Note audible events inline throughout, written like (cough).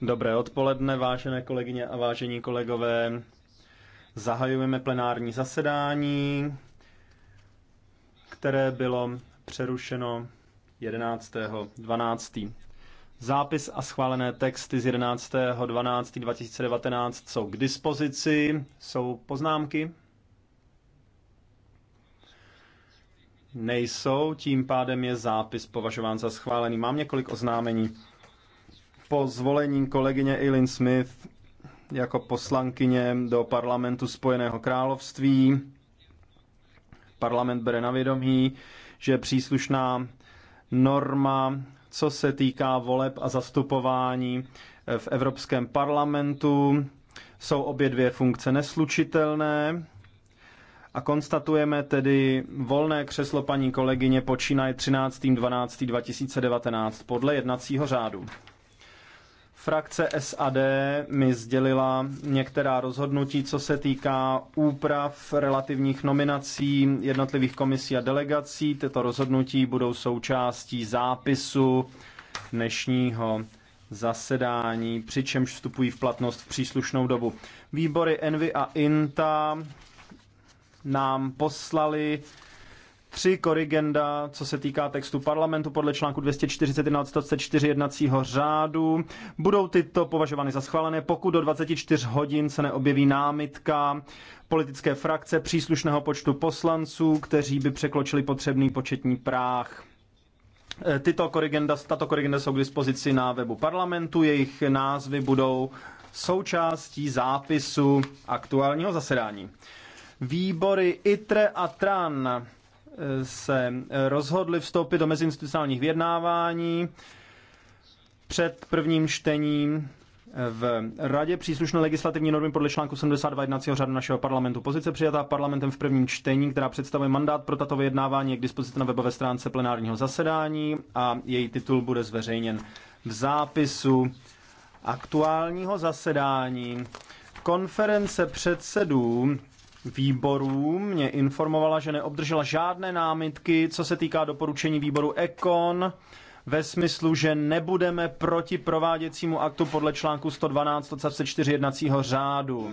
Dobré odpoledne, vážené kolegyně a vážení kolegové. Zahajujeme plenární zasedání, které bylo přerušeno 11.12. Zápis a schválené texty z 11.12.2019 jsou k dispozici. Jsou poznámky? Nejsou, tím pádem je zápis považován za schválený. Mám několik oznámení. Po zvolení kolegyně Eileen Smith jako poslankyně do parlamentu Spojeného království parlament bere na vědomí, že příslušná norma, co se týká voleb a zastupování v Evropském parlamentu, jsou obě dvě funkce neslučitelné. A konstatujeme tedy volné křeslo paní kolegyně počínaje 13.12.2019 podle jednacího řádu. Frakce SAD mi sdělila některá rozhodnutí, co se týká úprav relativních nominací jednotlivých komisí a delegací. Tyto rozhodnutí budou součástí zápisu dnešního zasedání, přičemž vstupují v platnost v příslušnou dobu. Výbory Envy a INTA nám poslali tři korigenda, co se týká textu parlamentu podle článku 241 odstavce 4 jednacího řádu. Budou tyto považovány za schválené, pokud do 24 hodin se neobjeví námitka politické frakce příslušného počtu poslanců, kteří by překločili potřebný početní práh. E, tyto korigenda, tato korigenda jsou k dispozici na webu parlamentu, jejich názvy budou součástí zápisu aktuálního zasedání. Výbory ITRE a TRAN eh, se eh, rozhodly vstoupit do meziinstitucionálních vyjednávání před prvním čtením eh, v radě příslušné legislativní normy podle článku 72 jednacího řádu našeho parlamentu. Pozice přijatá parlamentem v prvním čtení, která představuje mandát pro tato vyjednávání, je k dispozici na webové stránce plenárního zasedání a její titul bude zveřejněn v zápisu aktuálního zasedání. Konference předsedů výborů mě informovala, že neobdržela žádné námitky, co se týká doporučení výboru Ekon ve smyslu, že nebudeme proti prováděcímu aktu podle článku 112 odstavce 4 jednacího řádu.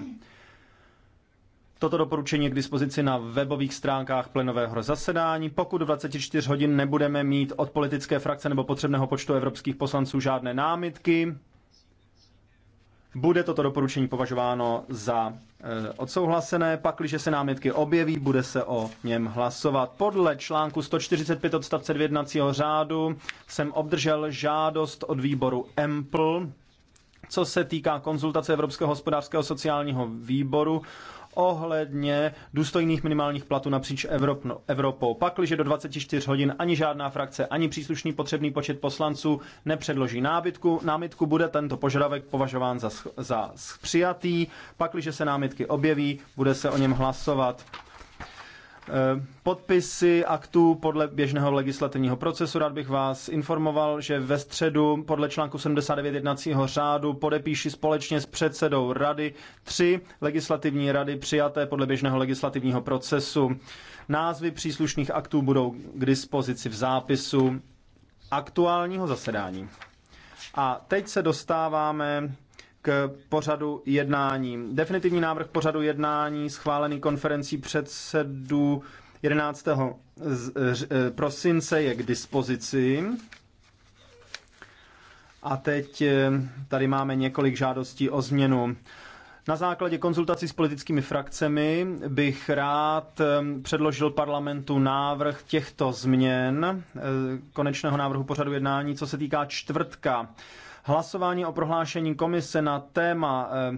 Toto doporučení je k dispozici na webových stránkách plenového zasedání. Pokud 24 hodin nebudeme mít od politické frakce nebo potřebného počtu evropských poslanců žádné námitky, bude toto doporučení považováno za eh, odsouhlasené, pakliže se námitky objeví, bude se o něm hlasovat. Podle článku 145 odstavce 2 jednacího řádu jsem obdržel žádost od výboru EMPL, co se týká konzultace Evropského hospodářského sociálního výboru ohledně důstojných minimálních platů napříč no, Evropou. Pakliže do 24 hodin ani žádná frakce, ani příslušný potřebný počet poslanců nepředloží nábytku, námitku bude tento požadavek považován za, za přijatý. Pakliže se námitky objeví, bude se o něm hlasovat. Eh, podpisy aktů podle běžného legislativního procesu. Rád bych vás informoval, že ve středu podle článku 79 jednacího řádu podepíši společně s předsedou rady tři legislativní rady přijaté podle běžného legislativního procesu. Názvy příslušných aktů budou k dispozici v zápisu aktuálního zasedání. A teď se dostáváme k pořadu jednání. Definitivní návrh pořadu jednání schválený konferencí předsedů 11. E, prosince je k dispozici. A teď e, tady máme několik žádostí o změnu. Na základě konzultací s politickými frakcemi bych rád e, předložil parlamentu návrh těchto změn konečného návrhu pořadu jednání, co se týká čtvrtka. Hlasování o prohlášení komise na téma eh,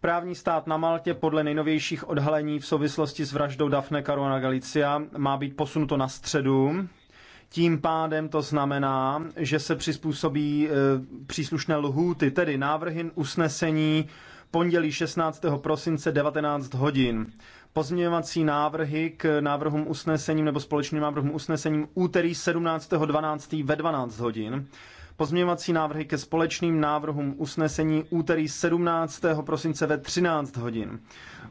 Právní stát na Maltě podle nejnovějších odhalení v souvislosti s vraždou Dafne Caruana Galicia má být posunuto na středu. Tím pádem to znamená, že se přizpůsobí eh, příslušné lhůty, tedy návrhy usnesení pondělí 16. prosince 19 hodin. Pozměňovací návrhy k návrhům usnesením nebo společným návrhům usnesením úterý 17. 12. ve 12 hodin. Pozměňovací návrhy ke společným návrhům usnesení úterý 17. prosince ve 13 hodin.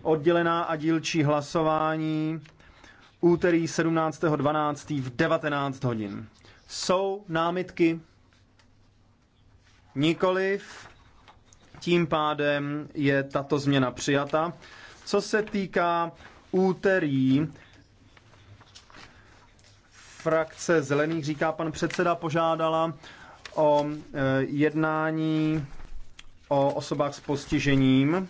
Oddělená a dílčí hlasování úterý 17. 12. v 19 hodin. Jsou námitky? Nikoliv. Tím pádem je tato změna přijata. Co se týká úterý, frakce Zelených, říká pan předseda, požádala o eh, jednání o osobách s postižením,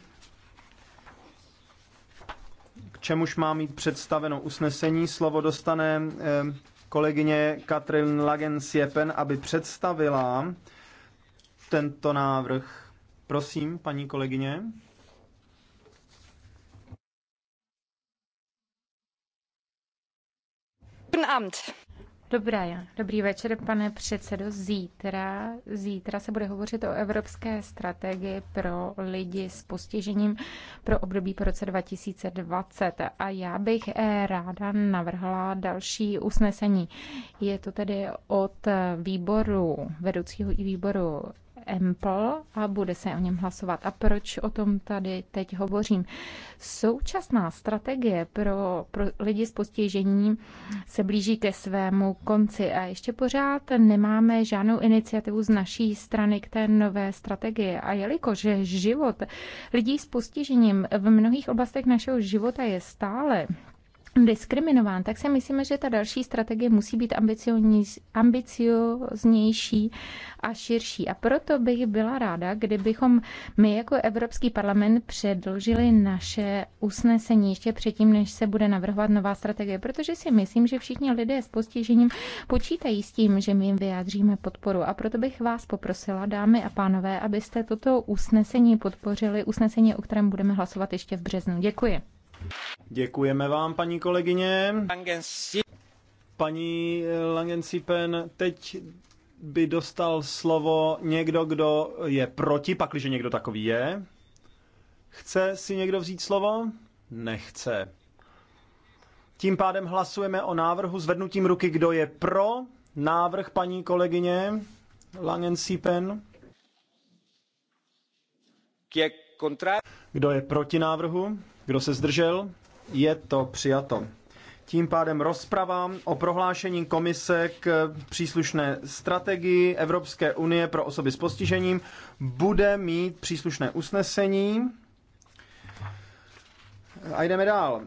k čemuž má mít představeno usnesení. Slovo dostane eh, kolegyně Katrin Lagen-Siepen, aby představila tento návrh. Prosím, paní kolegyně. Guten Abend. Dobrá, dobrý večer, pane předsedo. Zítra, zítra se bude hovořit o evropské strategii pro lidi s postižením pro období po roce 2020 a já bych eh, ráda navrhla další usnesení. Je to tedy od výboru, vedoucího i výboru EMPL a bude se o něm hlasovat. A proč o tom tady teď hovořím? Současná strategie pro, pro lidi s postižením se blíží ke svému konci a ještě pořád nemáme žádnou iniciativu z naší strany k té nové strategii. A jelikož život lidí s postižením v mnohých oblastech našeho života je stále diskriminován, tak si myslíme, že ta další strategie musí být ambicioznější a širší. A proto bych byla ráda, kdybychom my jako Evropský parlament předložili naše usnesení ještě předtím, než se bude navrhovat nová strategie, protože si myslím, že všichni lidé s postižením počítají s tím, že my jim vyjádříme podporu. A proto bych vás poprosila, dámy a pánové, abyste toto usnesení podpořili, usnesení, o kterém budeme hlasovat ještě v březnu. Děkuji. Děkujeme vám, paní kolegyně. Paní Langensipen, teď by dostal slovo někdo, kdo je proti, pakliže někdo takový je. Chce si někdo vzít slovo? Nechce. Tím pádem hlasujeme o návrhu zvednutím ruky, kdo je pro návrh paní kolegyně Langensipen. Kdo je proti návrhu? Kdo se zdržel? Je to přijato. Tím pádem rozprava o prohlášení komise k příslušné strategii Evropské unie pro osoby s postižením bude mít příslušné usnesení. A jdeme dál.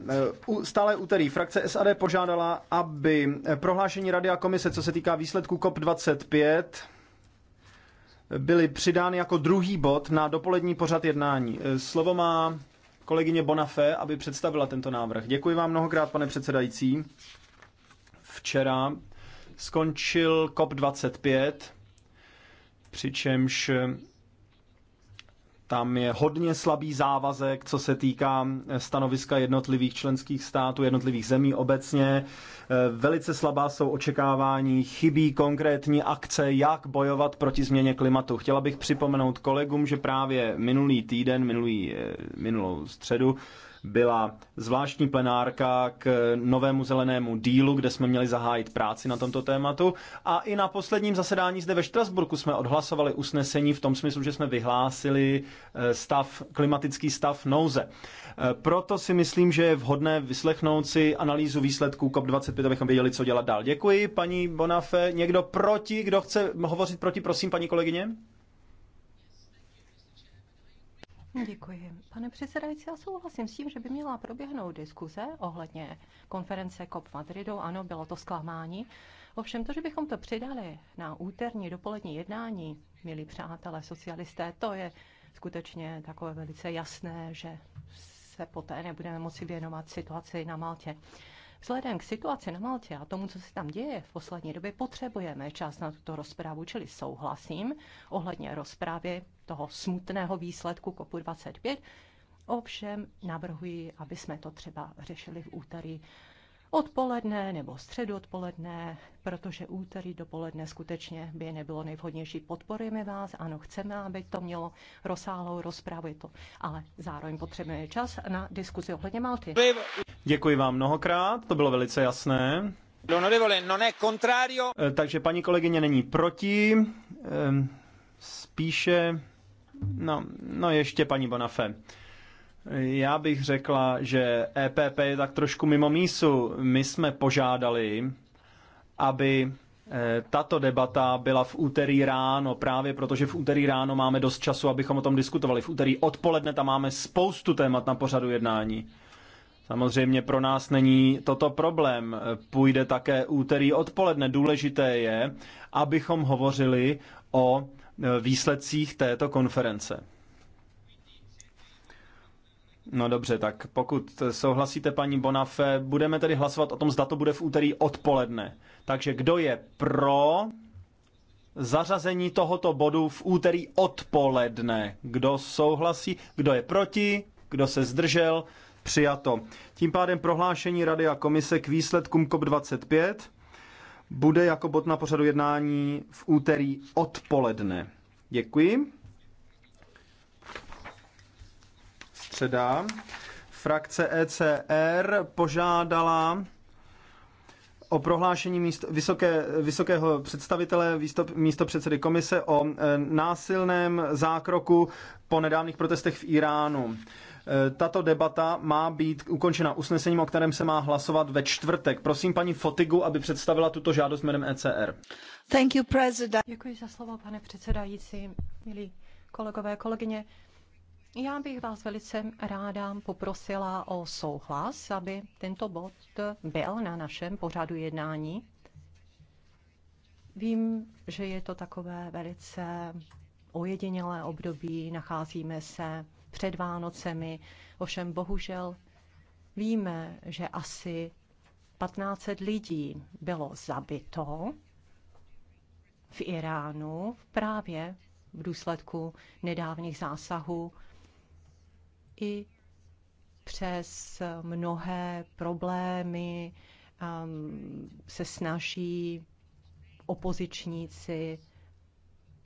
Stále úterý frakce SAD požádala, aby prohlášení Rady a komise, co se týká výsledků COP25, byly přidány jako druhý bod na dopolední pořad jednání. Slovo má kolegyně Bonafé, aby představila tento návrh. Děkuji vám mnohokrát, pane předsedající. Včera skončil COP25, přičemž tam je hodně slabý závazek, co se týká eh, stanoviska jednotlivých členských států, jednotlivých zemí obecně. Eh, velice slabá jsou očekávání, chybí konkrétní akce, jak bojovat proti změně klimatu. Chtěla bych připomenout kolegům, že právě minulý týden, minulý, eh, minulou středu, byla zvláštní plenárka k novému zelenému dílu, kde jsme měli zahájit práci na tomto tématu. A i na posledním zasedání zde ve Štrasburku jsme odhlasovali usnesení v tom smyslu, že jsme vyhlásili eh, stav, klimatický stav nouze. Eh, proto si myslím, že je vhodné vyslechnout si analýzu výsledků COP25, abychom věděli, co dělat dál. Děkuji, paní Bonafe. Někdo proti, kdo chce hovořit proti, prosím, paní kolegyně? Děkuji. Pane předsedající, já souhlasím s tím, že by měla proběhnout diskuze ohledně konference COP v Madridu. Ano, bylo to zklamání. Ovšem to, že bychom to přidali na úterní dopolední jednání, milí přátelé socialisté, to je skutečně takové velice jasné, že se poté nebudeme moci věnovat situaci na Maltě. Vzhledem k situaci na Maltě a tomu, co se tam děje v poslední době, potřebujeme čas na tuto rozprávu, čili souhlasím ohledně rozprávy toho smutného výsledku COP25. Ovšem navrhuji, aby jsme to třeba řešili v úterý odpoledne nebo středu odpoledne, protože úterý dopoledne skutečně by nebylo nejvhodnější. Podporujeme vás, ano, chceme, aby to mělo rozsáhlou rozprávu, to, ale zároveň potřebujeme čas na diskuzi ohledně Malty. Děkuji vám mnohokrát, to bylo velice jasné. Eh, takže paní kolegyně není proti, eh, spíše No, no ještě paní Bonafé. Já bych řekla, že EPP je tak trošku mimo mísu. My jsme požádali, aby eh, tato debata byla v úterý ráno, právě protože v úterý ráno máme dost času, abychom o tom diskutovali. V úterý odpoledne tam máme spoustu témat na pořadu jednání. Samozřejmě pro nás není toto problém. Půjde také úterý odpoledne. Důležité je, abychom hovořili o Eh, výsledcích této konference. No dobře, tak pokud souhlasíte, paní Bonafé, budeme tedy hlasovat o tom, zda to bude v úterý odpoledne. Takže kdo je pro zařazení tohoto bodu v úterý odpoledne? Kdo souhlasí? Kdo je proti? Kdo se zdržel? Přijato. Tím pádem prohlášení Rady a komise k výsledkům COP25 bude jako bod na pořadu jednání v úterý odpoledne. Děkuji. Středa. Frakce ECR požádala o prohlášení místo, vysoké, vysokého představitele, místo, místo předsedy komise o e, násilném zákroku po nedávných protestech v Iránu. Eh, tato debata má být ukončena usnesením, o kterém se má hlasovat ve čtvrtek. Prosím paní Fotigu, aby představila tuto žádost jménem ECR. Thank you, president. Děkuji za slovo, pane předsedající, milí kolegové, kolegyně. Já bych vás velice ráda poprosila o souhlas, aby tento bod byl na našem pořadu jednání. Vím, že je to takové velice ojedinělé období, nacházíme se před Vánocemi. Ovšem bohužel víme, že asi 1500 lidí bylo zabito v Iránu právě v důsledku nedávných zásahů i přes mnohé problémy um, se snaží opozičníci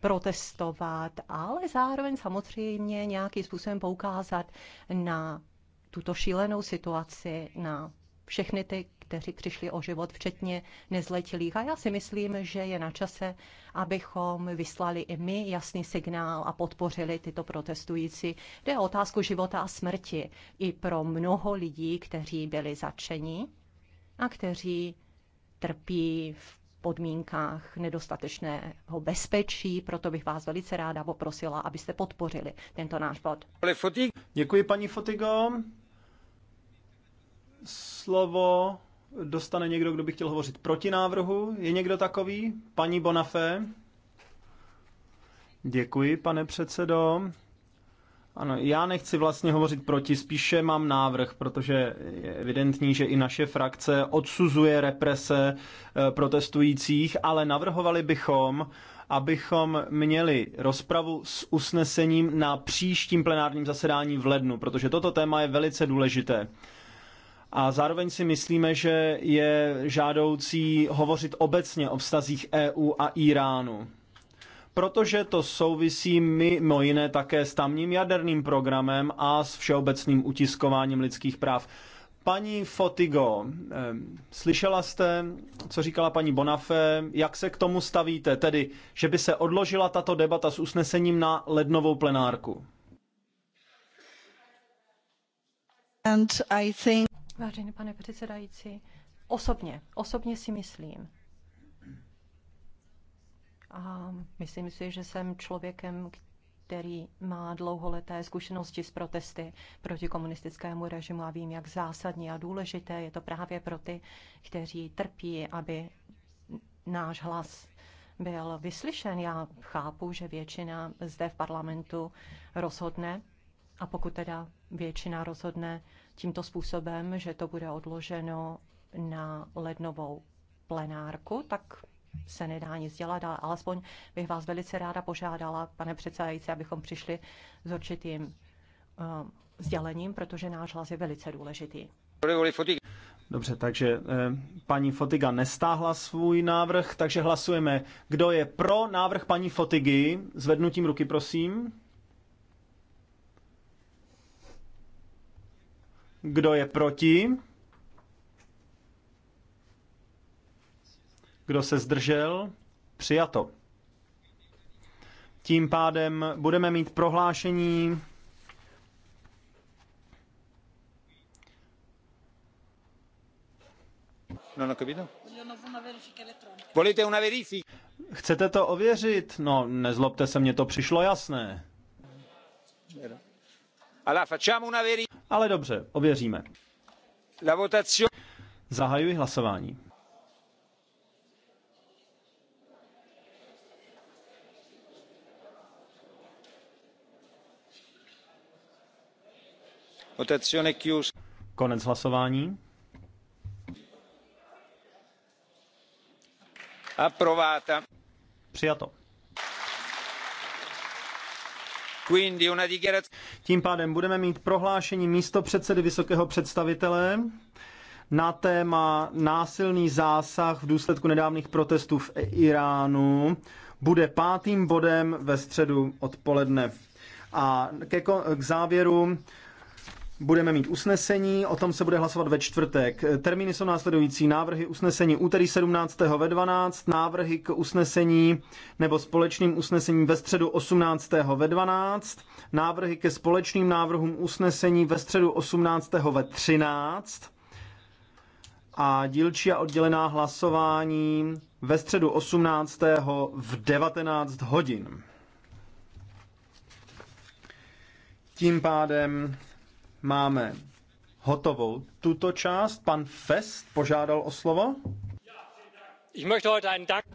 protestovat, ale zároveň samozřejmě nějakým způsobem poukázat na tuto šílenou situaci, na všechny ty, kteří přišli o život, včetně nezletilých. A já si myslím, že je na čase, abychom vyslali i my jasný signál a podpořili tyto protestující. Jde o otázku života a smrti i pro mnoho lidí, kteří byli zatčeni a kteří trpí v podmínkách nedostatečného bezpečí, proto bych vás velice ráda poprosila, abyste podpořili tento náš bod. Děkuji paní Fotigo. Slovo dostane někdo, kdo by chtěl hovořit proti návrhu. Je někdo takový? Paní Bonafé? Děkuji, pane předsedo. Ano, já nechci vlastně hovořit proti, spíše mám návrh, protože je evidentní, že i naše frakce odsuzuje represe eh, protestujících, ale navrhovali bychom, abychom měli rozpravu s usnesením na příštím plenárním zasedání v lednu, protože toto téma je velice důležité. A zároveň si myslíme, že je žádoucí hovořit obecně o vztazích EU a Iránu protože to souvisí mimo jiné také s tamním jaderným programem a s všeobecným utiskováním lidských práv. Paní Fotigo, slyšela jste, co říkala paní Bonafé, jak se k tomu stavíte, tedy, že by se odložila tato debata s usnesením na lednovou plenárku? And I think... Vážený pane předsedající, osobně, osobně si myslím, a myslím si, že jsem člověkem, který má dlouholeté zkušenosti s protesty proti komunistickému režimu a vím, jak zásadní a důležité je to právě pro ty, kteří trpí, aby náš hlas byl vyslyšen. Já chápu, že většina zde v parlamentu rozhodne a pokud teda většina rozhodne tímto způsobem, že to bude odloženo na lednovou plenárku, tak se nedá nic dělat, ale alespoň bych vás velice ráda požádala, pane předsedající, abychom přišli s určitým uh, sdělením, protože náš hlas je velice důležitý. Dobře, takže eh, paní Fotiga nestáhla svůj návrh, takže hlasujeme. Kdo je pro návrh paní Fotigy? Zvednutím ruky, prosím. Kdo je proti? Kdo se zdržel? Přijato. Tím pádem budeme mít prohlášení No, no, no Volíte una verifica? Chcete to ověřit? No, nezlobte se, mně to přišlo jasné. Ale dobře, ověříme. La votazione. Zahajuji hlasování. Konec hlasování. Approvata. Přijato. Tím pádem budeme mít prohlášení místo předsedy vysokého představitele na téma násilný zásah v důsledku nedávných protestů v Iránu bude pátým bodem ve středu odpoledne. A ke, k závěru budeme mít usnesení, o tom se bude hlasovat ve čtvrtek. Termíny jsou následující. Návrhy usnesení úterý 17. ve 12, návrhy k usnesení nebo společným usnesením ve středu 18. ve 12, návrhy ke společným návrhům usnesení ve středu 18. ve 13 a dílčí a oddělená hlasování ve středu 18. v 19 hodin. Tím pádem Máme hotovou tuto část. Pan Fest požádal o slovo.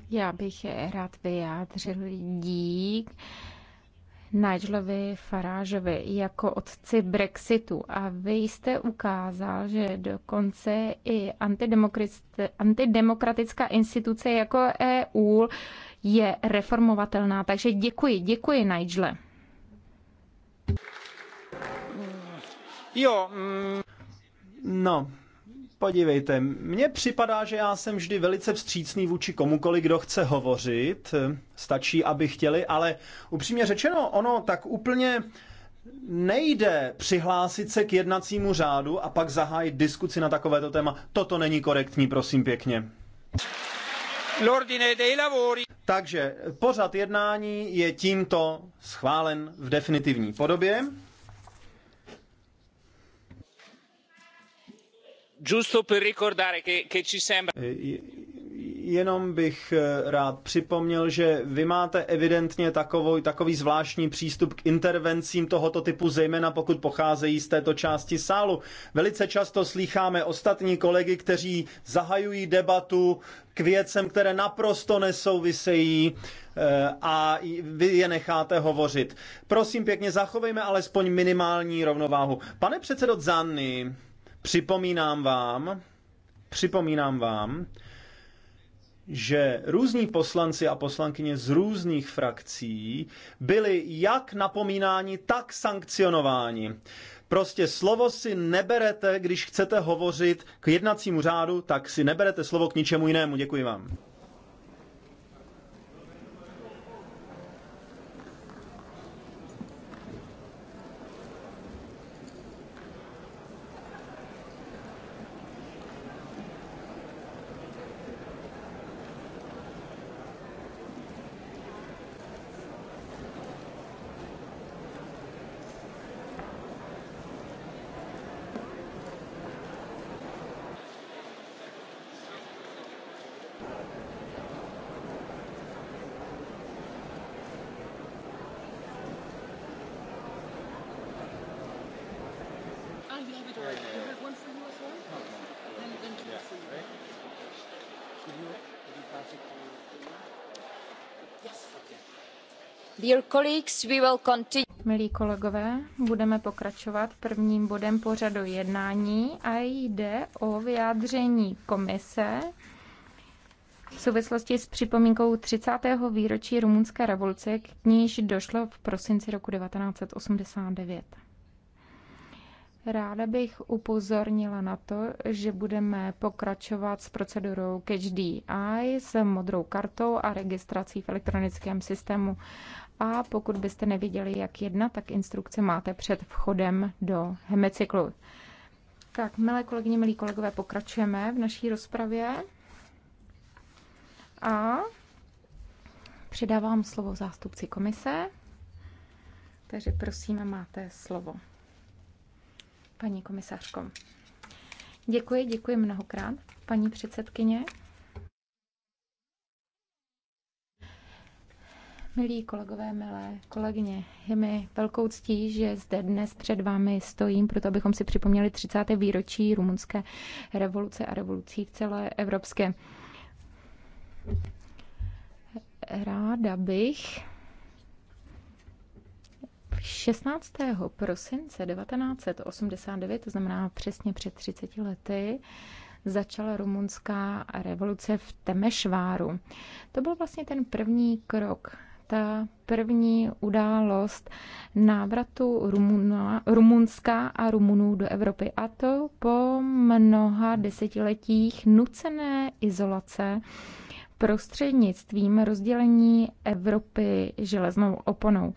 Já bych rád vyjádřil dík Nigelovi Farážovi jako otci Brexitu a vy jste ukázal, že dokonce i antidemokratická instituce jako EU je reformovatelná. Takže děkuji, děkuji Nigele. Jo. Mm... No, podívejte, mně připadá, že já jsem vždy velice vstřícný vůči komukoli, kdo chce hovořit. Stačí, aby chtěli, ale upřímně řečeno, ono tak úplně nejde přihlásit se k jednacímu řádu a pak zahájit diskuci na takovéto téma. Toto není korektní, prosím pěkně. Takže pořad jednání je tímto schválen v definitivní podobě. Eh, jenom bych eh, rád připomněl, že vy máte evidentně takový takový zvláštní přístup k intervencím tohoto typu, zejména pokud pocházejí z této části sálu. Velice často slýcháme ostatní kolegy, kteří zahajují debatu k věcem, které naprosto nesouvisejí eh, a vy je necháte hovořit. Prosím pěkně, zachovejme alespoň minimální rovnováhu. Pane předsedo Zanny, Připomínám vám, připomínám vám, že různí poslanci a poslankyně z různých frakcí byli jak napomínáni, tak sankcionováni. Prostě slovo si neberete, když chcete hovořit k jednacímu řádu, tak si neberete slovo k ničemu jinému. Děkuji vám. Milí kolegové, budeme pokračovat prvním bodem pořadu jednání a jde o vyjádření komise v souvislosti s připomínkou 30. výročí rumunské revoluce, k níž došlo v prosinci roku 1989. Ráda bych upozornila na to, že budeme pokračovat s procedurou Catch DI s modrou kartou a registrací v elektronickém systému. A pokud byste neviděli jak jedna, tak instrukce máte před vchodem do hemicyklu. Tak, milé kolegyně, milí kolegové, pokračujeme v naší rozpravě. A předávám slovo zástupci komise. Takže prosím, máte slovo. Paní komisařko. Děkuji, děkuji mnohokrát, paní předsedkyně. Milí kolegové, milé kolegyně, je mi velkou ctí, že zde dnes před vámi stojím, proto abychom si připomněli 30. výročí rumunské revoluce a revolucí v celé Evropské. Ráda bych 16. prosince 1989, to znamená přesně před 30 lety, začala rumunská revoluce v Temešváru. To byl vlastně ten první krok ta první událost návratu Rumuna, Rumunska a Rumunů do Evropy. A to po mnoha desetiletích nucené izolace prostřednictvím rozdělení Evropy železnou oponou.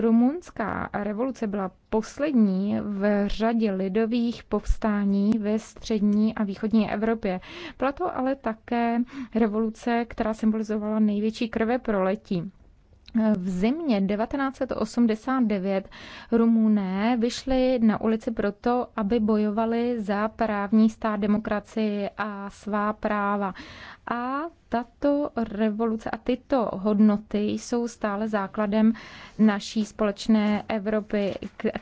Rumunská revoluce byla poslední v řadě lidových povstání ve střední a východní Evropě. Byla to ale také revoluce, která symbolizovala největší krve proletí. V zimě 1989 Rumuné vyšli na ulici proto, aby bojovali za právní stát, demokracii a svá práva. A tato revoluce a tyto hodnoty jsou stále základem naší společné Evropy,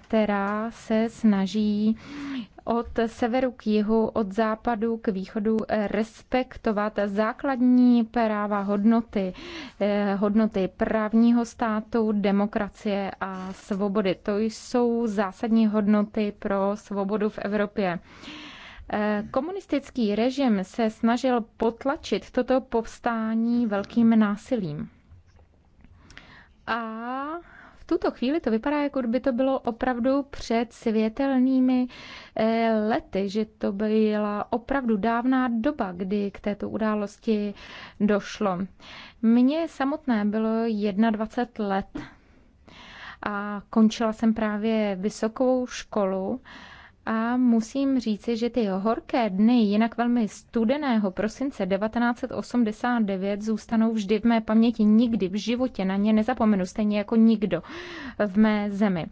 která se snaží od severu k jihu, od západu k východu eh, respektovat základní práva hodnoty, eh, hodnoty právního státu, demokracie a svobody. To jsou zásadní hodnoty pro svobodu v Evropě. Eh, komunistický režim se snažil potlačit toto povstání velkým násilím. A tuto chvíli to vypadá, jako by to bylo opravdu před světelnými eh, lety, že to byla opravdu dávná doba, kdy k této události došlo. Mně samotné bylo 21 let a končila jsem právě vysokou školu a musím říci, že ty horké dny jinak velmi studeného prosince 1989 zůstanou vždy v mé paměti. Nikdy v životě na ně nezapomenu, stejně jako nikdo v mé zemi.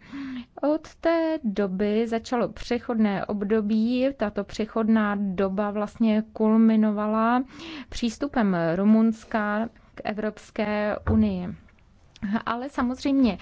Od té doby začalo přechodné období. Tato přechodná doba vlastně kulminovala přístupem Rumunska k Evropské unii. Ale samozřejmě,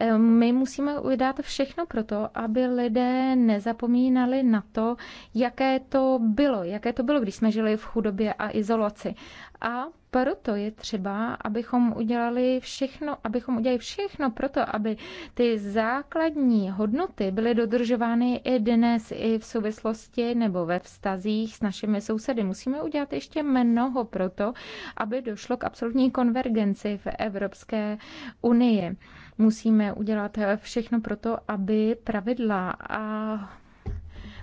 eh, my musíme udělat všechno pro to, aby lidé nezapomínali na to, jaké to bylo, jaké to bylo, když jsme žili v chudobě a izolaci. A proto je třeba, abychom udělali všechno, abychom udělali všechno proto, aby ty základní hodnoty byly dodržovány i dnes, i v souvislosti nebo ve vztazích s našimi sousedy. Musíme udělat ještě mnoho proto, aby došlo k absolutní konvergenci v Evropské unii musíme udělat všechno pro to, aby pravidla a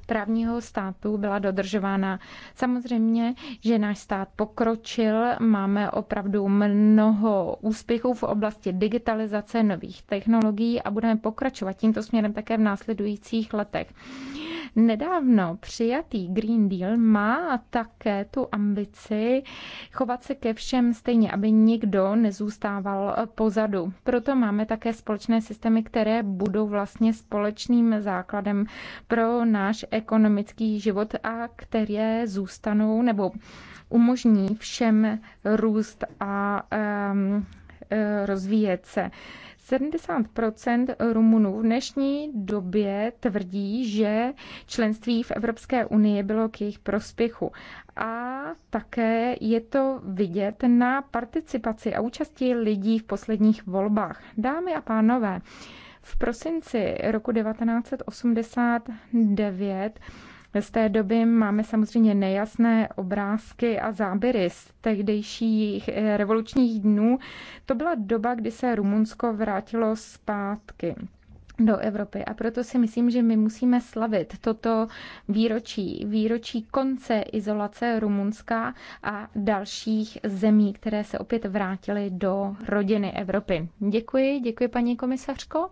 právního státu byla dodržována. Samozřejmě, že náš stát pokročil, máme opravdu mnoho úspěchů v oblasti digitalizace nových technologií a budeme pokračovat tímto směrem také v následujících letech. Nedávno přijatý Green Deal má také tu ambici chovat se ke všem stejně, aby nikdo nezůstával pozadu. Proto máme také společné systémy, které budou vlastně společným základem pro náš ekonomický život a které zůstanou nebo umožní všem růst a um, rozvíjet se. 70 Rumunů v dnešní době tvrdí, že členství v Evropské unii bylo k jejich prospěchu. A také je to vidět na participaci a účasti lidí v posledních volbách. Dámy a pánové, v prosinci roku 1989 z té doby máme samozřejmě nejasné obrázky a záběry z tehdejších eh, revolučních dnů. To byla doba, kdy se Rumunsko vrátilo zpátky do Evropy. A proto si myslím, že my musíme slavit toto výročí, výročí konce izolace Rumunska a dalších zemí, které se opět vrátily do rodiny Evropy. Děkuji, děkuji paní komisařko.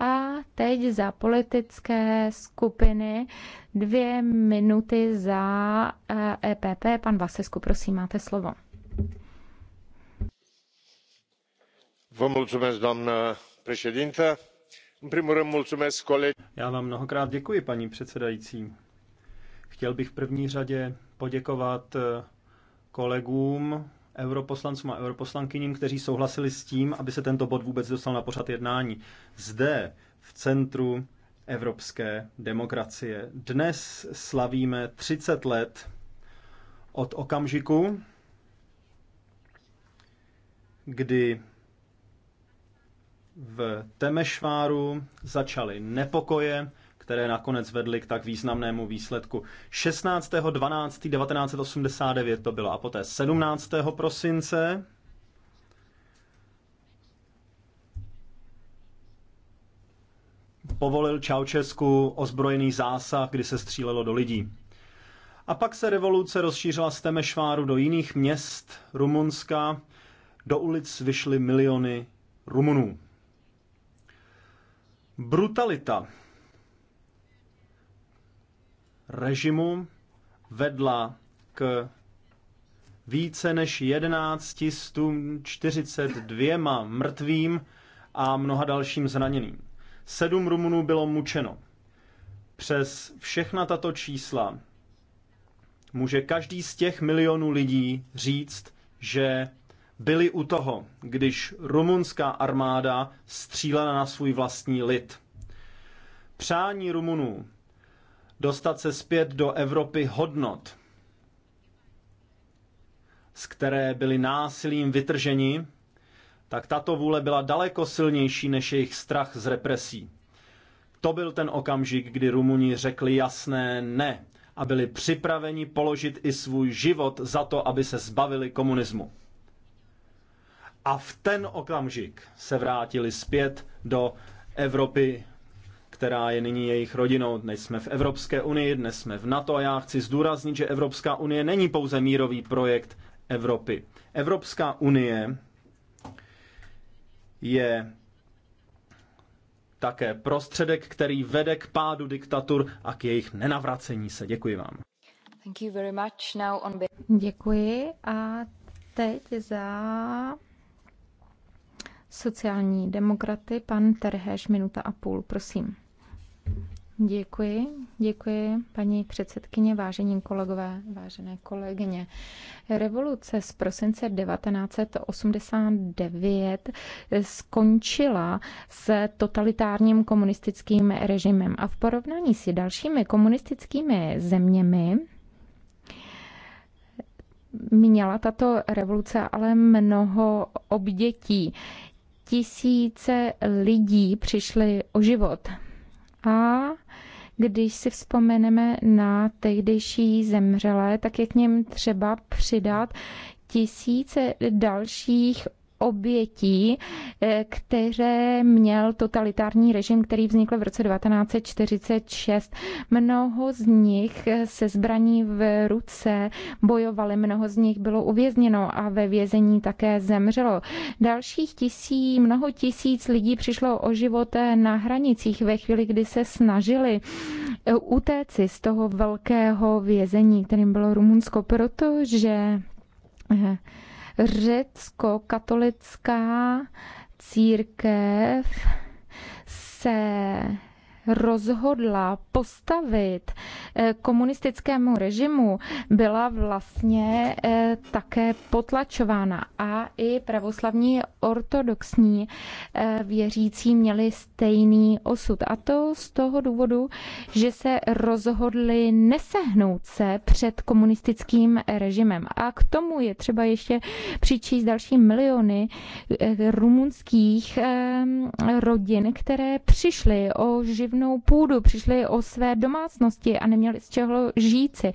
A teď za politické skupiny dvě minuty za EPP. Eh, e Pan Vasesku, prosím, máte slovo. Vă mulțumesc, doamnă președintă já vám mnohokrát děkuji, paní předsedající. Chtěl bych v první řadě poděkovat eh, kolegům, europoslancům a europoslankyním, kteří souhlasili s tím, aby se tento bod vůbec dostal na pořad jednání. Zde, v centru evropské demokracie. Dnes slavíme 30 let od okamžiku, kdy v Temešváru začaly nepokoje, které nakonec vedly k tak významnému výsledku. 16.12.1989 to bylo a poté 17. prosince povolil Čaučesku ozbrojený zásah, kdy se střílelo do lidí. A pak se revoluce rozšířila z Temešváru do jiných měst Rumunska. Do ulic vyšly miliony Rumunů. Brutalita režimu vedla k více než 1142 mrtvým a mnoha dalším zraněným. Sedm Rumunů bylo mučeno. Přes všechna tato čísla může každý z těch milionů lidí říct, že byli u toho, když rumunská armáda střílela na svůj vlastní lid. Přání Rumunů dostat se zpět do Evropy hodnot, z které byli násilím vytrženi, tak tato vůle byla daleko silnější než jejich strach z represí. To byl ten okamžik, kdy Rumuni řekli jasné ne a byli připraveni položit i svůj život za to, aby se zbavili komunismu a v ten okamžik se vrátili zpět do Evropy, která je nyní jejich rodinou. Dnes jsme v Evropské unii, dnes jsme v NATO a já chci zdůraznit, že Evropská unie není pouze mírový projekt Evropy. Evropská unie je také prostředek, který vede k pádu diktatur a k jejich nenavracení se. Děkuji vám. Thank you very much. Now on... Děkuji a teď za sociální demokraty, pan Terheš, minuta a půl, prosím. Děkuji, děkuji paní předsedkyně, vážení kolegové, vážené kolegyně. Revoluce z prosince 1989 skončila s totalitárním komunistickým režimem a v porovnání s dalšími komunistickými zeměmi měla tato revoluce ale mnoho obdětí tisíce lidí přišly o život. A když si vzpomeneme na tehdejší zemřelé, tak je k něm třeba přidat tisíce dalších obětí, eh, které měl totalitární režim, který vznikl v roce 1946. Mnoho z nich eh, se zbraní v ruce bojovali, mnoho z nich bylo uvězněno a ve vězení také zemřelo. Dalších tisí, mnoho tisíc lidí přišlo o život eh, na hranicích ve chvíli, kdy se snažili utéci z toho velkého vězení, kterým bylo Rumunsko, protože řecko-katolická církev se rozhodla postavit eh, komunistickému režimu, byla vlastně eh, také potlačována a i pravoslavní ortodoxní eh, věřící měli stejný osud. A to z toho důvodu, že se rozhodli nesehnout se před komunistickým režimem. A k tomu je třeba ještě přičíst další miliony rumunských rodin, které přišly o živnost živnou půdu, přišli o své domácnosti a neměli z čeho žít si,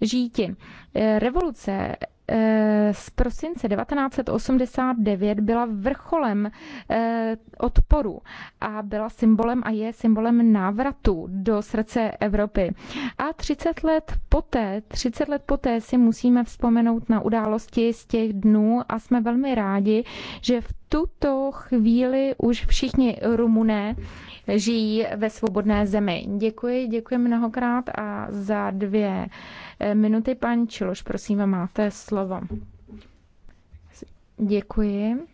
žíti. Eh, revoluce Eh, z prosince 1989 byla vrcholem eh, odporu a byla symbolem a je symbolem návratu do srdce Evropy. A 30 let poté, 30 let poté si musíme vzpomenout na události z těch dnů a jsme velmi rádi, že v tuto chvíli už všichni Rumuné žijí ve svobodné zemi. Děkuji, děkuji mnohokrát a za dvě Eh, minuty. Pan Čiloš, prosím, máte slovo. Děkuji.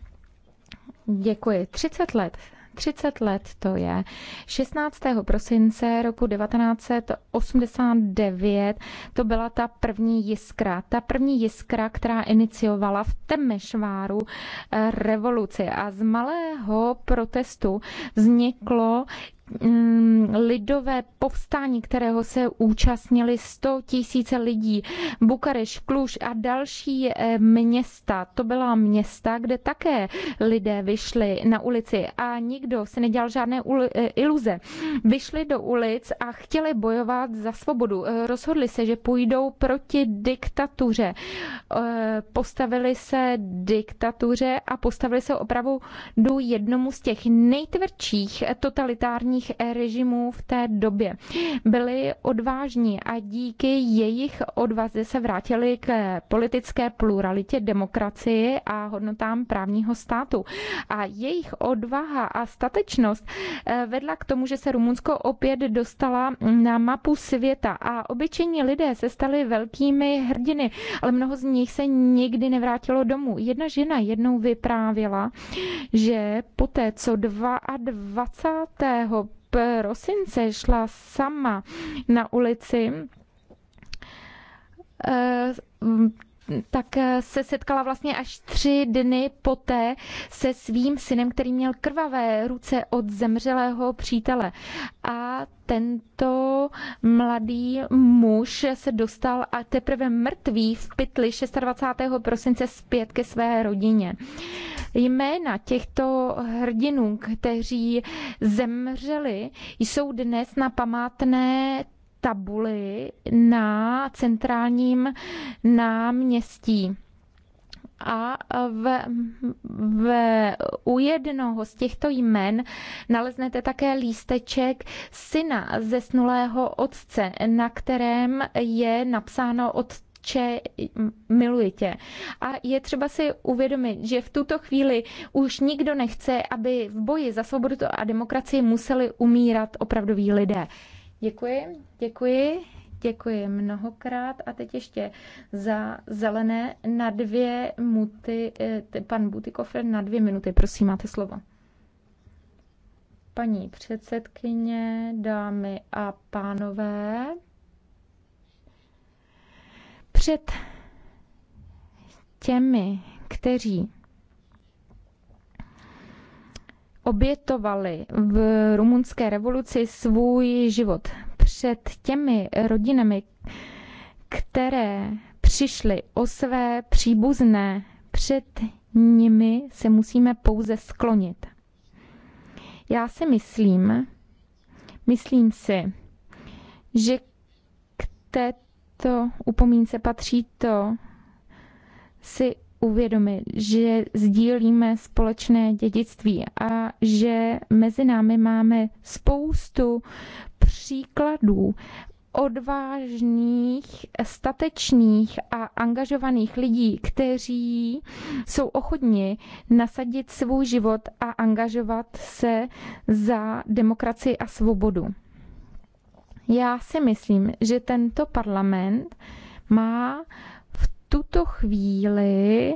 Děkuji. 30 let 30 let to je. 16. prosince roku 1989 to byla ta první jiskra. Ta první jiskra, která iniciovala v Temešváru eh, revoluci. A z malého protestu vzniklo Mm, lidové povstání, kterého se účastnili 100 tisíce lidí. Bukareš, Kluž a další eh, města, to byla města, kde také lidé vyšli na ulici a nikdo se nedělal žádné eh, iluze. Vyšli do ulic a chtěli bojovat za svobodu. Eh, rozhodli se, že půjdou proti diktatuře. Postavili se diktatuře a postavili se opravdu do jednomu z těch nejtvrdších totalitárních totalitních režimů v té době. Byli odvážní a díky jejich odvaze se vrátili k politické pluralitě, demokracii a hodnotám právního státu. A jejich odvaha a statečnost eh, vedla k tomu, že se Rumunsko opět dostala na mapu světa a obyčejní lidé se stali velkými hrdiny, ale mnoho z nich se nikdy nevrátilo domů. Jedna žena jednou vyprávěla, že poté, co 22 prosince šla sama na ulici, eh, tak eh, se setkala vlastně až tři dny poté se svým synem, který měl krvavé ruce od zemřelého přítele. A tento mladý muž se dostal a teprve mrtvý v pytli 26. prosince zpět ke své rodině. Jména těchto hrdinů, kteří zemřeli, jsou dnes na památné tabuli na centrálním náměstí a v, v, u jednoho z těchto jmen naleznete také lísteček syna zesnulého otce, na kterém je napsáno od Otče, miluji tě. A je třeba si uvědomit, že v tuto chvíli už nikdo nechce, aby v boji za svobodu a demokracii museli umírat opravdoví lidé. Děkuji, děkuji, děkuji mnohokrát. A teď ještě za zelené na dvě muty, eh, pan Butikofer na dvě minuty, prosím, máte slovo paní předsedkyně, dámy a pánové. Před těmi, kteří obětovali v rumunské revoluci svůj život před těmi rodinami, které přišly o své příbuzné, před nimi se musíme pouze sklonit. Já si myslím, myslím si, že k této upomínce patří to si uvědomit, že sdílíme společné dědictví a že mezi námi máme spoustu příkladů odvážných, statečných a angažovaných lidí, kteří jsou ochotni nasadit svůj život a angažovat se za demokracii a svobodu. Já si myslím, že tento parlament má tuto chvíli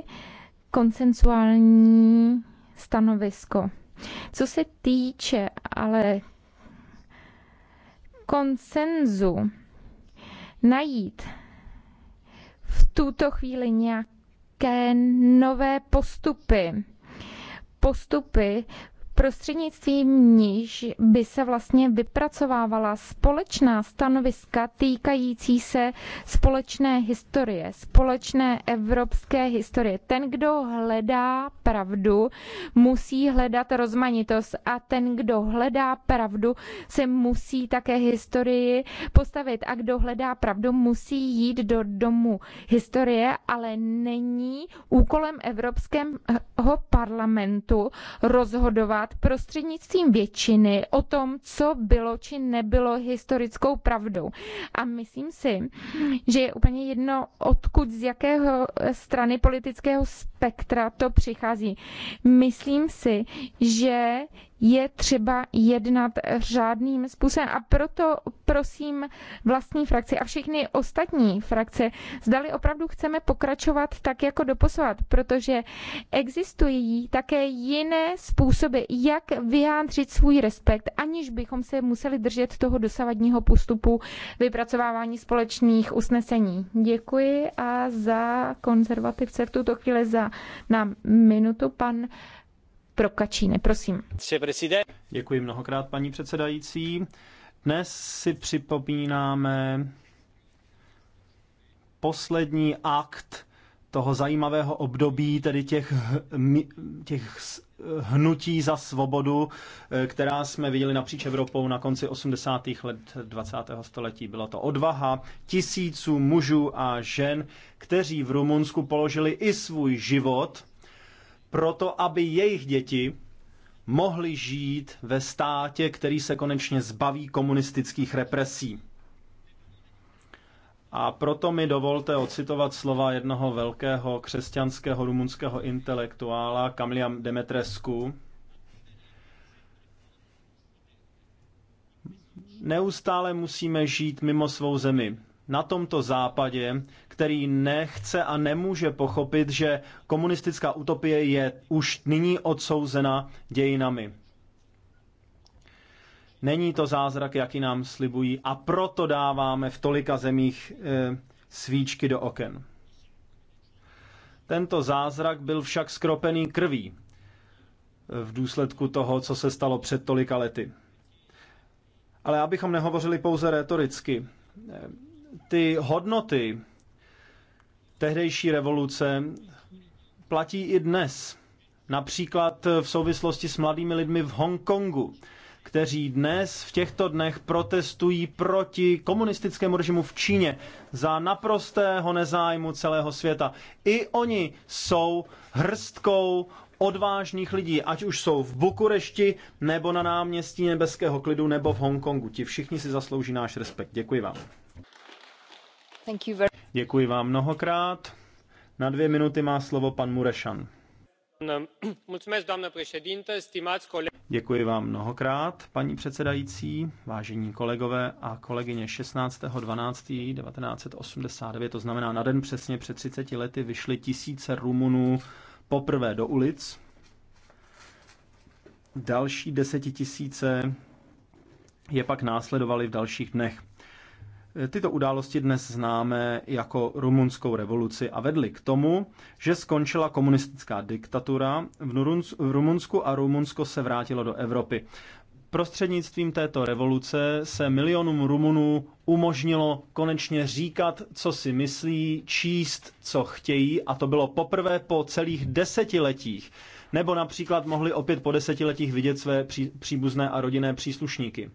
konsensuální stanovisko. Co se týče ale konsenzu najít v tuto chvíli nějaké nové postupy, postupy prostřednictvím níž by se vlastně vypracovávala společná stanoviska týkající se společné historie, společné evropské historie. Ten, kdo hledá pravdu, musí hledat rozmanitost a ten, kdo hledá pravdu, se musí také historii postavit a kdo hledá pravdu, musí jít do domu historie, ale není úkolem Evropského parlamentu rozhodovat rozhodovat prostřednictvím většiny o tom, co bylo či nebylo historickou pravdou. A myslím si, že je úplně jedno, odkud z jakého strany politického spektra to přichází. Myslím si, že je třeba jednat řádným způsobem. A proto prosím vlastní frakci a všechny ostatní frakce, zdali opravdu chceme pokračovat tak jako doposovat, protože existují také jiné způsoby, jak vyjádřit svůj respekt, aniž bychom se museli držet toho dosavadního postupu vypracovávání společných usnesení. Děkuji a za konzervativce v tuto chvíli za na minutu pan Prokačíny. Prosím. Děkuji mnohokrát, paní předsedající. Dnes si připomínáme poslední akt toho zajímavého období, tedy těch, těch hnutí za svobodu, eh, která jsme viděli napříč Evropou na konci 80. let 20. století. Byla to odvaha tisíců mužů a žen, kteří v Rumunsku položili i svůj život proto aby jejich děti mohly žít ve státě, který se konečně zbaví komunistických represí. A proto mi dovolte ocitovat slova jednoho velkého křesťanského rumunského intelektuála Kamlia Demetresku. Neustále musíme žít mimo svou zemi. Na tomto západě, který nechce a nemůže pochopit, že komunistická utopie je už nyní odsouzena dějinami. Není to zázrak, jaký nám slibují a proto dáváme v tolika zemích e, svíčky do oken. Tento zázrak byl však skropený krví v důsledku toho, co se stalo před tolika lety. Ale abychom nehovořili pouze retoricky, eh, ty hodnoty, tehdejší revoluce platí i dnes. Například v souvislosti s mladými lidmi v Hongkongu, kteří dnes v těchto dnech protestují proti komunistickému režimu v Číně za naprostého nezájmu celého světa. I oni jsou hrstkou odvážných lidí, ať už jsou v Bukurešti, nebo na náměstí Nebeského klidu, nebo v Hongkongu. Ti všichni si zaslouží náš respekt. Děkuji vám. Thank you very... Děkuji vám mnohokrát. Na dvě minuty má slovo pan Murešan. Děkuji vám mnohokrát, paní předsedající, vážení kolegové a kolegyně. 16.12.1989, to znamená na den přesně před 30 lety, vyšly tisíce Rumunů poprvé do ulic. Další desetitisíce je pak následovaly v dalších dnech. Tyto události dnes známe jako rumunskou revoluci a vedly k tomu, že skončila komunistická diktatura v Rumunsku a Rumunsko se vrátilo do Evropy. Prostřednictvím této revoluce se milionům Rumunů umožnilo konečně říkat, co si myslí, číst, co chtějí, a to bylo poprvé po celých desetiletích. Nebo například mohli opět po desetiletích vidět své příbuzné a rodinné příslušníky.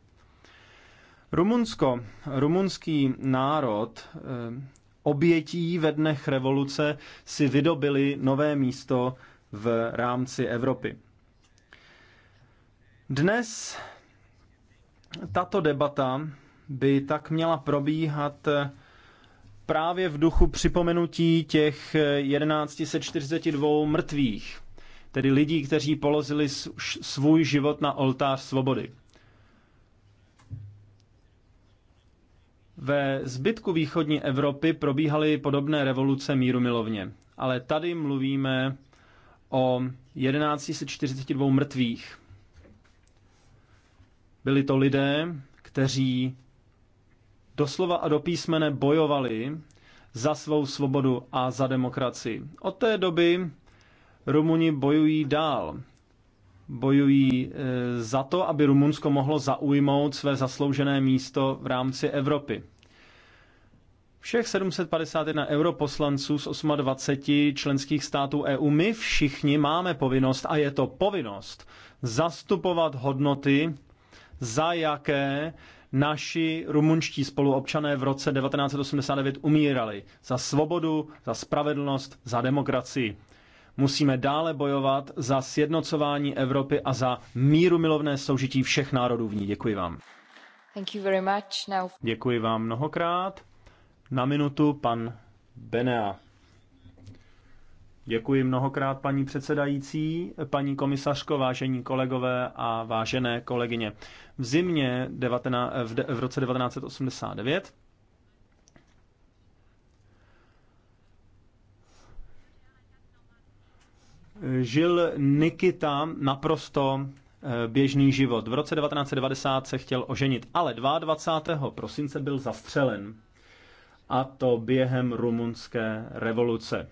Rumunsko, rumunský národ eh, obětí ve dnech revoluce si vydobili nové místo v rámci Evropy. Dnes tato debata by tak měla probíhat eh, právě v duchu připomenutí těch 1142 eh, mrtvých, tedy lidí, kteří položili svůj život na oltář svobody. Ve zbytku východní Evropy probíhaly podobné revoluce míru milovně, ale tady mluvíme o 1142 mrtvých. Byli to lidé, kteří doslova a do písmene bojovali za svou svobodu a za demokracii. Od té doby Rumuni bojují dál bojují e, za to, aby Rumunsko mohlo zaujmout své zasloužené místo v rámci Evropy. Všech 751 europoslanců z 28 členských států EU, my všichni máme povinnost, a je to povinnost, zastupovat hodnoty, za jaké naši rumunští spoluobčané v roce 1989 umírali. Za svobodu, za spravedlnost, za demokracii. Musíme dále bojovat za sjednocování Evropy a za míru milovné soužití všech národů v ní. Děkuji vám. Thank you very much. Now... Děkuji vám mnohokrát. Na minutu pan Benea. Děkuji mnohokrát, paní předsedající, paní komisařko, vážení kolegové a vážené kolegyně. V zimě 19, v, v roce 1989 žil Nikita naprosto eh, běžný život. V roce 1990 se chtěl oženit, ale 22. prosince byl zastřelen. A to během rumunské revoluce.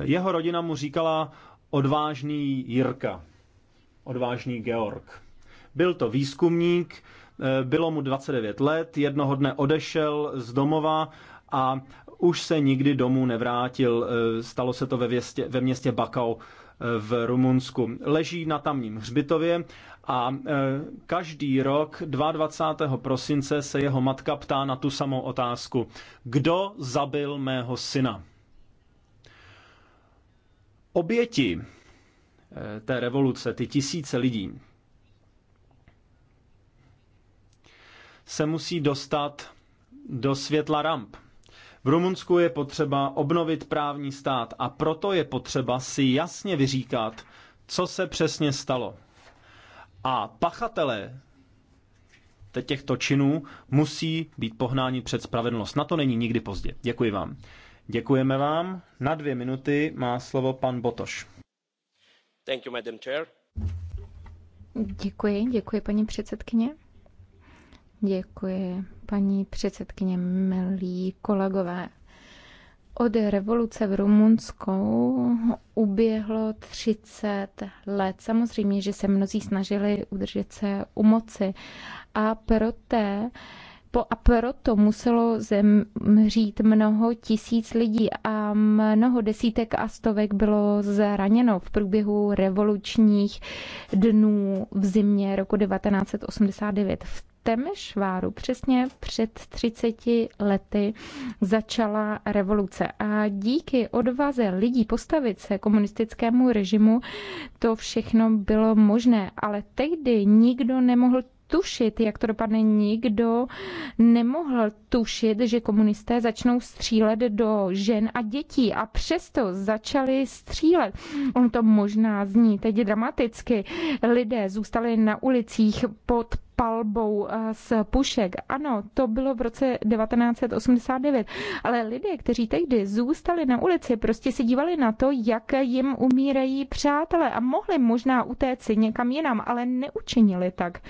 Jeho rodina mu říkala odvážný Jirka, odvážný Georg. Byl to výzkumník, eh, bylo mu 29 let, jednoho dne odešel z domova a už se nikdy domů nevrátil. Eh, stalo se to ve, věstě, ve městě Bakau eh, v Rumunsku. Leží na tamním hřbitově a eh, každý rok 22. prosince se jeho matka ptá na tu samou otázku. Kdo zabil mého syna? Oběti té revoluce, ty tisíce lidí, se musí dostat do světla ramp. V Rumunsku je potřeba obnovit právní stát a proto je potřeba si jasně vyříkat, co se přesně stalo. A pachatelé těchto činů musí být pohnáni před spravedlnost. Na to není nikdy pozdě. Děkuji vám. Děkujeme vám. Na dvě minuty má slovo pan Botoš. Thank you, madam chair. Děkuji, děkuji paní předsedkyně. Děkuji, paní předsedkyně, milí kolegové. Od revoluce v Rumunsku uběhlo 30 let. Samozřejmě, že se mnozí snažili udržet se u moci a proto a proto muselo zemřít mnoho tisíc lidí a mnoho desítek a stovek bylo zraněno v průběhu revolučních dnů v zimě roku 1989. V Temešváru přesně před 30 lety začala revoluce a díky odvaze lidí postavit se komunistickému režimu to všechno bylo možné, ale tehdy nikdo nemohl tušit, jak to dopadne. Nikdo nemohl tušit, že komunisté začnou střílet do žen a dětí a přesto začali střílet. On to možná zní teď dramaticky. Lidé zůstali na ulicích pod palbou eh, z pušek. Ano, to bylo v roce 1989, ale lidé, kteří tehdy zůstali na ulici, prostě si dívali na to, jak jim umírají přátelé a mohli možná si někam jinam, ale neučinili tak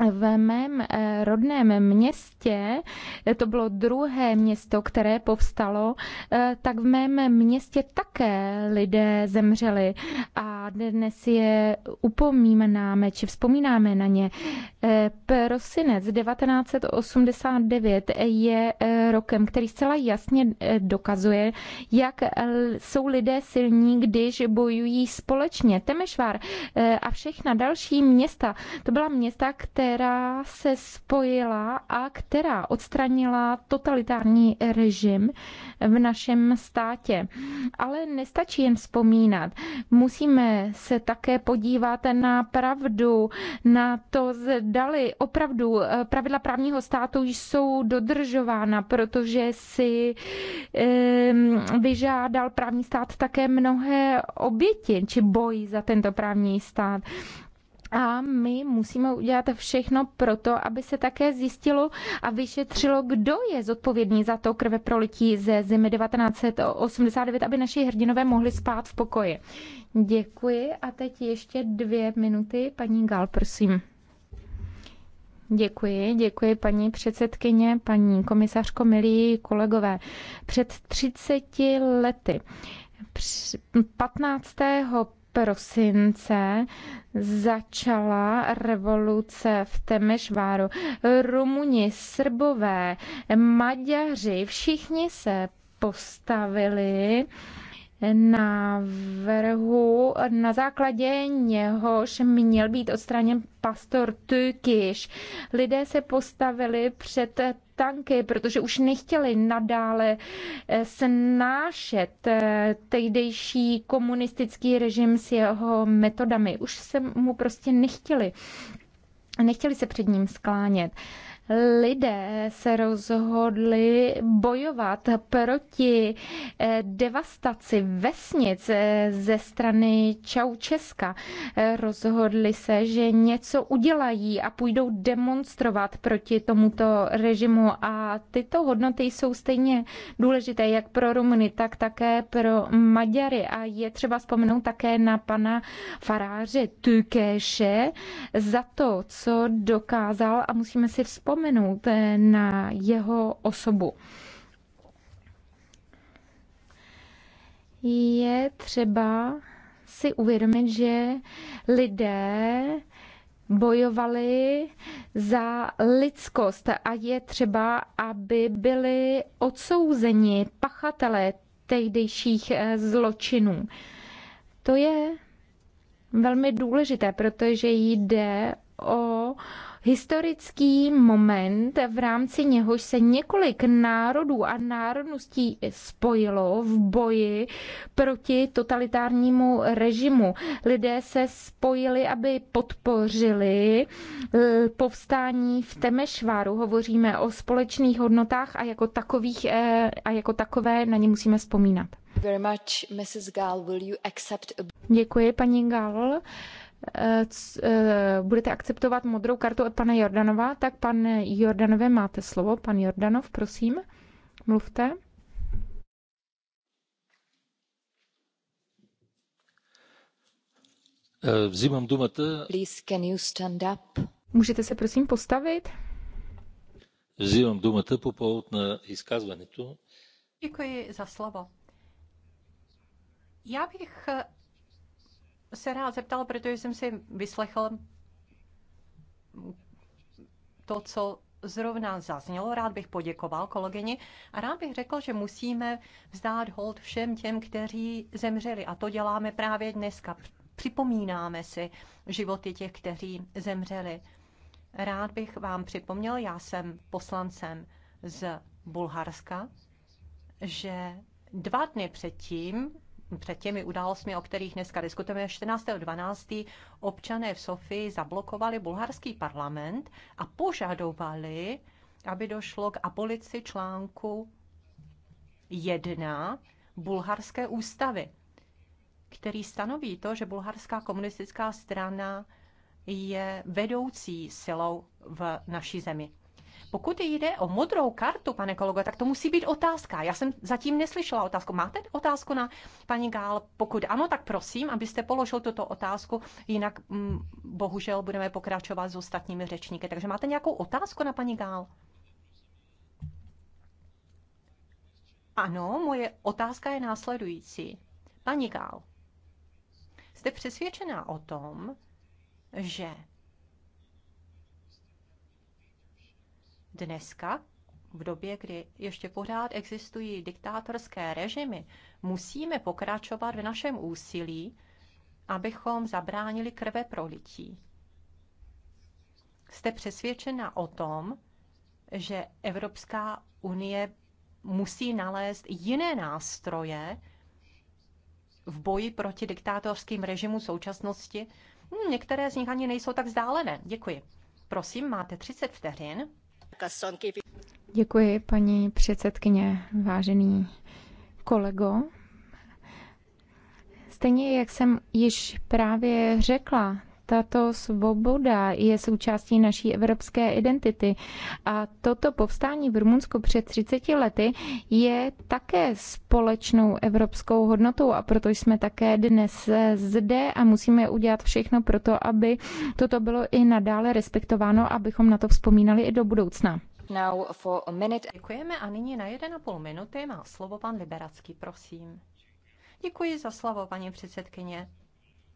v mém eh, rodném městě, eh, to bylo druhé město, které povstalo, eh, tak v mém městě také lidé zemřeli a dnes je upomínáme či vzpomínáme na ně. Prosinec 1989 je rokem, který zcela jasně dokazuje, jak jsou lidé silní, když bojují společně. Temešvár a všechna další města, to byla města, které která se spojila a která odstranila totalitární režim v našem státě. Ale nestačí jen vzpomínat. Musíme se také podívat na pravdu, na to, zdali opravdu eh, pravidla právního státu jsou dodržována, protože si ehm, vyžádal právní stát také mnohé oběti či boj za tento právní stát. A my musíme udělat všechno pro to, aby se také zjistilo a vyšetřilo, kdo je zodpovědný za to krve prolití ze zimy 1989, aby naši hrdinové mohli spát v pokoji. Děkuji a teď ještě dvě minuty. Paní Gal, prosím. Děkuji, děkuji paní předsedkyně, paní komisařko, milí kolegové. Před 30 lety 15 prosince začala revoluce v Temešváru. Rumuni, Srbové, Maďaři, všichni se postavili návrhu, na základě něhož měl být odstraněn pastor Tökiš. Lidé se postavili před tanky, protože už nechtěli nadále eh, snášet eh, tehdejší komunistický režim s jeho metodami. Už se mu prostě nechtěli. Nechtěli se před ním sklánět lidé se rozhodli bojovat proti eh, devastaci vesnic eh, ze strany Čaučeska. Eh, rozhodli se, že něco udělají a půjdou demonstrovat proti tomuto režimu a tyto hodnoty jsou stejně důležité jak pro Rumuny, tak také pro Maďary a je třeba vzpomenout také na pana faráře Tukéše za to, co dokázal a musíme si vzpomenout, zapomenout eh, na jeho osobu. Je třeba si uvědomit, že lidé bojovali za lidskost a je třeba, aby byli odsouzeni pachatelé tehdejších eh, zločinů. To je velmi důležité, protože jde o historický moment, v rámci něhož se několik národů a národností spojilo v boji proti totalitárnímu režimu. Lidé se spojili, aby podpořili eh, povstání v Temešváru. Hovoříme o společných hodnotách a jako, takových, eh, a jako takové na ně musíme vzpomínat. Děkuji, paní Gal. Eh, eh, budete akceptovat modrou kartu od pana Jordanova, tak pan Jordanové máte slovo. Pan Jordanov, prosím, mluvte. Eh, Vzímám důmata. Please, can you stand up? Můžete se prosím postavit? Vzývám důmata po povod na izkazvanitu. Děkuji za slovo. Já bych se rád zeptal, protože jsem si vyslechl to, co zrovna zaznělo. Rád bych poděkoval kolegyni a rád bych řekl, že musíme vzdát hold všem těm, kteří zemřeli. A to děláme právě dneska. Připomínáme si životy těch, kteří zemřeli. Rád bych vám připomněl, já jsem poslancem z Bulharska, že dva dny předtím před těmi událostmi, o kterých dneska diskutujeme, 14.12. občané v Sofii zablokovali bulharský parlament a požadovali, aby došlo k abolici článku 1 bulharské ústavy, který stanoví to, že bulharská komunistická strana je vedoucí silou v naší zemi. Pokud jde o modrou kartu, pane kolego, tak to musí být otázka. Já jsem zatím neslyšela otázku. Máte otázku na paní Gál? Pokud ano, tak prosím, abyste položil tuto otázku, jinak m, mm, bohužel budeme pokračovat s ostatními řečníky. Takže máte nějakou otázku na paní Gál? Ano, moje otázka je následující. Paní Gál, jste přesvědčená o tom, že Dneska, v době, kdy ještě pořád existují diktátorské režimy, musíme pokračovat v našem úsilí, abychom zabránili krve prolití. Jste přesvědčena o tom, že Evropská unie musí nalézt jiné nástroje v boji proti diktátorským režimu současnosti. Hm, některé z nich ani nejsou tak vzdálené. Děkuji. Prosím, máte 30 vteřin. Děkuji, paní předsedkyně, vážený kolego. Stejně jak jsem již právě řekla, tato svoboda je součástí naší evropské identity. A toto povstání v Rumunsku před 30 lety je také společnou evropskou hodnotou a proto jsme také dnes zde a musíme udělat všechno pro to, aby toto bylo i nadále respektováno, abychom na to vzpomínali i do budoucna. Now for a minute. Děkujeme a nyní na 1,5 minuty má slovo pan Liberacký, prosím. Děkuji za slovo, paní předsedkyně.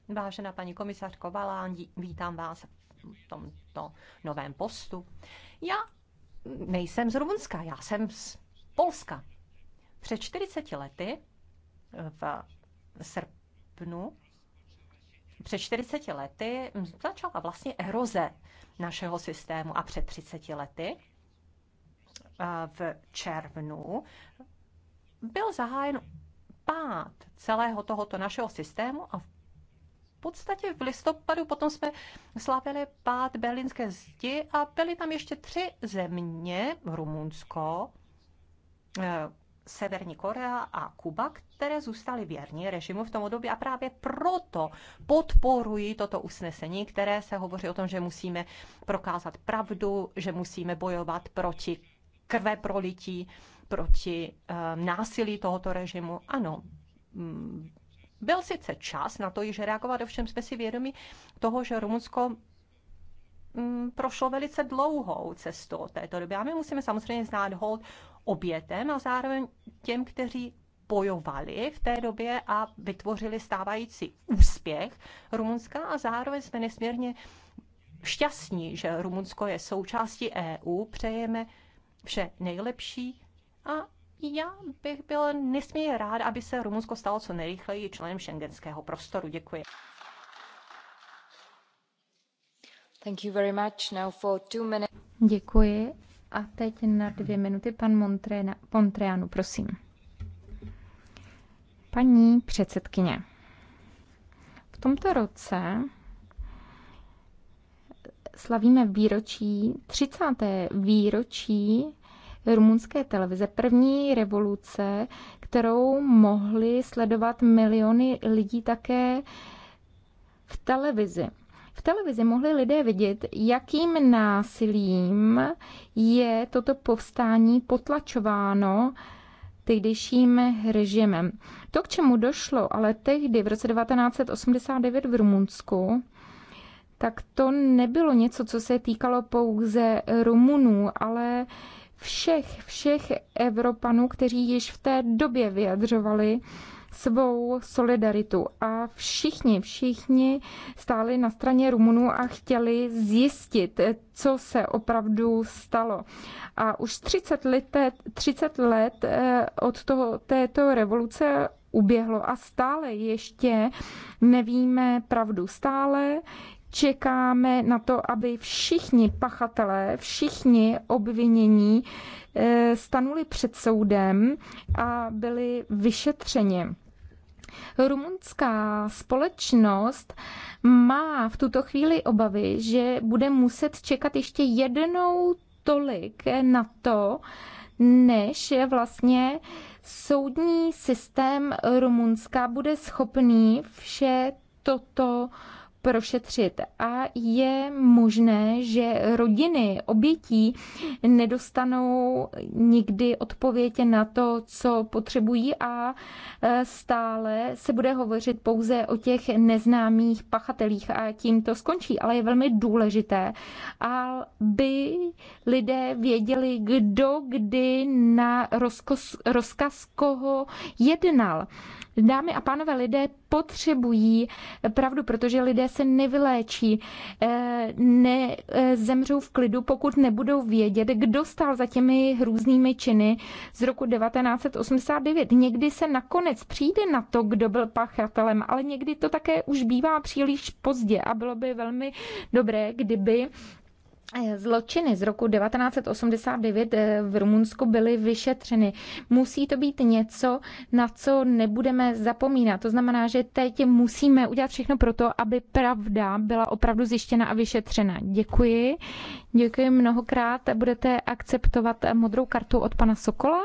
Vážená paní komisařko Valán, vítám vás v tomto novém postu. Já nejsem z Rumunska, já jsem z Polska. Před 40 lety v srpnu před 40 lety začala vlastně eroze našeho systému a před 30 lety v červnu byl zahájen pád celého tohoto našeho systému a v podstatě v listopadu potom jsme slavili pád berlínské zdi a byly tam ještě tři země, Rumunsko, eh, Severní Korea a Kuba, které zůstaly věrní režimu v tom době a právě proto podporují toto usnesení, které se hovoří o tom, že musíme prokázat pravdu, že musíme bojovat proti krve prolití, proti eh, násilí tohoto režimu. Ano, mm, byl sice čas na to již reagovat, ovšem jsme si vědomi toho, že Rumunsko mm, prošlo velice dlouhou cestou této doby. A my musíme samozřejmě znát hold obětem a zároveň těm, kteří bojovali v té době a vytvořili stávající úspěch Rumunska a zároveň jsme nesmírně šťastní, že Rumunsko je součástí EU, přejeme vše nejlepší a já bych byl nesmírně rád, aby se Rumunsko stalo co nejrychleji členem šengenského prostoru. Děkuji. Thank you very much. Now for two minutes. Děkuji. A teď na dvě minuty pan Montreanu, prosím. Paní předsedkyně, v tomto roce slavíme výročí, 30. výročí rumunské televize, první revoluce, kterou mohli sledovat miliony lidí také v televizi. V televizi mohli lidé vidět, jakým násilím je toto povstání potlačováno tehdejším režimem. To, k čemu došlo ale tehdy v roce 1989 v Rumunsku, tak to nebylo něco, co se týkalo pouze Rumunů, ale všech, všech Evropanů, kteří již v té době vyjadřovali svou solidaritu a všichni, všichni stáli na straně Rumunů a chtěli zjistit, co se opravdu stalo. A už 30 let, 30 let eh, od toho, této revoluce uběhlo a stále ještě nevíme pravdu. Stále čekáme na to, aby všichni pachatelé, všichni obvinění eh, stanuli před soudem a byli vyšetřeni. Rumunská společnost má v tuto chvíli obavy, že bude muset čekat ještě jednou tolik na to, než je vlastně soudní systém Rumunska bude schopný vše toto prošetřit. A je možné, že rodiny obětí nedostanou nikdy odpověď na to, co potřebují a e, stále se bude hovořit pouze o těch neznámých pachatelích a tím to skončí. Ale je velmi důležité, aby lidé věděli, kdo kdy na rozkaz koho jednal. Dámy a pánové, lidé potřebují pravdu, protože lidé se nevyléčí, eh, nezemřou eh, v klidu, pokud nebudou vědět, kdo stál za těmi hrůznými činy z roku 1989. Někdy se nakonec přijde na to, kdo byl pachatelem, ale někdy to také už bývá příliš pozdě a bylo by velmi dobré, kdyby Zločiny z roku 1989 eh, v Rumunsku byly vyšetřeny. Musí to být něco, na co nebudeme zapomínat. To znamená, že teď musíme udělat všechno pro to, aby pravda byla opravdu zjištěna a vyšetřena. Děkuji. Děkuji mnohokrát. Budete akceptovat modrou kartu od pana Sokola?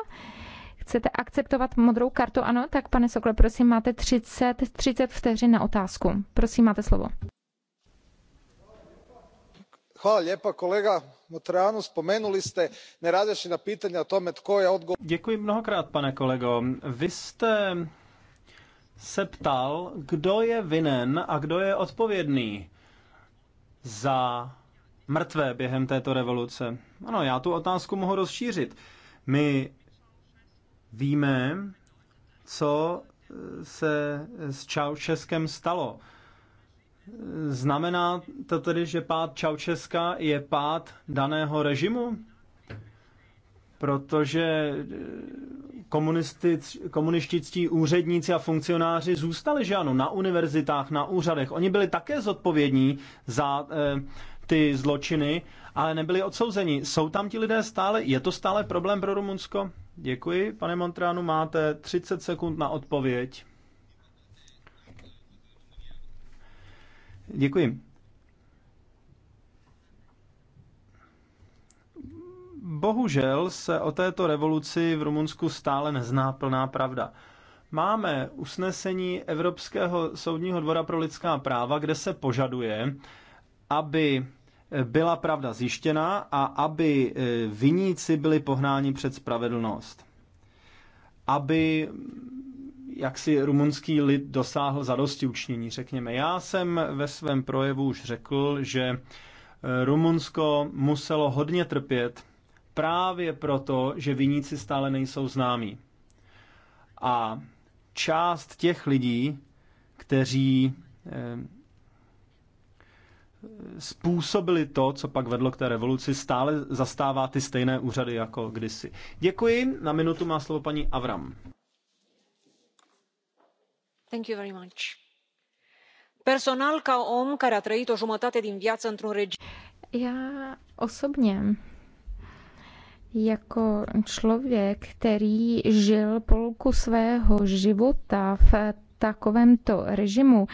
Chcete akceptovat modrou kartu? Ano, tak pane Sokole, prosím, máte 30, 30 vteřin na otázku. Prosím, máte slovo. Děkuji mnohokrát, pane kolego. Vy jste se ptal, kdo je vinen a kdo je odpovědný za mrtvé během této revoluce. Ano, já tu otázku mohu rozšířit. My víme, co se s Čaušeskem stalo. Znamená to tedy, že pád Čaučeska je pád daného režimu? Protože eh, komunističtí úředníci a funkcionáři zůstali, že ano, na univerzitách, na úřadech. Oni byli také zodpovědní za e, ty zločiny, ale nebyli odsouzeni. Jsou tam ti lidé stále? Je to stále problém pro Rumunsko? Děkuji, pane Montránu, máte 30 sekund na odpověď. Děkuji. Bohužel se o této revoluci v Rumunsku stále nezná plná pravda. Máme usnesení Evropského soudního dvora pro lidská práva, kde se požaduje, aby byla pravda zjištěna a aby e, viníci byli pohnáni před spravedlnost. Aby jak si rumunský lid dosáhl zadosti učnění, řekněme. Já jsem ve svém projevu už řekl, že eh, Rumunsko muselo hodně trpět právě proto, že viníci stále nejsou známí. A část těch lidí, kteří eh, způsobili to, co pak vedlo k té revoluci, stále zastává ty stejné úřady jako kdysi. Děkuji. Na minutu má slovo paní Avram doamnă președintă personal ca om care a trăit o jumătate din viață într un regim. Já osobně jako člověk, který žil polku svého života v takovémto režimu,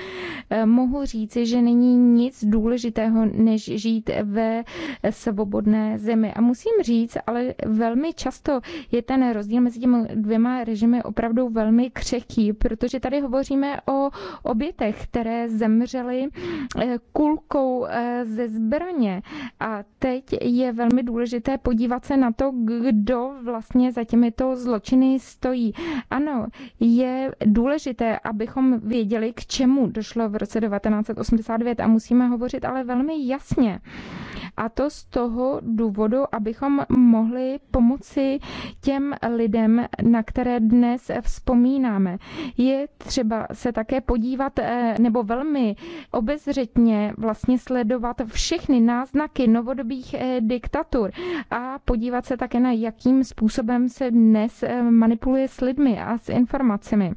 eh, mohu říci, že není nic důležitého, než žít ve svobodné zemi. A musím říct, ale velmi často je ten rozdíl mezi těmi dvěma režimy opravdu velmi křehký, protože tady hovoříme o obětech, které zemřely eh, kulkou eh, ze zbraně. A teď je velmi důležité podívat se na to, kdo vlastně za těmito zločiny stojí. Ano, je důležité, aby abychom věděli, k čemu došlo v roce 1989 a musíme hovořit ale velmi jasně. A to z toho důvodu, abychom mohli pomoci těm lidem, na které dnes vzpomínáme. Je třeba se také podívat eh, nebo velmi obezřetně vlastně sledovat všechny náznaky novodobých eh, diktatur a podívat se také na jakým způsobem se dnes eh, manipuluje s lidmi a s informacemi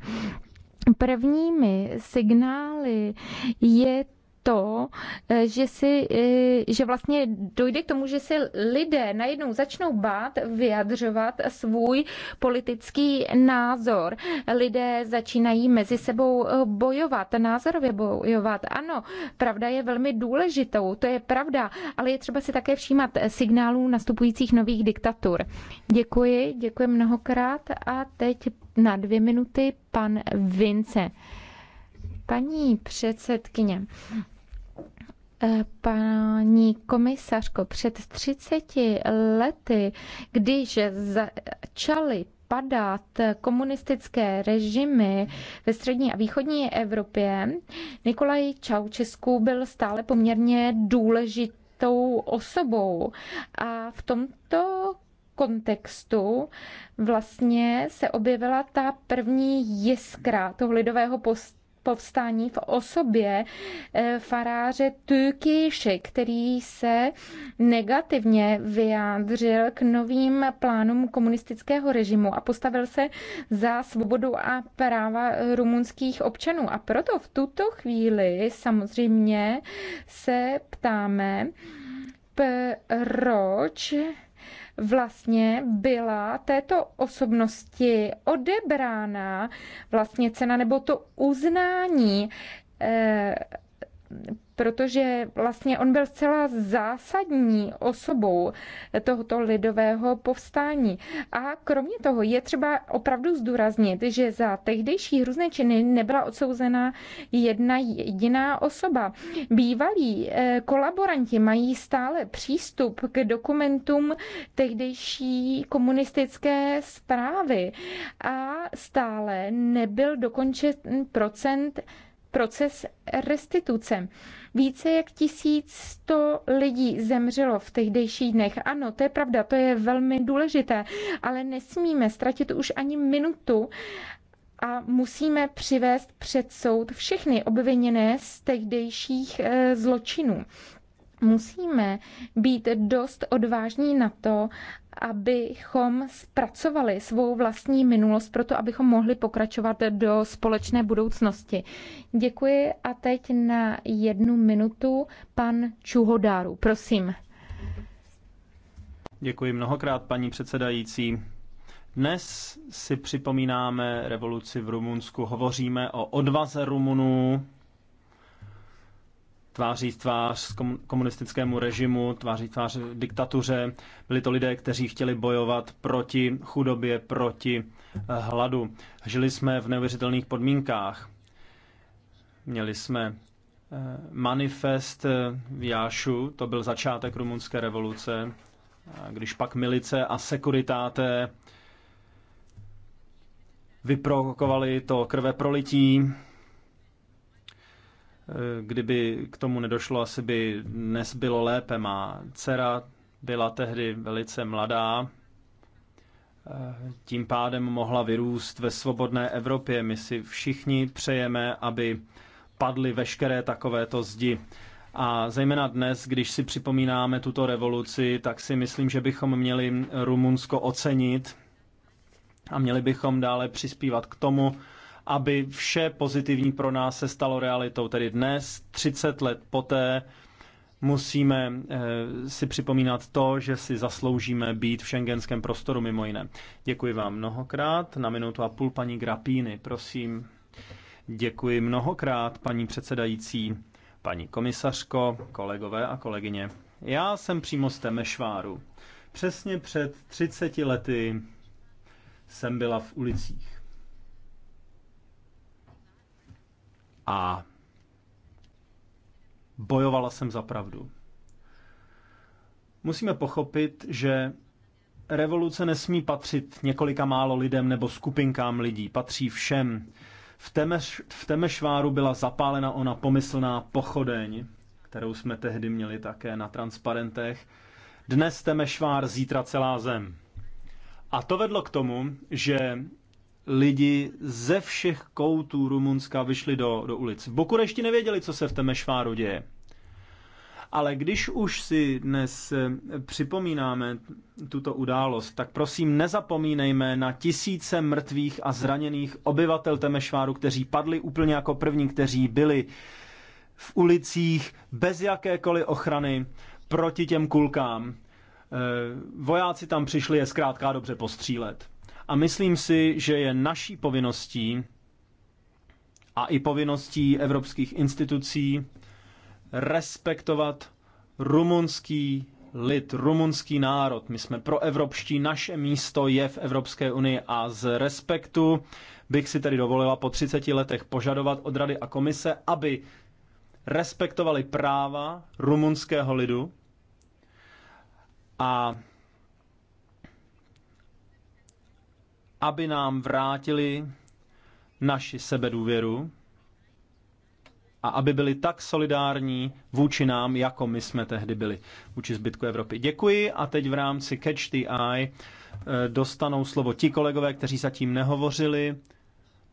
prvními signály je to, eh, že, si, eh, že vlastně dojde k tomu, že si lidé najednou začnou bát vyjadřovat svůj politický názor. Lidé začínají mezi sebou eh, bojovat, názorově bojovat. Ano, pravda je velmi důležitou, to je pravda, ale je třeba si také všímat signálů nastupujících nových diktatur. Děkuji, děkuji mnohokrát a teď na dvě minuty pan Vince. Paní předsedkyně, eh, Paní komisařko, před 30 lety, když začaly padat komunistické režimy ve střední a východní Evropě, Nikolaj Čaučesku byl stále poměrně důležitý osobou. A v tomto kontextu vlastně se objevila ta první jiskra toho lidového post povstání v osobě eh, faráře Tukiše, který se negativně vyjádřil k novým plánům komunistického režimu a postavil se za svobodu a práva rumunských občanů. A proto v tuto chvíli samozřejmě se ptáme, proč vlastně byla této osobnosti odebrána vlastně cena nebo to uznání eh, protože vlastně on byl zcela zásadní osobou tohoto lidového povstání. A kromě toho je třeba opravdu zdůraznit, že za tehdejší hrůzné činy nebyla odsouzena jedna jediná osoba. Bývalí eh, kolaboranti mají stále přístup k dokumentům tehdejší komunistické zprávy a stále nebyl dokončen procent proces restituce. Více jak 1100 lidí zemřelo v tehdejších dnech. Ano, to je pravda, to je velmi důležité, ale nesmíme ztratit už ani minutu a musíme přivést před soud všechny obviněné z tehdejších eh, zločinů musíme být dost odvážní na to, abychom zpracovali svou vlastní minulost, proto abychom mohli pokračovat do společné budoucnosti. Děkuji a teď na jednu minutu pan Čuhodáru, prosím. Děkuji mnohokrát, paní předsedající. Dnes si připomínáme revoluci v Rumunsku, hovoříme o odvaze Rumunů, tváří v tvář komunistickému režimu, tváří v tvář diktatuře. Byli to lidé, kteří chtěli bojovat proti chudobě, proti eh, hladu. Žili jsme v neuvěřitelných podmínkách. Měli jsme eh, manifest eh, v Jášu, to byl začátek rumunské revoluce, když pak milice a sekuritáté vyprovokovali to krve prolití, Kdyby k tomu nedošlo, asi by dnes bylo lépe. Má dcera byla tehdy velice mladá, tím pádem mohla vyrůst ve svobodné Evropě. My si všichni přejeme, aby padly veškeré takovéto zdi. A zejména dnes, když si připomínáme tuto revoluci, tak si myslím, že bychom měli Rumunsko ocenit a měli bychom dále přispívat k tomu, aby vše pozitivní pro nás se stalo realitou. Tedy dnes, 30 let poté, musíme eh, si připomínat to, že si zasloužíme být v šengenském prostoru mimo jiné. Děkuji vám mnohokrát. Na minutu a půl paní Grapíny, prosím. Děkuji mnohokrát, paní předsedající, paní komisařko, kolegové a kolegyně. Já jsem přímo z Temešváru. Přesně před 30 lety jsem byla v ulicích. a bojovala jsem za pravdu. Musíme pochopit, že revoluce nesmí patřit několika málo lidem nebo skupinkám lidí, patří všem. V, Temeš, v Temešváru byla zapálena ona pomyslná pochodeň, kterou jsme tehdy měli také na transparentech. Dnes Temešvár, zítra celá zem. A to vedlo k tomu, že lidi ze všech koutů Rumunska vyšli do, do ulic. V Bukurešti nevěděli, co se v Temešváru děje. Ale když už si dnes eh, připomínáme tuto událost, tak prosím nezapomínejme na tisíce mrtvých a zraněných obyvatel Temešváru, kteří padli úplně jako první, kteří byli v ulicích bez jakékoliv ochrany proti těm kulkám. Eh, vojáci tam přišli je zkrátka dobře postřílet. A myslím si, že je naší povinností a i povinností evropských institucí respektovat rumunský lid, rumunský národ. My jsme evropští, naše místo je v Evropské unii a z respektu bych si tedy dovolila po 30 letech požadovat od Rady a komise, aby respektovali práva rumunského lidu a aby nám vrátili naši sebedůvěru a aby byli tak solidární vůči nám, jako my jsme tehdy byli vůči zbytku Evropy. Děkuji a teď v rámci Catch the Eye eh, dostanou slovo ti kolegové, kteří zatím nehovořili.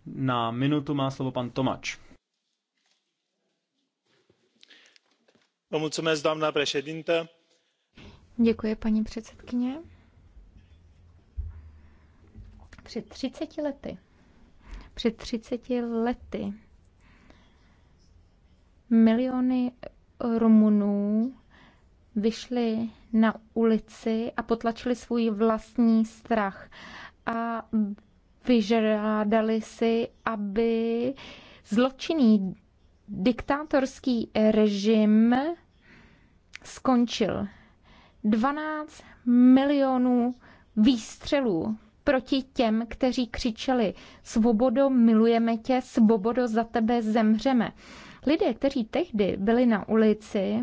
Na minutu má slovo pan Tomáč. Děkuji, paní předsedkyně. Před 30 lety. Před 30 lety miliony Rumunů vyšli na ulici a potlačili svůj vlastní strach a vyžádali si, aby zločinný diktátorský režim skončil. 12 milionů výstřelů proti těm, kteří křičeli svobodo, milujeme tě, svobodo, za tebe zemřeme. Lidé, kteří tehdy byli na ulici,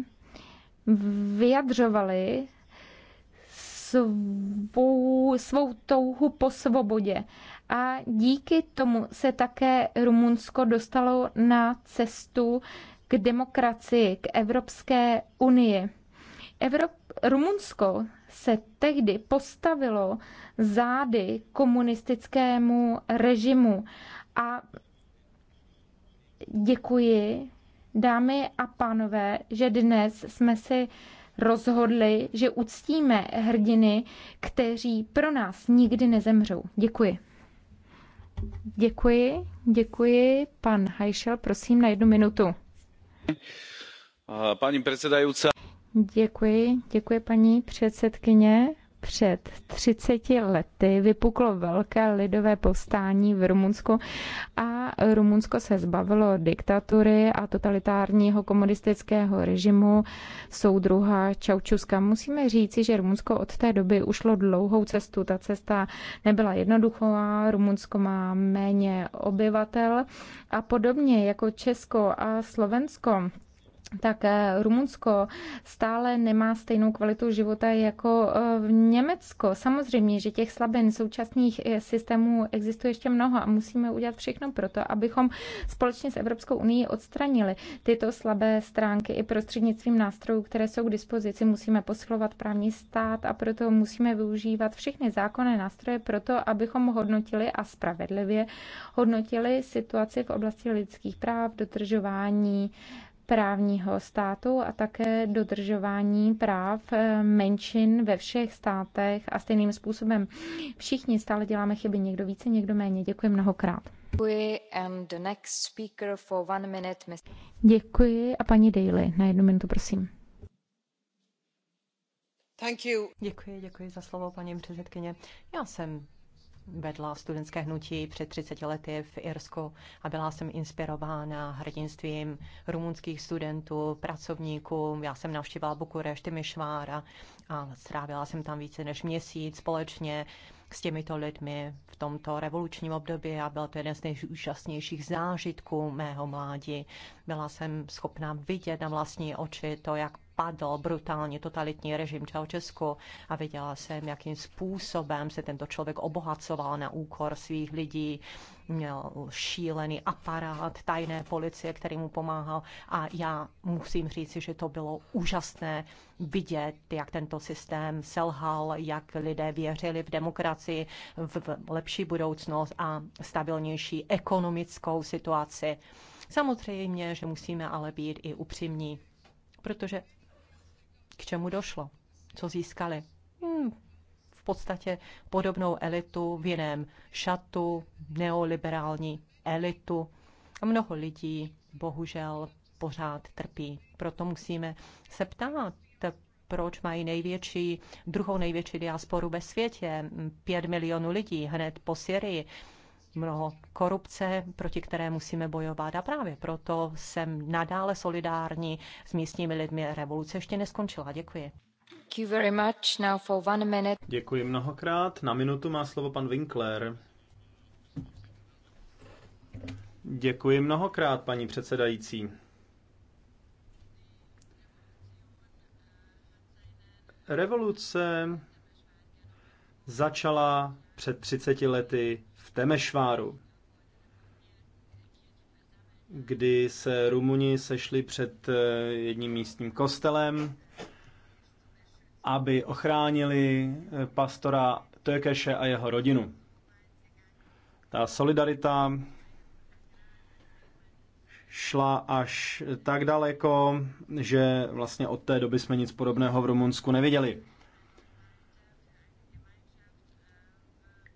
vyjadřovali svou, svou touhu po svobodě. A díky tomu se také Rumunsko dostalo na cestu k demokracii, k Evropské unii. Evrop, Rumunsko se tehdy postavilo zády komunistickému režimu. A děkuji, dámy a pánové, že dnes jsme si rozhodli, že uctíme hrdiny, kteří pro nás nikdy nezemřou. Děkuji. Děkuji, děkuji. Pan Hajšel, prosím na jednu minutu. Paní předsedající. Děkuji, děkuji paní předsedkyně. Před 30 lety vypuklo velké lidové povstání v Rumunsku a Rumunsko se zbavilo diktatury a totalitárního komunistického režimu soudruha Čaučuska. Musíme říci, že Rumunsko od té doby ušlo dlouhou cestu. Ta cesta nebyla jednoduchá, Rumunsko má méně obyvatel a podobně jako Česko a Slovensko tak eh, Rumunsko stále nemá stejnou kvalitu života jako eh, v Německo. Samozřejmě, že těch slabin současných eh, systémů existuje ještě mnoho a musíme udělat všechno pro to, abychom společně s Evropskou unii odstranili tyto slabé stránky i prostřednictvím nástrojů, které jsou k dispozici. Musíme posilovat právní stát a proto musíme využívat všechny zákonné nástroje pro to, abychom hodnotili a spravedlivě hodnotili situaci v oblasti lidských práv, dotržování právního státu a také dodržování práv eh, menšin ve všech státech a stejným způsobem. Všichni stále děláme chyby, někdo více, někdo méně. Děkuji mnohokrát. Děkuji, a paní Daly na jednu minutu, prosím. Thank you. Děkuji, děkuji za slovo, paní předsedkyně. Já jsem vedla studentské hnutí před 30 lety v Irsku a byla jsem inspirována hrdinstvím rumunských studentů, pracovníků. Já jsem navštívila Bukureš, Timišvára a strávila jsem tam více než měsíc společně s těmito lidmi v tomto revolučním období a byl to jeden z nejúžasnějších zážitků mého mládí. Byla jsem schopná vidět na vlastní oči to, jak padl brutálně totalitní režim Čaučesku a viděla jsem, jakým způsobem se tento člověk obohacoval na úkor svých lidí, měl šílený aparát tajné policie, který mu pomáhal a já musím říci, že to bylo úžasné vidět, jak tento systém selhal, jak lidé věřili v demokracii, v lepší budoucnost a stabilnější ekonomickou situaci. Samozřejmě, že musíme ale být i upřímní, protože k čemu došlo, co získali. Hmm, v podstatě podobnou elitu v jiném šatu, neoliberální elitu. A mnoho lidí bohužel pořád trpí. Proto musíme se ptát, proč mají největší, druhou největší diasporu ve světě, hmm, pět milionů lidí hned po Syrii mnoho korupce, proti které musíme bojovat a právě proto jsem nadále solidární s místními lidmi. Revoluce ještě neskončila. Děkuji. Děkuji mnohokrát. Na minutu má slovo pan Winkler. Děkuji mnohokrát, paní předsedající. Revoluce začala před 30 lety v Temešváru, kdy se Rumuni sešli před eh, jedním místním kostelem, aby ochránili eh, pastora Tökeše a jeho rodinu. Ta solidarita šla až tak daleko, že vlastně od té doby jsme nic podobného v Rumunsku neviděli.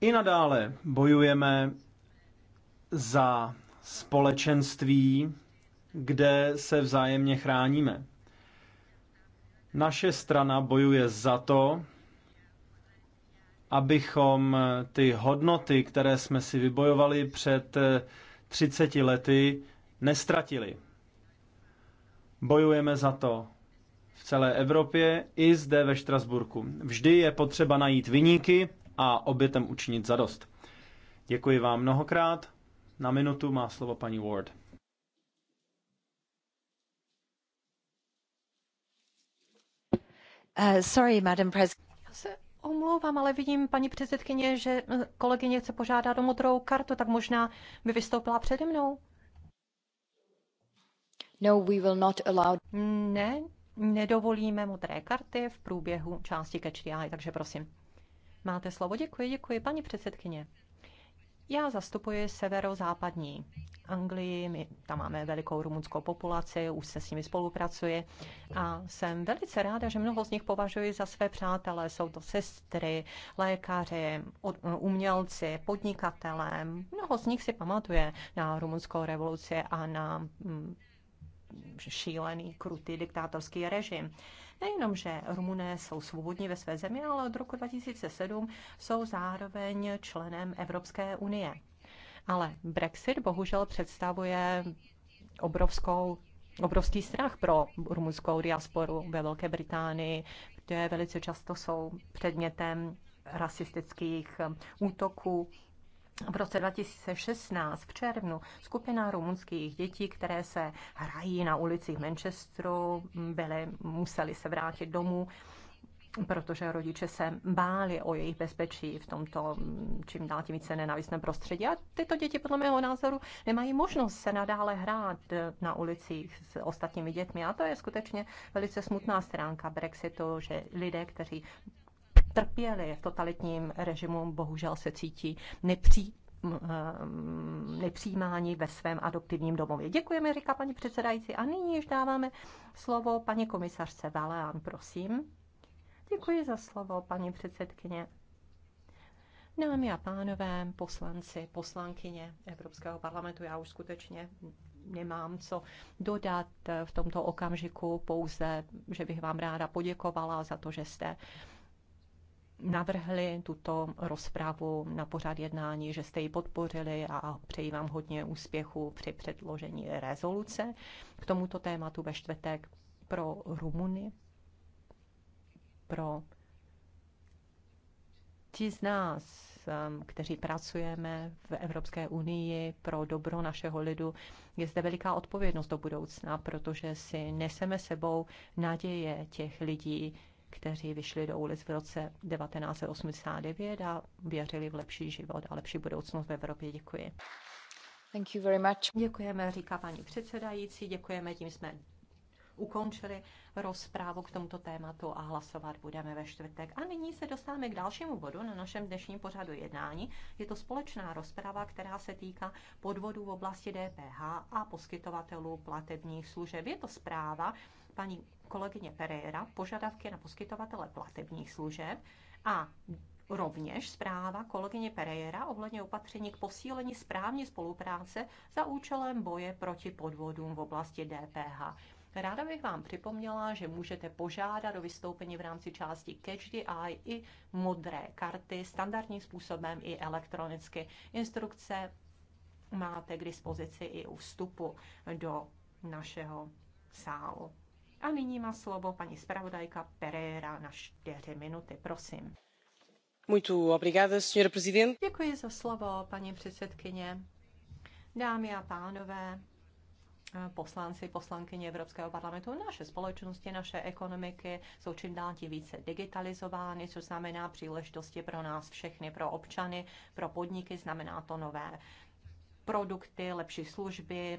I nadále bojujeme za společenství, kde se vzájemně chráníme. Naše strana bojuje za to, abychom ty hodnoty, které jsme si vybojovali před 30 lety, nestratili. Bojujeme za to v celé Evropě i zde ve Štrasburku. Vždy je potřeba najít vyníky, a obětem učinit zadost. Děkuji vám mnohokrát. Na minutu má slovo paní Ward. Uh, sorry, Madam President. Já se omlouvám, ale vidím, paní předsedkyně, že eh, kolegyně chce požádat o modrou kartu, tak možná by vystoupila přede mnou. No, we will not allow... Ne, nedovolíme modré karty v průběhu části eye, takže prosím. Máte slovo, děkuji, děkuji, paní předsedkyně. Já zastupuji severozápadní Anglii, my tam máme velikou rumunskou populaci, už se s nimi spolupracuji a jsem velice ráda, že mnoho z nich považuji za své přátelé. Jsou to sestry, lékaři, umělci, podnikatelé. Mnoho z nich si pamatuje na rumunskou revoluci a na mm, šílený, krutý diktátorský režim. Nejenom, že Rumuné jsou svobodní ve své zemi, ale od roku 2007 jsou zároveň členem Evropské unie. Ale Brexit bohužel představuje obrovskou obrovský strach pro rumunskou diasporu ve Velké Británii, kde velice často jsou předmětem rasistických útoků v roce 2016 v červnu skupina rumunských dětí, které se hrají na ulici v Manchesteru, byly, museli se vrátit domů, protože rodiče se báli o jejich bezpečí v tomto mm, čím dál tím více nenávistném prostředí. A tyto děti, podle mého názoru, nemají možnost se nadále hrát na ulicích s ostatními dětmi. A to je skutečně velice smutná stránka Brexitu, že lidé, kteří trpěli v totalitním režimu, bohužel se cítí nepří, nepřijímání ve svém adoptivním domově. Děkujeme, říká paní předsedající. A nyní již dáváme slovo paní komisařce Valéan. prosím. Děkuji za slovo, paní předsedkyně. Dámy a pánové, poslanci, poslankyně Evropského parlamentu, já už skutečně nemám co dodat v tomto okamžiku, pouze, že bych vám ráda poděkovala za to, že jste uh, navrhli tuto rozpravu na pořad jednání, že jste ji podpořili a přeji vám hodně úspěchu při předložení rezoluce k tomuto tématu ve čtvrtek pro Rumuny, pro ti z nás, um, kteří pracujeme v Evropské unii pro dobro našeho lidu, je zde veliká odpovědnost do budoucna, protože si neseme sebou naděje těch lidí, kteří vyšli do ulic v roce 1989 a věřili v lepší život a lepší budoucnost v Evropě. Děkuji. Thank you very much. Děkujeme, říká paní předsedající. Děkujeme, tím jsme ukončili rozprávu k tomuto tématu a hlasovat budeme ve čtvrtek. A nyní se dostáváme k dalšímu bodu na našem dnešním pořadu jednání. Je to společná rozprava, která se týká podvodů v oblasti DPH a poskytovatelů platebních služeb. Je to zpráva paní kolegyně Pereira požadavky na poskytovatele platebních služeb a Rovněž zpráva kolegyně Pereira ohledně opatření k posílení správní spolupráce za účelem boje proti podvodům v oblasti DPH. Ráda bych vám připomněla, že můžete požádat o vystoupení v rámci části Catch the Eye i modré karty, standardním způsobem i elektronicky. Instrukce máte k dispozici i u vstupu do našeho sálu. A nyní má slovo paní zpravodajka Pereira na 4 minuty, prosím. Muito obrigada, senhora presidente. Děkuji za slovo, paní předsedkyně. Dámy a pánové, poslanci, poslankyně Evropského parlamentu. Naše společnosti, naše ekonomiky jsou čím dál tím více digitalizovány, což znamená příležitosti pro nás všechny, pro občany, pro podniky, znamená to nové produkty, lepší služby,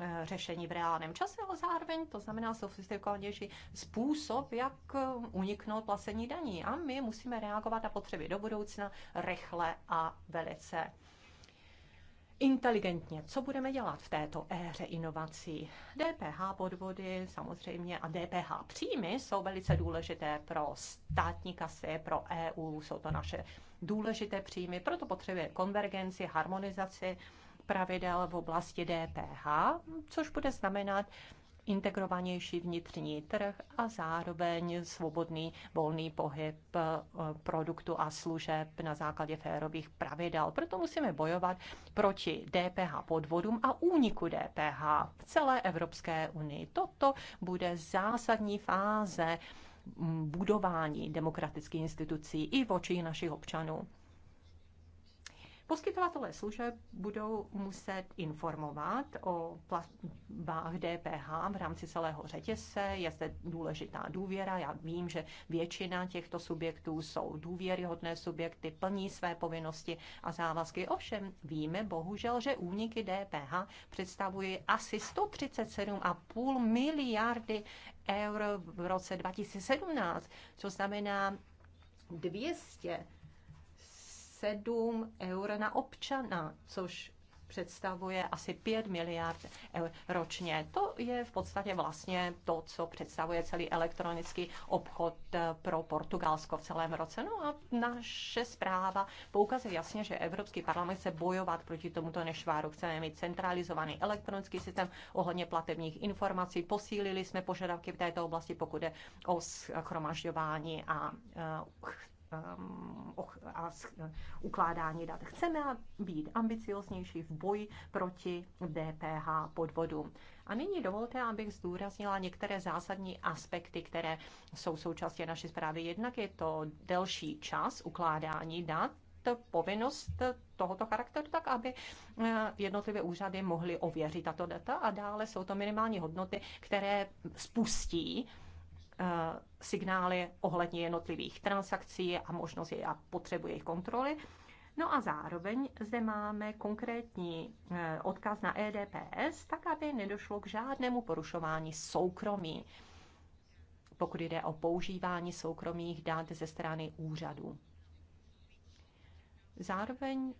Eh, řešení v reálném čase, ale zároveň to znamená sofistikovanější způsob, jak eh, uniknout placení daní. A my musíme reagovat na potřeby do budoucna rychle a velice inteligentně. Co budeme dělat v této éře inovací? DPH podvody samozřejmě a DPH příjmy jsou velice důležité pro státní kasy, pro EU, jsou to naše důležité příjmy, proto potřebuje konvergenci, harmonizaci pravidel v oblasti DPH, což bude znamenat integrovanější vnitřní trh a zároveň svobodný volný pohyb eh, produktu a služeb na základě férových pravidel. Proto musíme bojovat proti DPH podvodům a úniku DPH v celé Evropské unii. Toto bude zásadní fáze mm, budování demokratických institucí i v očích našich občanů. Poskytovatelé služeb budou muset informovat o platbách DPH v rámci celého řetězce. Je zde důležitá důvěra. Já vím, že většina těchto subjektů jsou důvěryhodné subjekty, plní své povinnosti a závazky. Ovšem víme bohužel, že úniky DPH představují asi 137,5 miliardy eur v roce 2017, co znamená 200 7 eur na občana, což představuje asi 5 miliard eur ročně. To je v podstatě vlastně to, co představuje celý elektronický obchod pro Portugalsko v celém roce. No a naše zpráva poukazuje jasně, že Evropský parlament chce bojovat proti tomuto nešváru. Chceme mít centralizovaný elektronický systém ohledně platebních informací. Posílili jsme požadavky v této oblasti, pokud je o schromažďování a eh, Um, a ukládání dat. Chceme být ambicioznější v boji proti DPH podvodům. A nyní dovolte, abych zdůraznila některé zásadní aspekty, které jsou součástí naší zprávy. Jednak je to delší čas ukládání dat, povinnost tohoto charakteru, tak aby eh, jednotlivé úřady mohly ověřit tato data a dále jsou to minimální hodnoty, které spustí Eh, signály ohledně jednotlivých transakcí a možnost a potřebu jejich kontroly. No a zároveň zde máme konkrétní eh, odkaz na EDPS, tak aby nedošlo k žádnému porušování soukromí, pokud jde o používání soukromých dat ze strany úřadů. Zároveň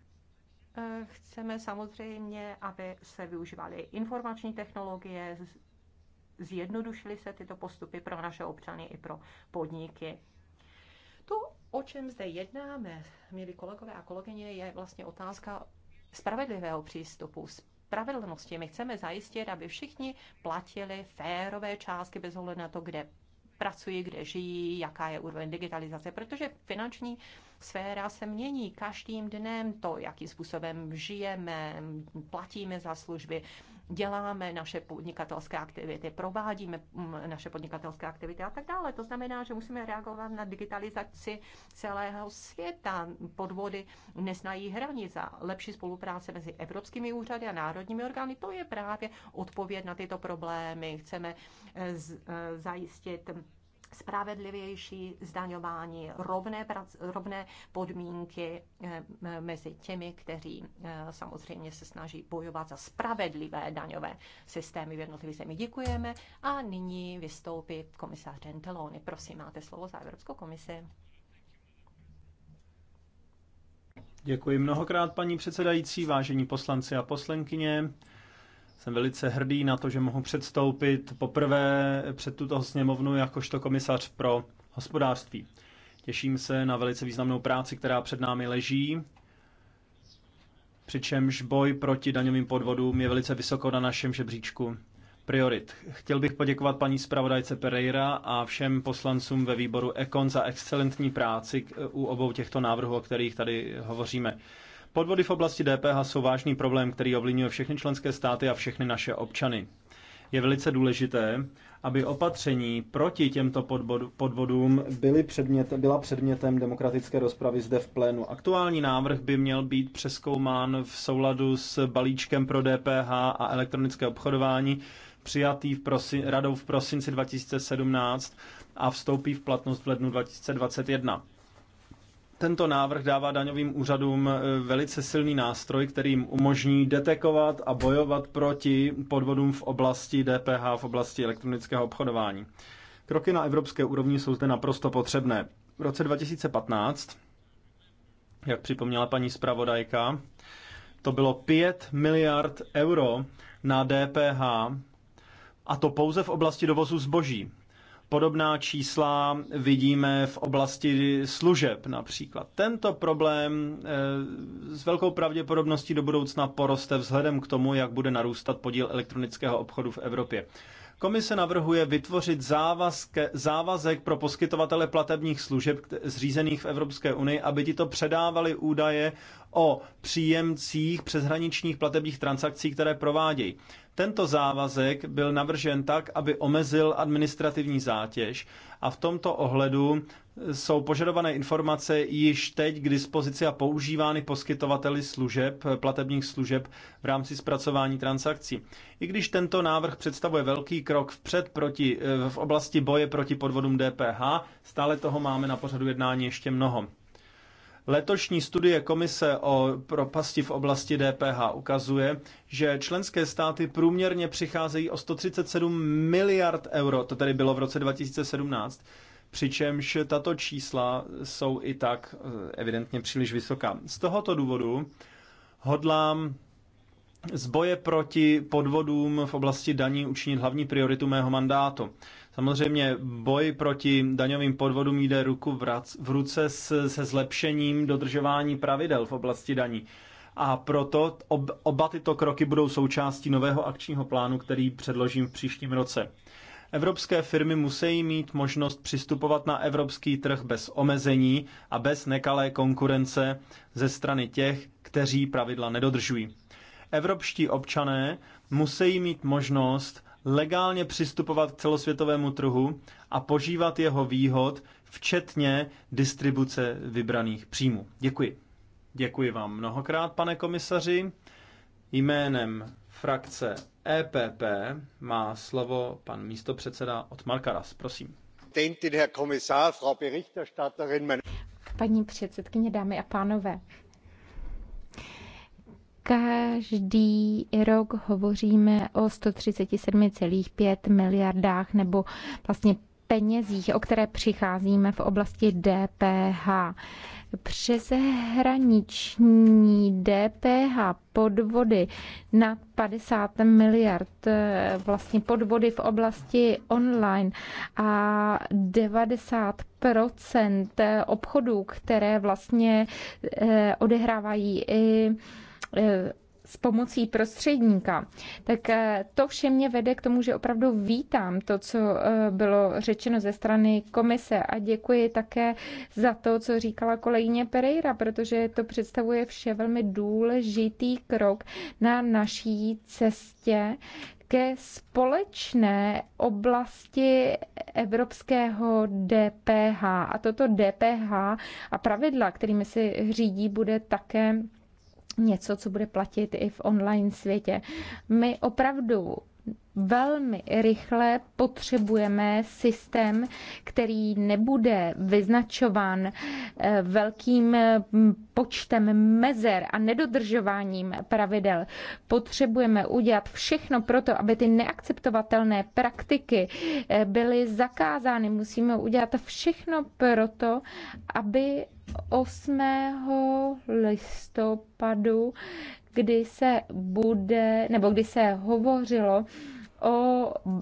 eh, chceme samozřejmě, aby se využívaly informační technologie, zjednodušily se tyto postupy pro naše občany i pro podniky. To, o čem zde jednáme, milí kolegové a kolegyně, je vlastně otázka spravedlivého přístupu, spravedlnosti. My chceme zajistit, aby všichni platili férové částky bez ohledu na to, kde pracují, kde žijí, jaká je úroveň digitalizace, protože finanční sféra se mění každým dnem, to, jakým způsobem žijeme, platíme za služby, děláme naše podnikatelské aktivity, provádíme mm, naše podnikatelské aktivity a tak dále. To znamená, že musíme reagovat na digitalizaci celého světa. Podvody neznají hranic a lepší spolupráce mezi evropskými úřady a národními orgány, to je právě odpověď na tyto problémy. Chceme eh, eh, zajistit spravedlivější zdaňování, rovné, prac, rovné podmínky eh, mezi těmi, kteří eh, samozřejmě se snaží bojovat za spravedlivé daňové systémy v jednotlivých zemích. Děkujeme a nyní vystoupí komisař Gentiloni. Prosím, máte slovo za Evropskou komisi. Děkuji mnohokrát, paní předsedající, vážení poslanci a poslankyně. Jsem velice hrdý na to, že mohu předstoupit poprvé před tuto sněmovnu jakožto komisař pro hospodářství. Těším se na velice významnou práci, která před námi leží, přičemž boj proti daňovým podvodům je velice vysoko na našem žebříčku priorit. Chtěl bych poděkovat paní zpravodajce Pereira a všem poslancům ve výboru Ekon za excelentní práci u obou těchto návrhů, o kterých tady hovoříme. Podvody v oblasti DPH jsou vážný problém, který ovlivňuje všechny členské státy a všechny naše občany. Je velice důležité, aby opatření proti těmto podvodům byly předmět, byla předmětem demokratické rozpravy zde v plénu. Aktuální návrh by měl být přeskoumán v souladu s balíčkem pro DPH a elektronické obchodování, přijatý v prosi, radou v prosinci 2017 a vstoupí v platnost v lednu 2021. Tento návrh dává daňovým úřadům e, velice silný nástroj, který jim umožní detekovat a bojovat proti podvodům v oblasti DPH, v oblasti elektronického obchodování. Kroky na evropské úrovni jsou zde naprosto potřebné. V roce 2015, jak připomněla paní zpravodajka, to bylo 5 miliard euro na DPH, a to pouze v oblasti dovozu zboží. Podobná čísla vidíme v oblasti služeb například. Tento problém eh, s velkou pravděpodobností do budoucna poroste vzhledem k tomu, jak bude narůstat podíl elektronického obchodu v Evropě. Komise navrhuje vytvořit závazke, závazek pro poskytovatele platebních služeb zřízených v Evropské unii, aby ti to předávali údaje o příjemcích přeshraničních platebních transakcí, které provádějí. Tento závazek byl navržen tak, aby omezil administrativní zátěž a v tomto ohledu jsou požadované informace již teď k dispozici a používány poskytovateli služeb, platebních služeb v rámci zpracování transakcí. I když tento návrh představuje velký krok vpřed proti, eh, v oblasti boje proti podvodům DPH, stále toho máme na pořadu jednání ještě mnoho. Letošní studie komise o propasti v oblasti DPH ukazuje, že členské státy průměrně přicházejí o 137 miliard euro, to tedy bylo v roce 2017, přičemž tato čísla jsou i tak eh, evidentně příliš vysoká. Z tohoto důvodu hodlám z boje proti podvodům v oblasti daní učinit hlavní prioritu mého mandátu. Samozřejmě boj proti daňovým podvodům jde ruku v ruce se zlepšením dodržování pravidel v oblasti daní. A proto oba tyto kroky budou součástí nového akčního plánu, který předložím v příštím roce. Evropské firmy musí mít možnost přistupovat na evropský trh bez omezení a bez nekalé konkurence ze strany těch, kteří pravidla nedodržují. Evropští občané musí mít možnost legálně přistupovat k celosvětovému trhu a požívat jeho výhod, včetně distribuce vybraných příjmů. Děkuji. Děkuji vám mnohokrát, pane komisaři. Jménem frakce EPP má slovo pan místopředseda od Karas. Prosím. Paní předsedkyně, dámy a pánové, každý rok hovoříme o 137,5 miliardách nebo vlastně penězích, o které přicházíme v oblasti DPH. Přeshraniční DPH podvody na 50 miliard, eh, vlastně podvody v oblasti online a 90 obchodů, které vlastně eh, odehrávají i Eh, s pomocí prostředníka. Tak eh, to vše mě vede k tomu, že opravdu vítám to, co eh, bylo řečeno ze strany komise a děkuji také za to, co říkala kolegyně Pereira, protože to představuje vše velmi důležitý krok na naší cestě ke společné oblasti evropského DPH. A toto DPH a pravidla, kterými si řídí, bude také něco, co bude platit i v online světě. My opravdu velmi rychle potřebujeme systém, který nebude vyznačován eh, velkým mm, počtem mezer a nedodržováním pravidel. Potřebujeme udělat všechno pro to, aby ty neakceptovatelné praktiky eh, byly zakázány. Musíme udělat všechno pro to, aby 8. listopadu kdy se bude, nebo kdy se hovořilo o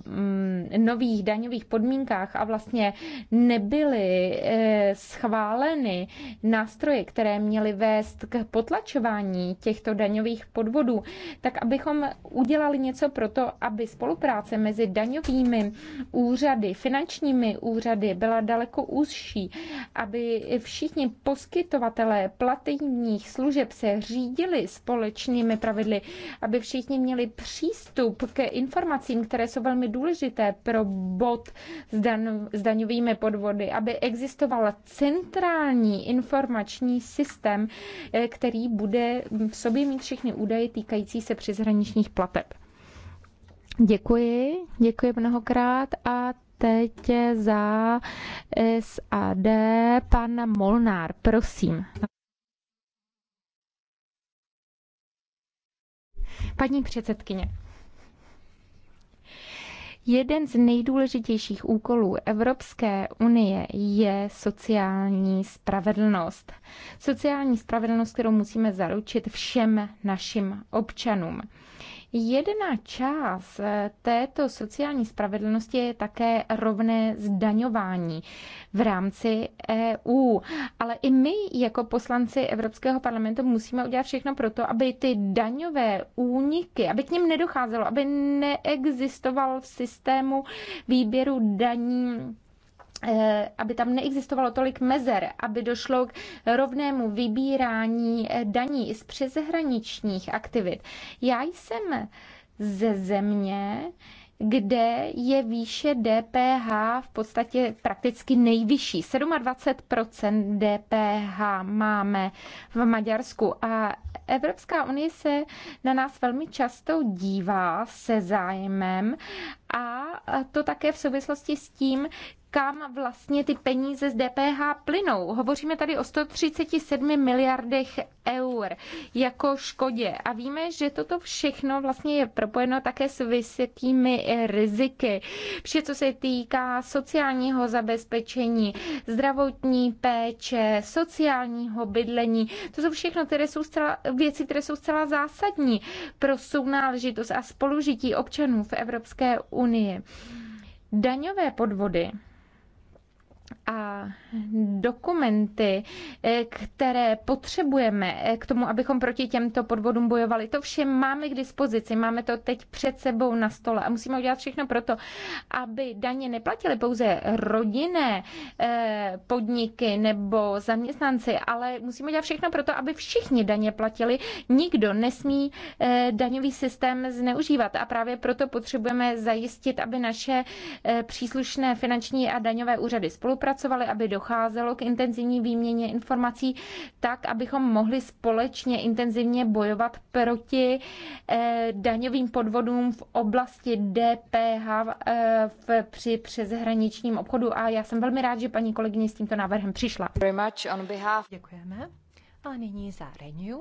mm, nových daňových podmínkách a vlastně nebyly e, schváleny nástroje, které měly vést k potlačování těchto daňových podvodů, tak abychom udělali něco pro to, aby spolupráce mezi daňovými úřady, finančními úřady byla daleko úzší, aby všichni poskytovatelé platebních služeb se řídili společnými pravidly, aby všichni měli přístup ke informacím, informacím, které jsou velmi důležité pro bod s, dan, s daňovými podvody, aby existoval centrální informační systém, eh, který bude v sobě mít všechny údaje týkající se přeshraničních plateb. Děkuji, děkuji mnohokrát a teď za SAD pan Molnár, prosím. Paní předsedkyně, Jeden z nejdůležitějších úkolů Evropské unie je sociální spravedlnost. Sociální spravedlnost, kterou musíme zaručit všem našim občanům. Jedna část eh, této sociální spravedlnosti je také rovné zdaňování v rámci EU. Ale i my jako poslanci Evropského parlamentu musíme udělat všechno pro to, aby ty daňové úniky, aby k ním nedocházelo, aby neexistoval v systému výběru daní Eh, aby tam neexistovalo tolik mezer, aby došlo k rovnému vybírání eh, daní z přeshraničních aktivit. Já jsem ze země, kde je výše DPH v podstatě prakticky nejvyšší. 27% DPH máme v Maďarsku a Evropská unie se na nás velmi často dívá se zájmem a to také v souvislosti s tím, kam vlastně ty peníze z DPH plynou. Hovoříme tady o 137 miliardech eur jako škodě a víme, že toto všechno vlastně je propojeno také s vysokými riziky. Vše, co se týká sociálního zabezpečení, zdravotní péče, sociálního bydlení, to jsou všechno které jsou zcela, věci, které jsou zcela zásadní pro sounáležitost a spolužití občanů v Evropské unii. Daňové podvody a dokumenty, eh, které potřebujeme eh, k tomu, abychom proti těmto podvodům bojovali. To vše máme k dispozici, máme to teď před sebou na stole a musíme udělat všechno pro to, aby daně neplatili pouze rodinné eh, podniky nebo zaměstnanci, ale musíme udělat všechno pro to, aby všichni daně platili. Nikdo nesmí daňový systém zneužívat a právě proto potřebujeme zajistit, aby naše příslušné finanční a daňové úřady spolu spolupracovali, aby docházelo k intenzivní výměně informací, tak, abychom mohli společně intenzivně bojovat proti eh, daňovým podvodům v oblasti DPH eh, při přeshraničním obchodu. A já jsem velmi rád, že paní kolegyně s tímto návrhem přišla. Děkujeme. A nyní za Renew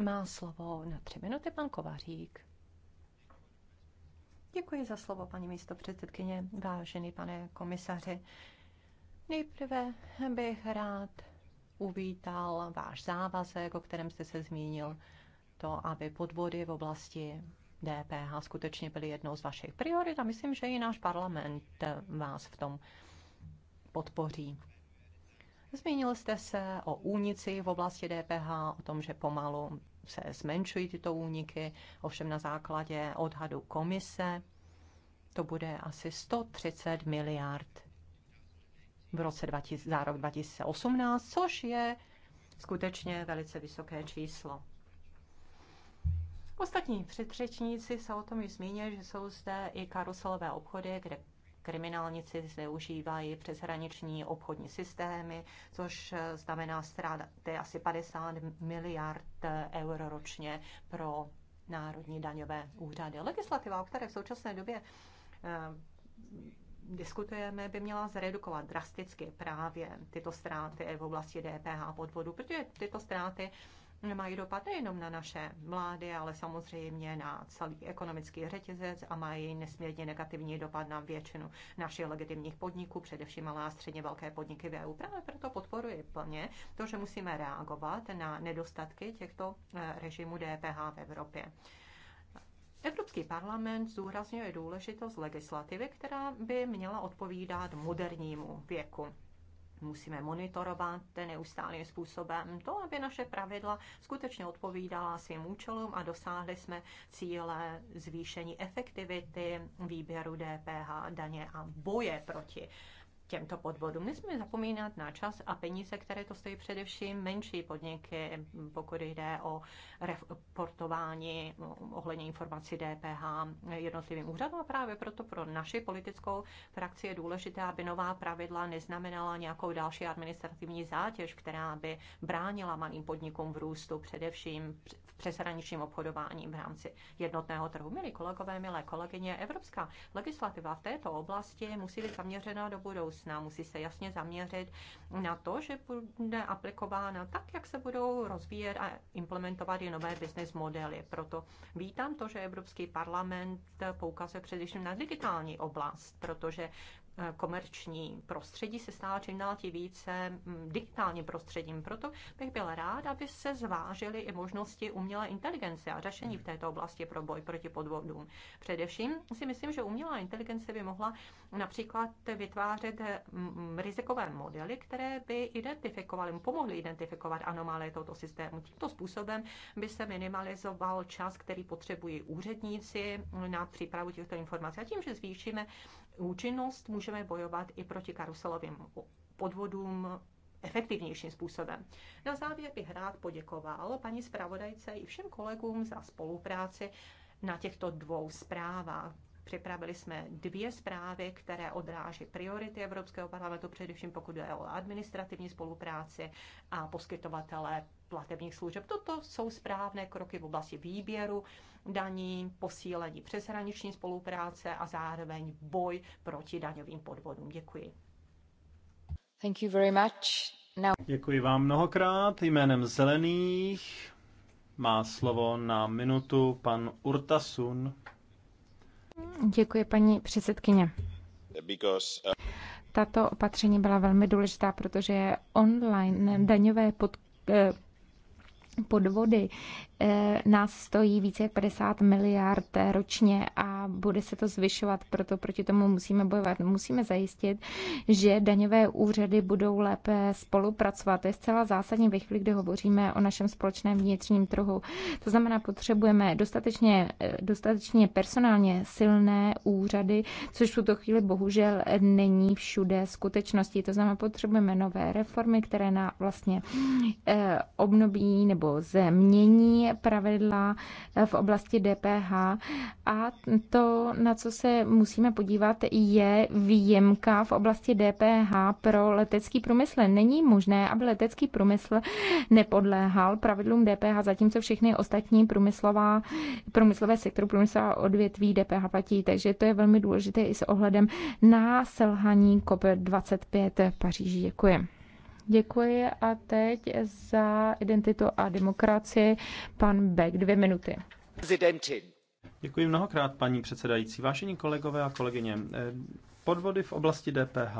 má slovo na tři minuty pan Kovařík. Děkuji za slovo, paní místo předsedkyně, vážený pane komisaři. Nejprve bych rád uvítal váš závazek, o kterém jste se zmínil, to, aby podvody v oblasti DPH skutečně byly jednou z vašich priorit a myslím, že i náš parlament vás v tom podpoří. Zmínil jste se o únici v oblasti DPH, o tom, že pomalu se zmenšují tyto úniky, ovšem na základě odhadu komise to bude asi 130 miliard v roce 20, za rok 2018, což je skutečně velice vysoké číslo. Ostatní předřečníci se o tom již zmínili, že jsou zde i karuselové obchody, kde kriminálnici zneužívají přeshraniční obchodní systémy, což znamená ztráty asi 50 miliard eur ročně pro národní daňové úřady. Legislativa, o které v současné době eh, diskutujeme, by měla zredukovat drasticky právě tyto ztráty v oblasti DPH podvodu, protože tyto ztráty mají dopad nejenom na naše mlády, ale samozřejmě na celý ekonomický řetězec a mají nesmírně negativní dopad na většinu našich legitimních podniků, především malé a středně velké podniky v EU. Právě proto podporuji plně to, že musíme reagovat na nedostatky těchto eh, režimů DPH v Evropě. Evropský parlament zúraznuje důležitost legislativy, která by měla odpovídat modernímu věku musíme monitorovat neustálým způsobem to, aby naše pravidla skutečně odpovídala svým účelům a dosáhli jsme cíle zvýšení efektivity výběru DPH, daně a boje proti těmto podvodům. Nesmíme zapomínat na čas a peníze, které to stojí především menší podniky, pokud jde o reportování ohledně informací DPH jednotlivým úřadům. A právě proto pro naši politickou frakci je důležité, aby nová pravidla neznamenala nějakou další administrativní zátěž, která by bránila malým podnikům v růstu, především v přeshraničním obchodování v rámci jednotného trhu. Milí kolegové, milé kolegyně, evropská legislativa v této oblasti musí být zaměřena do budoucna budoucna. Musí se jasně zaměřit na to, že bude aplikována tak, jak se budou rozvíjet a implementovat i nové business modely. Proto vítám to, že Evropský parlament poukazuje především na digitální oblast, protože Eh, komerční prostředí se stává čím dál tím více mm, digitálním prostředím. Proto bych byl rád, aby se zvážily i možnosti umělé inteligence a řešení v této oblasti pro boj proti podvodům. Především si myslím, že umělá inteligence by mohla například vytvářet mm, mm, rizikové modely, které by identifikovaly, pomohly identifikovat anomálie tohoto systému. Tímto způsobem by se minimalizoval čas, který potřebují úředníci na přípravu těchto informací. A tím, že zvýšíme účinnost, může můžeme bojovat i proti karuselovým podvodům efektivnějším způsobem. Na závěr bych rád poděkoval paní zpravodajce i všem kolegům za spolupráci na těchto dvou zprávách. Připravili jsme dvě zprávy, které odráží priority Evropského parlamentu, především pokud je o administrativní spolupráci a poskytovatele platebních služeb. Toto jsou správné kroky v oblasti výběru daní, posílení přeshraniční spolupráce a zároveň boj proti daňovým podvodům. Děkuji. Thank you very much. Now... Děkuji vám mnohokrát. Jménem Zelených má slovo na minutu pan Urtasun. Děkuji, paní předsedkyně. Uh, Tato opatření byla velmi důležitá, protože online daňové pod, eh, podvody Eh, nás stojí více jak 50 miliard eh, ročně a bude se to zvyšovat, proto proti tomu musíme bojovat. Musíme zajistit, že daňové úřady budou lépe spolupracovat. To je zcela zásadní ve chvíli, kdy hovoříme o našem společném vnitřním trhu. To znamená, potřebujeme dostatečně, eh, dostatečně personálně silné úřady, což v tuto chvíli bohužel není všude skutečností. To znamená, potřebujeme nové reformy, které na vlastně obnoví nebo zemění pravidla v oblasti DPH a to, na co se musíme podívat, je výjimka v oblasti DPH pro letecký průmysl. Není možné, aby letecký průmysl nepodléhal pravidlům DPH, zatímco všechny ostatní průmyslová, průmyslové sektory, průmyslová odvětví DPH platí. Takže to je velmi důležité i s ohledem na selhání COP25 v Paříži. Děkuji. Děkuji a teď za identitu a demokracii pan Beck, dvě minuty. Děkuji mnohokrát, paní předsedající. Vážení kolegové a kolegyně, eh, podvody v oblasti DPH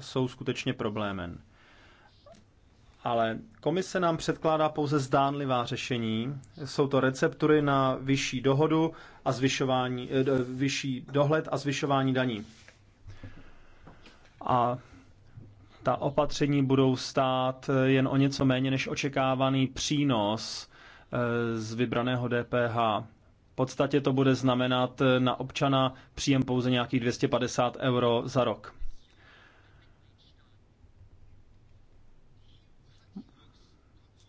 jsou skutečně problémem. Ale komise nám předkládá pouze zdánlivá řešení. Jsou to receptury na vyšší dohodu a zvyšování, eh, vyšší dohled a zvyšování daní. A ta opatření budou stát eh, jen o něco méně než očekávaný přínos eh, z vybraného DPH. V podstatě to bude znamenat eh, na občana příjem pouze nějakých 250 euro za rok.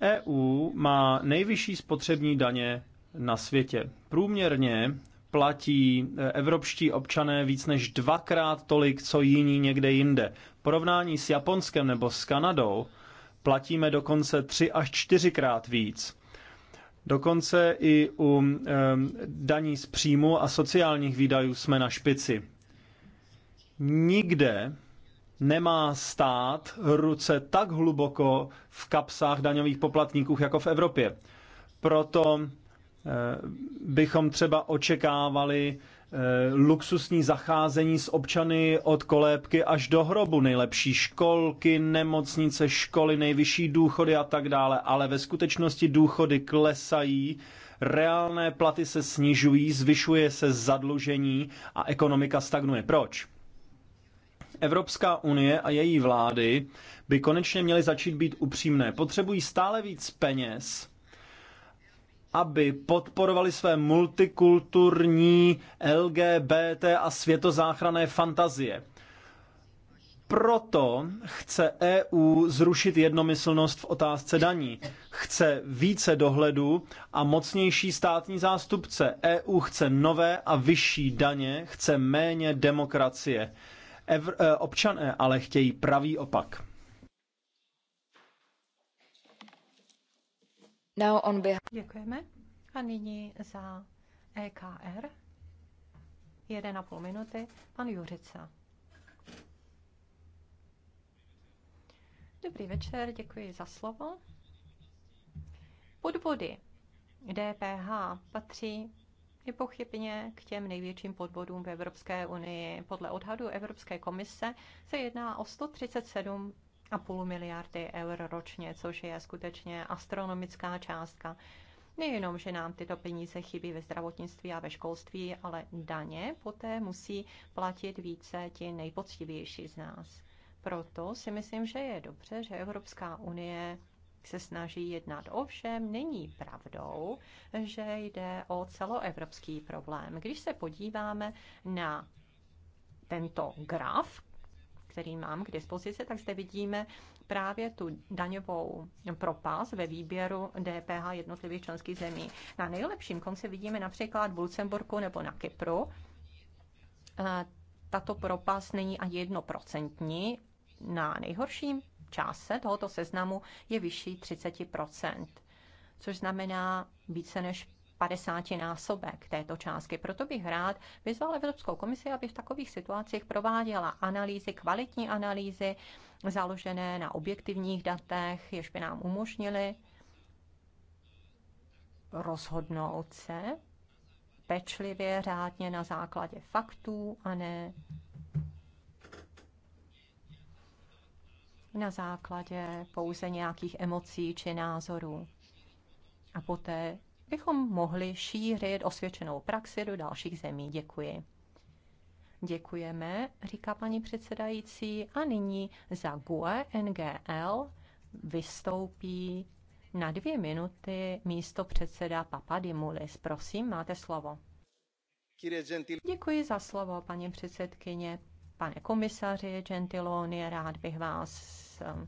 EU má nejvyšší spotřební daně na světě. Průměrně platí eh, evropští občané víc než dvakrát tolik, co jiní někde jinde. V porovnání s Japonskem nebo s Kanadou platíme dokonce tři až čtyřikrát víc. Dokonce i u eh, daní z příjmu a sociálních výdajů jsme na špici. Nikde nemá stát ruce tak hluboko v kapsách daňových poplatníků jako v Evropě. Proto bychom třeba očekávali eh, luxusní zacházení s občany od kolébky až do hrobu, nejlepší školky, nemocnice, školy, nejvyšší důchody a tak dále, ale ve skutečnosti důchody klesají, reálné platy se snižují, zvyšuje se zadlužení a ekonomika stagnuje. Proč? Evropská unie a její vlády by konečně měly začít být upřímné. Potřebují stále víc peněz, aby podporovali své multikulturní LGBT a světozáchrané fantazie. Proto chce EU zrušit jednomyslnost v otázce daní. Chce více dohledu a mocnější státní zástupce. EU chce nové a vyšší daně, chce méně demokracie. Eh, občané ale chtějí pravý opak. Now on behalf... Děkujeme. A nyní za EKR 1,5 minuty pan Jurica. Dobrý večer, děkuji za slovo. Podvody DPH patří nepochybně k těm největším podvodům v Evropské unii. Podle odhadu Evropské komise se jedná o 137 a půl miliardy eur ročně, což je skutečně astronomická částka. Nejenom, že nám tyto peníze chybí ve zdravotnictví a ve školství, ale daně poté musí platit více ti nejpoctivější z nás. Proto si myslím, že je dobře, že Evropská unie se snaží jednat. Ovšem není pravdou, že jde o celoevropský problém. Když se podíváme na tento graf, který mám k dispozici, tak zde vidíme právě tu daňovou propas ve výběru DPH jednotlivých členských zemí. Na nejlepším konci vidíme například v Lucemburku nebo na Kypru. Tato propas není ani jednoprocentní. Na nejhorším čase tohoto seznamu je vyšší 30 což znamená více než padesátinásobek této částky. Proto bych rád vyzval Evropskou komisi, aby v takových situacích prováděla analýzy, kvalitní analýzy, založené na objektivních datech, jež by nám umožnili rozhodnout se pečlivě, řádně na základě faktů a ne na základě pouze nějakých emocí či názorů. A poté bychom mohli šířit osvědčenou praxi do dalších zemí. Děkuji. Děkujeme, říká paní předsedající. A nyní za GUE NGL vystoupí na dvě minuty místo předseda Papadimulis. Prosím, máte slovo. Děkuji za slovo, paní předsedkyně. Pane komisaři Gentiloni, rád bych vás eh,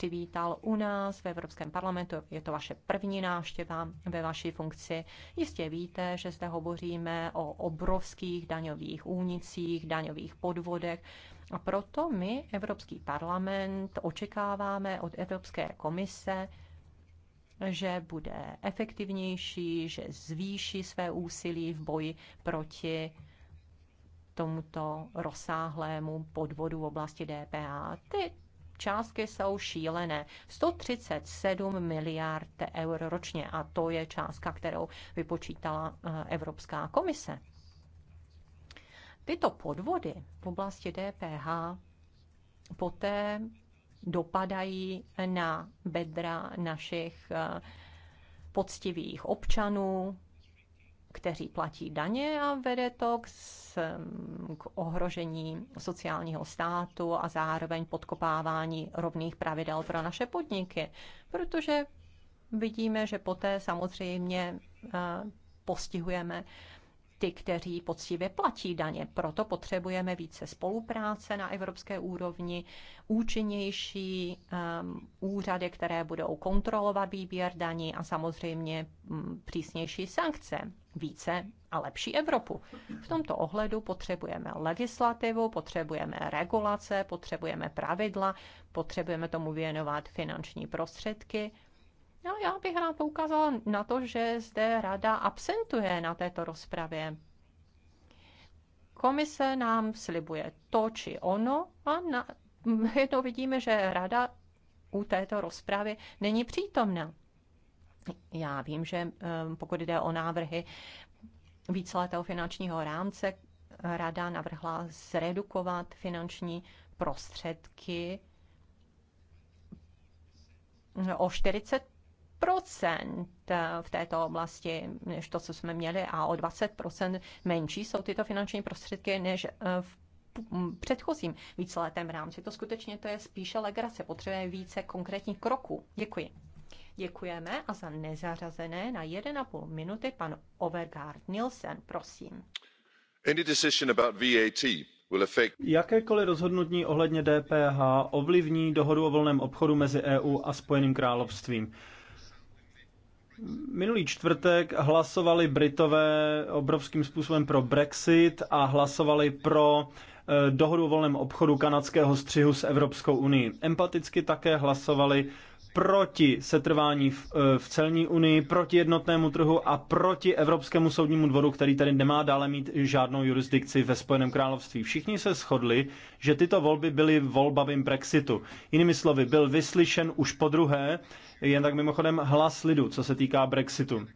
přivítal u nás v Evropském parlamentu. Je to vaše první návštěva ve vaší funkci. Jistě víte, že zde hovoříme o obrovských daňových únicích, daňových podvodech. A proto my, Evropský parlament, očekáváme od Evropské komise, že bude efektivnější, že zvýší své úsilí v boji proti tomuto rozsáhlému podvodu v oblasti DPA. Ty částky jsou šílené. 137 miliard eur ročně a to je částka, kterou vypočítala eh, Evropská komise. Tyto podvody v oblasti DPH poté dopadají na bedra našich eh, poctivých občanů, kteří platí daně a vede to k, k ohrožení sociálního státu a zároveň podkopávání rovných pravidel pro naše podniky, protože vidíme, že poté samozřejmě eh, postihujeme ty, kteří poctivě platí daně. Proto potřebujeme více spolupráce na evropské úrovni, účinnější um, úřady, které budou kontrolovat výběr daní a samozřejmě um, přísnější sankce. Více a lepší Evropu. V tomto ohledu potřebujeme legislativu, potřebujeme regulace, potřebujeme pravidla, potřebujeme tomu věnovat finanční prostředky No, já bych rád poukázal na to, že zde rada absentuje na této rozpravě. Komise nám slibuje to či ono a na, (laughs) jednou vidíme, že rada u této rozpravy není přítomna. Já vím, že eh, pokud jde o návrhy víceletého finančního rámce, rada navrhla zredukovat finanční prostředky o 40 v této oblasti, než to, co jsme měli, a o 20 menší jsou tyto finanční prostředky než eh, v předchozím víceletém rámci. To skutečně to je spíše legrace. Potřebujeme více konkrétních kroků. Děkuji. Děkujeme a za nezařazené na 1,5 minuty pan Overgaard Nielsen, prosím. Any decision about VAT Jakékoliv rozhodnutí ohledně DPH ovlivní dohodu o volném obchodu mezi EU a Spojeným královstvím. Minulý čtvrtek hlasovali Britové obrovským způsobem pro Brexit a hlasovali pro eh, dohodu o volném obchodu kanadského střihu s Evropskou unii. Empaticky také hlasovali proti setrvání v, eh, v celní unii, proti jednotnému trhu a proti Evropskému soudnímu dvoru, který tady nemá dále mít žádnou jurisdikci ve Spojeném království. Všichni se shodli, že tyto volby byly volbami Brexitu. Jinými slovy, byl vyslyšen už po druhé, jen tak mimochodem hlas lidu, co se týká Brexitu.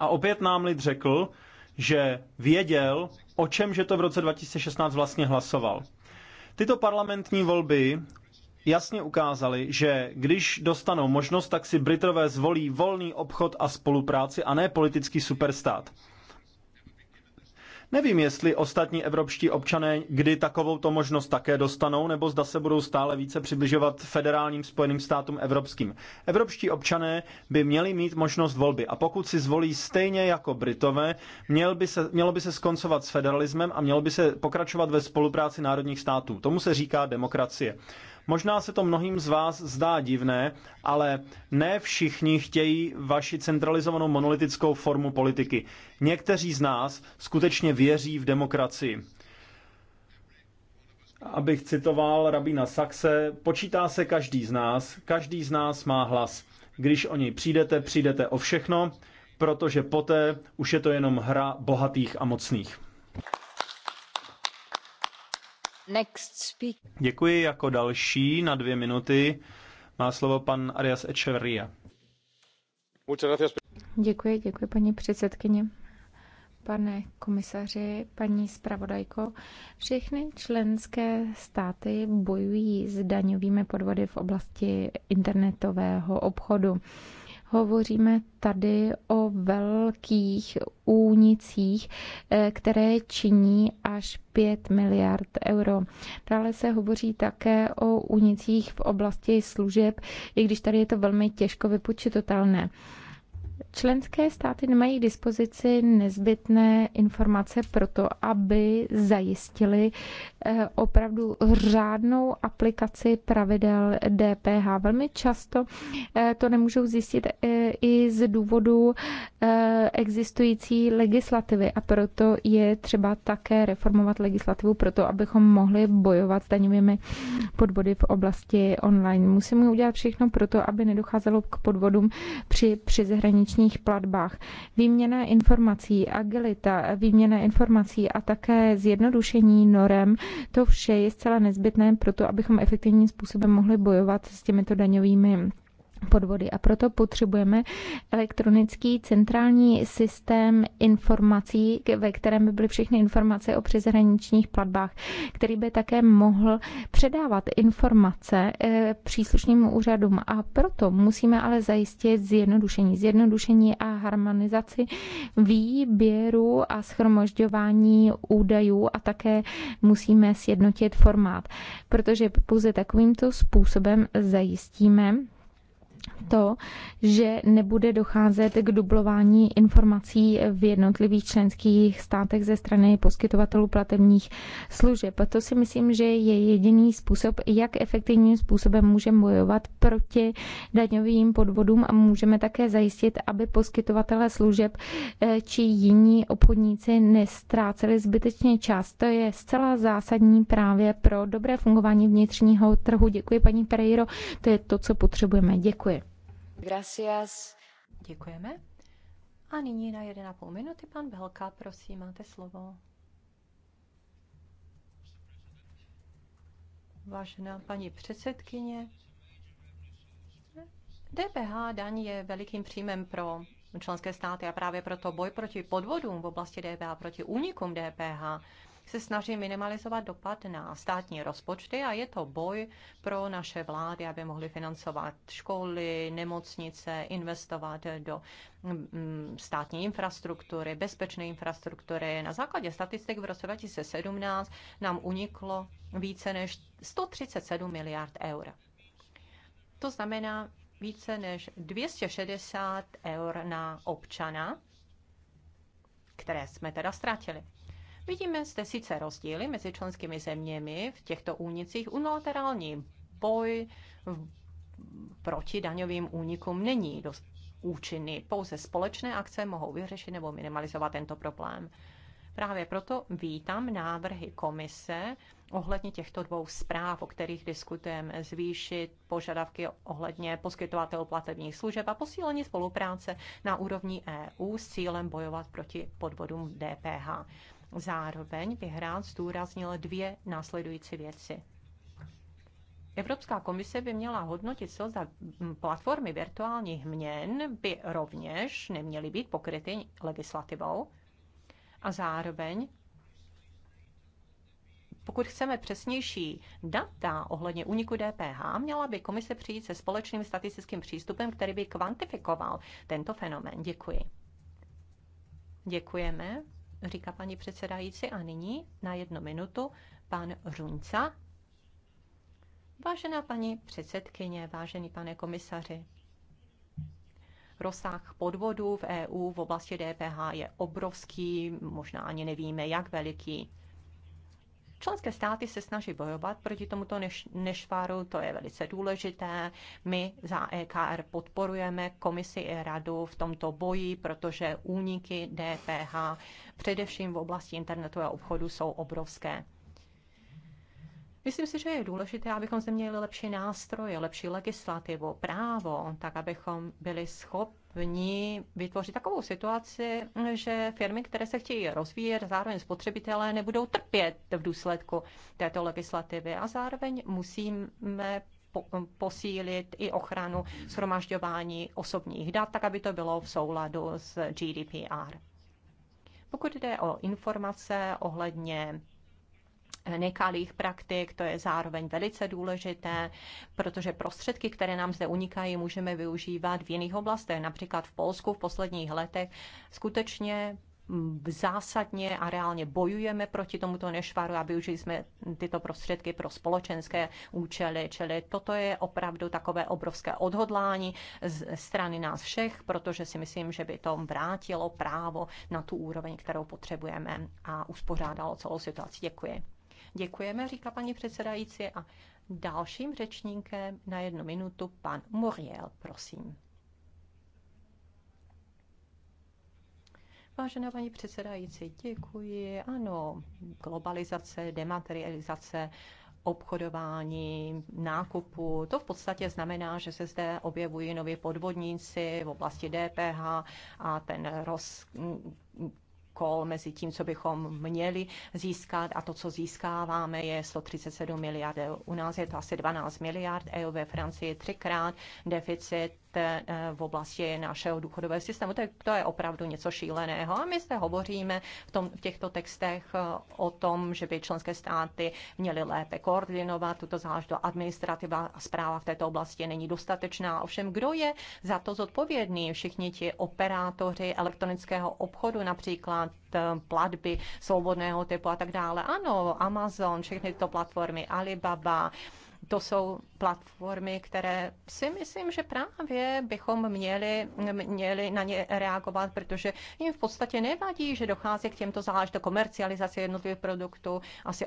A opět nám lid řekl, že věděl, o čem že to v roce 2016 vlastně hlasoval. Tyto parlamentní volby jasně ukázaly, že když dostanou možnost, tak si Britové zvolí volný obchod a spolupráci a ne politický superstát. Nevím, jestli ostatní evropští občané kdy takovou to možnost také dostanou, nebo zda se budou stále více přibližovat federálním Spojeným státům evropským. Evropští občané by měli mít možnost volby a pokud si zvolí stejně jako Britové, měl by se, mělo by se skoncovat s federalismem a mělo by se pokračovat ve spolupráci národních států. Tomu se říká demokracie. Možná se to mnohým z vás zdá divné, ale ne všichni chtějí vaši centralizovanou monolitickou formu politiky. Někteří z nás skutečně věří v demokracii. Abych citoval rabína Saxe, počítá se každý z nás, každý z nás má hlas. Když o něj přijdete, přijdete o všechno, protože poté už je to jenom hra bohatých a mocných. Děkuji jako další na dvě minuty. Má slovo pan Arias Echeverria. Děkuji, děkuji paní předsedkyně. Pane komisaři, paní zpravodajko, všechny členské státy bojují s daňovými podvody v oblasti internetového obchodu. Hovoříme tady o velkých únicích, eh, které činí až 5 miliard euro. Dále se hovoří také o únicích v oblasti služeb, i když tady je to velmi těžko vypočitotelné. Členské státy nemají k dispozici nezbytné informace pro to, aby zajistili eh, opravdu řádnou aplikaci pravidel DPH. Velmi často eh, to nemůžou zjistit eh, i z důvodu existující legislativy a proto je třeba také reformovat legislativu pro to, abychom mohli bojovat s daňovými podvody v oblasti online. Musíme udělat všechno to, aby nedocházelo k podvodům při, při přeshraničních platbách. Výměna informací, agilita, výměna informací a také zjednodušení norem, to vše je zcela nezbytné pro to, abychom efektivním způsobem mohli bojovat s těmito daňovými podvody a proto potřebujeme elektronický centrální systém informací, ve kterém by byly všechny informace o přeshraničních platbách, který by také mohl předávat informace eh, příslušným úřadům. A proto musíme ale zajistit zjednodušení. Zjednodušení a harmonizaci výběru a schromažďování údajů a také musíme sjednotit formát, protože pouze takovýmto způsobem zajistíme, to, že nebude docházet k dublování informací v jednotlivých členských státech ze strany poskytovatelů platebních služeb. To si myslím, že je jediný způsob, jak efektivním způsobem můžeme bojovat proti daňovým podvodům a můžeme také zajistit, aby poskytovatele služeb eh, či jiní obchodníci nestráceli zbytečně čas. To je zcela zásadní právě pro dobré fungování vnitřního trhu. Děkuji, paní Pereiro. To je to, co potřebujeme. Děkuji. Gracias. Děkujeme. A nyní na 1,5 minuty pan Belka, prosím, máte slovo. Vážená paní předsedkyně, DPH daň je velikým příjmem pro členské státy a právě proto boj proti podvodům v oblasti DPH, proti únikům DPH se snaží minimalizovat dopad na státní rozpočty a je to boj pro naše vlády, aby mohly financovat školy, nemocnice, investovat do mm, státní infrastruktury, bezpečné infrastruktury. Na základě statistik v roce 2017 nám uniklo více než 137 miliard eur. To znamená více než 260 eur na občana, které jsme teda ztratili. Vidíme zde sice rozdíly mezi členskými zeměmi v těchto únicích. Unilaterální boj proti daňovým únikům není dost účinný. Pouze společné akce mohou vyřešit nebo minimalizovat tento problém. Právě proto vítám návrhy komise ohledně těchto dvou zpráv, o kterých diskutujeme, zvýšit požadavky ohledně poskytovatelů platebních služeb a posílení spolupráce na úrovni EU s cílem bojovat proti podvodům DPH. Zároveň bych rád zdůraznil dvě následující věci. Evropská komise by měla hodnotit to, zda platformy virtuálních měn by rovněž neměly být pokryty legislativou a zároveň pokud chceme přesnější data ohledně úniku DPH, měla by komise přijít se společným statistickým přístupem, který by kvantifikoval tento fenomén. Děkuji. Děkujeme říká paní předsedající. A nyní na jednu minutu pan Runca. Vážená paní předsedkyně, vážený pane komisaři, rozsah podvodů v EU v oblasti DPH je obrovský, možná ani nevíme, jak veliký. Členské státy se snaží bojovat proti tomuto neš- nešváru, to je velice důležité. My za EKR podporujeme komisi i radu v tomto boji, protože úniky DPH především v oblasti internetového obchodu jsou obrovské. Myslím si, že je důležité, abychom zde měli lepší nástroje, lepší legislativu, právo, tak abychom byli schopni vytvořit takovou situaci, že firmy, které se chtějí rozvíjet, zároveň spotřebitelé nebudou trpět v důsledku této legislativy a zároveň musíme posílit i ochranu shromažďování osobních dat, tak aby to bylo v souladu s GDPR. Pokud jde o informace ohledně Eh, nekalých praktik, to je zároveň velice důležité, protože prostředky, které nám zde unikají, můžeme využívat v jiných oblastech. Například v Polsku v posledních letech skutečně mm, zásadně a reálně bojujeme proti tomuto nešvaru a využili jsme tyto prostředky pro společenské účely. Čili toto je opravdu takové obrovské odhodlání z strany nás všech, protože si myslím, že by to vrátilo právo na tu úroveň, kterou potřebujeme a uspořádalo celou situaci. Děkuji. Děkujeme, říká paní předsedající. A dalším řečníkem na jednu minutu pan Muriel, prosím. Vážená paní předsedající, děkuji. Ano, globalizace, dematerializace, obchodování, nákupu. To v podstatě znamená, že se zde objevují nově podvodníci v oblasti DPH a ten roz, kol mezi tím, co bychom měli získat a to, co získáváme, je 137 miliard U nás je to asi 12 miliard EU ve Francii třikrát deficit Eh, v oblasti našeho důchodového systému. To je, to je opravdu něco šíleného. A my zde hovoříme v, tom, v těchto textech eh, o tom, že by členské státy měly lépe koordinovat tuto záležitost. Administrativa a zpráva v této oblasti není dostatečná. Ovšem, kdo je za to zodpovědný? Všichni ti operátoři elektronického obchodu, například eh, platby svobodného typu a tak dále. Ano, Amazon, všechny tyto platformy, Alibaba, to jsou platformy, které si myslím, že právě bychom měli, měli na ně reagovat, protože jim v podstatě nevadí, že dochází k těmto záležitostem komercializace jednotlivých produktů. Asi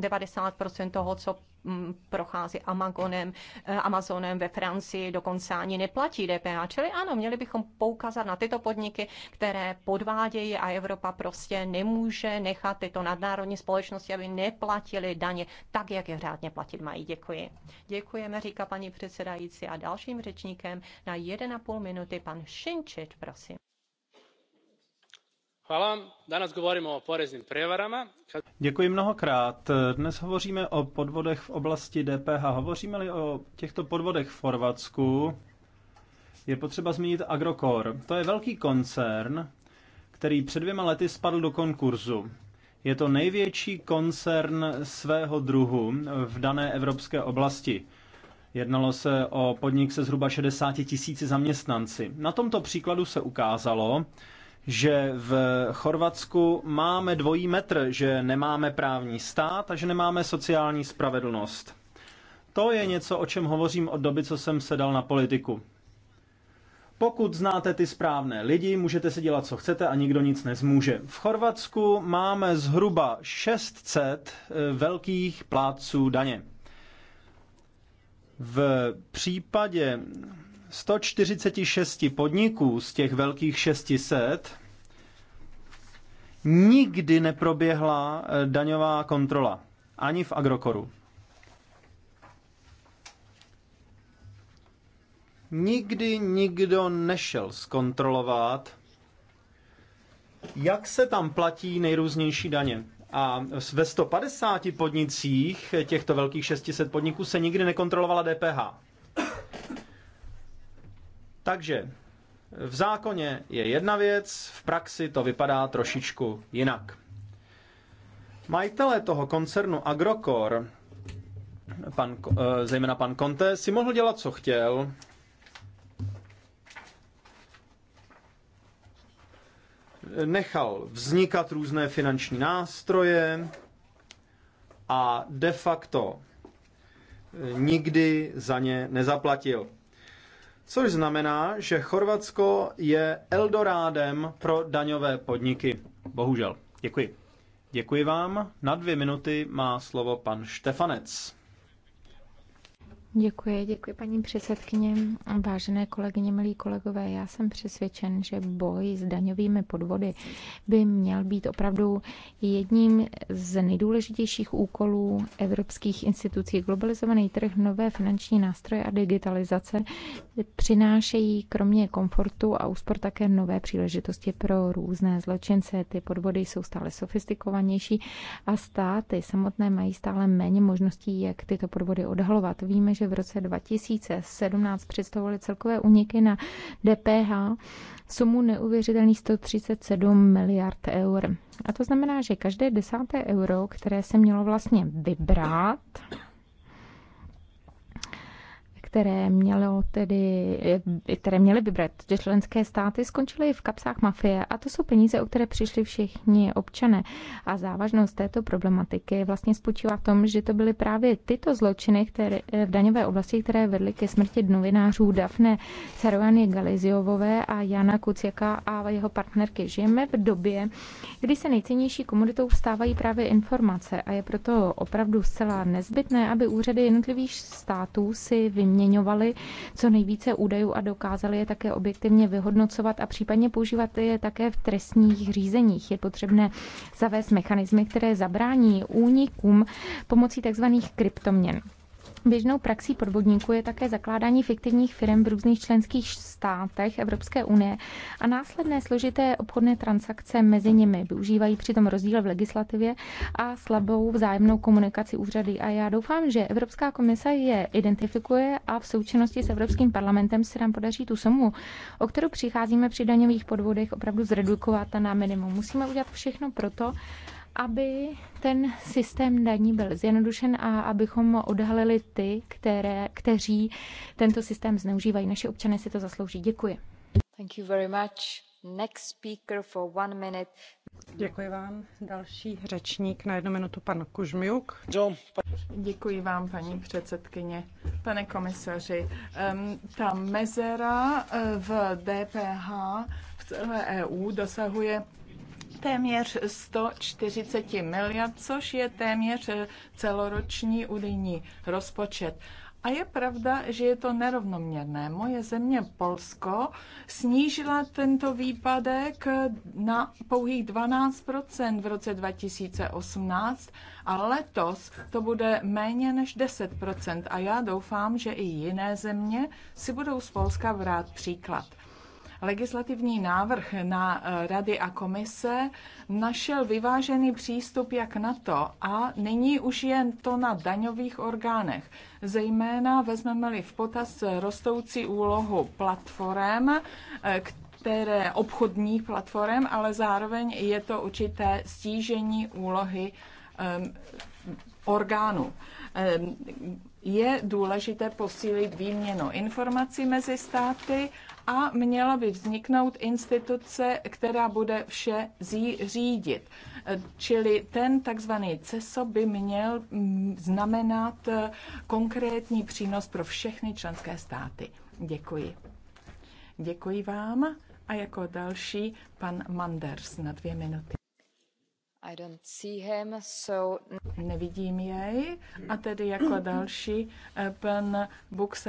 90% toho, co Mm, prochází Amazonem, eh, Amazonem ve Francii, dokonce ani neplatí DPH. Čili ano, měli bychom poukázat na tyto podniky, které podvádějí a Evropa prostě nemůže nechat tyto nadnárodní společnosti, aby neplatili daně tak, jak je řádně platit mají. Děkuji. Děkujeme, říká paní předsedající a dalším řečníkem na 1,5 minuty pan Šinčit, prosím. Hvala. Danas govorimo o poreznim prevarama. Děkuji mnohokrát. Dnes hovoříme o podvodech v oblasti DPH. Hovoříme-li o těchto podvodech v Chorvatsku, je potřeba zmínit Agrokor. To je velký koncern, který před dvěma lety spadl do konkurzu. Je to největší koncern svého druhu v dané evropské oblasti. Jednalo se o podnik se zhruba 60 tisíci zaměstnanci. Na tomto příkladu se ukázalo, že v Chorvatsku máme dvojí metr, že nemáme právní stát a že nemáme sociální spravedlnost. To je něco, o čem hovořím od doby, co jsem se dal na politiku. Pokud znáte ty správné lidi, můžete si dělat, co chcete a nikdo nic nezmůže. V Chorvatsku máme zhruba 600 eh, velkých plátců daně. V případě 146 podniků z těch velkých 600 nikdy neproběhla eh, daňová kontrola. Ani v Agrokoru. Nikdy nikdo nešel zkontrolovat, jak se tam platí nejrůznější daně. A ve 150 podnicích eh, těchto velkých 600 podniků se nikdy nekontrolovala DPH. Takže v zákoně je jedna věc, v praxi to vypadá trošičku jinak. Majitele toho koncernu Agrokor, pan, eh, zejména pan Conte, si mohl dělat, co chtěl. Nechal vznikat různé finanční nástroje a de facto nikdy za ně nezaplatil což znamená, že Chorvatsko je Eldorádem pro daňové podniky. Bohužel. Děkuji. Děkuji vám. Na dvě minuty má slovo pan Štefanec. Děkuji, děkuji paní předsedkyně. Vážené kolegyně, milí kolegové, já jsem přesvědčen, že boj s daňovými podvody by měl být opravdu jedním z nejdůležitějších úkolů evropských institucí. Globalizovaný trh, nové finanční nástroje a digitalizace přinášejí kromě komfortu a úspor také nové příležitosti pro různé zločince. Ty podvody jsou stále sofistikovanější a státy samotné mají stále méně možností, jak tyto podvody odhalovat. Víme, že že v roce 2017 představovaly celkové uniky na DPH sumu neuvěřitelných 137 miliard eur. A to znamená, že každé desáté euro, které se mělo vlastně vybrat, které, mělo tedy, které měly vybrat ty členské státy, skončily v kapsách mafie a to jsou peníze, o které přišli všichni občané. A závažnost této problematiky vlastně spočívá v tom, že to byly právě tyto zločiny které, v daňové oblasti, které vedly ke smrti novinářů Dafne Saruany Galiziovové a Jana Kuciaka a jeho partnerky. Žijeme v době, kdy se nejcennější komoditou vstávají právě informace a je proto opravdu zcela nezbytné, aby úřady jednotlivých států si vyměnily vyměňovali co nejvíce údajů a dokázali je také objektivně vyhodnocovat a případně používat je také v trestních řízeních. Je potřebné zavést mechanismy, které zabrání únikům pomocí tzv. kryptoměn. Běžnou praxí podvodníků je také zakládání fiktivních firm v různých členských státech Evropské unie a následné složité obchodné transakce mezi nimi. Využívají přitom rozdíl v legislativě a slabou vzájemnou komunikaci úřady. A já doufám, že Evropská komise je identifikuje a v součinnosti s Evropským parlamentem se nám podaří tu sumu, o kterou přicházíme při daňových podvodech, opravdu zredukovat na minimum. Musíme udělat všechno proto, aby ten systém daní byl zjednodušen a abychom odhalili ty, které, kteří tento systém zneužívají. Naši občané si to zaslouží. Děkuji. Thank you very much. Next speaker for one minute. Děkuji vám. Další řečník na jednu minutu, pan Kužmiuk. Děkuji vám, paní předsedkyně. Pane komisaři, ta mezera eh, v DPH v celé EU dosahuje téměř 140 miliard, což je téměř eh, celoroční údajní rozpočet. A je pravda, že je to nerovnoměrné. Moje země Polsko snížila tento výpadek eh, na pouhých 12 v roce 2018 a letos to bude méně než 10 A já doufám, že i jiné země si budou z Polska vrát příklad legislativní návrh na eh, rady a komise našel vyvážený přístup jak na to a není už jen to na daňových orgánech. Zejména vezmeme-li v potaz rostoucí úlohu platform, eh, které obchodních platform, ale zároveň je to určité stížení úlohy um, orgánů. Um, je důležité posílit výměnu informací mezi státy a měla by vzniknout instituce, která bude vše řídit. Čili ten takzvaný CESO by měl mm, znamenat eh, konkrétní přínos pro všechny členské státy. Děkuji. Děkuji vám a jako další pan Manders na dvě minuty. I don't see him, so... Nevidím jej. A tedy jako další eh, pan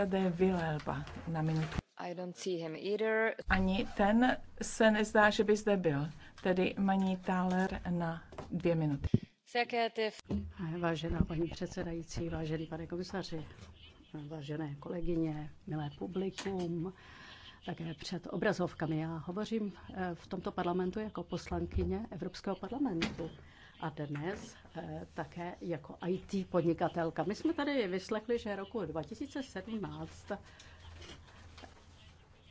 de Vilelba na minutu. I don't see him either. Ani ten se nezdá, že by zde byl. Tedy maní Thaler na dvě minuty. Vážená paní předsedající, vážený pane komisaři, vážené kolegyně, milé publikum, také před obrazovkami. Já hovořím eh, v tomto parlamentu jako poslankyně Evropského parlamentu a dnes eh, také jako IT podnikatelka. My jsme tady vyslechli, že roku 2017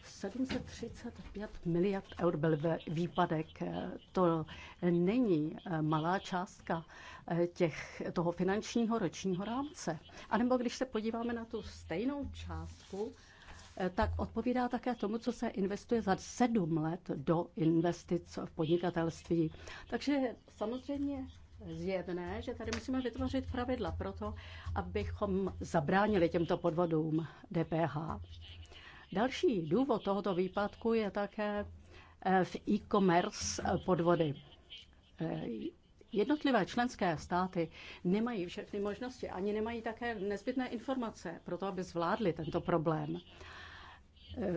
735 miliard eur byl výpadek. Eh, to není malá částka těch, toho finančního ročního rámce. A nebo když se podíváme na tu stejnou částku, Eh, tak odpovídá také tomu, co se investuje za sedm let do investic v podnikatelství. Takže samozřejmě zjevné, že tady musíme vytvořit pravidla pro to, abychom zabránili těmto podvodům DPH. Další důvod tohoto výpadku je také eh, v e-commerce podvody. Eh, jednotlivé členské státy nemají všechny možnosti, ani nemají také nezbytné informace pro to, aby zvládli tento problém.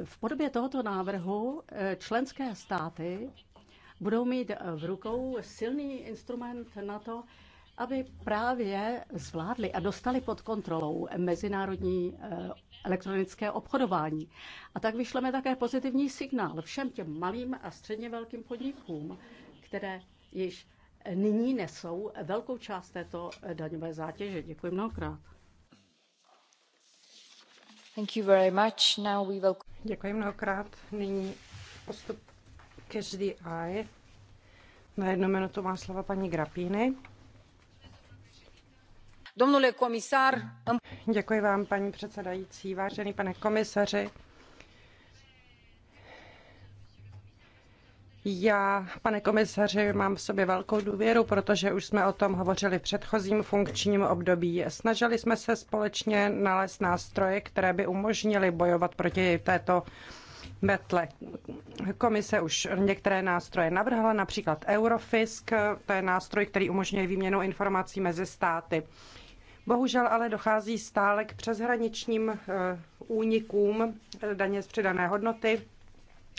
V podobě tohoto návrhu eh, členské státy budou mít eh, v rukou silný instrument na to, aby právě zvládli a dostali pod kontrolou mezinárodní eh, elektronické obchodování. A tak vyšleme také pozitivní signál všem těm malým a středně velkým podnikům, které již nyní nesou velkou část této daňové zátěže. Děkuji mnohokrát. Thank you very much. Now we will... Děkuji mnohokrát. Nyní postup každý eye. Na jednu minutu má slova paní Grapíny. Domnule komisar. Děkuji vám, paní předsedající. Vážený pane komisaři, Já, pane komisaři, mám v sobě velkou důvěru, protože už jsme o tom hovořili v předchozím funkčním období. Snažili jsme se společně nalézt nástroje, které by umožnily bojovat proti této metle. Komise už některé nástroje navrhla, například Eurofisk, to je nástroj, který umožňuje výměnu informací mezi státy. Bohužel ale dochází stále k přeshraničním eh, únikům eh, daně z přidané hodnoty.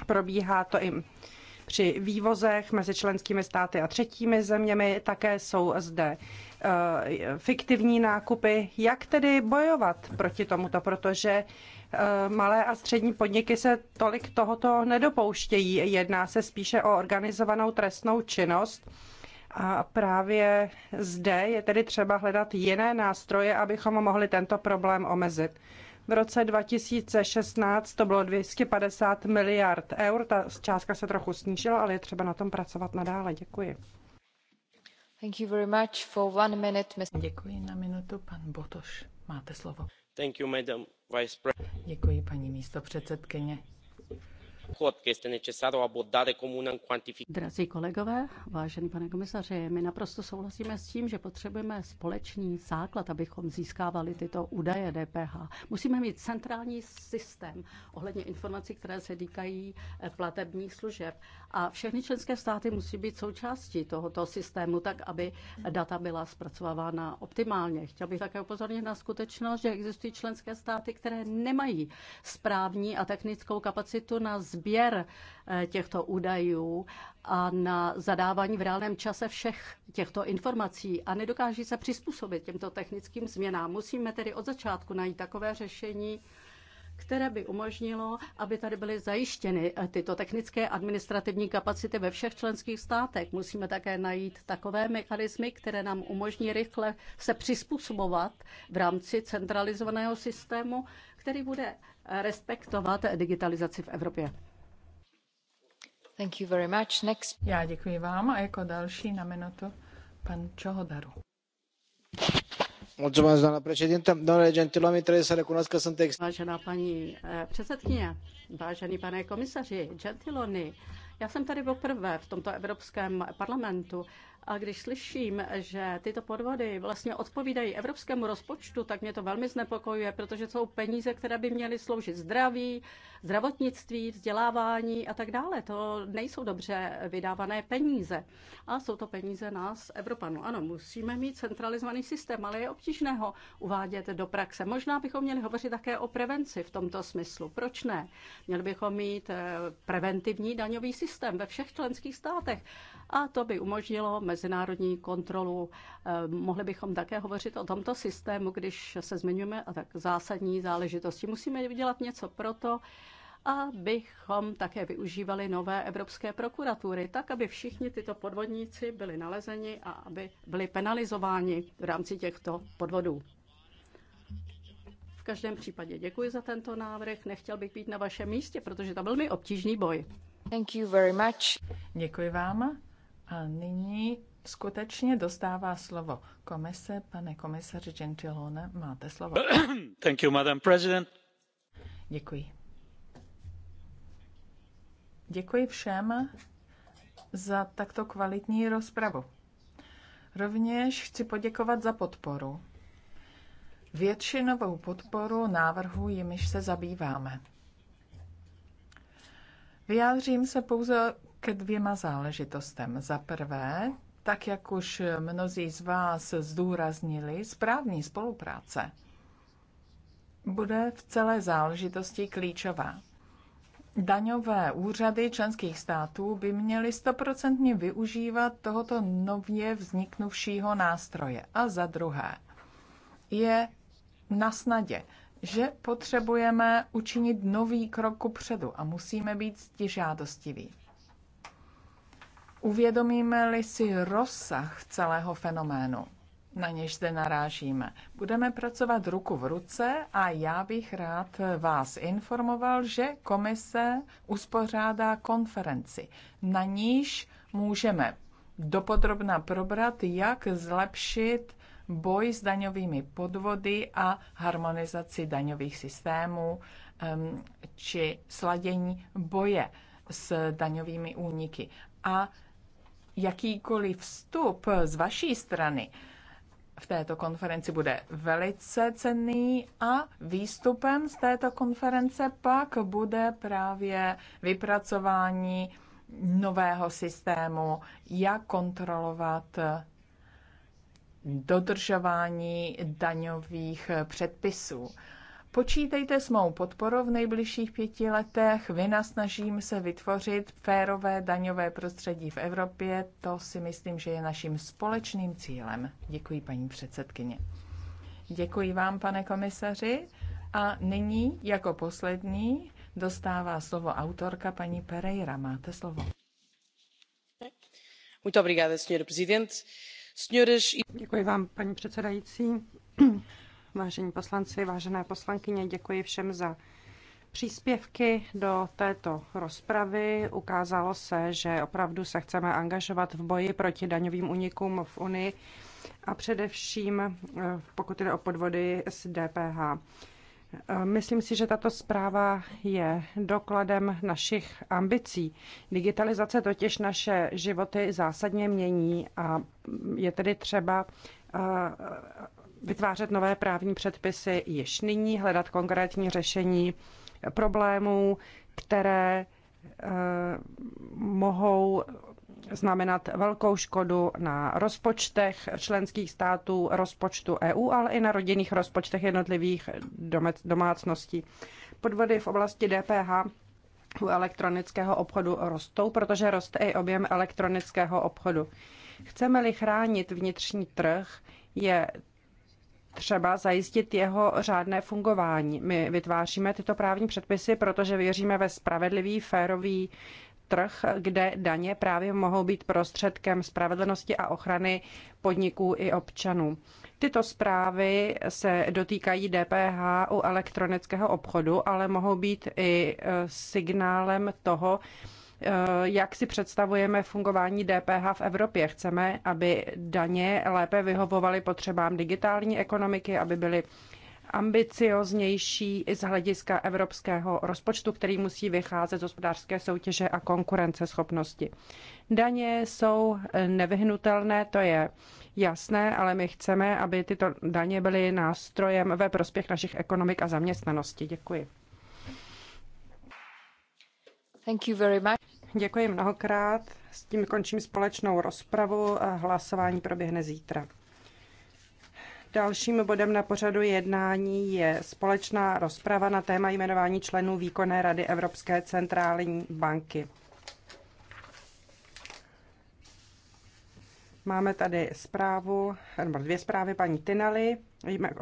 Probíhá to i při vývozech mezi členskými státy a třetími zeměmi. Také jsou zde eh, fiktivní nákupy. Jak tedy bojovat proti tomuto, protože eh, malé a střední podniky se tolik tohoto nedopouštějí. Jedná se spíše o organizovanou trestnou činnost. A právě zde je tedy třeba hledat jiné nástroje, abychom mohli tento problém omezit. V roce 2016 to bylo 250 miliard eur. Ta částka se trochu snížila, ale je třeba na tom pracovat nadále. Děkuji. Thank you very much for one minute, Mr. Děkuji na minutu, pan Botoš. Máte slovo. Thank you, madam vice Děkuji, paní místo předsedkyně. Drazí kolegové, vážený pane komisaři, my naprosto souhlasíme s tím, že potřebujeme společný základ, abychom získávali tyto údaje DPH. Musíme mít centrální systém ohledně informací, které se týkají eh, platebních služeb. A všechny členské státy musí být součástí tohoto systému, tak aby data byla zpracovávána optimálně. Chtěl bych také upozornit na skutečnost, že existují členské státy, které nemají správní a technickou kapacitu na sběr eh, těchto údajů a na zadávání v reálném čase všech těchto informací a nedokáží se přizpůsobit těmto technickým změnám. Musíme tedy od začátku najít takové řešení, které by umožnilo, aby tady byly zajištěny eh, tyto technické administrativní kapacity ve všech členských státech. Musíme také najít takové mechanismy, které nám umožní rychle se přizpůsobovat v rámci centralizovaného systému, který bude eh, respektovat digitalizaci v Evropě. Thank you very much. Next. Já děkuji vám a jako další na minutu pan Čohodaru. Vážená paní eh, předsedkyně, vážený pane komisaři, Gentiloni, já jsem tady poprvé v tomto Evropském parlamentu a když slyším, že tyto podvody vlastně odpovídají evropskému rozpočtu, tak mě to velmi znepokojuje, protože jsou peníze, které by měly sloužit zdraví, zdravotnictví, vzdělávání a tak dále. To nejsou dobře vydávané peníze. A jsou to peníze nás, Evropanů. Ano, musíme mít centralizovaný systém, ale je obtížné ho uvádět do praxe. Možná bychom měli hovořit také o prevenci v tomto smyslu. Proč ne? Měli bychom mít eh, preventivní daňový systém ve všech členských státech. A to by umožnilo mezinárodní kontrolu. Eh, mohli bychom také hovořit o tomto systému, když se zmiňujeme a tak zásadní záležitosti. Musíme dělat něco proto, abychom také využívali nové evropské prokuratury, tak aby všichni tyto podvodníci byli nalezeni a aby byli penalizováni v rámci těchto podvodů. V každém případě děkuji za tento návrh. Nechtěl bych být na vašem místě, protože to byl mi obtížný boj. Thank you very much. Děkuji vám. A nyní skutečně dostává slovo komise. Pane komisaři Gentilone, máte slovo. (coughs) Thank you, Madam President. Děkuji. Děkuji všem za takto kvalitní rozpravu. Rovněž chci poděkovat za podporu. Většinovou podporu návrhu, jimiž se zabýváme. Vyjádřím se pouze ke dvěma záležitostem. Za prvé, tak jak už mnozí z vás zdůraznili, správní spolupráce bude v celé záležitosti klíčová. Daňové úřady členských států by měly stoprocentně využívat tohoto nově vzniknuvšího nástroje. A za druhé, je na snadě, že potřebujeme učinit nový krok kupředu a musíme být žádostiví. Uvědomíme-li si rozsah celého fenoménu, na něž zde narážíme. Budeme pracovat ruku v ruce a já bych rád vás informoval, že komise uspořádá konferenci. Na níž můžeme dopodrobna probrat, jak zlepšit boj s daňovými podvody a harmonizaci daňových systémů či sladění boje s daňovými úniky. A jakýkoliv vstup z vaší strany v této konferenci bude velice cenný a výstupem z této konference pak bude právě vypracování nového systému, jak kontrolovat dodržování daňových předpisů. Počítejte s mou podporou v nejbližších pěti letech. Vynasnažím se vytvořit férové daňové prostředí v Evropě. To si myslím, že je naším společným cílem. Děkuji, paní předsedkyně. Děkuji vám, pane komisaři. A nyní, jako poslední, dostává slovo autorka paní Pereira. Máte slovo. Muito obrigada, presidente. E- Děkuji vám, paní předsedající Vážení poslanci, vážené poslankyně, děkuji všem za příspěvky do této rozpravy. Ukázalo se, že opravdu se chceme angažovat v boji proti daňovým unikům v Unii a především eh, pokud jde o podvody s DPH. Eh, myslím si, že tato zpráva je dokladem našich ambicí. Digitalizace totiž naše životy zásadně mění a je tedy třeba eh, vytvářet nové právní předpisy již nyní, hledat konkrétní řešení problémů, které eh, mohou znamenat velkou škodu na rozpočtech členských států, rozpočtu EU, ale i na rodinných rozpočtech jednotlivých domácností. Podvody v oblasti DPH u elektronického obchodu rostou, protože roste i objem elektronického obchodu. Chceme-li chránit vnitřní trh, je třeba zajistit jeho řádné fungování. My vytváříme tyto právní předpisy, protože věříme ve spravedlivý, férový trh, kde daně právě mohou být prostředkem spravedlnosti a ochrany podniků i občanů. Tyto zprávy se dotýkají DPH u elektronického obchodu, ale mohou být i eh, signálem toho, Eh, jak si představujeme fungování DPH v Evropě. Chceme, aby daně lépe vyhovovaly potřebám digitální ekonomiky, aby byly ambicioznější i z hlediska evropského rozpočtu, který musí vycházet z hospodářské soutěže a konkurenceschopnosti. Daně jsou nevyhnutelné, to je jasné, ale my chceme, aby tyto daně byly nástrojem ve prospěch našich ekonomik a zaměstnanosti. Děkuji. Děkuji mnohokrát. S tím končím společnou rozpravu a hlasování proběhne zítra. Dalším bodem na pořadu jednání je společná rozprava na téma jmenování členů výkonné rady Evropské centrální banky. Máme tady zprávu, nebo dvě zprávy paní Tinaly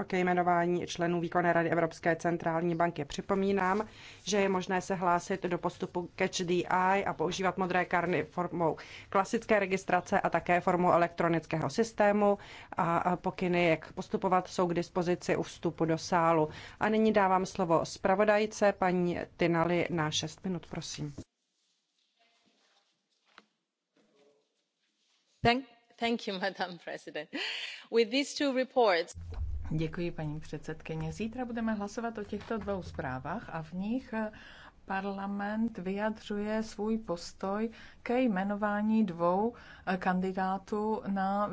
ke jmenování členů výkonné rady Evropské centrální banky. Připomínám, že je možné se hlásit do postupu Catch the Eye a používat modré karny formou klasické registrace a také formou elektronického systému a pokyny, jak postupovat, jsou k dispozici u vstupu do sálu. A nyní dávám slovo zpravodajce paní Tinali na 6 minut, prosím. Thank, thank you, Madam President. With these two reports... Děkuji, paní předsedkyně. Zítra budeme hlasovat o těchto dvou zprávách a v nich eh, parlament vyjadřuje svůj postoj ke jmenování dvou eh, kandidátů na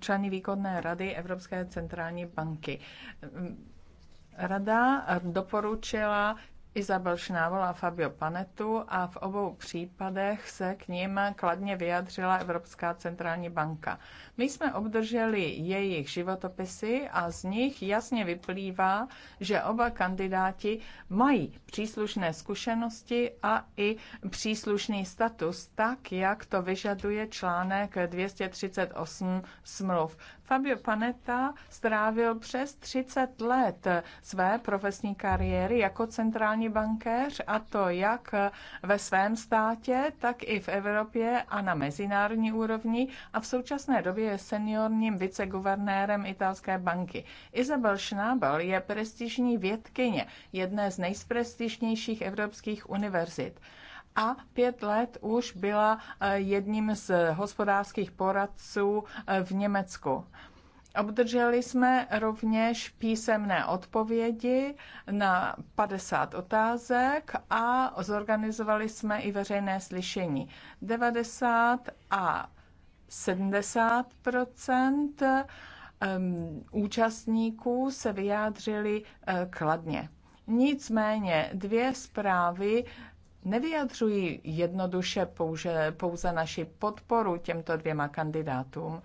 členy výkonné rady Evropské centrální banky. Rada doporučila Izabel Šnável a Fabio Panetu a v obou případech se k ním kladně vyjadřila Evropská centrální banka. My jsme obdrželi jejich životopisy a z nich jasně vyplývá, že oba kandidáti mají příslušné zkušenosti a i příslušný status, tak jak to vyžaduje článek 238 smluv. Fabio Panetta strávil přes 30 let své profesní kariéry jako centrální paní bankéř, a to jak ve svém státě, tak i v Evropě a na mezinárodní úrovni a v současné době je seniorním viceguvernérem italské banky. Isabel Schnabel je prestižní vědkyně jedné z nejprestižnějších evropských univerzit a pět let už byla eh, jedním z hospodářských poradců eh, v Německu. Obdrželi jsme rovněž písemné odpovědi na 50 otázek a zorganizovali jsme i veřejné slyšení. 90 a 70 účastníků se vyjádřili eh, kladně. Nicméně dvě zprávy nevyjadřují jednoduše pouze, pouze naši podporu těmto dvěma kandidátům.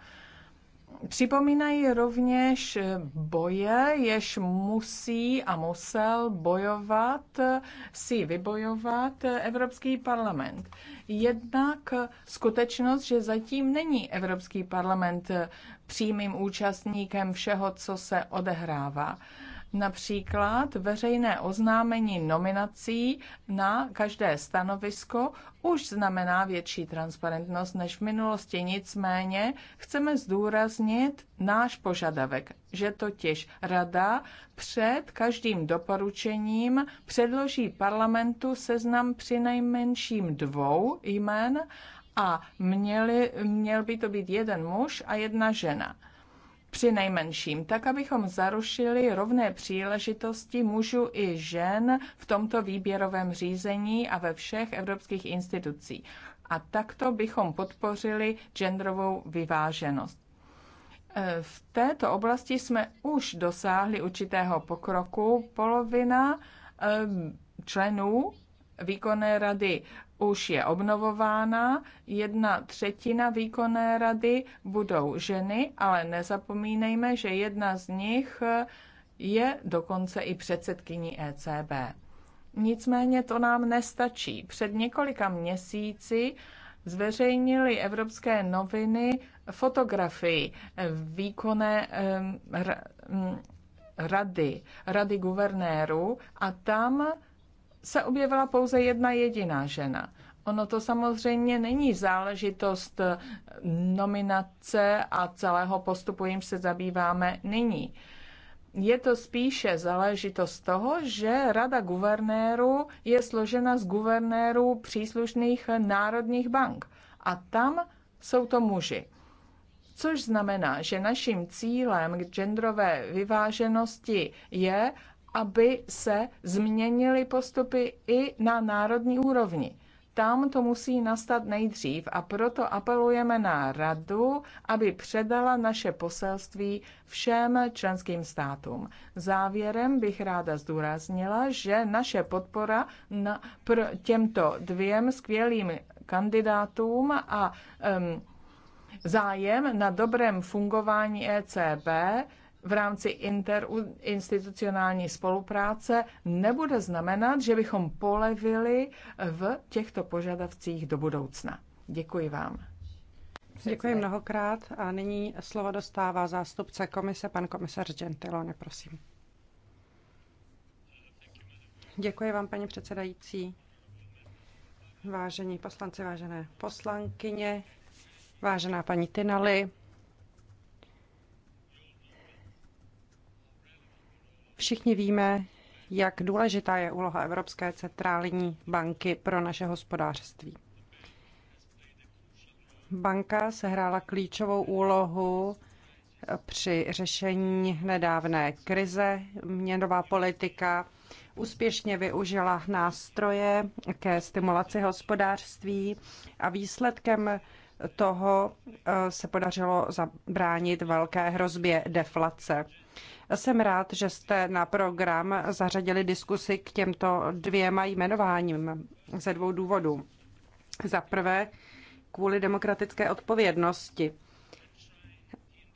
Připomínají rovněž boje, jež musí a musel bojovat, si vybojovat Evropský parlament. Jednak skutečnost, že zatím není Evropský parlament přímým účastníkem všeho, co se odehrává. Například veřejné oznámení nominací na každé stanovisko už znamená větší transparentnost než v minulosti. Nicméně chceme zdůraznit náš požadavek, že totiž Rada před každým doporučením předloží parlamentu seznam nejmenším dvou jmen a měli, měl by to být jeden muž a jedna žena při nejmenším, tak abychom zarušili rovné příležitosti mužů i žen v tomto výběrovém řízení a ve všech evropských institucích. A takto bychom podpořili genderovou vyváženost. E, v této oblasti jsme už dosáhli určitého pokroku. Polovina e, členů výkonné rady už je obnovována, jedna třetina výkonné rady budou ženy, ale nezapomínejme, že jedna z nich je dokonce i předsedkyní ECB. Nicméně to nám nestačí. Před několika měsíci zveřejnili evropské noviny fotografii výkonné rady, rady guvernérů a tam se objevila pouze jedna jediná žena. Ono to samozřejmě není záležitost eh, nominace a celého postupu, jim se zabýváme nyní. Je to spíše záležitost toho, že Rada guvernérů je složena z guvernérů příslušných národních bank. A tam jsou to muži. Což znamená, že naším cílem k genderové vyváženosti je, aby se změnily postupy i na národní úrovni. Tam to musí nastat nejdřív a proto apelujeme na radu, aby předala naše poselství všem členským státům. Závěrem bych ráda zdůraznila, že naše podpora na, pro těmto dvěm skvělým kandidátům a um, zájem na dobrém fungování ECB v rámci interinstitucionální spolupráce nebude znamenat, že bychom polevili v těchto požadavcích do budoucna. Děkuji vám. Děkuji mnohokrát a nyní slovo dostává zástupce komise, pan komisař Gentilone, prosím. Děkuji vám, paní předsedající. Vážení poslanci, vážené poslankyně, vážená paní Tinali, Všichni víme, jak důležitá je úloha Evropské centrální banky pro naše hospodářství. Banka sehrála klíčovou úlohu při řešení nedávné krize. Měnová politika úspěšně využila nástroje ke stimulaci hospodářství a výsledkem toho eh, se podařilo zabránit velké hrozbě deflace. Jsem rád, že jste na program zařadili diskusi k těmto dvěma jmenováním ze dvou důvodů. Za prvé, kvůli demokratické odpovědnosti.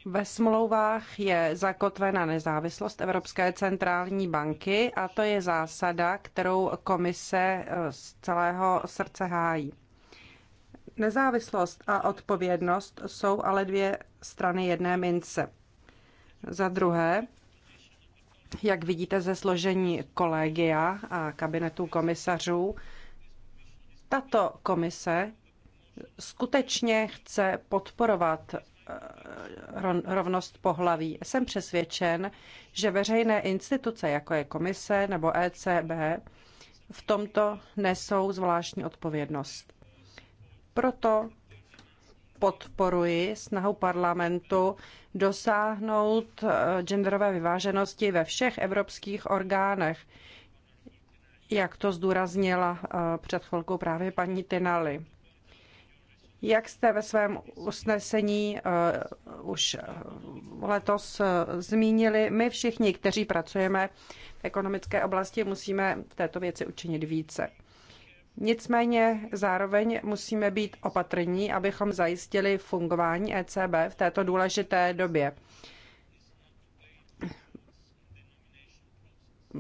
Ve smlouvách je zakotvena nezávislost Evropské centrální banky a to je zásada, kterou komise eh, z celého srdce hájí. Nezávislost a odpovědnost jsou ale dvě strany jedné mince. Za druhé, jak vidíte ze složení kolegia a kabinetu komisařů, tato komise skutečně chce podporovat eh, rovnost pohlaví. Jsem přesvědčen, že veřejné instituce, jako je komise nebo ECB, v tomto nesou zvláštní odpovědnost. Proto podporuji snahu parlamentu dosáhnout eh, genderové vyváženosti ve všech evropských orgánech, jak to zdůraznila eh, před chvilkou právě paní Tinali. Jak jste ve svém usnesení uh, už letos uh, zmínili, my všichni, kteří pracujeme v ekonomické oblasti, musíme v této věci učinit více. Nicméně zároveň musíme být opatrní, abychom zajistili fungování ECB v této důležité době.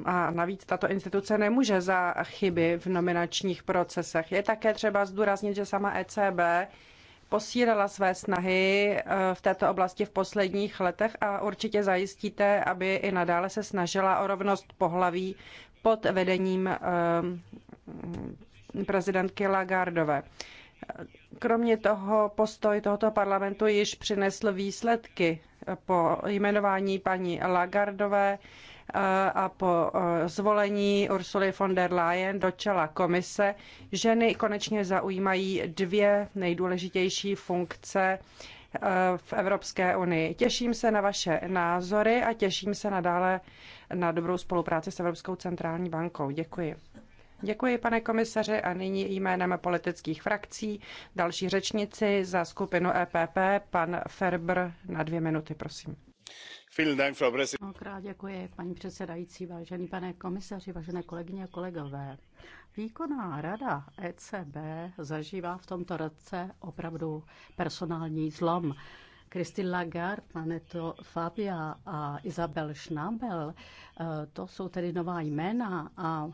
A navíc tato instituce nemůže za chyby v nominačních procesech. Je také třeba zdůraznit, že sama ECB posílila své snahy eh, v této oblasti v posledních letech a určitě zajistíte, aby i nadále se snažila o rovnost pohlaví pod vedením eh, prezidentky Lagardové. Kromě toho postoj tohoto parlamentu již přinesl výsledky po jmenování paní Lagardové eh, a po eh, zvolení Ursuly von der Leyen do čela komise. Ženy konečně zaujímají dvě nejdůležitější funkce eh, v Evropské unii. Těším se na vaše názory a těším se nadále na dobrou spolupráci s Evropskou centrální bankou. Děkuji. Děkuji, pane komisaře, a nyní jménem politických frakcí další řečnici za skupinu EPP, pan Ferber, na dvě minuty, prosím. Mnohokrát děkuji, paní předsedající, vážený pane komisaři, vážené kolegyně a kolegové. Výkonná rada ECB zažívá v tomto roce opravdu personální zlom. Christine Lagarde, Maneto Fabia a Isabel Schnabel, eh, to jsou tedy nová jména a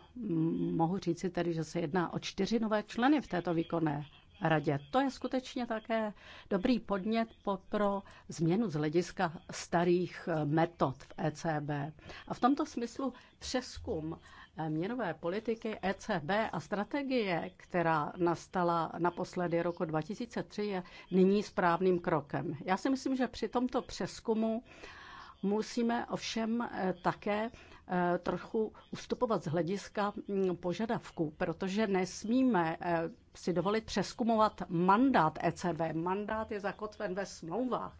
mohu říci tedy, že se jedná o čtyři nové členy v této výkonné radě. To je skutečně také dobrý podnět pro změnu z hlediska starých eh, metod v ECB. A v tomto smyslu přeskum Eh, měnové politiky ECB a strategie, která nastala naposledy roku 2003, je nyní správným krokem. Já si myslím, že při tomto přeskumu musíme ovšem eh, také eh, trochu ustupovat z hlediska mm, požadavků, protože nesmíme si dovolit přeskumovat mandát ECB. Mandát je zakotven ve smlouvách.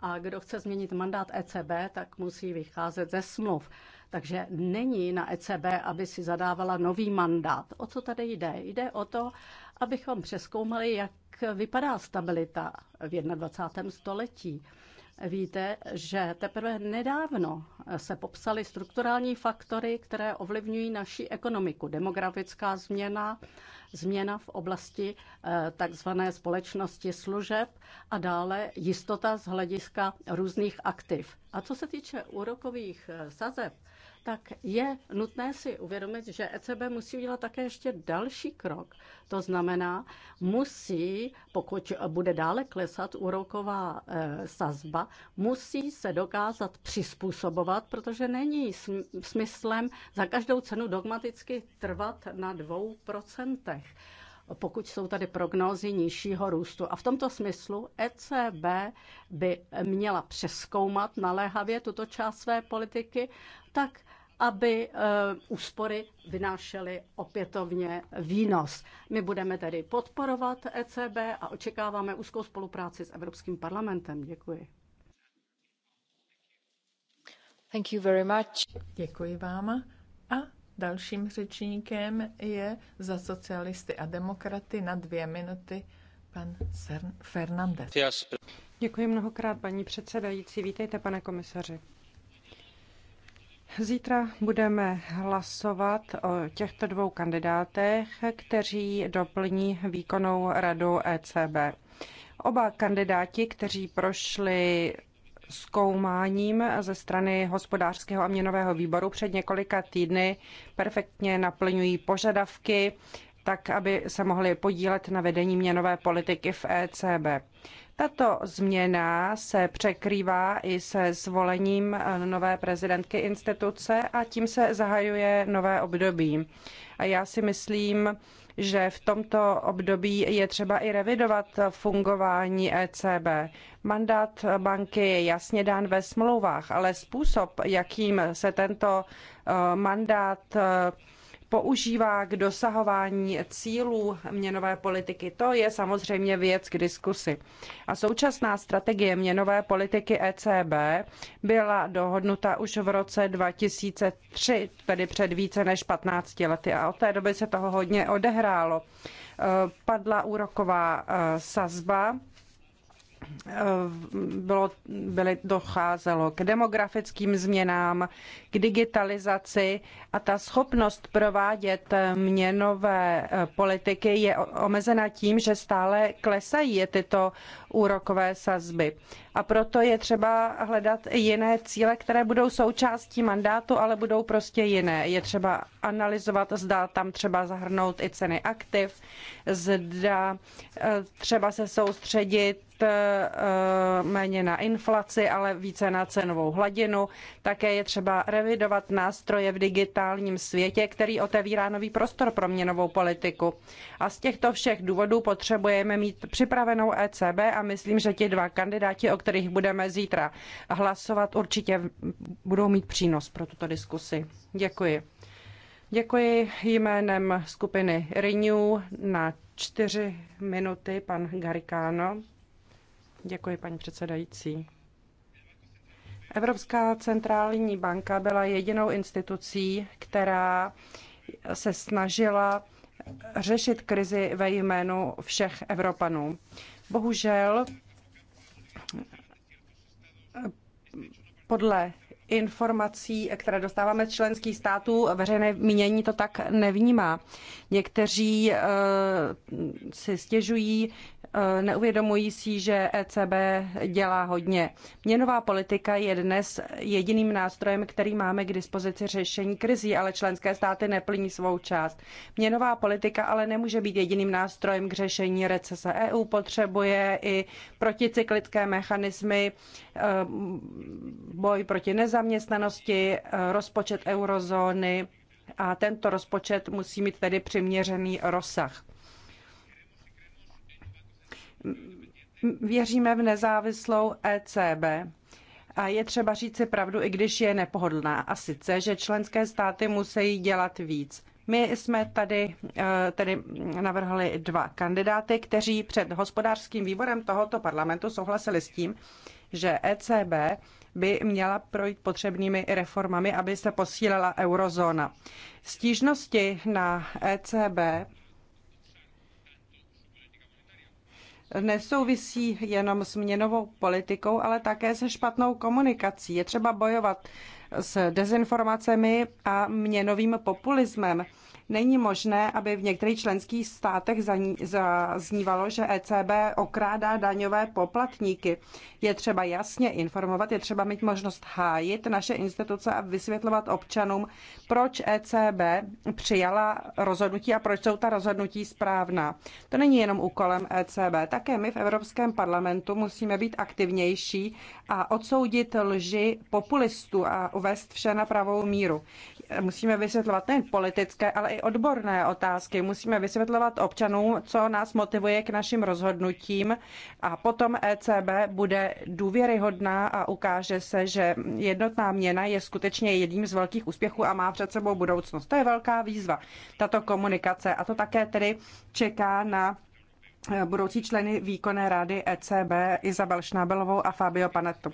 A kdo chce změnit mandát ECB, tak musí vycházet ze smluv. Takže není na ECB, aby si zadávala nový mandát. O co tady jde? Jde o to, abychom přeskoumali, jak vypadá stabilita v 21. století. Víte, že teprve nedávno se popsaly strukturální faktory, které ovlivňují naši ekonomiku. Demografická změna, změna v oblasti eh, takzvané společnosti služeb a dále jistota z hlediska různých aktiv. A co se týče úrokových eh, sazeb, tak je nutné si uvědomit, že ECB musí udělat také ještě další krok. To znamená, musí, pokud bude dále klesat úroková e, sazba, musí se dokázat přizpůsobovat, protože není smyslem za každou cenu dogmaticky trvat na dvou procentech pokud jsou tady prognózy nižšího růstu. A v tomto smyslu ECB by měla přeskoumat naléhavě tuto část své politiky, tak aby eh, úspory vynášely opětovně výnos. My budeme tedy podporovat ECB a očekáváme úzkou spolupráci s Evropským parlamentem. Děkuji. Thank you very much. Děkuji vám. A dalším řečníkem je za socialisty a demokraty na dvě minuty pan Fernandez. Děkuji mnohokrát, paní předsedající. Vítejte, pane komisaři. Zítra budeme hlasovat o těchto dvou kandidátech, kteří doplní výkonnou radu ECB. Oba kandidáti, kteří prošli zkoumáním ze strany hospodářského a měnového výboru před několika týdny, perfektně naplňují požadavky tak, aby se mohli podílet na vedení měnové politiky v ECB. Tato změna se překrývá i se zvolením eh, nové prezidentky instituce a tím se zahajuje nové období. A já si myslím, že v tomto období je třeba i revidovat fungování ECB. Mandát banky je jasně dán ve smlouvách, ale způsob, jakým se tento eh, mandát eh, používá k dosahování cílů měnové politiky. To je samozřejmě věc k diskusi. A současná strategie měnové politiky ECB byla dohodnuta už v roce 2003, tedy před více než 15 lety. A od té doby se toho hodně odehrálo. Eh, padla úroková eh, sazba, eh, bylo, byly, docházelo k demografickým změnám, k digitalizaci a ta schopnost provádět měnové eh, politiky je omezena tím, že stále klesají tyto úrokové sazby. A proto je třeba hledat jiné cíle, které budou součástí mandátu, ale budou prostě jiné. Je třeba analyzovat, zda tam třeba zahrnout i ceny aktiv, zda eh, třeba se soustředit eh, méně na inflaci, ale více na cenovou hladinu. Také je třeba revidovat nástroje v digitálním světě, který otevírá nový prostor pro měnovou politiku. A z těchto všech důvodů potřebujeme mít připravenou ECB a myslím, že ti dva kandidáti, o kterých budeme zítra hlasovat, určitě budou mít přínos pro tuto diskusi. Děkuji. Děkuji jménem skupiny Renew na čtyři minuty pan Garikano. Děkuji, paní předsedající. Evropská centrální banka byla jedinou institucí, která se snažila řešit krizi ve jménu všech Evropanů. Bohužel podle informací, které dostáváme z členských států, veřejné mínění to tak nevnímá. Někteří eh, si stěžují, eh, neuvědomují si, že ECB dělá hodně. Měnová politika je dnes jediným nástrojem, který máme k dispozici řešení krizí, ale členské státy neplní svou část. Měnová politika ale nemůže být jediným nástrojem k řešení recese. EU potřebuje i proticyklické mechanismy, eh, boj proti nezávislosti, nezaměstnanosti, eh, rozpočet eurozóny a tento rozpočet musí mít tedy přiměřený rozsah. Věříme v nezávislou ECB a je třeba říci pravdu, i když je nepohodlná. A sice, že členské státy musí dělat víc. My jsme tady eh, tedy navrhli dva kandidáty, kteří před hospodářským výborem tohoto parlamentu souhlasili s tím, že ECB by měla projít potřebnými reformami, aby se posílila eurozóna. Stížnosti na ECB nesouvisí jenom s měnovou politikou, ale také se špatnou komunikací. Je třeba bojovat s dezinformacemi a měnovým populismem. Není možné, aby v některých členských státech zaznívalo, že ECB okrádá daňové poplatníky. Je třeba jasně informovat, je třeba mít možnost hájit naše instituce a vysvětlovat občanům, proč ECB přijala rozhodnutí a proč jsou ta rozhodnutí správná. To není jenom úkolem ECB. Také my v Evropském parlamentu musíme být aktivnější a odsoudit lži populistů a uvést vše na pravou míru. Musíme vysvětlovat nejen politické, ale i odborné otázky. Musíme vysvětlovat občanům, co nás motivuje k našim rozhodnutím a potom ECB bude důvěryhodná a ukáže se, že jednotná měna je skutečně jedním z velkých úspěchů a má před sebou budoucnost. To je velká výzva, tato komunikace a to také tedy čeká na Eh, budoucí členy výkonné rady ECB Izabel Šnábelovou a Fabio Panetto.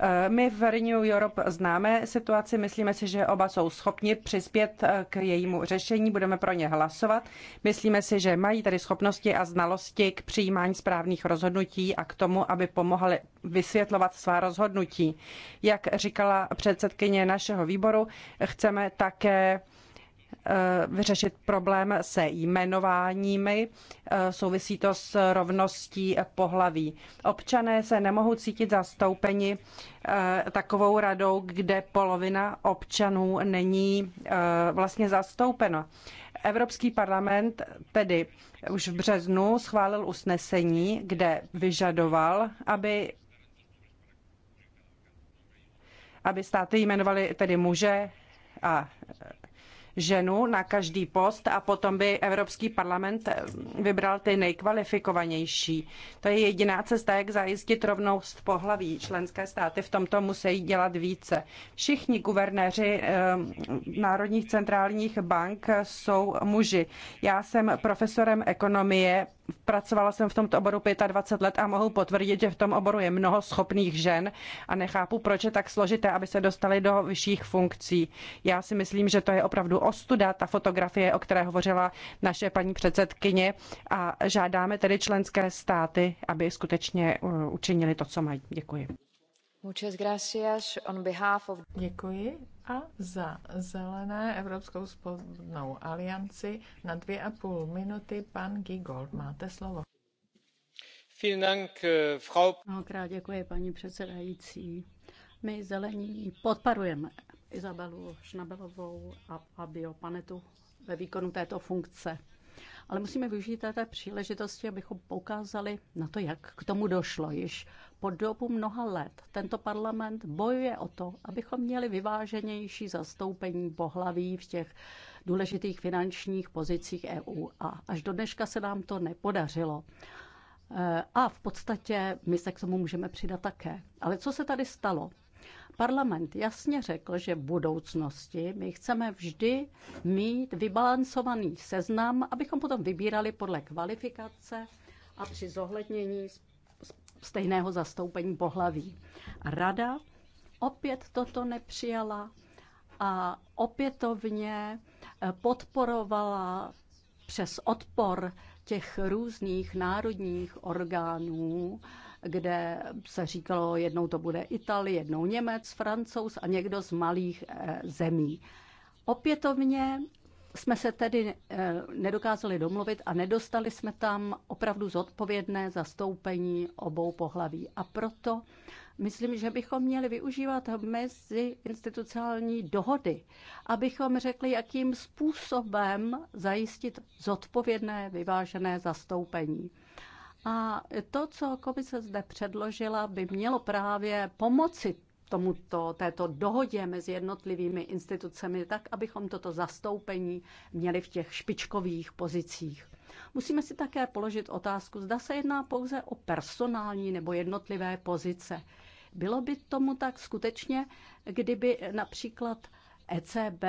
Eh, my v Renew Europe známe situaci, myslíme si, že oba jsou schopni přispět eh, k jejímu řešení, budeme pro ně hlasovat. Myslíme si, že mají tady schopnosti a znalosti k přijímání správných rozhodnutí a k tomu, aby pomohli vysvětlovat svá rozhodnutí. Jak říkala předsedkyně našeho výboru, chceme také Eh, vyřešit problém se jmenováními. Eh, souvisí to s rovností pohlaví. Občané se nemohou cítit zastoupeni eh, takovou radou, kde polovina občanů není vlastně zastoupena. Evropský parlament tedy už v březnu schválil usnesení, kde vyžadoval, aby aby státy jmenovaly tedy muže a ženu na každý post a potom by Evropský parlament eh, vybral ty nejkvalifikovanější. To je jediná cesta, jak zajistit rovnost pohlaví. Členské státy v tomto musí dělat více. Všichni guvernéři eh, národních centrálních bank jsou muži. Já jsem profesorem ekonomie pracovala jsem v tomto oboru 25 let a mohu potvrdit, že v tom oboru je mnoho schopných žen a nechápu, proč je tak složité, aby se dostali do vyšších funkcí. Já si myslím, že to je opravdu ostuda, ta fotografie, o které hovořila naše paní předsedkyně a žádáme tedy členské státy, aby skutečně uh, učinili to, co mají. Děkuji. Muchas gracias on behalf of... Děkuji a za zelené Evropskou spolnou alianci na dvě a půl minuty pan Gigold. Máte slovo. Eh, Mnohokrát děkuji, paní předsedající. My zelení podporujeme Izabelu Šnabelovou a Fabio Panetu ve výkonu této funkce. Ale musíme využít této příležitosti, abychom poukázali na to, jak k tomu došlo již po dobu mnoha let tento parlament bojuje o to, abychom měli vyváženější zastoupení pohlaví v těch důležitých finančních pozicích EU. A až do dneška se nám to nepodařilo. Eh, a v podstatě my se k tomu můžeme přidat také. Ale co se tady stalo? Parlament jasně řekl, že v budoucnosti my chceme vždy mít vybalancovaný seznam, abychom potom vybírali podle kvalifikace a při zohlednění stejného zastoupení pohlaví. Rada opět toto nepřijala a opětovně eh, podporovala přes odpor těch různých národních orgánů, kde se říkalo, jednou to bude Itálie, jednou Němec, Francouz a někdo z malých eh, zemí. Opětovně jsme se tedy eh, nedokázali domluvit a nedostali jsme tam opravdu zodpovědné zastoupení obou pohlaví. A proto myslím, že bychom měli využívat mezi institucionální dohody, abychom řekli, jakým způsobem zajistit zodpovědné, vyvážené zastoupení. A to, co komise zde předložila, by mělo právě pomoci tomuto, této dohodě mezi jednotlivými institucemi, tak abychom toto zastoupení měli v těch špičkových pozicích. Musíme si také položit otázku, zda se jedná pouze o personální nebo jednotlivé pozice. Bylo by tomu tak skutečně, kdyby například ECB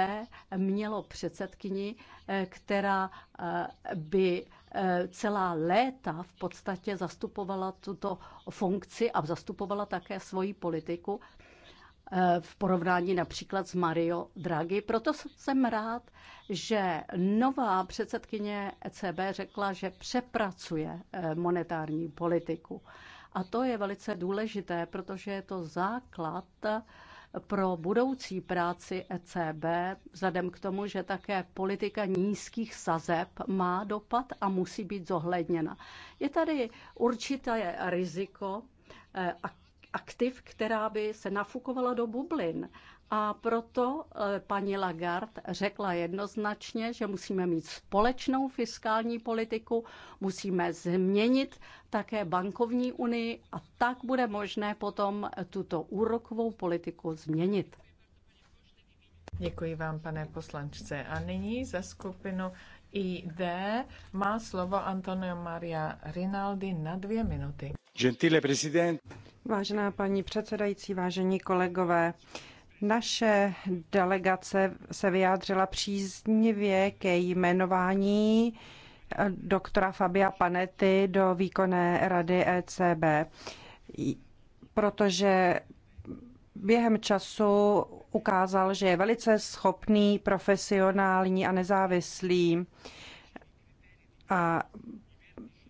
mělo předsedkyni, eh, která eh, by eh, celá léta v podstatě zastupovala tuto funkci a zastupovala také svoji politiku, Eh, v porovnání například s Mario Draghi. Proto jsem rád, že nová předsedkyně ECB řekla, že přepracuje eh, monetární politiku. A to je velice důležité, protože je to základ eh, pro budoucí práci ECB, vzhledem k tomu, že také politika nízkých sazeb má dopad a musí být zohledněna. Je tady určité riziko aktiv, která by se nafukovala do bublin. A proto eh, paní Lagarde řekla jednoznačně, že musíme mít společnou fiskální politiku, musíme změnit také bankovní unii a tak bude možné potom tuto úrokovou politiku změnit. Děkuji vám, pane poslančce. A nyní za skupinu i D má slovo Antonio Maria Rinaldi na dvě minuty. Gentile prezident. Vážená paní předsedající, vážení kolegové, naše delegace se vyjádřila příznivě ke jmenování doktora Fabia Panety do výkonné rady ECB, protože během času ukázal, že je velice schopný, profesionální a nezávislý. A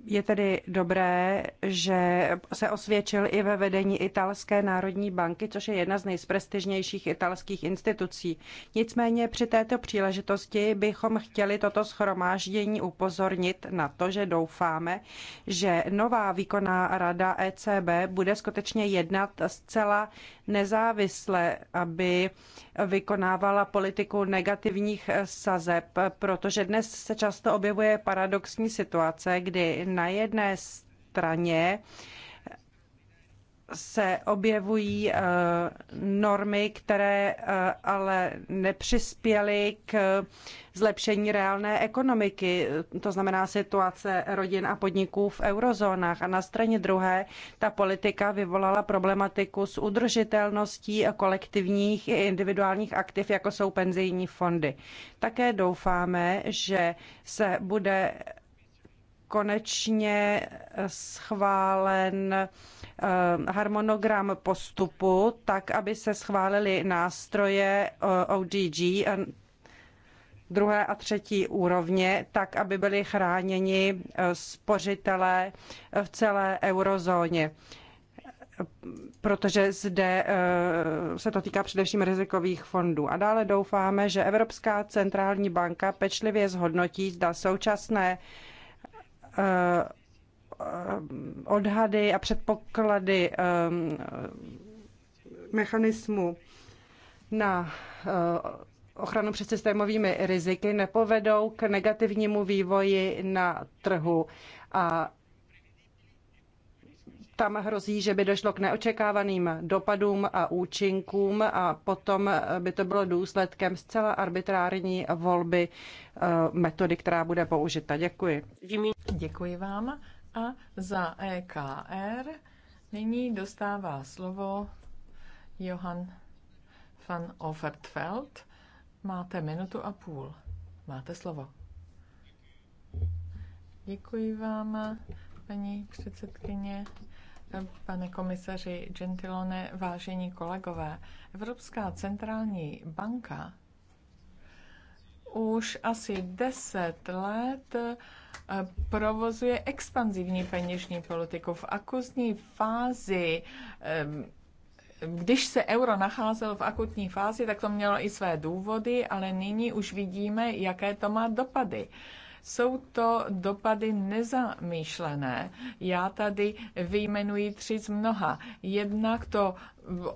je tedy dobré, že se osvědčil i ve vedení italské národní banky, což je jedna z nejprestižnějších italských institucí. Nicméně při této příležitosti bychom chtěli toto schromáždění upozornit na to, že doufáme, že nová výkonná rada ECB bude skutečně jednat zcela nezávisle, aby vykonávala politiku negativních sazeb, protože dnes se často objevuje paradoxní situace, kdy na jedné straně se objevují eh, normy, které eh, ale nepřispěly k zlepšení reálné ekonomiky, to znamená situace rodin a podniků v eurozónách. A na straně druhé ta politika vyvolala problematiku s udržitelností kolektivních i individuálních aktiv, jako jsou penzijní fondy. Také doufáme, že se bude konečně eh, schválen eh, harmonogram postupu, tak aby se schválily nástroje eh, ODG druhé a třetí úrovně, tak aby byli chráněni spořitelé v celé eurozóně protože zde se to týká především rizikových fondů. A dále doufáme, že Evropská centrální banka pečlivě zhodnotí, zda současné Eh, odhady a předpoklady eh, mechanismu na eh, ochranu před systémovými riziky nepovedou k negativnímu vývoji na trhu. A tam hrozí, že by došlo k neočekávaným dopadům a účinkům a potom by to bylo důsledkem zcela arbitrární volby eh, metody, která bude použita. Děkuji. Děkuji vám a za EKR nyní dostává slovo Johan van Offertfeld. Máte minutu a půl. Máte slovo. Děkuji vám, paní předsedkyně. Pane komisaři Gentilone, vážení kolegové, Evropská centrální banka už asi 10 let eh, provozuje expanzivní peněžní politiku. V akutní fázi, eh, když se euro nacházelo v akutní fázi, tak to mělo i své důvody, ale nyní už vidíme, jaké to má dopady. Jsou to dopady nezamýšlené. Já tady vyjmenuji tři z mnoha. Jednak to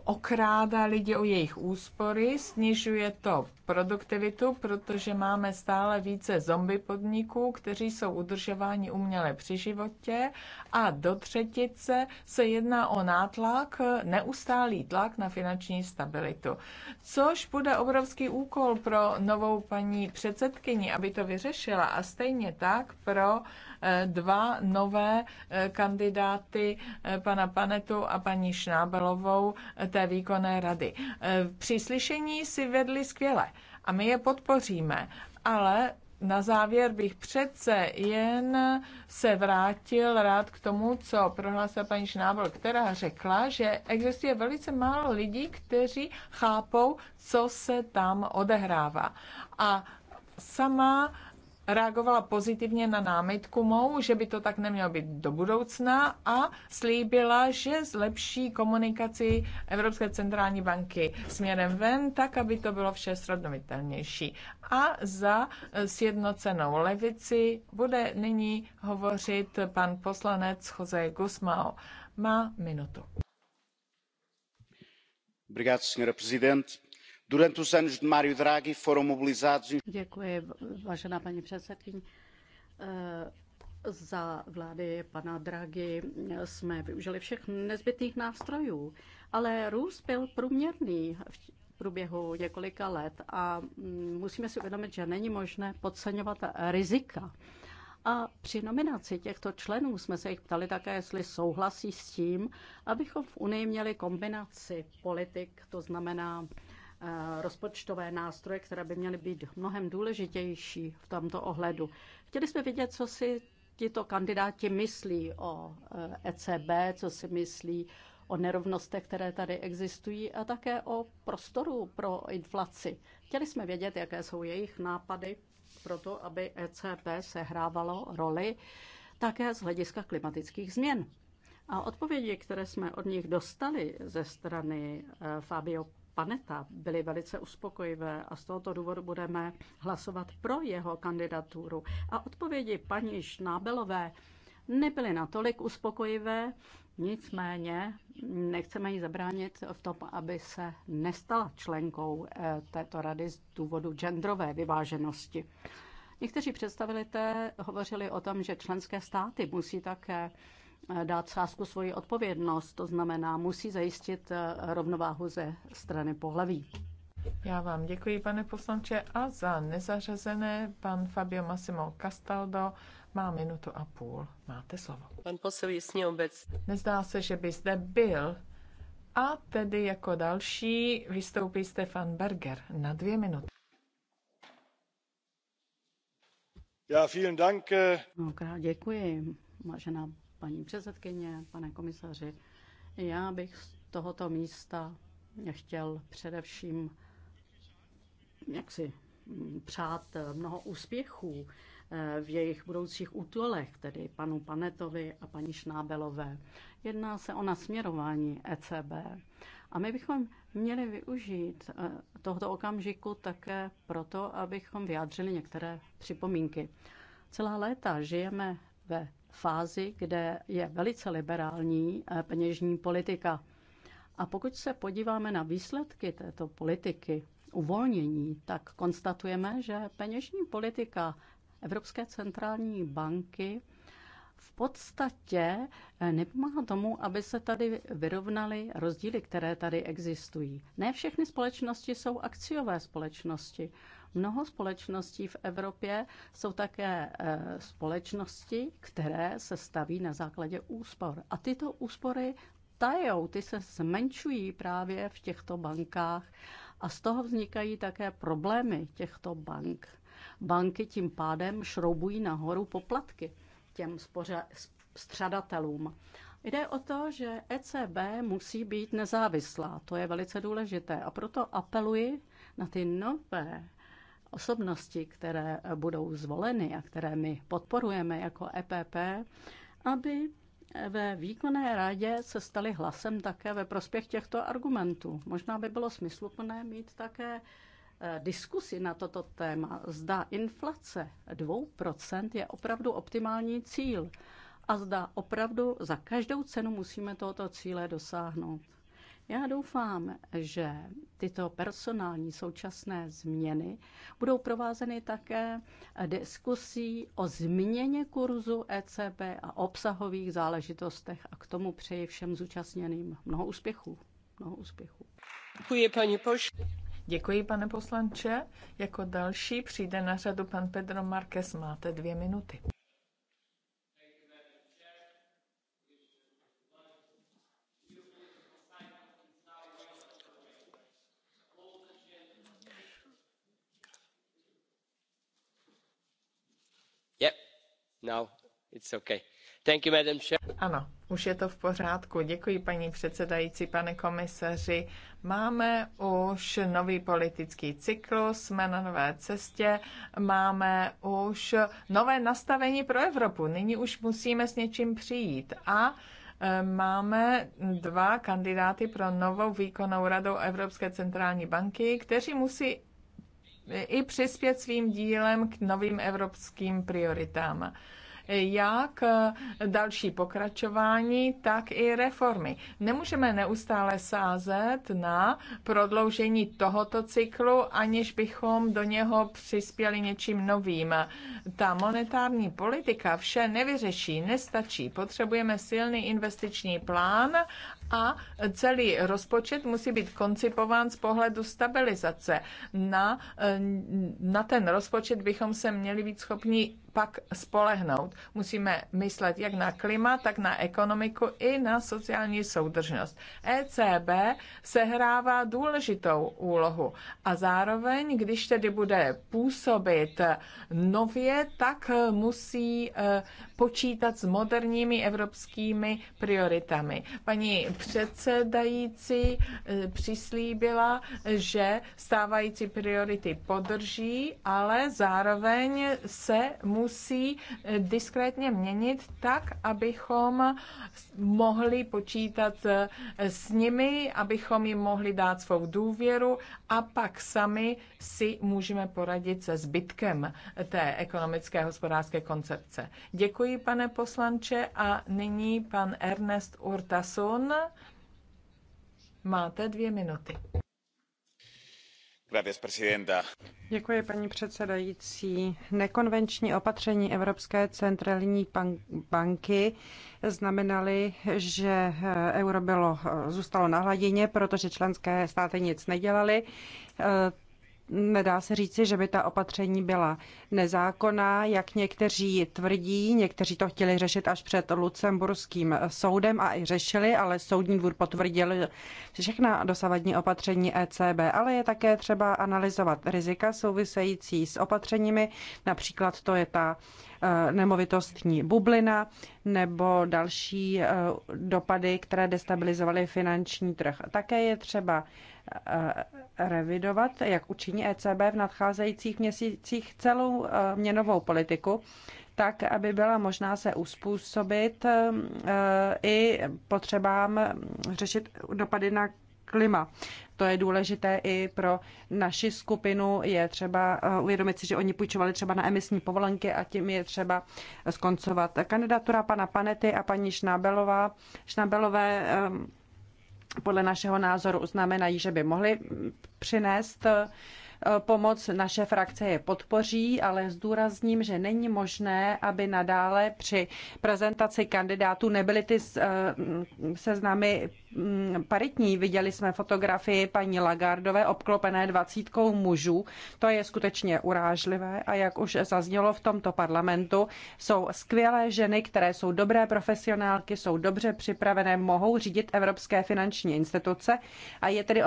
okrádá lidi o jejich úspory, snižuje to produktivitu, protože máme stále více zombie podniků, kteří jsou udržováni uměle při životě a do třetice se jedná o nátlak, neustálý tlak na finanční stabilitu. Což bude obrovský úkol pro novou paní předsedkyni, aby to vyřešila a stejně tak pro uh, Eh, dva nové eh, kandidáty, eh, pana Panetu a paní Šnábelovou té výkonné rady. Při slyšení si vedli skvěle a my je podpoříme, ale na závěr bych přece jen se vrátil rád k tomu, co prohlásila paní Šnábel, která řekla, že existuje velice málo lidí, kteří chápou, co se tam odehrává. A sama reagovala pozitivně na námitku mou, že by to tak nemělo být do budoucna a slíbila, že zlepší komunikaci Evropské centrální banky směrem ven, tak, aby to bylo vše srodnovitelnější. A za sjednocenou levici bude nyní hovořit pan poslanec Jose Gusmao. Má minutu. Obrigado, senhora Presidente. Durante os anos de Mário Draghi foram mobilizados... vážená paní předsedkyně. Eh, za vlády pana Draghi eh, jsme využili všech nezbytných nástrojů, ale růst byl průměrný v průběhu několika let a mm, musíme si uvědomit, že není možné podceňovat rizika. A při nominaci těchto členů jsme se jich ptali také, jestli souhlasí s tím, abychom v Unii měli kombinaci politik, to znamená Eh, rozpočtové nástroje, které by měly být mnohem důležitější v tomto ohledu. Chtěli jsme vědět, co si tito kandidáti myslí o ECB, eh, e co si myslí o nerovnostech, které tady existují a také o prostoru pro inflaci. Chtěli jsme vědět, jaké jsou jejich nápady pro to, aby ECB sehrávalo roli také z hlediska klimatických změn. A odpovědi, které jsme od nich dostali ze strany eh, Fabio Paneta byly velice uspokojivé a z tohoto důvodu budeme hlasovat pro jeho kandidaturu. A odpovědi paní Šnábelové nebyly natolik uspokojivé, nicméně nechceme jí zabránit v tom, aby se nestala členkou eh, této rady z důvodu genderové vyváženosti. Někteří představitelé hovořili o tom, že členské státy musí také dát sázku svoji odpovědnost, to znamená, musí zajistit eh, rovnováhu ze strany pohlaví. Já vám děkuji, pane poslanče, a za nezařazené pan Fabio Massimo Castaldo má minutu a půl. Máte slovo. Pan posel jistně obec. Nezdá se, že by zde byl. A tedy jako další vystoupí Stefan Berger na dvě minuty. Já vielen Dank. Eh. děkuji, vážená paní předsedkyně, pane komisaři. Já bych z tohoto místa chtěl především jak si přát mnoho úspěchů eh, v jejich budoucích útolech, tedy panu Panetovi a paní Šnábelové. Jedná se o nasměrování ECB. A my bychom měli využít eh, tohoto okamžiku také proto, abychom vyjádřili některé připomínky. Celá léta žijeme ve fázi, kde je velice liberální eh, peněžní politika. A pokud se podíváme na výsledky této politiky uvolnění, tak konstatujeme, že peněžní politika Evropské centrální banky v podstatě eh, nepomáhá tomu, aby se tady vyrovnaly rozdíly, které tady existují. Ne všechny společnosti jsou akciové společnosti. Mnoho společností v Evropě jsou také eh, společnosti, které se staví na základě úspor. A tyto úspory tajou, ty se zmenšují právě v těchto bankách a z toho vznikají také problémy těchto bank. Banky tím pádem šroubují nahoru poplatky těm spoře- střadatelům. Jde o to, že ECB musí být nezávislá, to je velice důležité a proto apeluji na ty nové osobnosti, které budou zvoleny a které my podporujeme jako EPP, aby ve výkonné rádě se stali hlasem také ve prospěch těchto argumentů. Možná by bylo smysluplné mít také eh, diskusi na toto téma. Zda inflace 2% je opravdu optimální cíl a zda opravdu za každou cenu musíme tohoto cíle dosáhnout. Já doufám, že tyto personální současné změny budou provázeny také diskusí o změně kurzu ECB a obsahových záležitostech a k tomu přeji všem zúčastněným mnoho úspěchů. Mnoho úspěchů. Děkuji, paní poš- Děkuji, pane poslanče. Jako další přijde na řadu pan Pedro Marquez. Máte dvě minuty. No, ano, už je to v pořádku. Děkuji, paní předsedající, pane komisaři. Máme už nový politický cyklus, jsme na nové cestě, máme už nové nastavení pro Evropu. Nyní už musíme s něčím přijít. A e, máme dva kandidáty pro novou výkonnou radu Evropské centrální banky, kteří musí i přispět svým dílem k novým evropským prioritám jak eh, další pokračování, tak i reformy. Nemůžeme neustále sázet na prodloužení tohoto cyklu, aniž bychom do něho přispěli něčím novým. Ta monetární politika vše nevyřeší, nestačí. Potřebujeme silný investiční plán a celý rozpočet musí být koncipován z pohledu stabilizace. Na, eh, na ten rozpočet bychom se měli být schopni pak spolehnout. Musíme myslet jak na klima, tak na ekonomiku i na sociální soudržnost. ECB sehrává důležitou úlohu a zároveň, když tedy bude působit nově, tak musí eh, počítat s moderními evropskými prioritami. Paní Předsedající eh, přislíbila, že stávající priority podrží, ale zároveň se musí eh, diskrétně měnit tak, abychom mohli počítat eh, s nimi, abychom jim mohli dát svou důvěru a pak sami si můžeme poradit se zbytkem té ekonomické a hospodářské koncepce. Děkuji, pane poslanče, a nyní pan Ernest Urtasun Máte dvě minuty. Děkuji, paní předsedající. Nekonvenční opatření Evropské centrální banky znamenaly, že eh, euro bylo, eh, zůstalo na hladině, protože členské státy nic nedělaly. Eh, Nedá se říci, že by ta opatření byla nezákonná, jak někteří tvrdí. Někteří to chtěli řešit až před Lucemburským soudem a i řešili, ale soudní dvůr potvrdil všechna dosavadní opatření ECB. Ale je také třeba analyzovat rizika související s opatřeními, například to je ta eh, nemovitostní bublina nebo další eh, dopady, které destabilizovaly finanční trh. Také je třeba Eh, revidovat, jak učiní ECB v nadcházejících měsících celou eh, měnovou politiku, tak, aby byla možná se uspůsobit eh, i potřebám řešit dopady na klima. To je důležité i pro naši skupinu. Je třeba uvědomit si, že oni půjčovali třeba na emisní povolenky a tím je třeba skoncovat. Kandidatura pana Panety a paní Šnábelová, Šnábelové podle našeho názoru znamenají, že by mohly přinést Pomoc naše frakce je podpoří, ale zdůrazním, že není možné, aby nadále při prezentaci kandidátů nebyly ty eh, seznamy mm, paritní. Viděli jsme fotografii paní Lagardové obklopené dvacítkou mužů. To je skutečně urážlivé a jak už zaznělo v tomto parlamentu, jsou skvělé ženy, které jsou dobré profesionálky, jsou dobře připravené, mohou řídit evropské finanční instituce a je tedy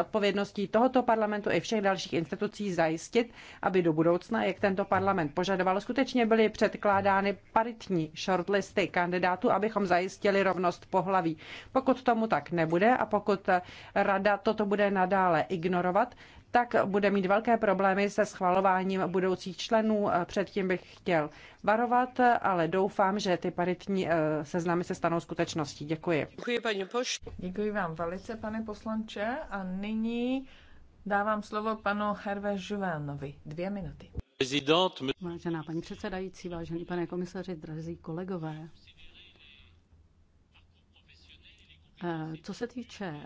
odpovědností tohoto parlamentu i všech dalších institucí zajistit, aby do budoucna, jak tento parlament požadoval, skutečně byly předkládány paritní shortlisty kandidátů, abychom zajistili rovnost pohlaví. Pokud tomu tak nebude a pokud rada toto bude nadále ignorovat, tak bude mít velké problémy se schvalováním budoucích členů. Předtím bych chtěl varovat, ale doufám, že ty paritní eh, seznamy se stanou skutečností. Děkuji. Děkuji, paní Poš. Děkuji vám velice, pane poslanče. A nyní Dávám slovo panu Herve Žuvánovi. Dvě minuty. Vážená paní předsedající, vážený pane komisaři, drazí kolegové. Eh, co se týče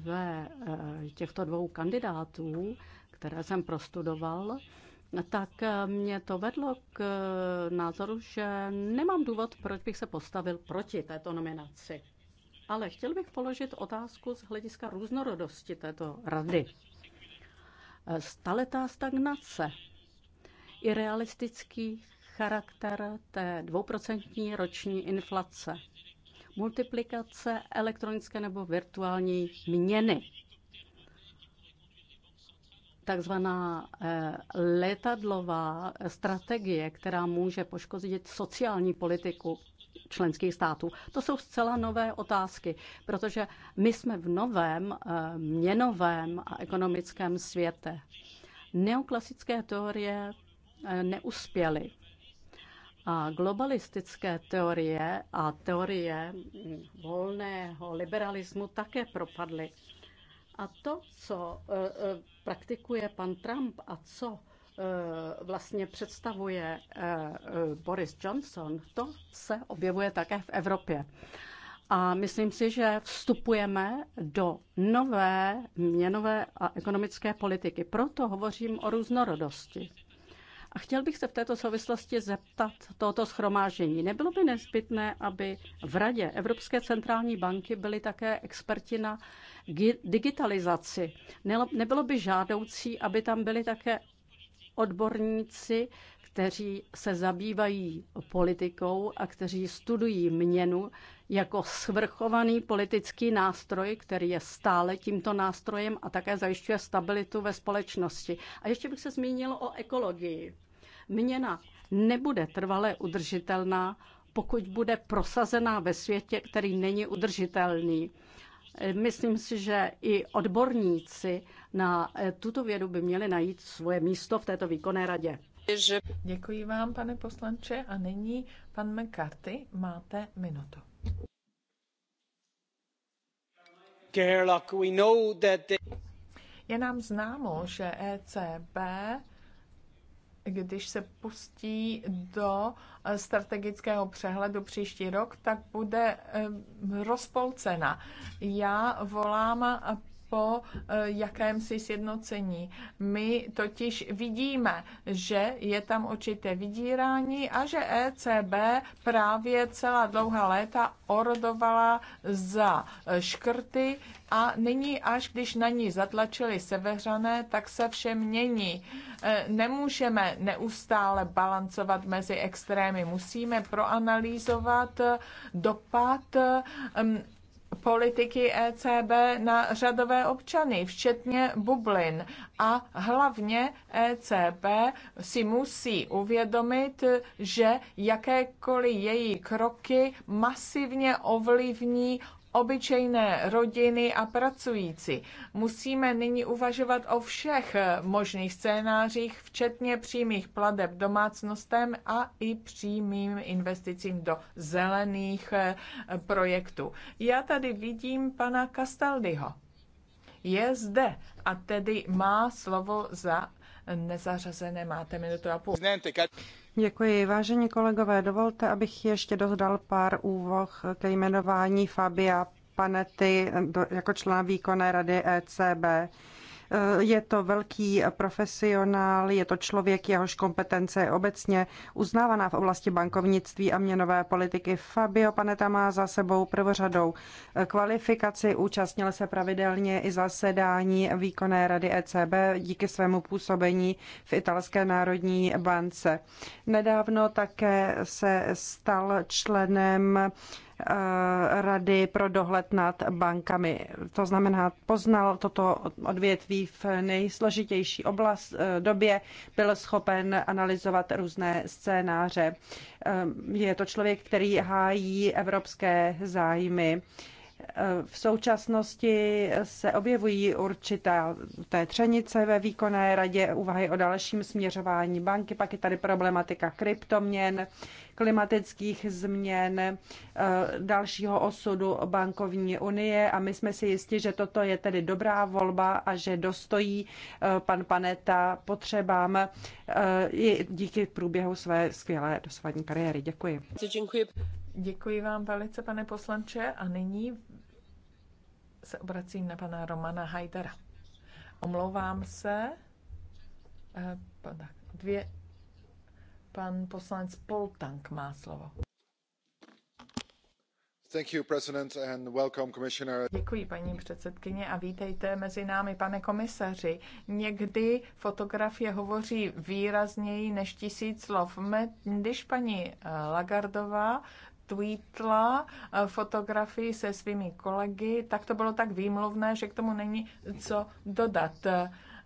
ve eh, těchto dvou kandidátů, které jsem prostudoval, tak eh, mě to vedlo k názoru, že nemám důvod, proč bych se postavil proti této nominaci. Ale chtěl bych položit otázku z hlediska různorodosti této rady staletá stagnace. I realistický charakter té dvouprocentní roční inflace. Multiplikace elektronické nebo virtuální měny. Takzvaná eh, letadlová strategie, která může poškodit sociální politiku členských států. To jsou zcela nové otázky, protože my jsme v novém eh, měnovém a ekonomickém světě. Neoklasické teorie eh, neuspěly. A globalistické teorie a teorie hm, volného liberalismu také propadly. A to, co eh, praktikuje pan Trump a co Eh, vlastně představuje eh, Boris Johnson, to se objevuje také v Evropě. A myslím si, že vstupujeme do nové měnové a ekonomické politiky. Proto hovořím o různorodosti. A chtěl bych se v této souvislosti zeptat tohoto schromáždění. Nebylo by nezbytné, aby v Radě Evropské centrální banky byli také experti na digitalizaci? Nebylo by žádoucí, aby tam byli také odborníci, kteří se zabývají politikou a kteří studují měnu jako svrchovaný politický nástroj, který je stále tímto nástrojem a také zajišťuje stabilitu ve společnosti. A ještě bych se zmínil o ekologii. Měna nebude trvale udržitelná, pokud bude prosazená ve světě, který není udržitelný. Myslím si, že i odborníci na e, tuto vědu by měli najít svoje místo v této výkonné radě. Děkuji vám, pane poslanče. A nyní, pan McCarthy, máte minutu. Je nám známo, že ECB když se pustí do eh, strategického přehledu příští rok, tak bude eh, rozpolcena. Já volám eh, po eh, jakémsi sjednocení. My totiž vidíme, že je tam určité vydírání a že ECB právě celá dlouhá léta orodovala za eh, škrty a nyní, až když na ní zatlačili seveřané, tak se vše mění. Eh, nemůžeme neustále balancovat mezi extrémy. Musíme proanalýzovat dopad politiky ECB na řadové občany, včetně bublin. A hlavně ECB si musí uvědomit, že jakékoliv její kroky masivně ovlivní obyčejné rodiny a pracující. Musíme nyní uvažovat o všech možných scénářích, včetně přímých pladeb domácnostem a i přímým investicím do zelených eh, projektů. Já tady vidím pana Castaldiho. Je zde a tedy má slovo za nezařazené. Máte minutu a půl. Děkuji. Vážení kolegové, dovolte, abych ještě dozdal pár úvoh ke jmenování Fabia Panety jako člena výkonné rady ECB. Eh, je to velký profesionál, je to člověk, jehož kompetence je obecně uznávaná v oblasti bankovnictví a měnové politiky. Fabio Paneta má za sebou prvořadou eh, kvalifikaci, účastnil se pravidelně i zasedání výkonné rady ECB díky svému působení v italské národní bance. Nedávno také se stal členem Eh, Rady pro dohled nad bankami. To znamená, poznal toto odvětví v nejsložitější oblast, eh, době, byl schopen analyzovat různé scénáře. Eh, je to člověk, který hájí evropské zájmy. V současnosti se objevují určitá té třenice ve výkonné radě, úvahy o dalším směřování banky, pak je tady problematika kryptoměn, klimatických změn, eh, dalšího osudu bankovní unie a my jsme si jistí, že toto je tedy dobrá volba a že dostojí eh, pan Paneta potřebám eh, i díky průběhu své skvělé dosavadní kariéry. Děkuji. Děkuji. Děkuji vám velice, pane poslanče, a nyní se obracím na pana Romana Hajdara. Omlouvám se. Dvě Pan poslanec Poltank má slovo. Děkuji, paní předsedkyně, a vítejte mezi námi, pane komisaři. Někdy fotografie hovoří výrazněji než tisíc slov. Když paní eh, Lagardová tweetla eh, fotografii se svými kolegy, tak to bylo tak výmluvné, že k tomu není co dodat.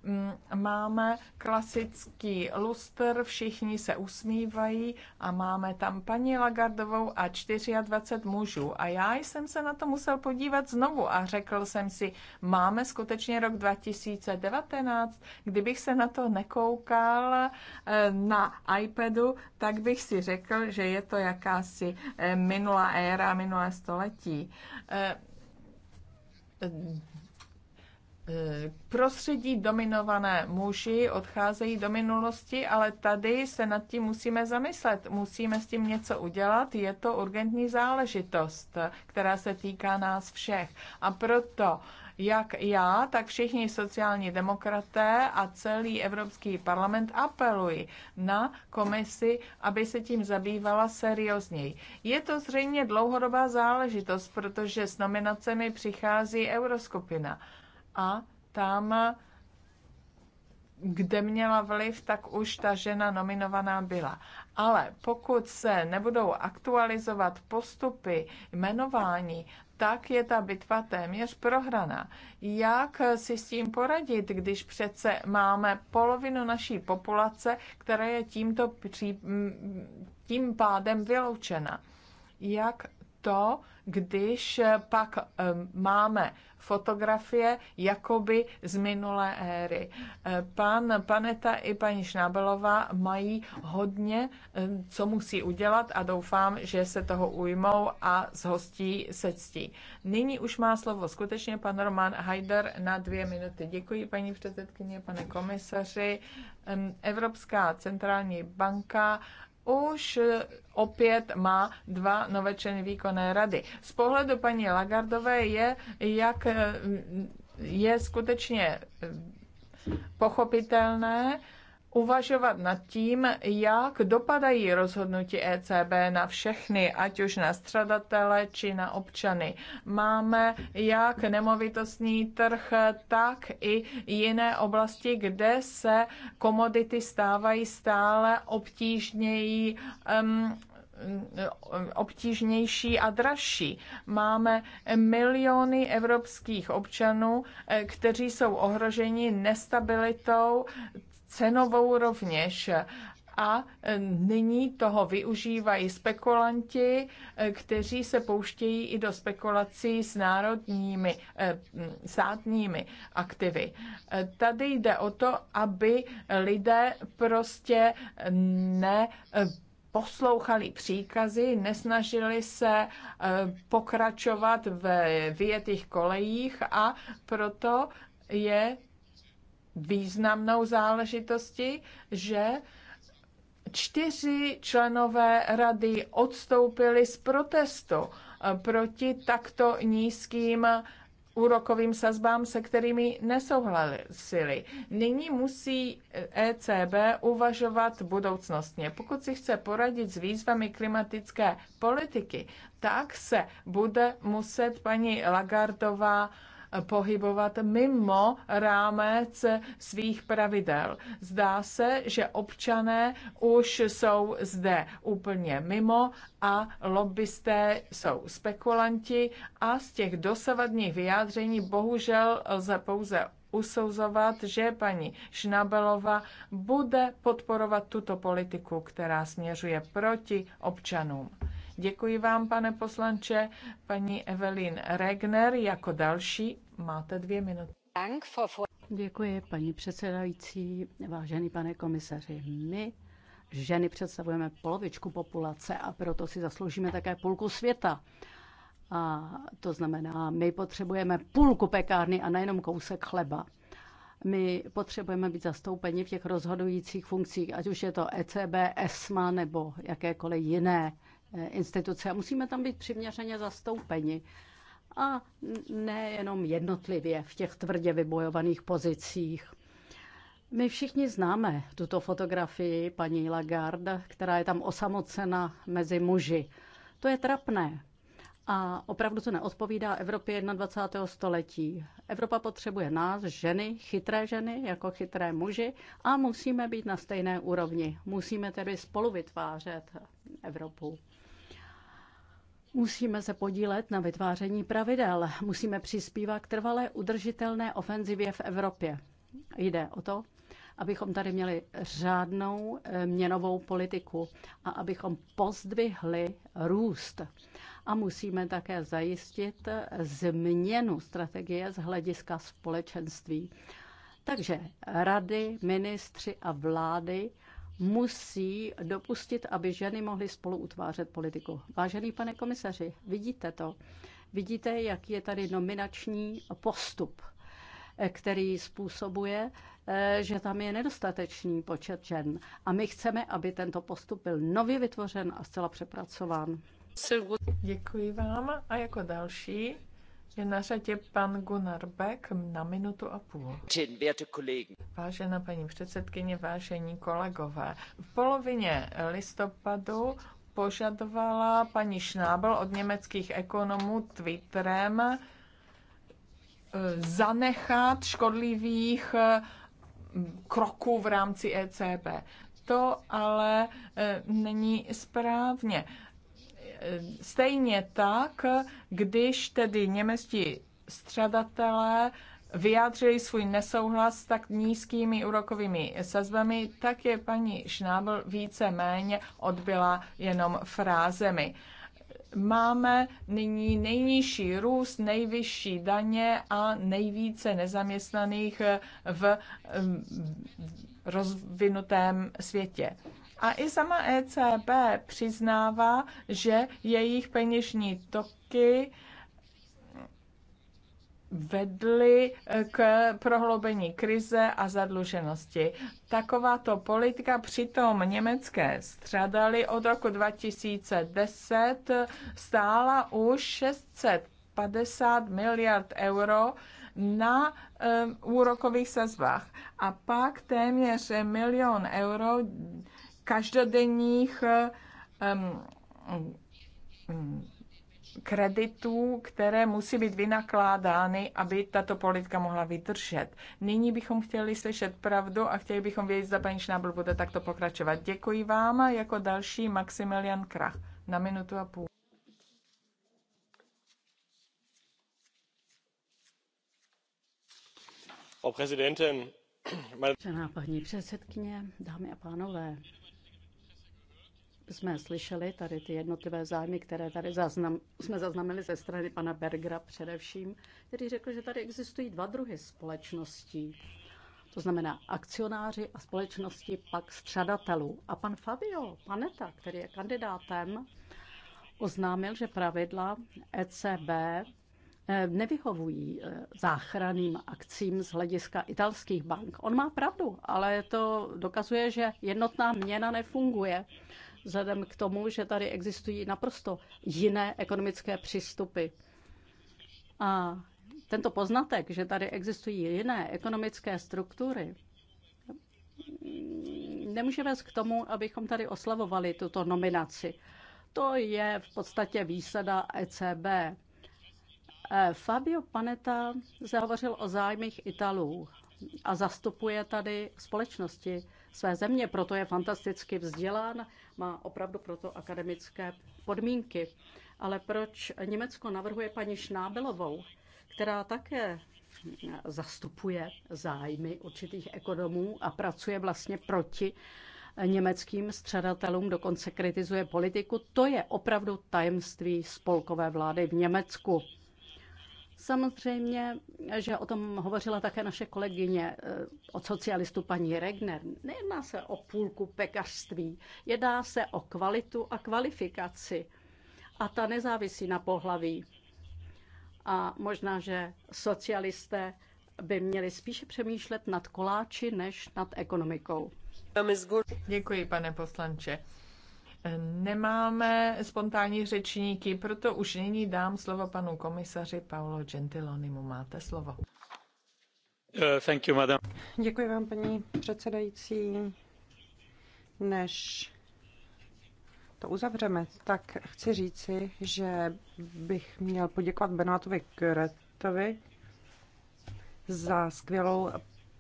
Mm, máme klasický lustr, všichni se usmívají a máme tam paní Lagardovou a 24 mužů. A já jsem se na to musel podívat znovu a řekl jsem si, máme skutečně rok 2019, kdybych se na to nekoukal eh, na iPadu, tak bych si řekl, že je to jakási eh, minulá éra, minulé století eh, prostředí dominované muži odcházejí do minulosti, ale tady se nad tím musíme zamyslet. Musíme s tím něco udělat. Je to urgentní záležitost, která se týká nás všech. A proto jak já, tak všichni sociální demokraté a celý Evropský parlament apelují na komisi, aby se tím zabývala seriózněji. Je to zřejmě dlouhodobá záležitost, protože s nominacemi přichází Euroskupina a tam, kde měla vliv, tak už ta žena nominovaná byla. Ale pokud se nebudou aktualizovat postupy jmenování, tak je ta bitva téměř prohraná. Jak si s tím poradit, když přece máme polovinu naší populace, která je tímto pří, tím pádem vyloučena? Jak to, když eh, pak ehm, máme fotografie jakoby z minulé éry. Eh, pan Paneta i paní Šnábelová mají hodně, ehm, co musí udělat a doufám, že se toho ujmou a zhostí se ctí. Nyní už má slovo skutečně pan Roman Hajder na dvě minuty. Děkuji paní předsedkyně, pane komisaři. Ehm, Evropská centrální banka už eh, opět má dva nové členy výkonné rady. Z pohledu paní Lagardové je, jak eh, je skutečně eh, pochopitelné, uvažovat nad tím, jak dopadají rozhodnutí ECB na všechny, ať už na stradatele či na občany. Máme jak nemovitostní trh, tak i jiné oblasti, kde se komodity stávají stále obtížněji um, obtížnější a dražší. Máme miliony evropských občanů, eh, kteří jsou ohroženi nestabilitou cenovou rovněž. A nyní toho využívají spekulanti, kteří se pouštějí i do spekulací s národními, eh, státními aktivy. Tady jde o to, aby lidé prostě ne eh, poslouchali příkazy, nesnažili se eh, pokračovat ve vyjetých kolejích a proto je významnou záležitostí, že čtyři členové rady odstoupili z protestu eh, proti takto nízkým eh, úrokovým sazbám, se kterými nesouhlasili. Nyní musí ECB eh, e uvažovat budoucnostně. Pokud si chce poradit s výzvami klimatické politiky, tak se bude muset paní Lagardová pohybovat mimo rámec svých pravidel. Zdá se, že občané už jsou zde úplně mimo a lobbysté jsou spekulanti a z těch dosavadních vyjádření bohužel lze pouze usouzovat, že paní Šnabelova bude podporovat tuto politiku, která směřuje proti občanům. Děkuji vám, pane poslanče. Paní Evelyn Regner jako další. Máte dvě minuty. Děkuji, paní předsedající, vážený pane komisaři. My ženy představujeme polovičku populace a proto si zasloužíme také půlku světa. A to znamená, my potřebujeme půlku pekárny a nejenom kousek chleba. My potřebujeme být zastoupeni v těch rozhodujících funkcích, ať už je to ECB, ESMA nebo jakékoliv jiné Eh, instituce a musíme tam být přiměřeně zastoupeni. A nejenom jednotlivě v těch tvrdě vybojovaných pozicích. My všichni známe tuto fotografii paní Lagarde, která je tam osamocena mezi muži. To je trapné. A opravdu to neodpovídá Evropě 21. století. Evropa potřebuje nás, ženy, chytré ženy, jako chytré muži, a musíme být na stejné úrovni. Musíme tedy spolu vytvářet Evropu. Musíme se podílet na vytváření pravidel, musíme přispívat k trvalé udržitelné ofenzivě v Evropě. Jde o to, abychom tady měli řádnou eh, měnovou politiku a abychom pozdvihli růst. A musíme také zajistit eh, změnu strategie z hlediska společenství. Takže rady, ministři a vlády musí dopustit, aby ženy mohly spolu utvářet politiku. Vážený pane komisaři, vidíte to. Vidíte, jaký je tady nominační postup, eh, který způsobuje, eh, že tam je nedostatečný počet žen. A my chceme, aby tento postup byl nově vytvořen a zcela přepracován. Děkuji vám a jako další je na řadě pan Gunnar Beck na minutu a půl. Vážená paní předsedkyně, vážení kolegové, v polovině listopadu požadovala paní Šnábel od německých ekonomů Twitterem eh, zanechat škodlivých eh, kroků v rámci ECB. To ale eh, není správně Stejně tak, když tedy němečtí střadatelé vyjádřili svůj nesouhlas s tak nízkými úrokovými sazbami, tak je paní Šnábl více-méně odbyla jenom frázemi. Máme nyní nejnižší růst, nejvyšší daně a nejvíce nezaměstnaných v rozvinutém světě. A i sama ECB přiznává, že jejich peněžní toky vedly eh, k prohloubení krize a zadluženosti. Takováto politika přitom německé střadaly od roku 2010 stála už 650 miliard euro na um, úrokových sazbách a pak téměř milion euro každodenních um, kreditů, které musí být vynakládány, aby tato politika mohla vydržet. Nyní bychom chtěli slyšet pravdu a chtěli bychom vědět, zda paní Šnábl bude takto pokračovat. Děkuji vám a jako další Maximilian Krach na minutu a půl. Frau Präsidentin, meine... paní předsedkyně, dámy a pánové, jsme slyšeli tady ty jednotlivé zájmy, které tady zaznam, jsme zaznamenali ze strany pana Bergera především, který řekl, že tady existují dva druhy společností. To znamená akcionáři a společnosti pak střadatelů. A pan Fabio Paneta, který je kandidátem, oznámil, že pravidla ECB eh, nevyhovují eh, záchranným akcím z hlediska italských bank. On má pravdu, ale to dokazuje, že jednotná měna nefunguje vzhledem k tomu, že tady existují naprosto jiné ekonomické přístupy. A tento poznatek, že tady existují jiné ekonomické struktury, nemůže vést k tomu, abychom tady oslavovali tuto nominaci. To je v podstatě výsada ECB. Eh, Fabio Panetta zahovořil o zájmech Italů a zastupuje tady společnosti, své země, proto je fantasticky vzdělán, má opravdu proto akademické podmínky. Ale proč Německo navrhuje paní Šnábelovou, která také zastupuje zájmy určitých ekonomů a pracuje vlastně proti německým středatelům, dokonce kritizuje politiku, to je opravdu tajemství spolkové vlády v Německu. Samozřejmě, že o tom hovořila také naše kolegyně eh, od socialistu paní Regner. Nejedná se o půlku pekařství, jedná se o kvalitu a kvalifikaci. A ta nezávisí na pohlaví. A možná, že socialisté by měli spíše přemýšlet nad koláči než nad ekonomikou. Děkuji, pane poslanče. Nemáme spontánní řečníky, proto už nyní dám slovo panu komisaři Paolo Gentilonimu. Máte slovo. Uh, thank you, madam. Děkuji vám, paní předsedající. Než to uzavřeme, tak chci říci, že bych měl poděkovat Benátovi Kretovi za skvělou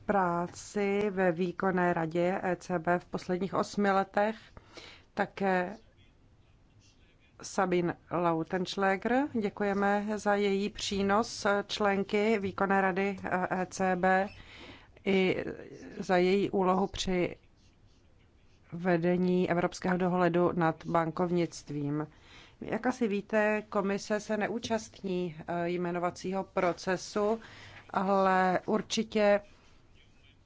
práci ve výkonné radě ECB v posledních osmi letech také Sabin Lautenschläger. Děkujeme za její přínos členky výkonné rady ECB eh, e i za její úlohu při vedení evropského dohledu nad bankovnictvím. Jak asi víte, komise se neúčastní eh, jmenovacího procesu, ale určitě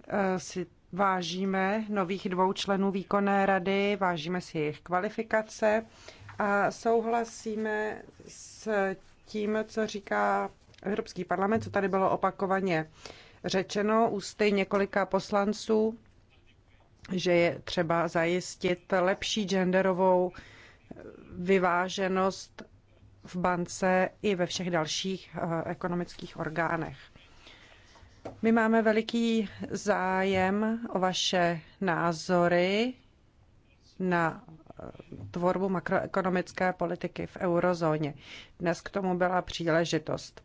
eh, si vážíme nových dvou členů výkonné rady, vážíme si jejich kvalifikace a souhlasíme s tím, co říká Evropský parlament, co tady bylo opakovaně řečeno ústy několika poslanců, že je třeba zajistit lepší genderovou vyváženost v bance i ve všech dalších eh, ekonomických orgánech. My máme veliký zájem o vaše názory na eh, tvorbu makroekonomické politiky v eurozóně. Dnes k tomu byla příležitost.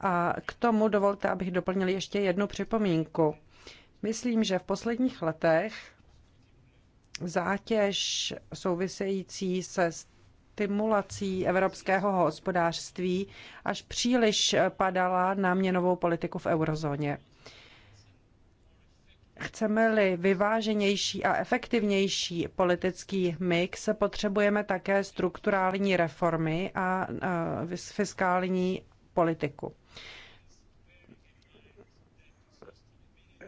A k tomu dovolte, abych doplnil ještě jednu připomínku. Myslím, že v posledních letech zátěž související se stimulací evropského hospodářství až příliš padala na měnovou politiku v eurozóně. Chceme-li vyváženější a efektivnější politický mix, potřebujeme také strukturální reformy a fiskální politiku.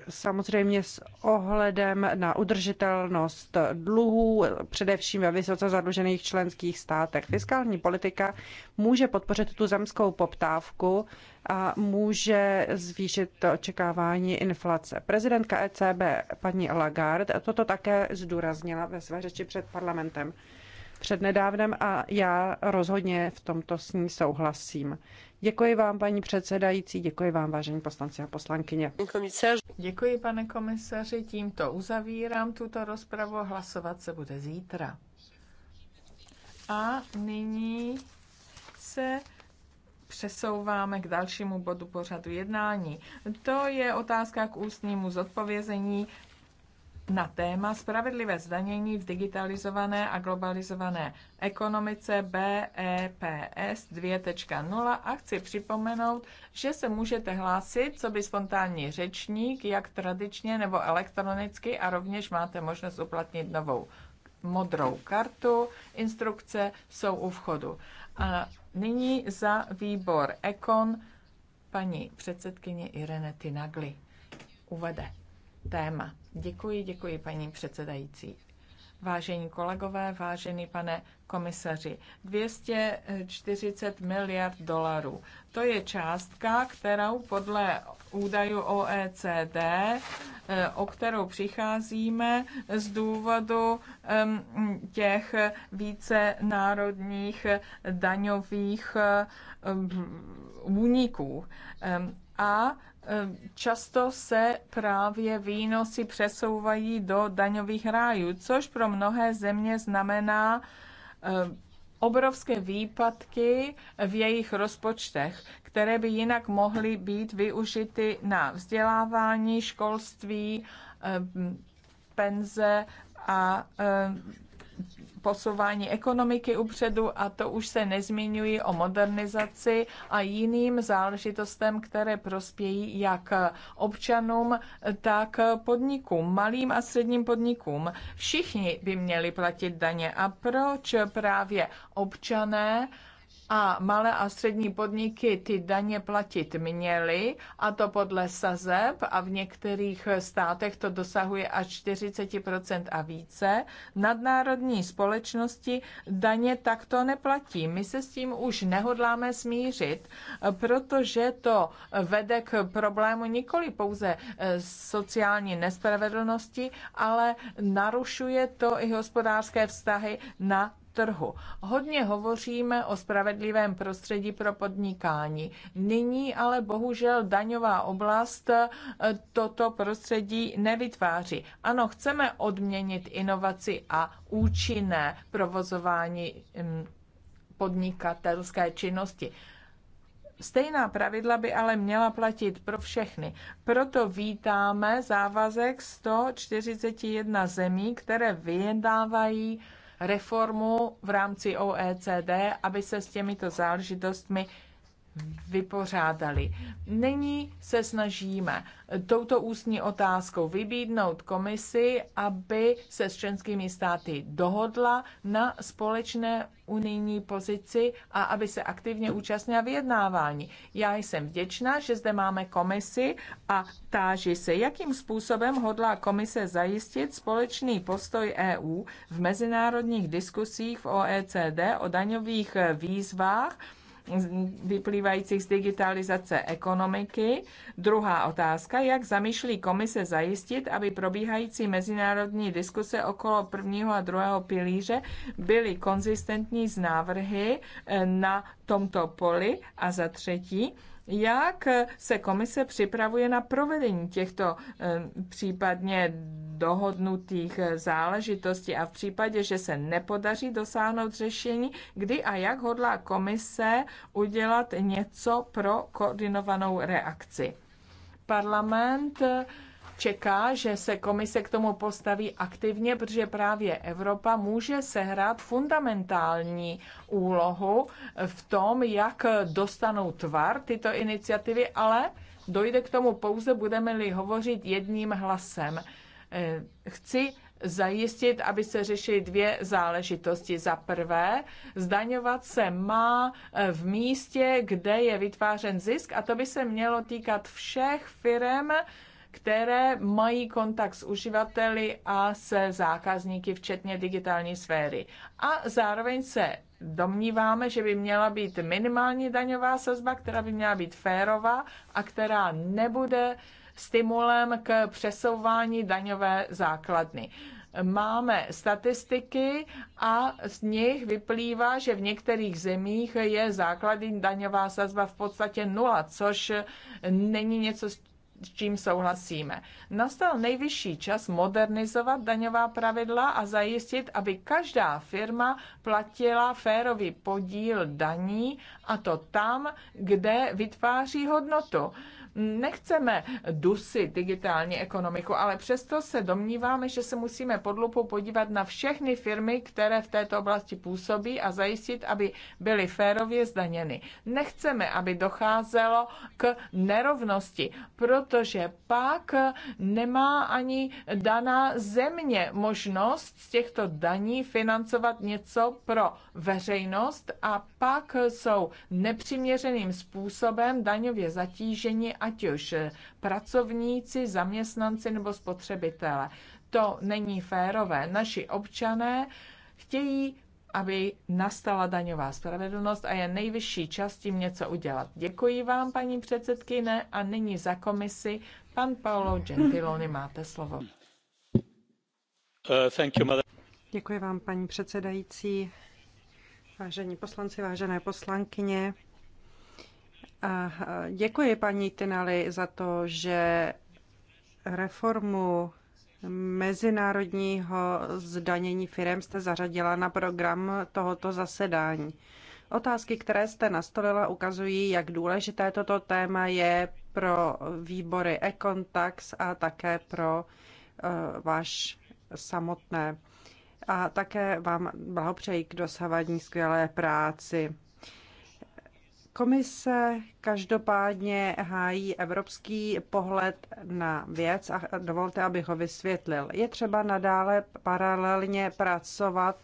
samozřejmě s ohledem na udržitelnost dluhů, především ve vysoce zadlužených členských státech. Fiskální politika může podpořit tu zemskou poptávku a může zvýšit očekávání inflace. Prezidentka ECB, paní Lagarde, toto také zdůraznila ve své řeči před parlamentem před nedávnem a já rozhodně v tomto s ní souhlasím. Děkuji vám, paní předsedající, děkuji vám, vážení poslanci a poslankyně. Děkuji, pane komisaři, tímto uzavírám tuto rozpravu, hlasovat se bude zítra. A nyní se přesouváme k dalšímu bodu pořadu jednání. To je otázka k ústnímu zodpovězení na téma Spravedlivé zdanění v digitalizované a globalizované ekonomice BEPS 2.0 a chci připomenout, že se můžete hlásit, co by spontánní řečník, jak tradičně nebo elektronicky a rovněž máte možnost uplatnit novou modrou kartu. Instrukce jsou u vchodu. A nyní za výbor Ekon paní předsedkyně Irene Tinagli uvede téma. Děkuji, děkuji paní předsedající. Vážení kolegové, vážený pane komisaři, 240 miliard dolarů. To je částka, kterou podle údajů OECD, eh, o kterou přicházíme z důvodu těch více národních daňových eh, úniků. A Často se právě výnosy přesouvají do daňových rájů, což pro mnohé země znamená eh, obrovské výpadky v jejich rozpočtech, které by jinak mohly být využity na vzdělávání, školství, eh, penze a eh, posouvání ekonomiky upředu a to už se nezmiňuji o modernizaci a jiným záležitostem, které prospějí jak občanům, tak podnikům, malým a středním podnikům. Všichni by měli platit daně a proč právě občané a malé a střední podniky ty daně platit měly, a to podle sazeb, a v některých státech to dosahuje až 40% a více. Nadnárodní společnosti daně takto neplatí. My se s tím už nehodláme smířit, protože to vede k problému nikoli pouze eh, sociální nespravedlnosti, ale narušuje to i hospodářské vztahy na trhu. Hodně hovoříme o spravedlivém prostředí pro podnikání. Nyní ale bohužel daňová oblast eh, toto prostředí nevytváří. Ano, chceme odměnit inovaci a účinné provozování hm, podnikatelské činnosti. Stejná pravidla by ale měla platit pro všechny. Proto vítáme závazek 141 zemí, které vyjednávají reformu v rámci OECD, aby se s těmito záležitostmi vypořádali. Nyní se snažíme touto ústní otázkou vybídnout komisi, aby se s členskými státy dohodla na společné unijní pozici a aby se aktivně účastnila vyjednávání. Já jsem vděčná, že zde máme komisi a táži se, jakým způsobem hodlá komise zajistit společný postoj EU v mezinárodních diskusích v OECD o daňových výzvách, vyplývajících z digitalizace ekonomiky. Druhá otázka, jak zamýšlí komise zajistit, aby probíhající mezinárodní diskuse okolo prvního a druhého pilíře byly konzistentní s návrhy eh, na tomto poli. A za třetí, jak se komise připravuje na provedení těchto eh, případně dohodnutých eh, záležitostí a v případě, že se nepodaří dosáhnout řešení, kdy a jak hodlá komise udělat něco pro koordinovanou reakci? Parlament eh, čeká, že se komise k tomu postaví aktivně, protože právě Evropa může sehrát fundamentální úlohu v tom, jak dostanou tvar tyto iniciativy, ale dojde k tomu pouze, budeme-li hovořit jedním hlasem. Eh, chci zajistit, aby se řešily dvě záležitosti. Za prvé, zdaňovat se má eh, v místě, kde je vytvářen zisk a to by se mělo týkat všech firm, které mají kontakt s uživateli a se zákazníky, včetně digitální sféry. A zároveň se domníváme, že by měla být minimální daňová sazba, která by měla být férová a která nebude stimulem k přesouvání daňové základny máme statistiky a z nich vyplývá, že v některých zemích je základní daňová sazba v podstatě nula, což není něco, s čím souhlasíme. Nastal nejvyšší čas modernizovat daňová pravidla a zajistit, aby každá firma platila férový podíl daní a to tam, kde vytváří hodnotu. Nechceme dusit digitální ekonomiku, ale přesto se domníváme, že se musíme pod lupou podívat na všechny firmy, které v této oblasti působí a zajistit, aby byly férově zdaněny. Nechceme, aby docházelo k nerovnosti, protože pak nemá ani daná země možnost z těchto daní financovat něco pro veřejnost a pak jsou nepřiměřeným způsobem daňově zatíženi a ať už eh, pracovníci, zaměstnanci nebo spotřebitele. To není férové. Naši občané chtějí aby nastala daňová spravedlnost a je nejvyšší čas tím něco udělat. Děkuji vám, paní předsedkyně, a nyní za komisi pan Paolo Gentiloni, máte slovo. Eh, Děkuji vám, paní předsedající. Vážení poslanci, vážené poslankyně, děkuji paní Tinali za to, že reformu mezinárodního zdanění firm jste zařadila na program tohoto zasedání. Otázky, které jste nastolila, ukazují, jak důležité toto téma je pro výbory Econtax a také pro uh, váš samotné. A také vám blahopřeji k dosavadní skvělé práci. Komise každopádně hájí evropský pohled na věc a dovolte, abych ho vysvětlil. Je třeba nadále paralelně pracovat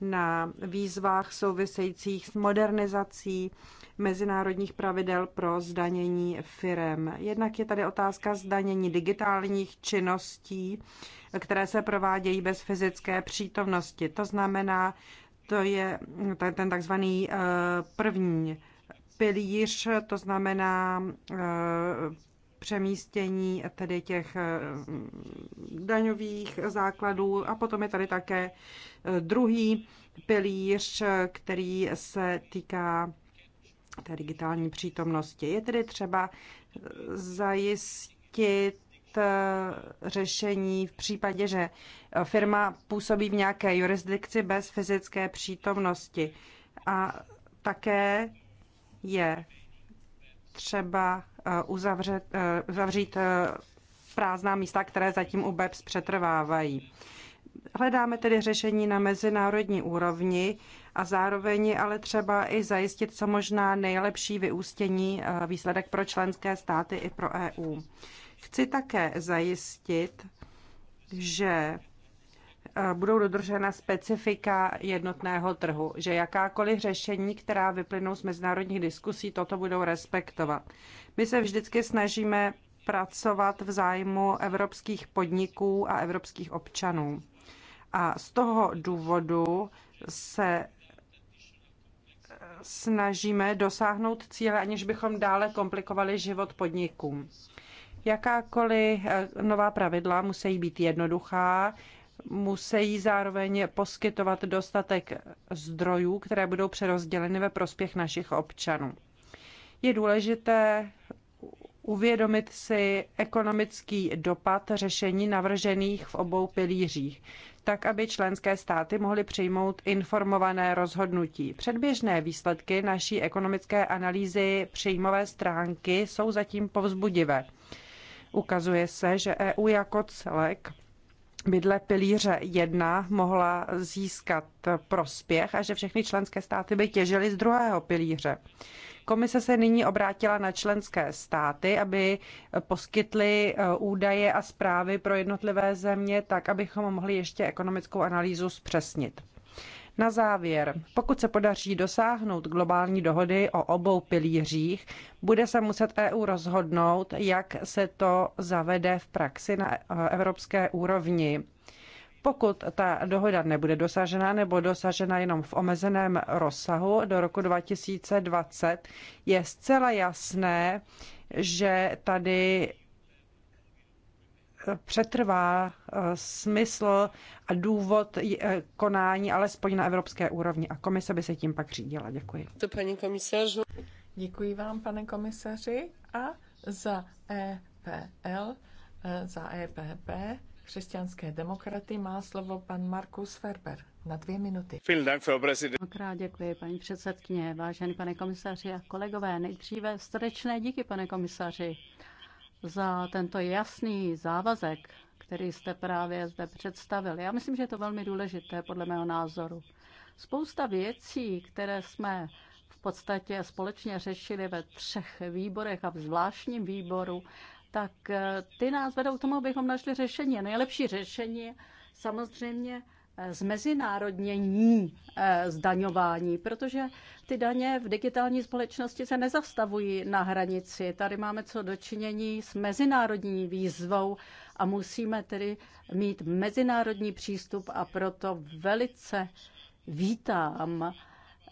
na výzvách souvisejících s modernizací mezinárodních pravidel pro zdanění firem. Jednak je tady otázka zdanění digitálních činností, které se provádějí bez fyzické přítomnosti. To znamená, to je ten takzvaný eh, první pilíř, to znamená eh, přemístění tedy těch eh, daňových základů a potom je tady také eh, druhý pilíř, který se týká té digitální přítomnosti. Je tedy třeba zajistit řešení v případě, že firma působí v nějaké jurisdikci bez fyzické přítomnosti. A také je třeba eh, uzavřet, eh, uzavřít eh, prázdná místa, které zatím u BEPS přetrvávají. Hledáme tedy řešení na mezinárodní úrovni a zároveň ale třeba i zajistit co možná nejlepší vyústění výsledek pro členské státy i pro EU. Chci také zajistit, že budou dodržena specifika jednotného trhu, že jakákoliv řešení, která vyplynou z mezinárodních diskusí, toto budou respektovat. My se vždycky snažíme pracovat v zájmu evropských podniků a evropských občanů. A z toho důvodu se snažíme dosáhnout cíle, aniž bychom dále komplikovali život podnikům. Jakákoliv nová pravidla musí být jednoduchá, musí zároveň poskytovat dostatek zdrojů, které budou přerozděleny ve prospěch našich občanů. Je důležité uvědomit si ekonomický dopad řešení navržených v obou pilířích, tak aby členské státy mohly přijmout informované rozhodnutí. Předběžné výsledky naší ekonomické analýzy přijímové stránky jsou zatím povzbudivé. Ukazuje se, že EU jako celek by dle pilíře 1 mohla získat prospěch a že všechny členské státy by těžily z druhého pilíře. Komise se nyní obrátila na členské státy, aby poskytly eh, údaje a zprávy pro jednotlivé země, tak abychom mohli ještě ekonomickou analýzu zpřesnit. Na závěr, pokud se podaří dosáhnout globální dohody o obou pilířích, bude se muset EU rozhodnout, jak se to zavede v praxi na evropské úrovni. Pokud ta dohoda nebude dosažena nebo dosažena jenom v omezeném rozsahu do roku 2020, je zcela jasné, že tady přetrvá eh, smysl a důvod eh, konání alespoň na evropské úrovni a komise by se tím pak řídila. Děkuji. To paní komisařu. Děkuji vám, pane komisaři, a za EPL, eh, za EPP, křesťanské demokraty, má slovo pan Markus Ferber na dvě minuty. Mnohokrát děkuji, paní předsedkyně, vážený pane komisaři a kolegové. Nejdříve srdečné díky, pane komisaři za tento jasný závazek, který jste právě zde představili. Já myslím, že je to velmi důležité podle mého názoru. Spousta věcí, které jsme v podstatě společně řešili ve třech výborech a v zvláštním výboru, tak eh, ty nás vedou k tomu, abychom našli řešení. Nejlepší řešení samozřejmě zmezinárodnění eh, zdaňování, protože ty daně v digitální společnosti se nezastavují na hranici. Tady máme co dočinění s mezinárodní výzvou a musíme tedy mít mezinárodní přístup a proto velice vítám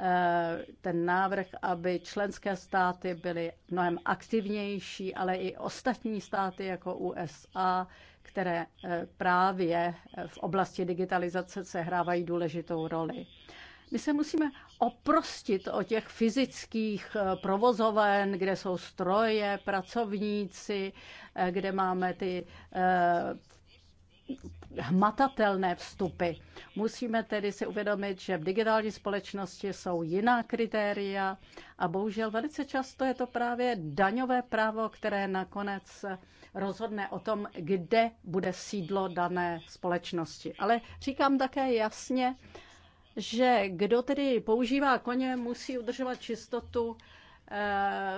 Eh, ten návrh, aby členské státy byly mnohem aktivnější, ale i ostatní státy jako USA, které eh, právě eh, v oblasti digitalizace sehrávají důležitou roli. My se musíme oprostit o těch fyzických provozoven, kde jsou stroje, pracovníci, kde máme ty hmatatelné vstupy. Musíme tedy si uvědomit, že v digitální společnosti jsou jiná kritéria a bohužel velice často je to právě daňové právo, které nakonec rozhodne o tom, kde bude sídlo dané společnosti. Ale říkám také jasně, že kdo tedy používá koně, musí udržovat čistotu eh,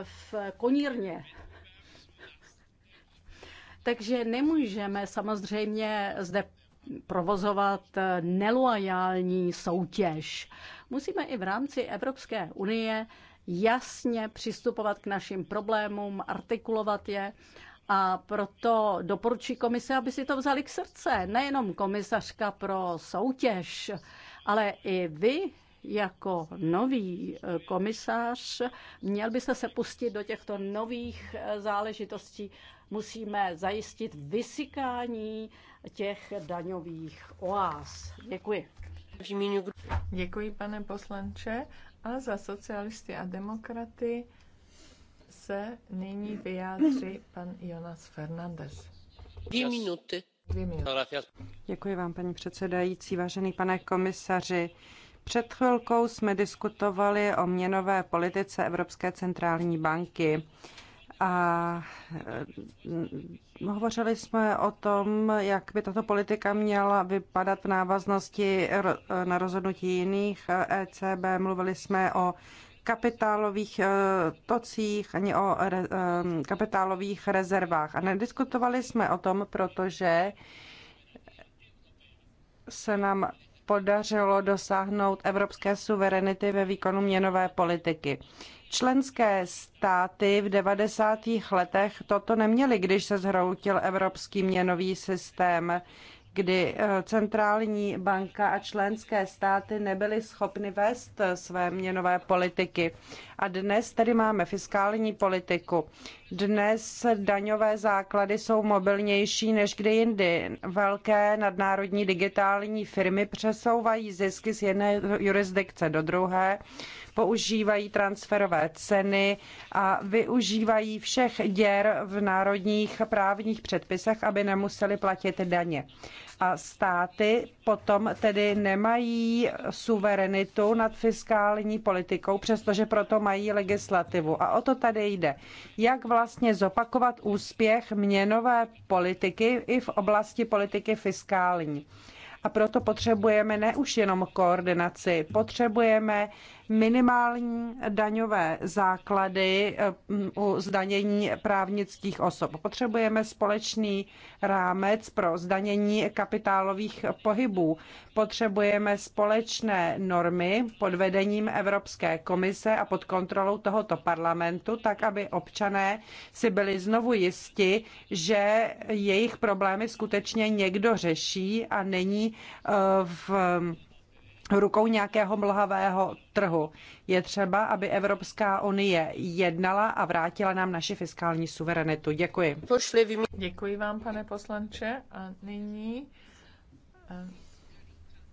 v konírně, takže nemůžeme samozřejmě zde provozovat neloajální soutěž. Musíme i v rámci Evropské unie jasně přistupovat k našim problémům, artikulovat je a proto doporučí komise, aby si to vzali k srdce. Nejenom komisařka pro soutěž, ale i vy jako nový eh, komisář, měl byste se pustit do těchto nových eh, záležitostí. Musíme zajistit vysykání těch daňových oáz. Děkuji. Děkuji, pane poslanče. A za socialisty a demokraty se nyní vyjádří pan Jonas Fernandez. Dvě minuty. Dvě minuty. Děkuji vám, paní předsedající. Vážený pane komisaři, před chvilkou jsme diskutovali o měnové politice Evropské centrální banky a mm, hovořili jsme o tom, jak by tato politika měla vypadat v návaznosti na rozhodnutí jiných ECB. Eh, e Mluvili jsme o kapitálových eh, tocích ani o eh, kapitálových rezervách. A nediskutovali jsme o tom, protože se nám podařilo dosáhnout evropské suverenity ve výkonu měnové politiky. Členské státy v 90. letech toto neměly, když se zhroutil evropský měnový systém, kdy eh, centrální banka a členské státy nebyly schopny vést své měnové politiky. A dnes tedy máme fiskální politiku. Dnes daňové základy jsou mobilnější než kdy jindy. Velké nadnárodní digitální firmy přesouvají zisky z jedné jurisdikce do druhé, používají transferové ceny a využívají všech děr v národních právních předpisech, aby nemuseli platit daně a státy potom tedy nemají suverenitu nad fiskální politikou, přestože proto mají legislativu. A o to tady jde. Jak vlastně zopakovat úspěch měnové politiky i v oblasti politiky fiskální? a proto potřebujeme ne už jenom koordinaci, potřebujeme minimální daňové základy eh, u zdanění právnických osob. Potřebujeme společný rámec pro zdanění kapitálových pohybů. Potřebujeme společné normy pod vedením Evropské komise a pod kontrolou tohoto parlamentu, tak aby občané si byli znovu jisti, že jejich problémy skutečně někdo řeší a není eh, v rukou nějakého mlhavého trhu. Je třeba, aby Evropská unie jednala a vrátila nám naši fiskální suverenitu. Děkuji. Děkuji vám, pane poslanče. A nyní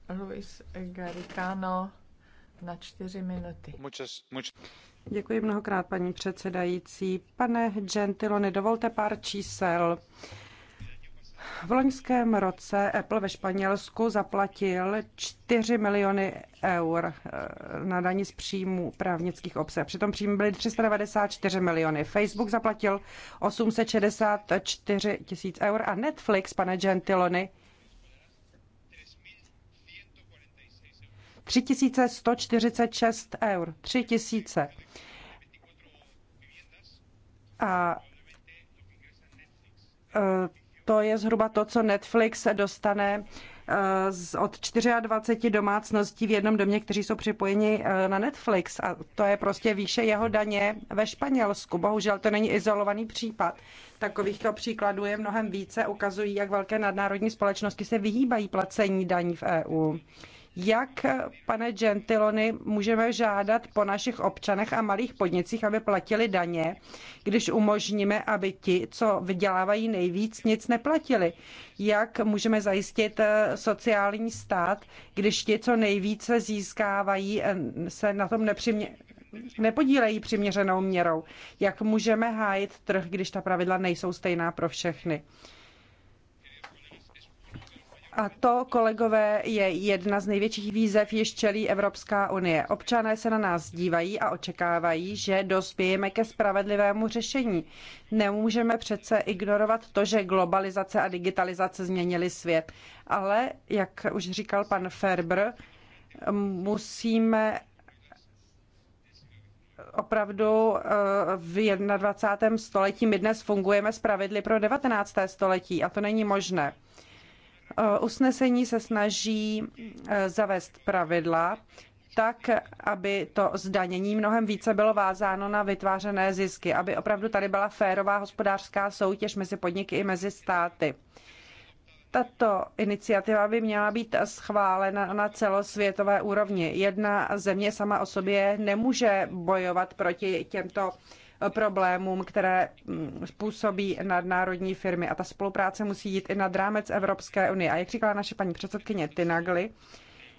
eh, Luis Garicano na čtyři minuty. Děkuji mnohokrát, paní předsedající. Pane Gentilone. dovolte pár čísel. V loňském roce Apple ve Španělsku zaplatil 4 miliony eur eh, na daní z příjmu právnických obce. Přitom příjmy byly 394 miliony. Facebook zaplatil 864 tisíc eur a Netflix, pane Gentiloni, 3146 eur. 3000. A eh, to je zhruba to, co Netflix dostane eh, z, od 24 domácností v jednom domě, kteří jsou připojeni eh, na Netflix. A to je prostě výše jeho daně ve Španělsku. Bohužel to není izolovaný případ. Takovýchto příkladů je mnohem více, ukazují, jak velké nadnárodní společnosti se vyhýbají placení daní v EU. Jak, pane Gentiloni, můžeme žádat po našich občanech a malých podnicích, aby platili daně, když umožníme, aby ti, co vydělávají nejvíc, nic neplatili? Jak můžeme zajistit eh, sociální stát, když ti, co nejvíce získávají, eh, se na tom nepřimě, nepodílejí přiměřenou měrou? Jak můžeme hájit trh, když ta pravidla nejsou stejná pro všechny? A to, kolegové, je jedna z největších výzev, jež čelí Evropská unie. Občané se na nás dívají a očekávají, že dospějeme ke spravedlivému řešení. Nemůžeme přece ignorovat to, že globalizace a digitalizace změnily svět. Ale, jak už říkal pan Ferber, musíme opravdu eh, v 21. století. My dnes fungujeme s pravidly pro 19. století a to není možné. Eh, usnesení se snaží eh, zavést pravidla, tak, aby to zdanění mnohem více bylo vázáno na vytvářené zisky, aby opravdu tady byla férová hospodářská soutěž mezi podniky i mezi státy. Tato iniciativa by měla být schválena na celosvětové úrovni. Jedna země sama o sobě nemůže bojovat proti těmto problémům, které mm, způsobí nadnárodní firmy. A ta spolupráce musí jít i nad rámec Evropské unie. A jak říkala naše paní předsedkyně Tinagli,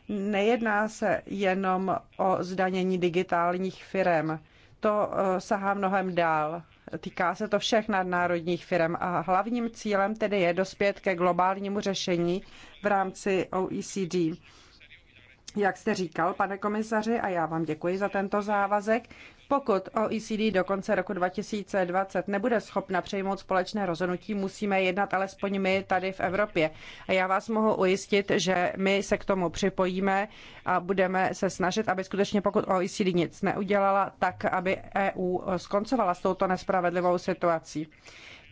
nejedná se jenom o zdanění digitálních firm. To eh, sahá mnohem dál. Týká se to všech nadnárodních firm a hlavním cílem tedy je dospět ke globálnímu řešení v rámci OECD. Jak jste říkal, pane komisaři, a já vám děkuji za tento závazek, pokud OECD do konce roku 2020 nebude schopna přijmout společné rozhodnutí, musíme jednat alespoň my tady v Evropě. A já vás mohu ujistit, že my se k tomu připojíme a budeme se snažit, aby skutečně pokud OECD nic neudělala, tak aby EU skoncovala s touto nespravedlivou situací.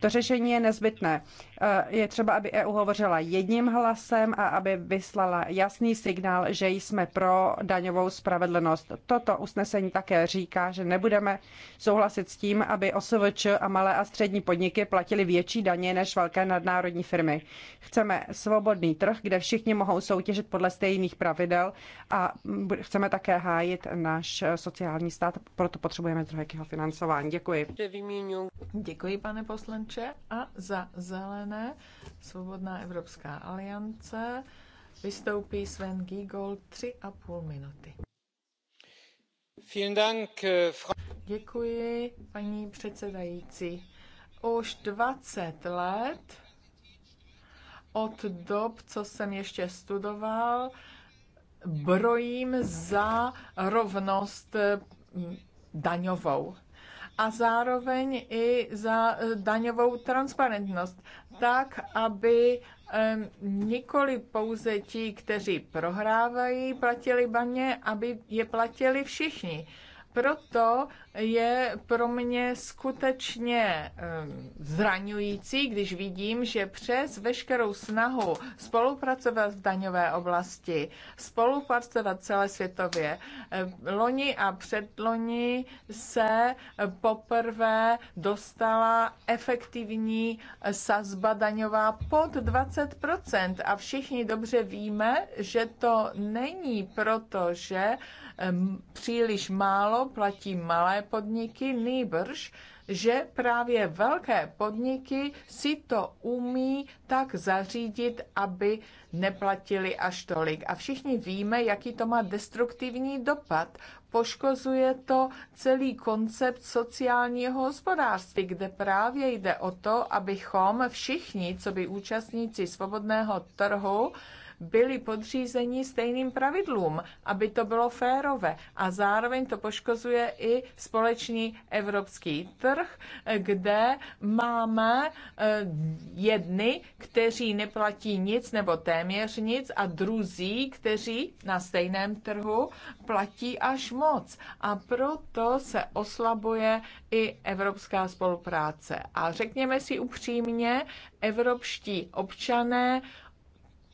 To řešení je nezbytné. Eh, je třeba, aby EU hovořila jedním hlasem a aby vyslala jasný signál, že jsme pro daňovou spravedlnost. Toto usnesení také říká, že nebudeme souhlasit s tím, aby OSVČ a malé a střední podniky platili větší daně než velké nadnárodní firmy. Chceme svobodný trh, kde všichni mohou soutěžit podle stejných pravidel a chceme také hájit náš sociální stát, proto potřebujeme zdroje k jeho financování. Děkuji. Děkuji, pane poslanče, a za zelené zelené, Svobodná Evropská aliance, vystoupí Sven Giegold tři a půl minuty. Eh, Děkuji, paní předsedající. Už 20 let od dob, co jsem ještě studoval, brojím za rovnost eh, daňovou a zároveň i za e, daňovou transparentnost, tak, aby e, nikoli pouze ti, kteří prohrávají, platili baně, aby je platili všichni proto je pro mě skutečně ehm, zraňující, když vidím, že přes veškerou snahu spolupracovat v daňové oblasti, spolupracovat světově ehm, loni a předloni se poprvé dostala efektivní sazba daňová pod 20%. A všichni dobře víme, že to není proto, že příliš málo platí malé podniky, nýbrž, že právě velké podniky si to umí tak zařídit, aby neplatili až tolik. A všichni víme, jaký to má destruktivní dopad. Poškozuje to celý koncept sociálního hospodářství, kde právě jde o to, abychom všichni, co by účastníci svobodného trhu, byli podřízeni stejným pravidlům, aby to bylo férové. A zároveň to poškozuje i společný evropský trh, kde máme eh, jedny, kteří neplatí nic nebo téměř nic a druzí, kteří na stejném trhu platí až moc. A proto se oslabuje i evropská spolupráce. A řekněme si upřímně, evropští občané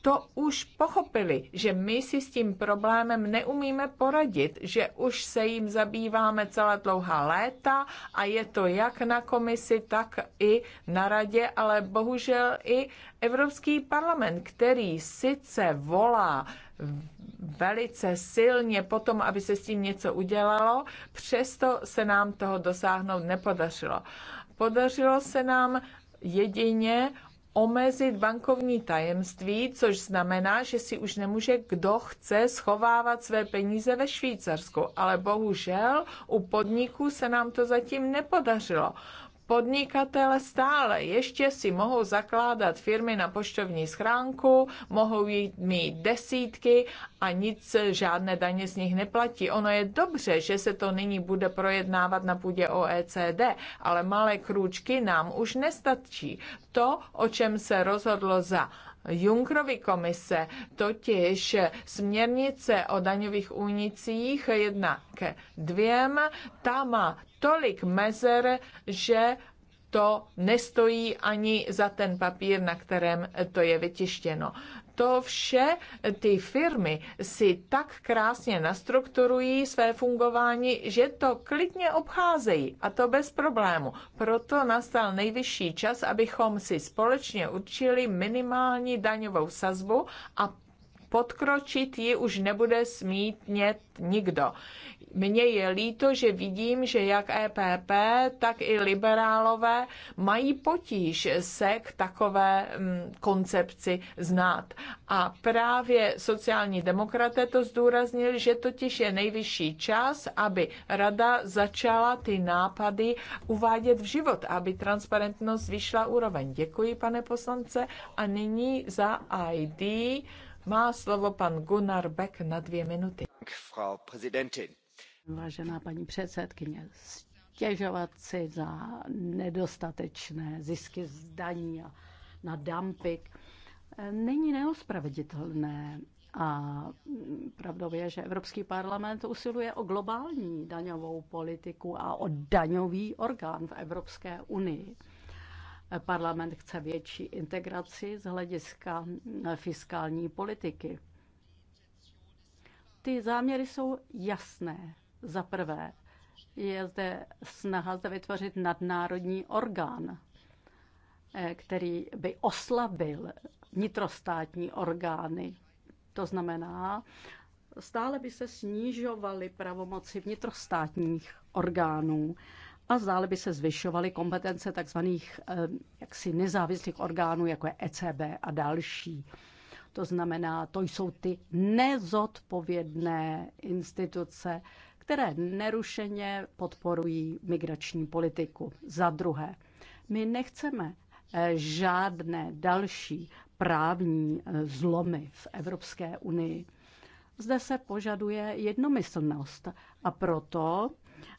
to už pochopili, že my si s tím problémem neumíme poradit, že už se jim zabýváme celá dlouhá léta a je to jak na komisi, tak i na radě, ale bohužel i Evropský parlament, který sice volá velice silně potom, aby se s tím něco udělalo, přesto se nám toho dosáhnout nepodařilo. Podařilo se nám jedině omezit bankovní tajemství, což znamená, že si už nemůže kdo chce schovávat své peníze ve Švýcarsku. Ale bohužel u podniků se nám to zatím nepodařilo podnikatele stále ještě si mohou zakládat firmy na poštovní schránku, mohou jít mít desítky a nic, žádné daně z nich neplatí. Ono je dobře, že se to nyní bude projednávat na půdě OECD, ale malé krůčky nám už nestačí. To, o čem se rozhodlo za Junkrovy komise, totiž směrnice o daňových únicích jedna k dvěm, ta má tolik mezer, že to nestojí ani za ten papír, na kterém to je vytištěno to vše ty firmy si tak krásně nastrukturují své fungování, že to klidně obcházejí a to bez problému. Proto nastal nejvyšší čas, abychom si společně určili minimální daňovou sazbu a podkročit ji už nebude smítnět nikdo. Mně je líto, že vidím, že jak EPP, tak i liberálové mají potíž se k takové mm, koncepci znát. A právě sociální demokraté to zdůraznili, že totiž je nejvyšší čas, aby rada začala ty nápady uvádět v život, aby transparentnost vyšla úroveň. Děkuji, pane poslance. A nyní za ID má slovo pan Gunnar Beck na dvě minuty. Frau Präsidentin. Vážená paní předsedkyně, stěžovat si za nedostatečné zisky z daní a na dumping eh, není neospraveditelné. A pravdou je, že Evropský parlament usiluje o globální daňovou politiku a o daňový orgán v Evropské unii. Parlament chce větší integraci z hlediska fiskální politiky. Ty záměry jsou jasné. Za prvé je zde snaha zde vytvořit nadnárodní orgán, eh, který by oslabil vnitrostátní orgány. To znamená, stále by se snižovaly pravomoci vnitrostátních orgánů a zále by se zvyšovaly kompetence tzv. Eh, jaksi nezávislých orgánů, jako je ECB a další. To znamená, to jsou ty nezodpovědné instituce, které nerušeně podporují migrační politiku. Za druhé, my nechceme eh, žádné další právní eh, zlomy v Evropské unii. Zde se požaduje jednomyslnost a proto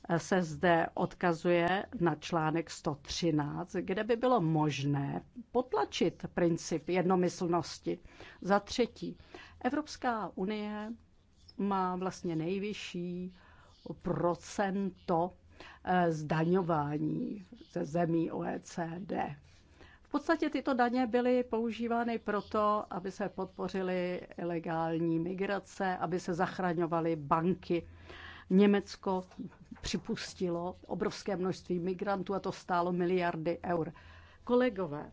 eh, se zde odkazuje na článek 113, kde by bylo možné potlačit princip jednomyslnosti. Za třetí, Evropská unie má vlastně nejvyšší procento eh, zdaňování ze zemí OECD. V podstatě tyto daně byly používány proto, aby se podpořily ilegální migrace, aby se zachraňovaly banky. Německo připustilo obrovské množství migrantů a to stálo miliardy eur. Kolegové,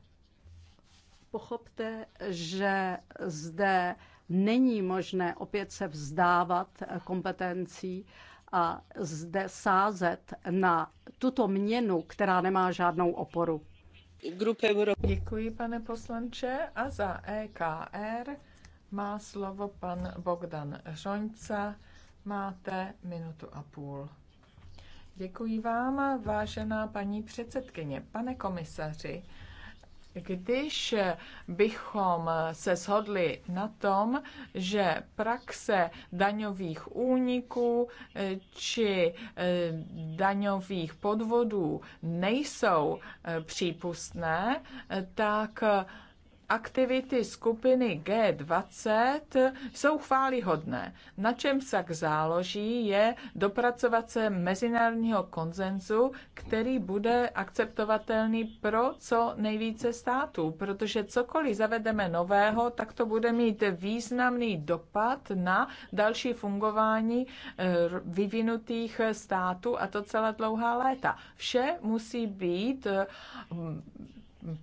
pochopte, že zde není možné opět se vzdávat kompetencí a zde sázet na tuto měnu, která nemá žádnou oporu. Děkuji, pane poslanče. A za EKR má slovo pan Bogdan Žoňca. Máte minutu a půl. Děkuji vám, vážená paní předsedkyně, pane komisaři. Když bychom se shodli na tom, že praxe daňových úniků eh, či eh, daňových podvodů nejsou eh, přípustné, tak aktivity skupiny G20 jsou chválihodné. Na čem však záloží je dopracovat se mezinárodního konzenzu, který bude akceptovatelný pro co nejvíce států, protože cokoliv zavedeme nového, tak to bude mít významný dopad na další fungování eh, vyvinutých států a to celé dlouhá léta. Vše musí být eh,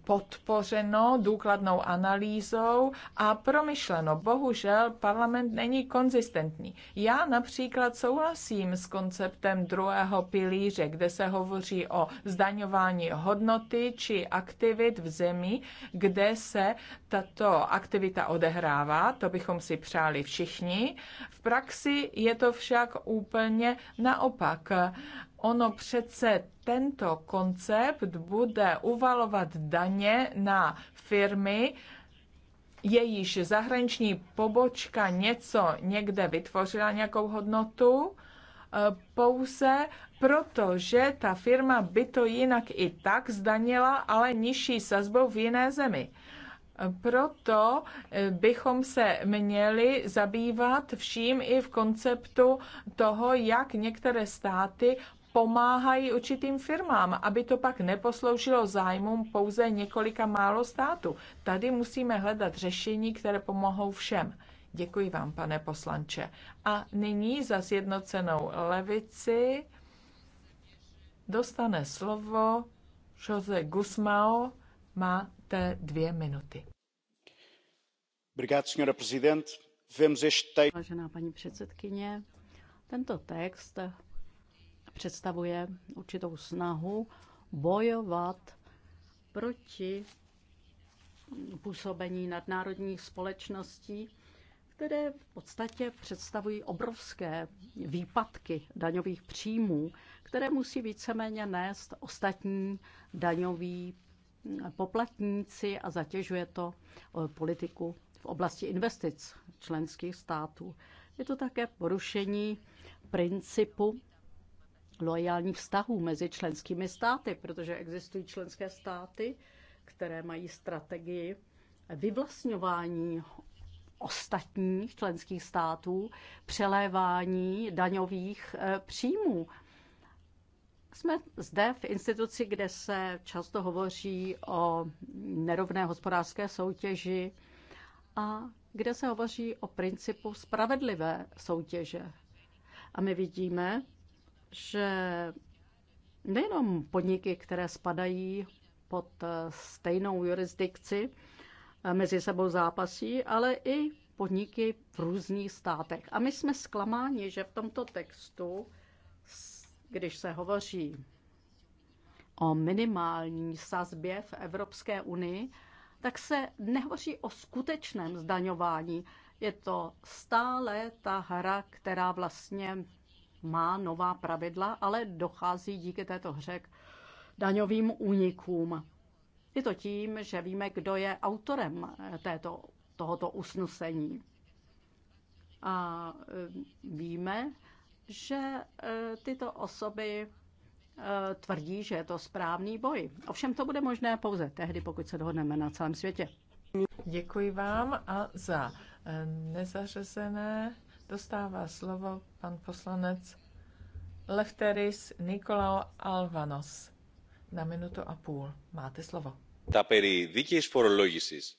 podpořeno důkladnou analýzou a promyšleno. Bohužel parlament není konzistentní. Já například souhlasím s konceptem druhého pilíře, kde se hovoří o zdaňování hodnoty či aktivit v zemi, kde se tato aktivita odehrává. To bychom si přáli všichni. V praxi je to však úplně naopak. Ono přece tento koncept bude uvalovat daně na firmy, jejíž zahraniční pobočka něco někde vytvořila, nějakou hodnotu, e, pouze proto, že ta firma by to jinak i tak zdanila, ale nižší sazbou v jiné zemi. E, proto e, bychom se měli zabývat vším i v konceptu toho, jak některé státy pomáhají určitým firmám, aby to pak neposloužilo zájmům pouze několika málo států. Tady musíme hledat řešení, které pomohou všem. Děkuji vám, pane poslanče. A nyní za sjednocenou levici dostane slovo Jose Gusmao. Máte dvě minuty. Vážená paní předsedkyně, tento text představuje určitou snahu bojovat proti působení nadnárodních společností, které v podstatě představují obrovské výpadky daňových příjmů, které musí víceméně nést ostatní daňoví poplatníci a zatěžuje to eh, politiku v oblasti investic členských států. Je to také porušení principu loajálních vztahů mezi členskými státy, protože existují členské státy, které mají strategii vyvlastňování ostatních členských států, přelévání daňových eh, příjmů. Jsme zde v instituci, kde se často hovoří o nerovné hospodářské soutěži a kde se hovoří o principu spravedlivé soutěže. A my vidíme, že nejenom podniky, které spadají pod stejnou jurisdikci, eh, mezi sebou zápasí, ale i podniky v různých státech. A my jsme zklamáni, že v tomto textu, když se hovoří o minimální sazbě v Evropské unii, tak se nehovoří o skutečném zdaňování. Je to stále ta hra, která vlastně má nová pravidla, ale dochází díky této hře k daňovým únikům. Je to tím, že víme, kdo je autorem eh, této, tohoto usnesení. A eh, víme, že eh, tyto osoby tvrdí, že je to správný boj. Ovšem to bude možné pouze tehdy, pokud se dohodneme na celém světě. Děkuji vám a za nezařazené dostává slovo pan poslanec Lechteris Nikolao Alvanos. Na minutu a půl. Máte slovo. Ta peri περί δίκαιης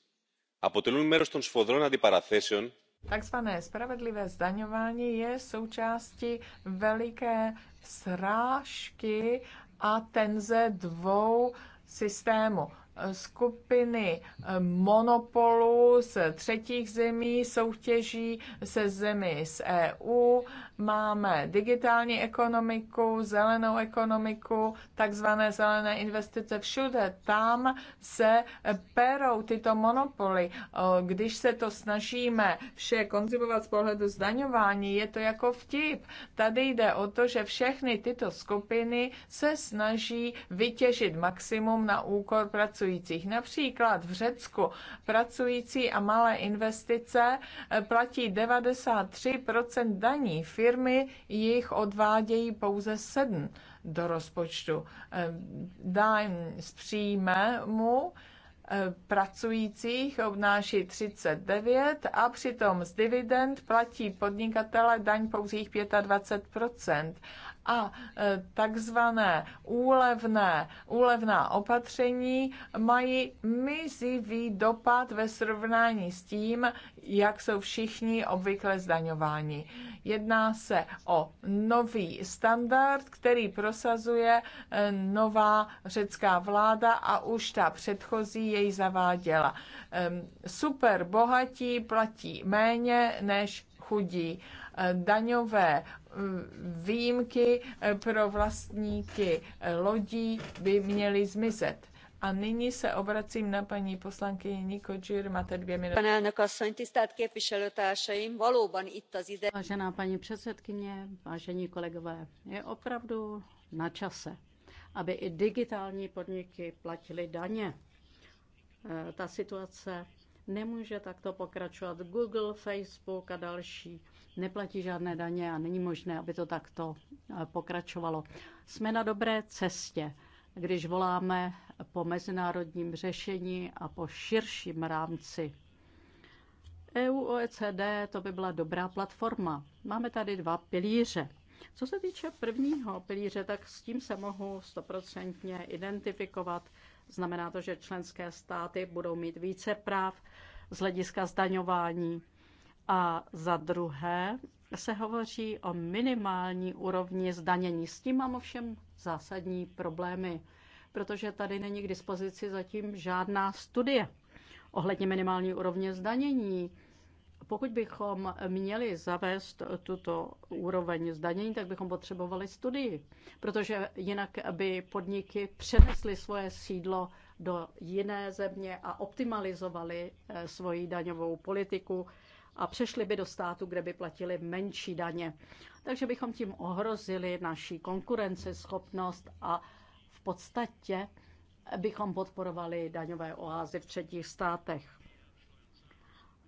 A αποτελούν μέρος των sfodron antiparathesion. Takzvané spravedlivé zdaňování je součástí veliké srážky a tenze dvou systémů skupiny eh, monopolů z třetích zemí soutěží se zemi z EU Máme digitální ekonomiku, zelenou ekonomiku, takzvané zelené investice. Všude tam se perou tyto monopoly. Když se to snažíme vše konzumovat z pohledu zdaňování, je to jako vtip. Tady jde o to, že všechny tyto skupiny se snaží vytěžit maximum na úkor pracujících. Například v Řecku pracující a malé investice eh, platí 93% daní. Firmy firmy jich odvádějí pouze sedm do rozpočtu. Eh, daň z příjmu eh, pracujících obnáší 39 a přitom z dividend platí podnikatele daň pouzích 25 a e, takzvané úlevné, úlevná opatření mají mizivý dopad ve srovnání s tím, jak jsou všichni obvykle zdaňováni. Jedná se o nový standard, který prosazuje e, nová řecká vláda a už ta předchozí jej zaváděla. E, Super bohatí platí méně než chudí. Daňové výjimky eh, pro vlastníky eh, lodí by měly zmizet. A nyní se obracím na paní poslankyni Džir, máte dvě minuty. Vážená paní předsedkyně, vážení kolegové, je opravdu na čase, aby i digitální podniky platily daně. Eh, ta situace nemůže takto pokračovat. Google, Facebook a další neplatí žádné daně a není možné, aby to takto eh, pokračovalo. Jsme na dobré cestě, když voláme po mezinárodním řešení a po širším rámci. EU, OECD, to by byla dobrá platforma. Máme tady dva pilíře. Co se týče prvního pilíře, tak s tím se mohu stoprocentně identifikovat. Znamená to, že členské státy budou mít více práv z hlediska zdaňování a za druhé se hovoří o minimální úrovni zdanění. S tím mám ovšem zásadní problémy, protože tady není k dispozici zatím žádná studie ohledně minimální úrovně zdanění. Pokud bychom měli zavést tuto úroveň zdanění, tak bychom potřebovali studii, protože jinak by podniky přenesly svoje sídlo do jiné země a optimalizovali eh, svoji daňovou politiku a přešli by do státu, kde by platili menší daně. Takže bychom tím ohrozili naší konkurenceschopnost a v podstatě bychom podporovali daňové oázy v třetích státech.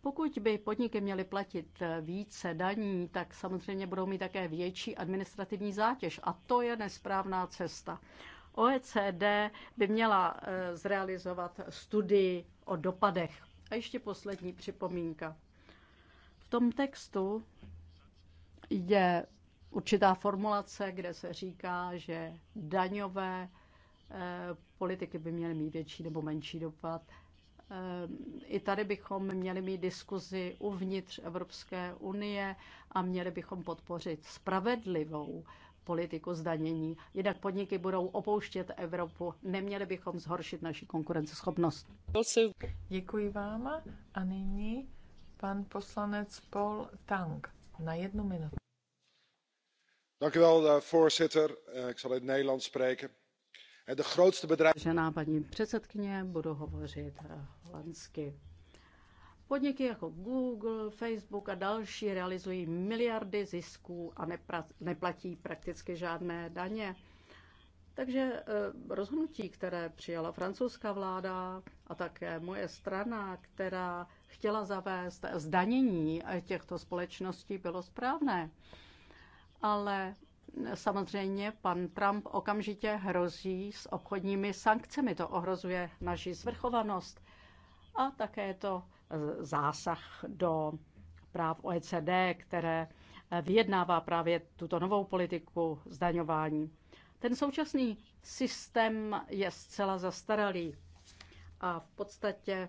Pokud by podniky měly platit více daní, tak samozřejmě budou mít také větší administrativní zátěž a to je nesprávná cesta. OECD by měla eh, zrealizovat studii o dopadech. A ještě poslední připomínka. V tom textu je určitá formulace, kde se říká, že daňové eh, politiky by měly mít větší nebo menší dopad. Eh, I tady bychom měli mít diskuzi uvnitř Evropské unie a měli bychom podpořit spravedlivou politiku zdanění. Jinak podniky budou opouštět Evropu. Neměli bychom zhoršit naši konkurenceschopnost. Děkuji vám a nyní Pan poslanec Paul Tang na jednu minutu. Eh, voorzitter. Eh, ik zal in het Nederlands spreken. Eh, de grootste bedrijven. Vážená paní předsedkyně, budu hovořit holandsky. Podniky jako Google, Facebook a další realizují miliardy zisků a neplatí prakticky žádné daně. Takže rozhodnutí, které přijala francouzská vláda a také moje strana, která chtěla zavést zdanění těchto společností, bylo správné. Ale samozřejmě pan Trump okamžitě hrozí s obchodními sankcemi. To ohrozuje naši svrchovanost a také je to e, zásah do práv OECD, které e, vyjednává právě tuto novou politiku zdaňování. Ten současný systém je zcela zastaralý a v podstatě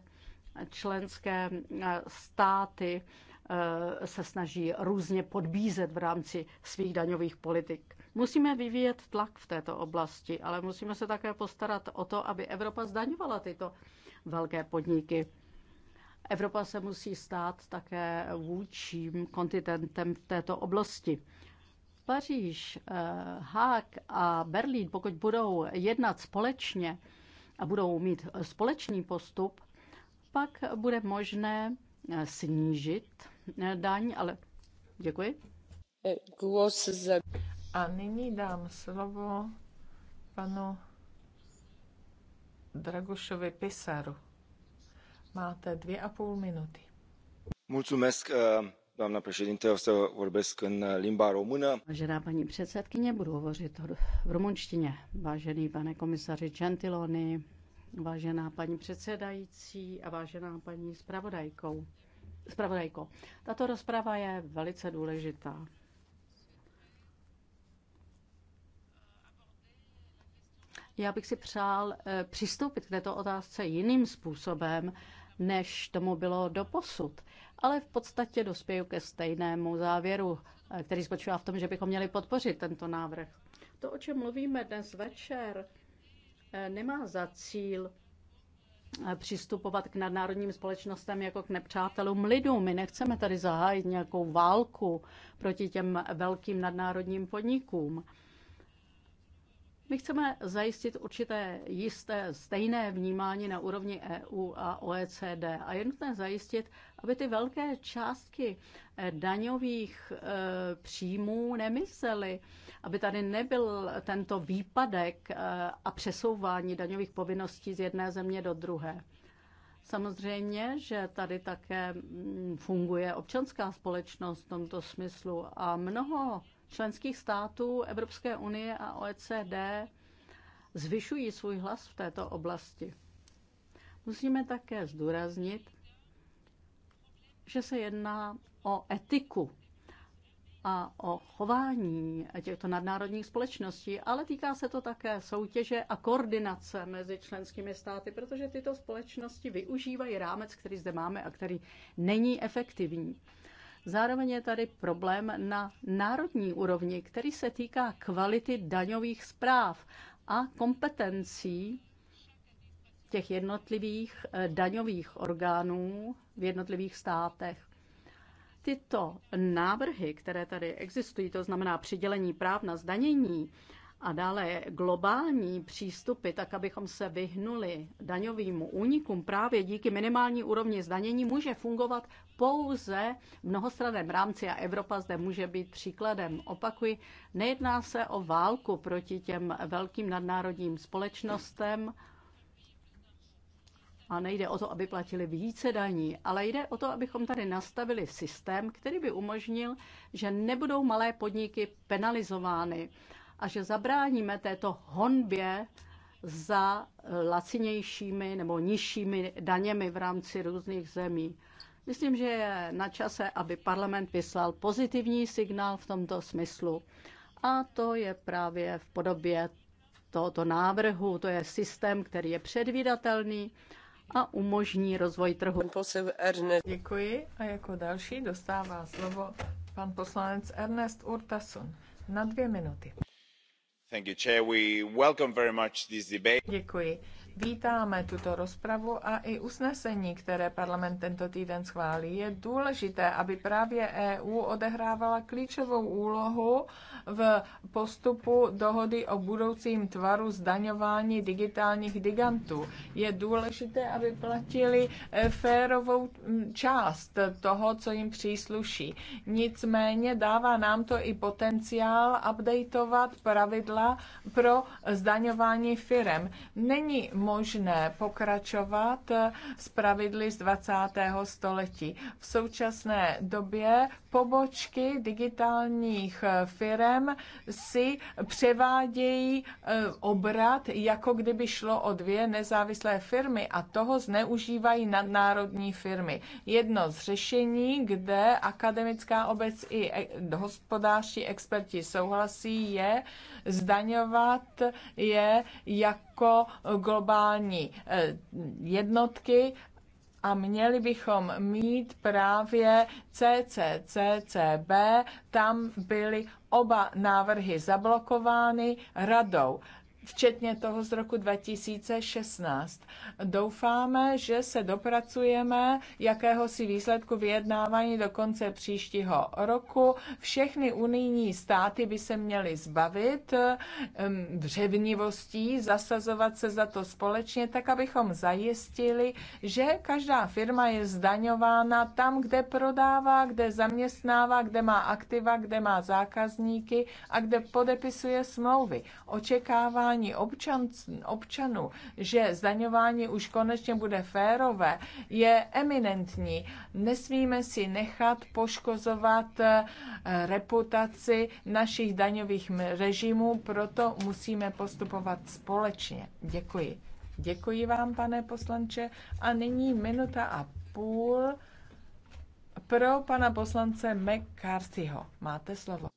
členské eh, státy eh, se snaží různě podbízet v rámci svých daňových politik. Musíme vyvíjet tlak v této oblasti, ale musíme se také postarat o to, aby Evropa zdaňovala tyto velké podniky. Evropa se musí stát také vůčím kontinentem v této oblasti. Paříž, Hák eh, a Berlín, pokud budou jednat společně a budou mít společný postup, pak bude možné eh, snížit eh, daň, ale děkuji. Eh, a nyní dám slovo panu Dragošovi Pisaru. Máte dvě a půl minuty. Mulțumesc, doamna președinte, o să vorbesc în limba română. Vážená paní předsedkyně, budu hovořit v rumunštině. Vážený pane komisaři Gentiloni, Vážená paní předsedající a vážená paní zpravodajko, Spravodajko, tato rozprava je velice důležitá. Já bych si přál eh, přistoupit k této otázce jiným způsobem, než tomu bylo doposud. Ale v podstatě dospěju ke stejnému závěru, eh, který spočívá v tom, že bychom měli podpořit tento návrh. To, o čem mluvíme dnes večer, Eh, nemá za cíl eh, přistupovat k nadnárodním společnostem jako k nepřátelům lidu. My nechceme tady zahájit nějakou válku proti těm velkým nadnárodním podnikům. My chceme zajistit určité jisté stejné vnímání na úrovni EU a OECD a je nutné zajistit, aby ty velké částky eh, daňových eh, příjmů nemysely, aby tady nebyl tento výpadek eh, a přesouvání daňových povinností z jedné země do druhé. Samozřejmě, že tady také mm, funguje občanská společnost v tomto smyslu a mnoho členských států Evropské unie a OECD zvyšují svůj hlas v této oblasti. Musíme také zdůraznit, že se jedná o etiku a o chování těchto nadnárodních společností, ale týká se to také soutěže a koordinace mezi členskými státy, protože tyto společnosti využívají rámec, který zde máme a který není efektivní. Zároveň je tady problém na národní úrovni, který se týká kvality daňových zpráv a kompetencí těch jednotlivých eh, daňových orgánů v jednotlivých státech. Tyto návrhy, které tady existují, to znamená přidělení práv na zdanění a dále globální přístupy, tak abychom se vyhnuli daňovým únikům právě díky minimální úrovni zdanění, může fungovat pouze v mnohostraném rámci a Evropa zde může být příkladem. Opakuji, nejedná se o válku proti těm velkým nadnárodním společnostem, a nejde o to, aby platili více daní, ale jde o to, abychom tady nastavili systém, který by umožnil, že nebudou malé podniky penalizovány a že zabráníme této honbě za lacinějšími nebo nižšími daněmi v rámci různých zemí. Myslím, že je na čase, aby parlament vyslal pozitivní signál v tomto smyslu. A to je právě v podobě tohoto návrhu. To je systém, který je předvídatelný a umožní rozvoj trhu. Děkuji a jako další dostává slovo pan poslanec Ernest Urtason na dvě minuty. Děkuji. Vítáme tuto rozpravu a i usnesení, které parlament tento týden schválí. Je důležité, aby právě EU odehrávala klíčovou úlohu v postupu dohody o budoucím tvaru zdaňování digitálních gigantů. Je důležité, aby platili eh, férovou hm, část toho, co jim přísluší. Nicméně dává nám to i potenciál updateovat pravidla pro zdaňování firem. Není možné možné pokračovat z pravidly z 20. století. V současné době pobočky digitálních firm si převádějí e, obrat, jako kdyby šlo o dvě nezávislé firmy a toho zneužívají nadnárodní firmy. Jedno z řešení, kde akademická obec i e, hospodářští experti souhlasí, je zdaňovat je jako globální globální eh, jednotky a měli bychom mít právě CCCCB, tam byly oba návrhy zablokovány radou včetně toho z roku 2016. Doufáme, že se dopracujeme jakéhosi výsledku vyjednávání do konce příštího roku. Všechny unijní státy by se měly zbavit dřevnivostí, zasazovat se za to společně, tak abychom zajistili, že každá firma je zdaňována tam, kde prodává, kde zaměstnává, kde má aktiva, kde má zákazníky a kde podepisuje smlouvy. Očekávání přesvědčování občan, občanů, že zdaňování už konečně bude férové, je eminentní. Nesmíme si nechat poškozovat eh, reputaci našich daňových režimů, proto musíme postupovat společně. Děkuji. Děkuji vám, pane poslanče. A nyní minuta a půl pro pana poslance McCarthyho. Máte slovo.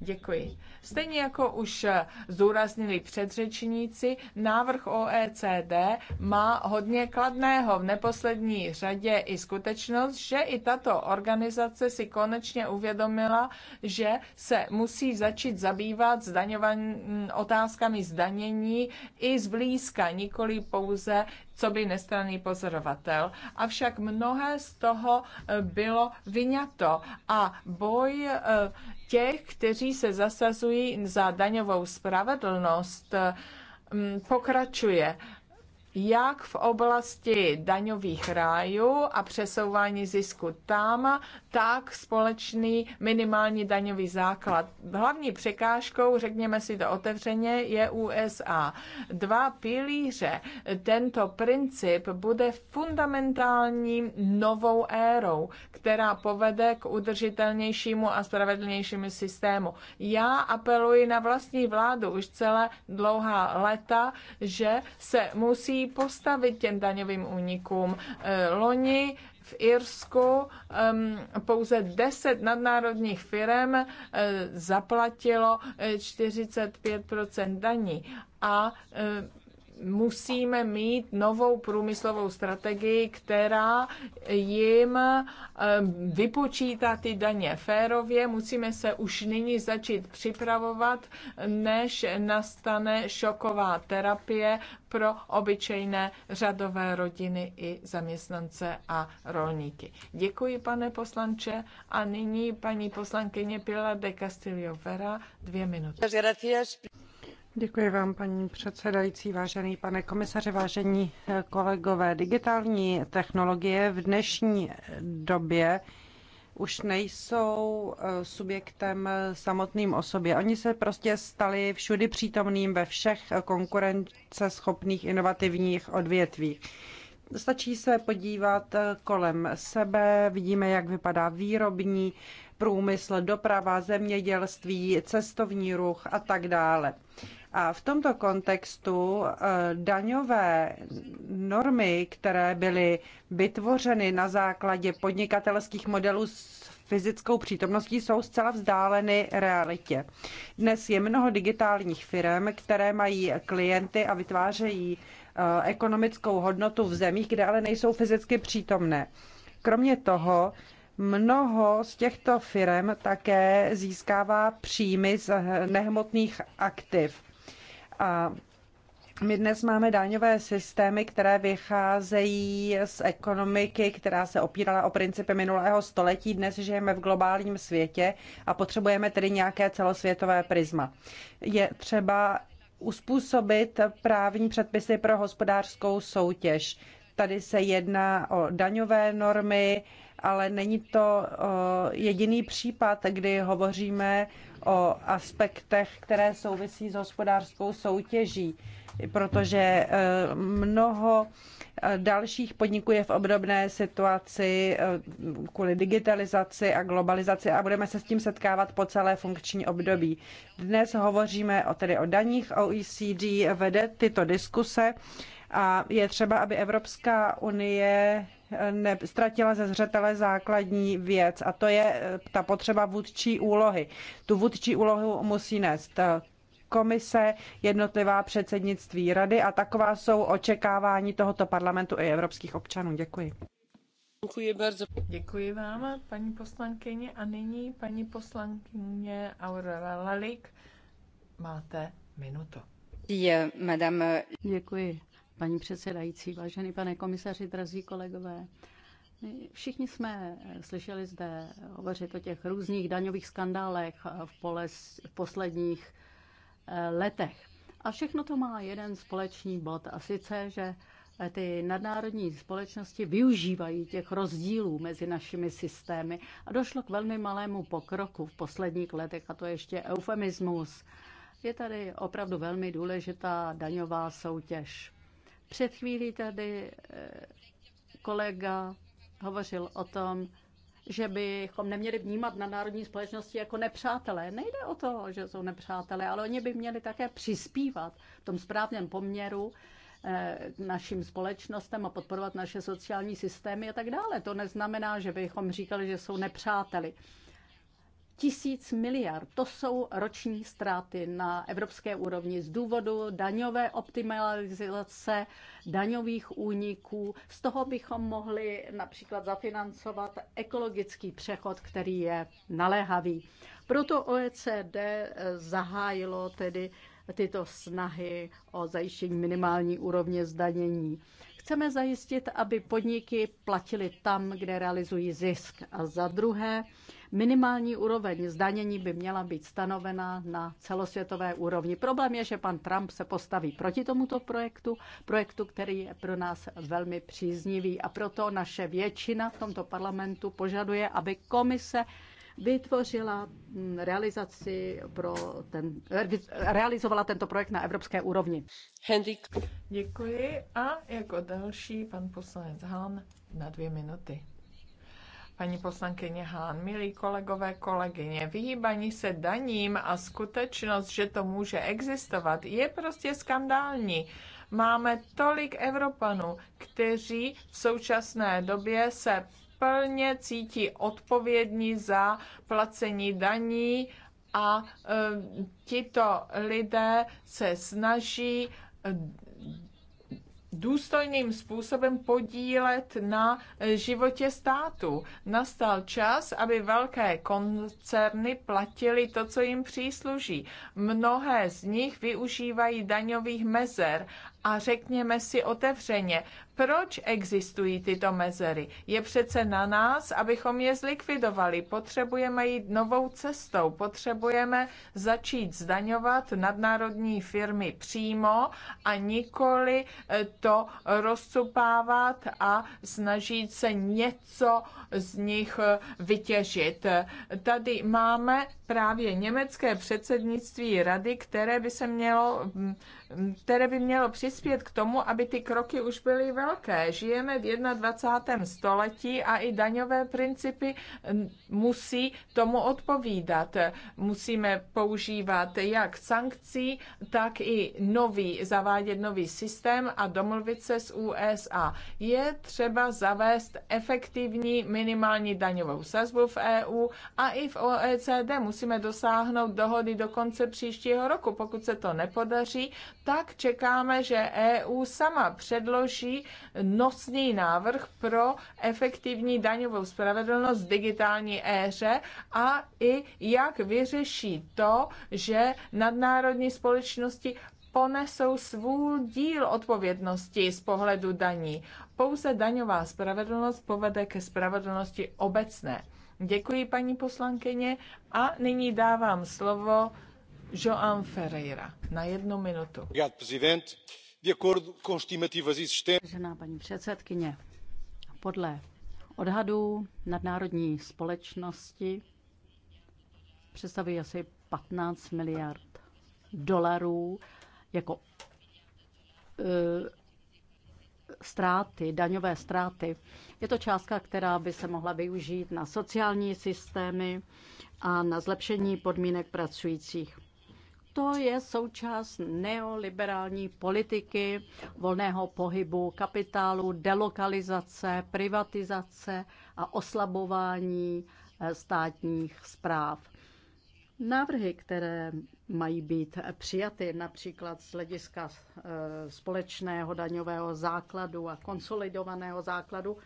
Děkuji. Stejně jako už zdůraznili předřečníci, návrh OECD má hodně kladného. V neposlední řadě i skutečnost, že i tato organizace si konečně uvědomila, že se musí začít zabývat zdaňovan, otázkami zdanění i zblízka, nikoli pouze co by nestranný pozorovatel, avšak mnohé z toho eh, bylo vyňato a boj eh, těch, kteří se zasazují za daňovou spravedlnost, eh, mm, pokračuje jak v oblasti daňových rájů a přesouvání zisku tam, tak společný minimální daňový základ. Hlavní překážkou, řekněme si to otevřeně, je USA. Dva pilíře. Tento princip bude fundamentální novou érou, která povede k udržitelnějšímu a spravedlnějšímu systému. Já apeluji na vlastní vládu už celé dlouhá léta, že se musí postavit těm daňovým únikům. Eh, loni Irsku um, pouze 10 nadnárodních firm eh, zaplatilo 45 eh, daní a eh, musíme mít novou průmyslovou strategii, která jim eh, vypočítá ty daně férově. Musíme se už nyní začít připravovat, než nastane šoková terapie pro obyčejné řadové rodiny i zaměstnance a rolníky. Děkuji, pane poslanče. A nyní paní poslankyně Pilar de Castillo Vera, dvě minuty. Děkuji vám, paní předsedající, vážený pane komisaři, vážení eh, kolegové. Digitální technologie v dnešní době už nejsou eh, subjektem samotným o sobě. Oni se prostě stali všudy přítomným ve všech eh, konkurenceschopných inovativních odvětvích. Stačí se podívat kolem sebe, vidíme, jak vypadá výrobní průmysl, doprava, zemědělství, cestovní ruch a tak dále. A v tomto kontextu eh, daňové normy, které byly vytvořeny na základě podnikatelských modelů s fyzickou přítomností, jsou zcela vzdáleny realitě. Dnes je mnoho digitálních firm, které mají klienty a vytvářejí eh, ekonomickou hodnotu v zemích, kde ale nejsou fyzicky přítomné. Kromě toho, Mnoho z těchto firm také získává příjmy z nehmotných aktiv. A my dnes máme daňové systémy, které vycházejí z ekonomiky, která se opírala o principy minulého století. Dnes žijeme v globálním světě a potřebujeme tedy nějaké celosvětové prisma. Je třeba uspůsobit právní předpisy pro hospodářskou soutěž. Tady se jedná o daňové normy, ale není to eh, jediný případ, kdy hovoříme o aspektech, které souvisí s hospodářskou soutěží, protože eh, mnoho eh, dalších podniků je v obdobné situaci eh, kvůli digitalizaci a globalizaci a budeme se s tím setkávat po celé funkční období. Dnes hovoříme o, tedy o daních OECD, vede tyto diskuse a je třeba, aby Evropská unie ztratila ze zřetele základní věc a to je eh, ta potřeba vůdčí úlohy. Tu vůdčí úlohu musí nést eh, komise, jednotlivá předsednictví rady a taková jsou očekávání tohoto parlamentu i evropských občanů. Děkuji. Děkuji bardzo. Děkuji vám, paní poslankyně. A nyní paní poslankyně Aurora Lalik. Máte minutu. Je, madame. Děkuji paní předsedající, vážený pane komisaři, drazí kolegové. Všichni jsme eh, slyšeli zde hovořit o těch různých daňových skandálech eh, v, poles, v posledních eh, letech. A všechno to má jeden společný bod, a sice, že ty nadnárodní společnosti využívají těch rozdílů mezi našimi systémy a došlo k velmi malému pokroku v posledních letech, a to ještě eufemismus. Je tady opravdu velmi důležitá daňová soutěž. Před chvílí tady eh, kolega hovořil o tom, že bychom neměli vnímat na národní společnosti jako nepřátelé. Nejde o to, že jsou nepřátelé, ale oni by měli také přispívat v tom správném poměru eh, k našim společnostem a podporovat naše sociální systémy a tak dále. To neznamená, že bychom říkali, že jsou nepřáteli tisíc miliard. To jsou roční ztráty na evropské úrovni z důvodu daňové optimalizace, daňových úniků. Z toho bychom mohli například zafinancovat ekologický přechod, který je naléhavý. Proto OECD eh, zahájilo tedy tyto snahy o zajištění minimální úrovně zdanění. Chceme zajistit, aby podniky platily tam, kde realizují zisk. A za druhé, Minimální úroveň zdanění by měla být stanovena na celosvětové úrovni. Problém je, že pan Trump se postaví proti tomuto projektu, projektu, který je pro nás velmi příznivý a proto naše většina v tomto parlamentu požaduje, aby komise vytvořila mm, realizaci pro ten, eh, realizovala tento projekt na evropské úrovni. Henrik. Děkuji a jako další pan poslanec Han na dvě minuty paní poslankyně Hán, milí kolegové, kolegyně, vyhýbaní se daním a skutečnost, že to může existovat, je prostě skandální. Máme tolik Evropanů, kteří v současné době se plně cítí odpovědní za placení daní a e, tito lidé se snaží e, důstojným způsobem podílet na eh, životě státu. Nastal čas, aby velké koncerny platily to, co jim přísluží. Mnohé z nich využívají daňových mezer a řekněme si otevřeně, proč existují tyto mezery? Je přece na nás, abychom je zlikvidovali. Potřebujeme jít novou cestou. Potřebujeme začít zdaňovat nadnárodní firmy přímo a nikoli eh, to rozcupávat a snažit se něco z nich eh, vytěžit. Tady máme právě německé předsednictví rady, které by se mělo hm, které by mělo přispět k tomu, aby ty kroky už byly velké. Žijeme v 21. století a i daňové principy musí tomu odpovídat. Musíme používat jak sankcí, tak i nový, zavádět nový systém a domluvit se s USA. Je třeba zavést efektivní minimální daňovou sazbu v EU a i v OECD. Musíme dosáhnout dohody do konce příštího roku. Pokud se to nepodaří, tak čekáme, že EU sama předloží nosný návrh pro efektivní daňovou spravedlnost v digitální éře a i jak vyřeší to, že nadnárodní společnosti ponesou svůj díl odpovědnosti z pohledu daní. Pouze daňová spravedlnost povede ke spravedlnosti obecné. Děkuji, paní poslankyně, a nyní dávám slovo João Ferreira na jednu minutu. Vážená paní předsedkyně, podle odhadů nadnárodní společnosti představují asi 15 miliard dolarů jako e, ztráty, daňové ztráty. Je to částka, která by se mohla využít na sociální systémy a na zlepšení podmínek pracujících to je součást neoliberální politiky volného pohybu kapitálu, delokalizace, privatizace a oslabování eh, státních zpráv. Návrhy, které mají být přijaty například z hlediska eh, společného daňového základu a konsolidovaného základu,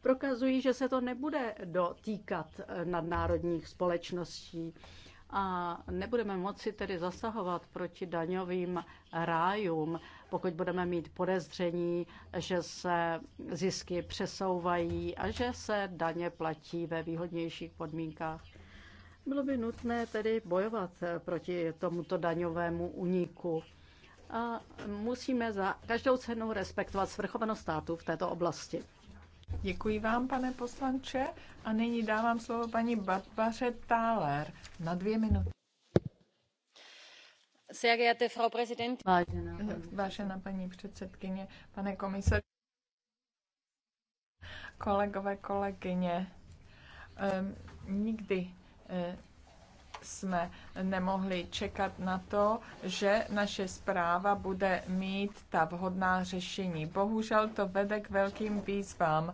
prokazují, že se to nebude dotýkat eh, nadnárodních společností a nebudeme moci tedy zasahovat proti daňovým rájům, pokud budeme mít podezření, že se zisky přesouvají a že se daně platí ve výhodnějších podmínkách. Bylo by nutné tedy bojovat proti tomuto daňovému uniku. A musíme za každou cenu respektovat svrchovanost státu v této oblasti. Děkuji vám, pane poslanče. A nyní dávám slovo paní Barbaře Táler na dvě minuty. Vážená, Vážená paní předsedkyně, pane komisaře, kolegové, kolegyně, um, nikdy uh, jsme nemohli čekat na to, že naše zpráva bude mít ta vhodná řešení. Bohužel to vede k velkým výzvám.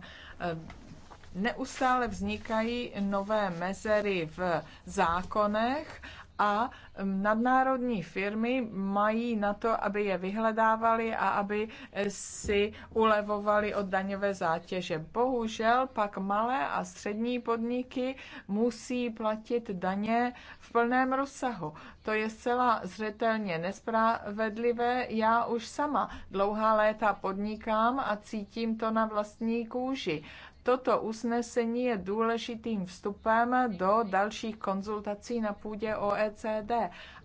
Neustále vznikají nové mezery v zákonech a nadnárodní firmy mají na to, aby je vyhledávali a aby si ulevovali od daňové zátěže. Bohužel pak malé a střední podniky musí platit daně v plném rozsahu. To je zcela zřetelně nespravedlivé. Já už sama dlouhá léta podnikám a cítím to na vlastní kůži. Toto usnesení je důležitým vstupem do dalších konzultací na půdě OECD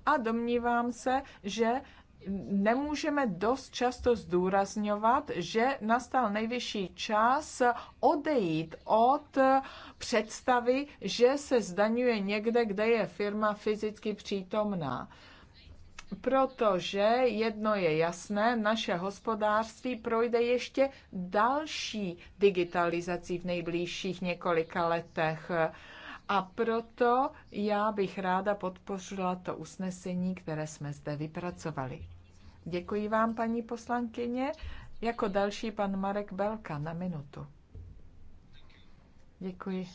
a domnívám se, že nemůžeme dost často zdůrazňovat, že nastal nejvyšší čas odejít od představy, že se zdaňuje někde, kde je firma fyzicky přítomná protože jedno je jasné, naše hospodářství projde ještě další digitalizací v nejbližších několika letech. A proto já bych ráda podpořila to usnesení, které jsme zde vypracovali. Děkuji vám, paní poslankyně. Jako další pan Marek Belka na minutu. Děkuji.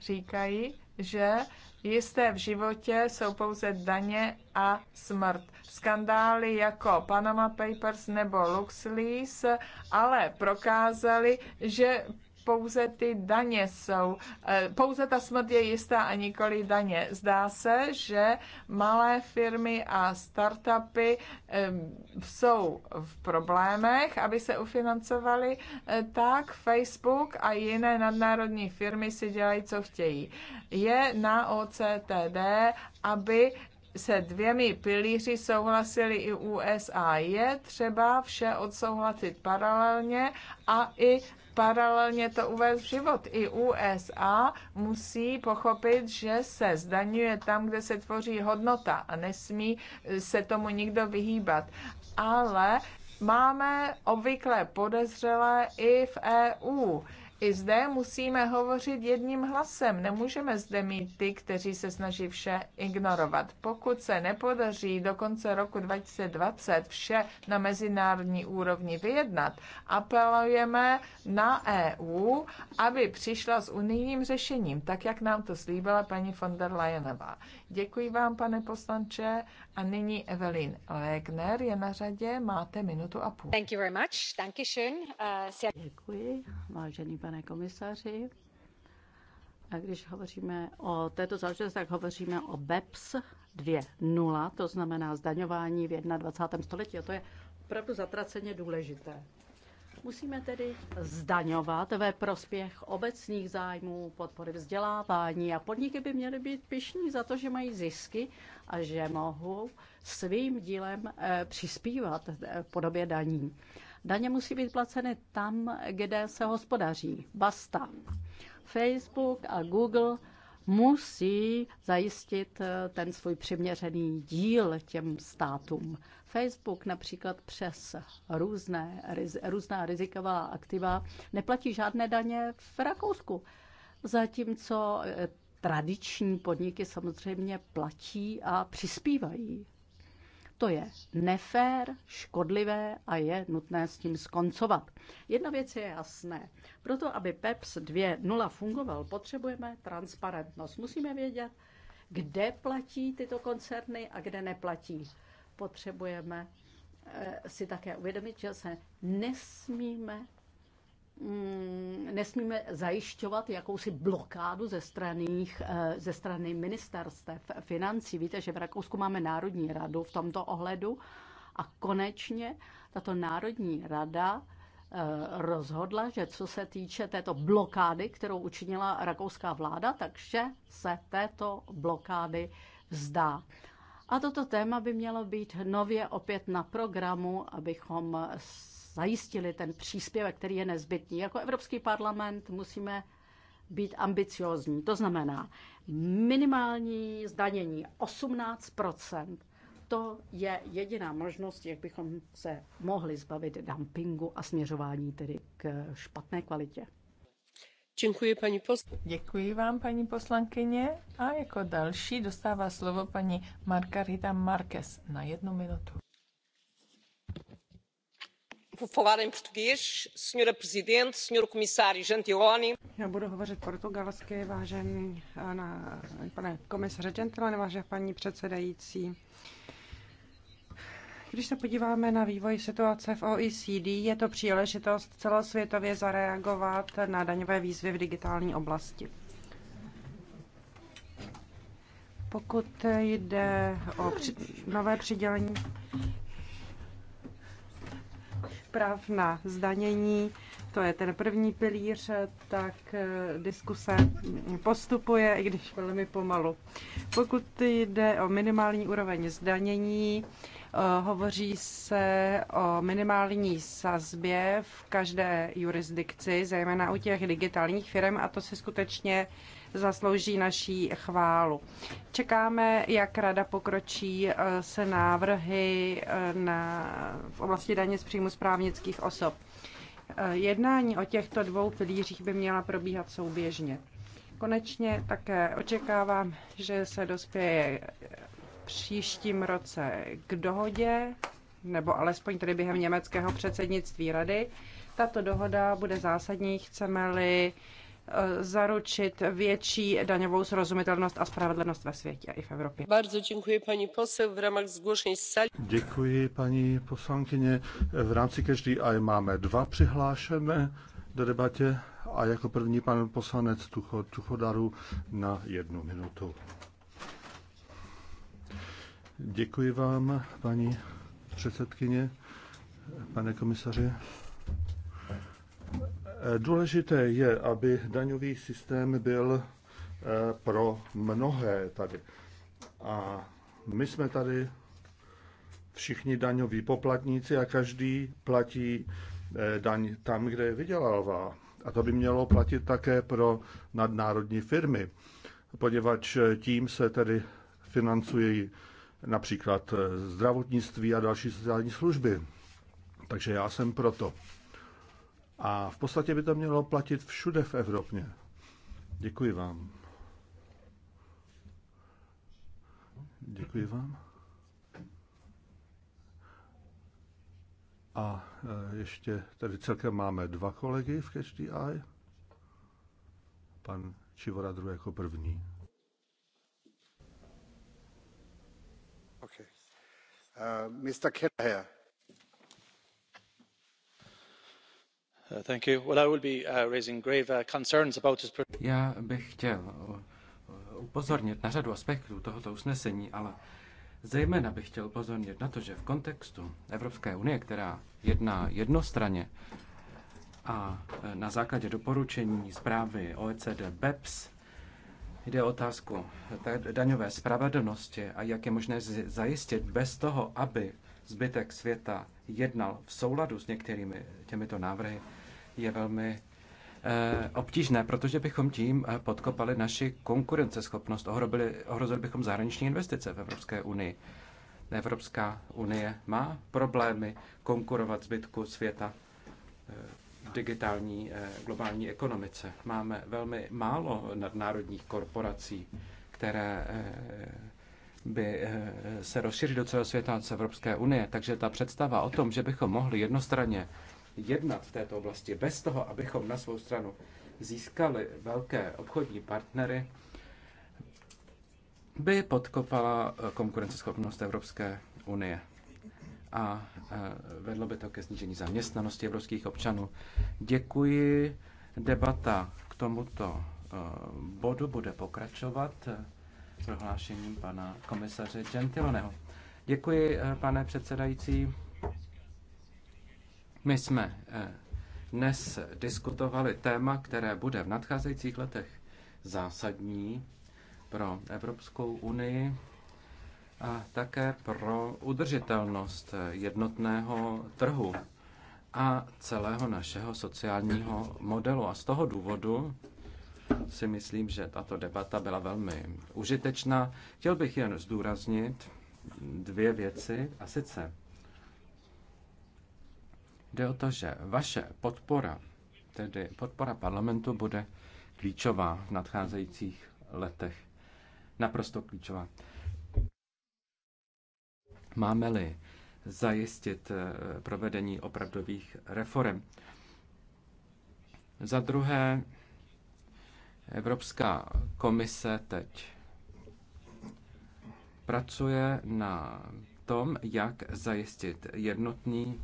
Říkají, že Jisté v životě jsou pouze daně a smrt. Skandály jako Panama Papers nebo LuxLeaks ale prokázali, že pouze ty daně jsou, eh, pouze ta smrt je jistá a nikoli daně. Zdá se, že malé firmy a startupy jsou v problémech, aby se ufinancovaly eh, tak Facebook a jiné nadnárodní firmy si dělají, co chtějí. Je na OCTD, aby se dvěmi pilíři souhlasili i USA. Je třeba vše odsouhlasit paralelně a i paralelně to uvést v život. I USA musí pochopit, že se zdaňuje tam, kde se tvoří hodnota a nesmí se tomu nikdo vyhýbat. Ale máme obvykle podezřelé i v EU. I zde musíme hovořit jedním hlasem. Nemůžeme zde mít ty, kteří se snaží vše ignorovat. Pokud se nepodaří do konce roku 2020 vše na mezinárodní úrovni vyjednat, apelujeme na EU, aby přišla s unijním řešením, tak jak nám to slíbila paní von der Leyenová. Děkuji vám, pane poslanče, a nyní Evelyn Regner je na řadě, máte minutu a půl. Thank you very much. Danke schön. Uh, eh, Děkuji, vážený pane komisaři. A když hovoříme o této záležitosti, tak hovoříme o BEPS 2.0, to znamená zdaňování v 21. století. A to je opravdu zatraceně důležité. Musíme tedy zdaňovat ve prospěch obecných zájmů, podpory vzdělávání a podniky by měly být pišní za to, že mají zisky a že mohou svým dílem eh, přispívat eh, v podobě daní. Daně musí být placeny tam, kde se hospodaří. Basta. Facebook a Google musí zajistit eh, ten svůj přiměřený díl těm státům. Facebook například přes různé, různá riziková aktiva neplatí žádné daně v Rakousku. Zatímco e, tradiční podniky samozřejmě platí a přispívají. To je nefér, škodlivé a je nutné s tím skoncovat. Jedna věc je jasné. Proto, aby PEPS 2.0 fungoval, potřebujeme transparentnost. Musíme vědět, kde platí tyto koncerny a kde neplatí potřebujeme eh, si také uvědomit, že se nesmíme mm, nesmíme zajišťovat jakousi blokádu ze strany, eh, ze strany ministerstev financí. Víte, že v Rakousku máme Národní radu v tomto ohledu a konečně tato Národní rada eh, rozhodla, že co se týče této blokády, kterou učinila rakouská vláda, takže se této blokády vzdá. A toto téma by mělo být nově opět na programu, abychom zajistili ten příspěvek, který je nezbytný. Jako Evropský parlament musíme být ambiciozní. To znamená minimální zdanění 18 To je jediná možnost, jak bychom se mohli zbavit dumpingu a směřování tedy k špatné kvalitě. Děkuji, paní Děkuji vám, paní poslankyně. A jako další dostává slovo paní Margarita Marques na jednu minutu. Já budu hovořit portugalsky, vážený eh, pane komisaře Gentiloni, vážená paní předsedající. Když se podíváme na vývoj situace v OECD, je to příležitost celosvětově zareagovat na daňové výzvy v digitální oblasti. Pokud jde o při- nové přidělení práv na zdanění, to je ten první pilíř, tak eh, diskuse postupuje, i když velmi pomalu. Pokud jde o minimální úroveň zdanění, Eh, hovoří se o minimální sazbě v každé jurisdikci, zejména u těch digitálních firm, a to si skutečně zaslouží naší chválu. Čekáme, jak rada pokročí eh, se návrhy eh, na, v oblasti daně z příjmu správnických osob. Jednání o těchto dvou pilířích by měla probíhat souběžně. Konečně také očekávám, že se dospěje příštím roce k dohodě, nebo alespoň tedy během německého předsednictví rady. Tato dohoda bude zásadní, chceme-li eh, zaručit větší daňovou srozumitelnost a spravedlnost ve světě i v Evropě. Bardzo děkuji paní poseł v rámci zgłoszeń z sali. Děkuji paní poslankyně. V rámci každý aj máme dva přihlášené do debatě a jako první pan poslanec Tuchodaru na jednu minutu. Děkuji vám, paní předsedkyně, pane komisaři. Důležité je, aby daňový systém byl eh, pro mnohé tady. A my jsme tady všichni daňoví poplatníci a každý platí eh, daň tam, kde je vydělává. A to by mělo platit také pro nadnárodní firmy, poněvadž eh, tím se tedy financují například eh, zdravotnictví a další sociální služby. Takže já jsem proto. A v podstatě by to mělo platit všude v Evropě. Děkuji vám. Děkuji vám. A eh, ještě tady celkem máme dva kolegy v Catch the Eye. Pan Čivora druhý jako první. Uh, Já bych chtěl uh, upozornit na řadu aspektů tohoto usnesení, ale zejména bych chtěl upozornit na to, že v kontextu Evropské unie, která jedná jednostranně a eh, na základě doporučení zprávy OECD BEPS Jde o otázku daňové spravedlnosti a jak je možné zajistit bez toho, aby zbytek světa jednal v souladu s některými těmito návrhy, je velmi eh, obtížné, protože bychom tím eh, podkopali naši konkurenceschopnost, ohrobili, ohrozili bychom zahraniční investice v Evropské unii. Evropská unie má problémy konkurovat zbytku světa eh, digitální eh, globální ekonomice. Máme velmi málo nadnárodních korporací, které eh, by eh, se rozšířily do celého světa z Evropské unie. Takže ta představa o tom, že bychom mohli jednostranně jednat v této oblasti bez toho, abychom na svou stranu získali velké obchodní partnery, by podkopala konkurenceschopnost Evropské unie a e, vedlo by to ke snížení zaměstnanosti evropských občanů. Děkuji. Debata k tomuto e, bodu bude pokračovat e, prohlášením pana komisaře Gentiloneho. Děkuji, pane předsedající. My jsme dnes diskutovali téma, které bude v nadcházejících letech zásadní pro Evropskou unii a také pro udržitelnost jednotného trhu a celého našeho sociálního modelu. A z toho důvodu si myslím, že tato debata byla velmi užitečná. Chtěl bych jen zdůraznit dvě věci, a sice jde o to, že vaše podpora, tedy podpora parlamentu, bude klíčová v nadcházejících letech. Naprosto klíčová máme-li zajistit eh, provedení opravdových reform. Za druhé, Evropská komise teď pracuje na tom, jak zajistit jednotný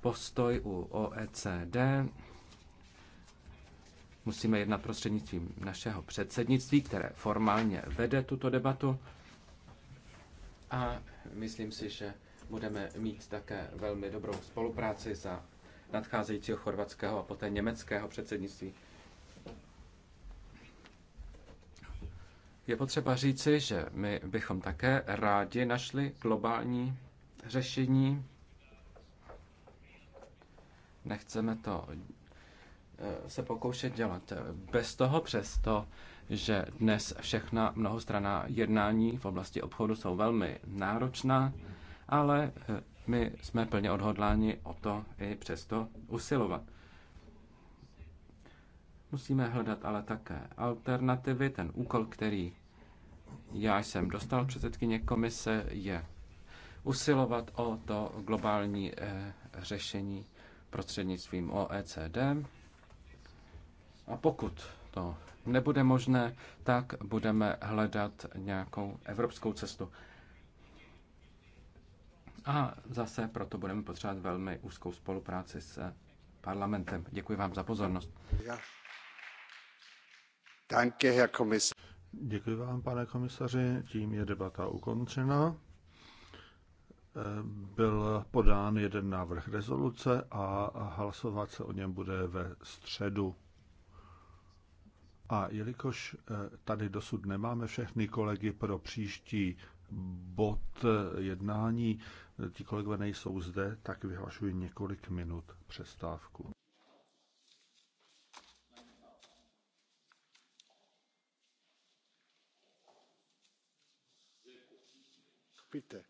postoj u OECD. Musíme jednat prostřednictvím našeho předsednictví, které formálně vede tuto debatu a myslím si, že budeme mít také velmi dobrou spolupráci za nadcházejícího chorvatského a poté německého předsednictví. Je potřeba říci, že my bychom také rádi našli globální řešení. Nechceme to eh, se pokoušet dělat eh, bez toho, přesto že dnes všechna mnohostraná jednání v oblasti obchodu jsou velmi náročná, ale eh, my jsme plně odhodláni o to i přesto usilovat. Musíme hledat ale také alternativy. Ten úkol, který já jsem dostal předsedkyně komise, je usilovat o to globální eh, řešení prostřednictvím OECD. A pokud to nebude možné, tak budeme hledat nějakou evropskou cestu. A zase proto budeme potřebovat velmi úzkou spolupráci s parlamentem. Děkuji vám za pozornost. Děkuji vám, pane komisaři. Tím je debata ukončena. Byl podán jeden návrh rezoluce a hlasovat se o něm bude ve středu. A jelikož eh, tady dosud nemáme všechny kolegy pro příští bod eh, jednání, eh, ti kolegové nejsou zde, tak vyhlašuji několik minut přestávku. Bitte.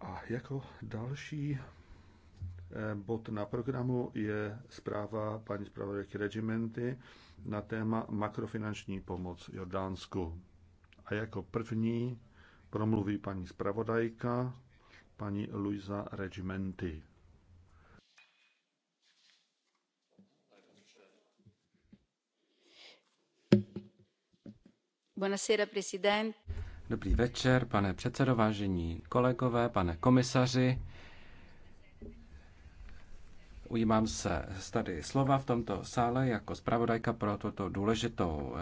A jako další eh, bod na programu je zpráva paní zpravodajky Regimenty na téma makrofinanční pomoc Jordánsku. A jako první promluví paní zpravodajka, paní Luisa Regimenty. Buonasera, presidente. Dobrý večer, pane předsedo, vážení kolegové, pane komisaři. Ujímám se tady slova v tomto sále jako zpravodajka pro tuto důležitou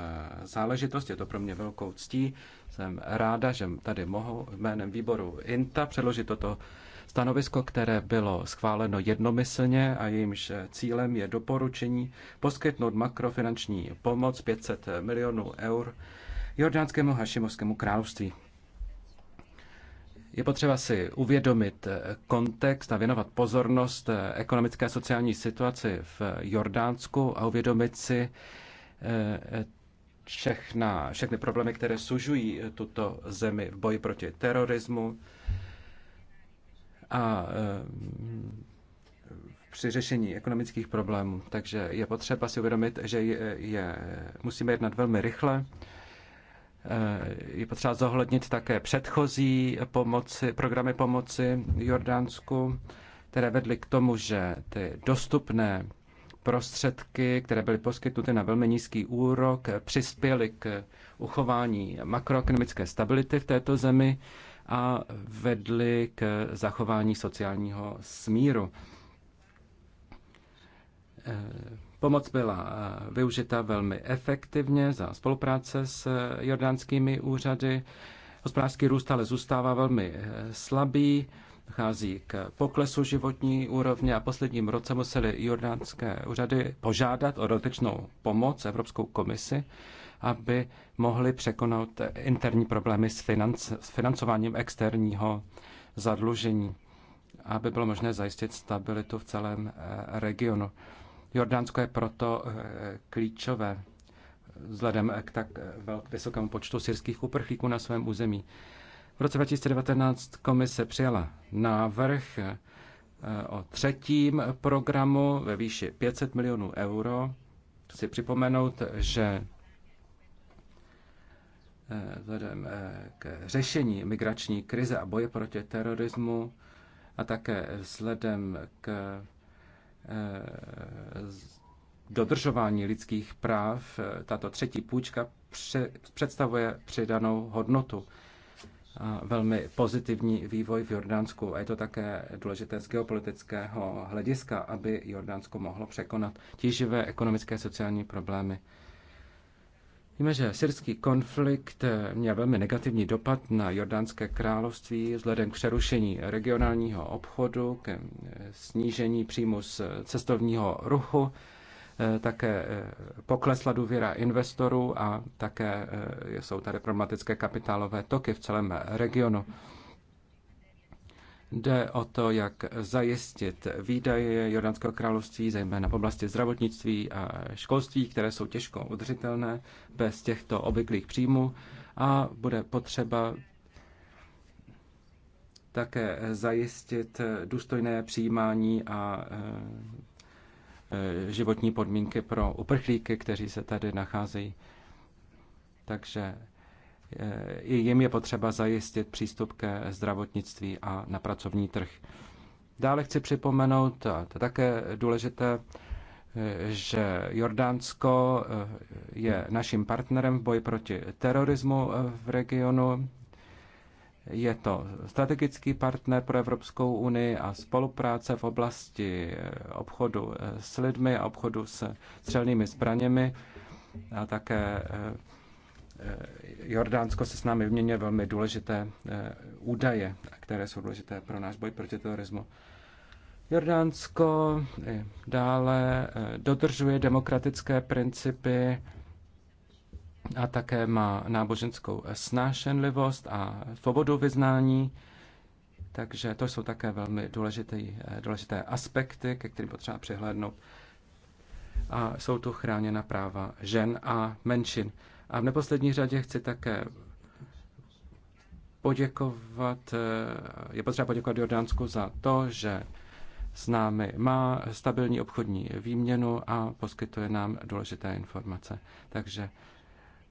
eh, záležitost. Je to pro mě velkou ctí. Jsem ráda, že tady mohu jménem výboru INTA předložit toto stanovisko, které bylo schváleno jednomyslně a jejímž cílem je doporučení poskytnout makrofinanční pomoc 500 milionů eur jordánskému hašimovskému království. Je potřeba si uvědomit eh, kontext a věnovat pozornost eh, ekonomické a sociální situaci v Jordánsku a uvědomit si eh, všechna, všechny problémy, které sužují tuto zemi v boji proti terorismu a při řešení ekonomických problémů. Takže je potřeba si uvědomit, že je, je, musíme jednat velmi rychle Eh, je potřeba zohlednit také předchozí pomoci, programy pomoci Jordánsku, které vedly k tomu, že ty dostupné prostředky, které byly poskytnuty na velmi nízký úrok, přispěly k uchování makroekonomické stability v této zemi a vedly k zachování sociálního smíru eh, Pomoc byla eh, využita velmi efektivně za spolupráce s eh, jordánskými úřady. Hospodářský růst ale zůstává velmi eh, slabý, dochází k poklesu životní úrovně a posledním roce museli jordánské úřady požádat o dotečnou pomoc Evropskou komisi, aby mohli překonat interní problémy s, financ- s financováním externího zadlužení, aby bylo možné zajistit stabilitu v celém regionu. Jordánsko je proto eh, klíčové vzhledem k tak vysokému počtu syrských uprchlíků na svém území. V roce 2019 komise přijala návrh eh, o třetím programu ve výši 500 milionů euro. Chci připomenout, že eh, vzhledem k řešení migrační krize a boje proti terorismu a také vzhledem k Eh, dodržování lidských práv, eh, tato třetí půjčka představuje přidanou hodnotu. A velmi pozitivní vývoj v Jordánsku a je to také důležité z geopolitického hlediska, aby Jordánsko mohlo překonat tíživé ekonomické a sociální problémy Víme, že syrský konflikt eh, měl velmi negativní dopad na Jordánské království vzhledem k přerušení regionálního obchodu, k eh, snížení příjmu z eh, cestovního ruchu, také poklesla důvěra investorů a také jsou tady problematické kapitálové toky v celém regionu. Jde o to, jak zajistit výdaje Jordánského království, zejména v oblasti zdravotnictví a školství, které jsou těžko udržitelné bez těchto obvyklých příjmů a bude potřeba také zajistit důstojné přijímání a eh, životní podmínky pro uprchlíky, kteří se tady nacházejí. Takže Eh, i jim je potřeba zajistit přístup ke zdravotnictví a na pracovní trh. Dále chci připomenout, a to je také důležité, eh, že Jordánsko eh, je naším partnerem v boji proti terorismu v regionu. Je to strategický partner pro Evropskou unii a spolupráce v oblasti obchodu s lidmi a obchodu s střelnými zbraněmi a také Eh, Jordánsko se s námi vyměňuje velmi důležité eh, údaje, které jsou důležité pro náš boj proti terorismu. Jordánsko eh, dále dodržuje demokratické principy a také má náboženskou snášenlivost a svobodu vyznání. Takže to jsou také velmi důležité, důležité aspekty, ke kterým potřeba přihlédnout. A jsou tu chráněna práva žen a menšin. A v neposlední řadě chci také poděkovat, eh, je potřeba poděkovat Jordánsku za to, že s námi má stabilní obchodní výměnu a poskytuje nám důležité informace. Takže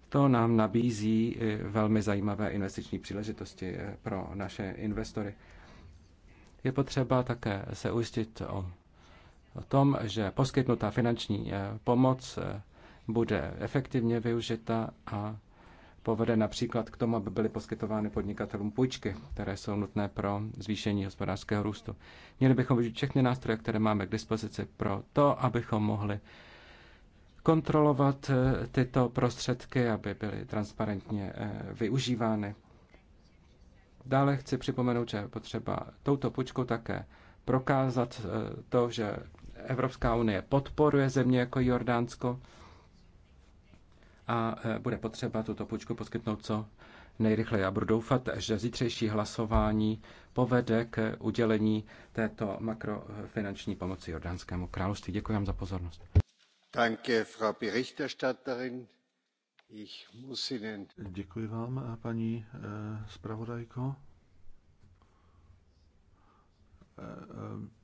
to nám nabízí velmi zajímavé investiční příležitosti eh, pro naše investory. Je potřeba také se ujistit o, o tom, že poskytnutá finanční eh, pomoc bude efektivně využita a povede například k tomu, aby byly poskytovány podnikatelům půjčky, které jsou nutné pro zvýšení hospodářského růstu. Měli bychom využít všechny nástroje, které máme k dispozici pro to, abychom mohli kontrolovat eh, tyto prostředky, aby byly transparentně eh, využívány. Dále chci připomenout, že je potřeba touto půjčkou také prokázat eh, to, že Evropská unie podporuje země jako Jordánsko, a e, bude potřeba tuto půjčku poskytnout co nejrychleji. Já budu doufat, že zítřejší hlasování povede k udělení této makrofinanční pomoci Jordánskému království. Děkuji vám za pozornost. Danke, Frau Berichterstatterin. Ich muss Ihnen... Děkuji vám, paní e, zpravodajko. E,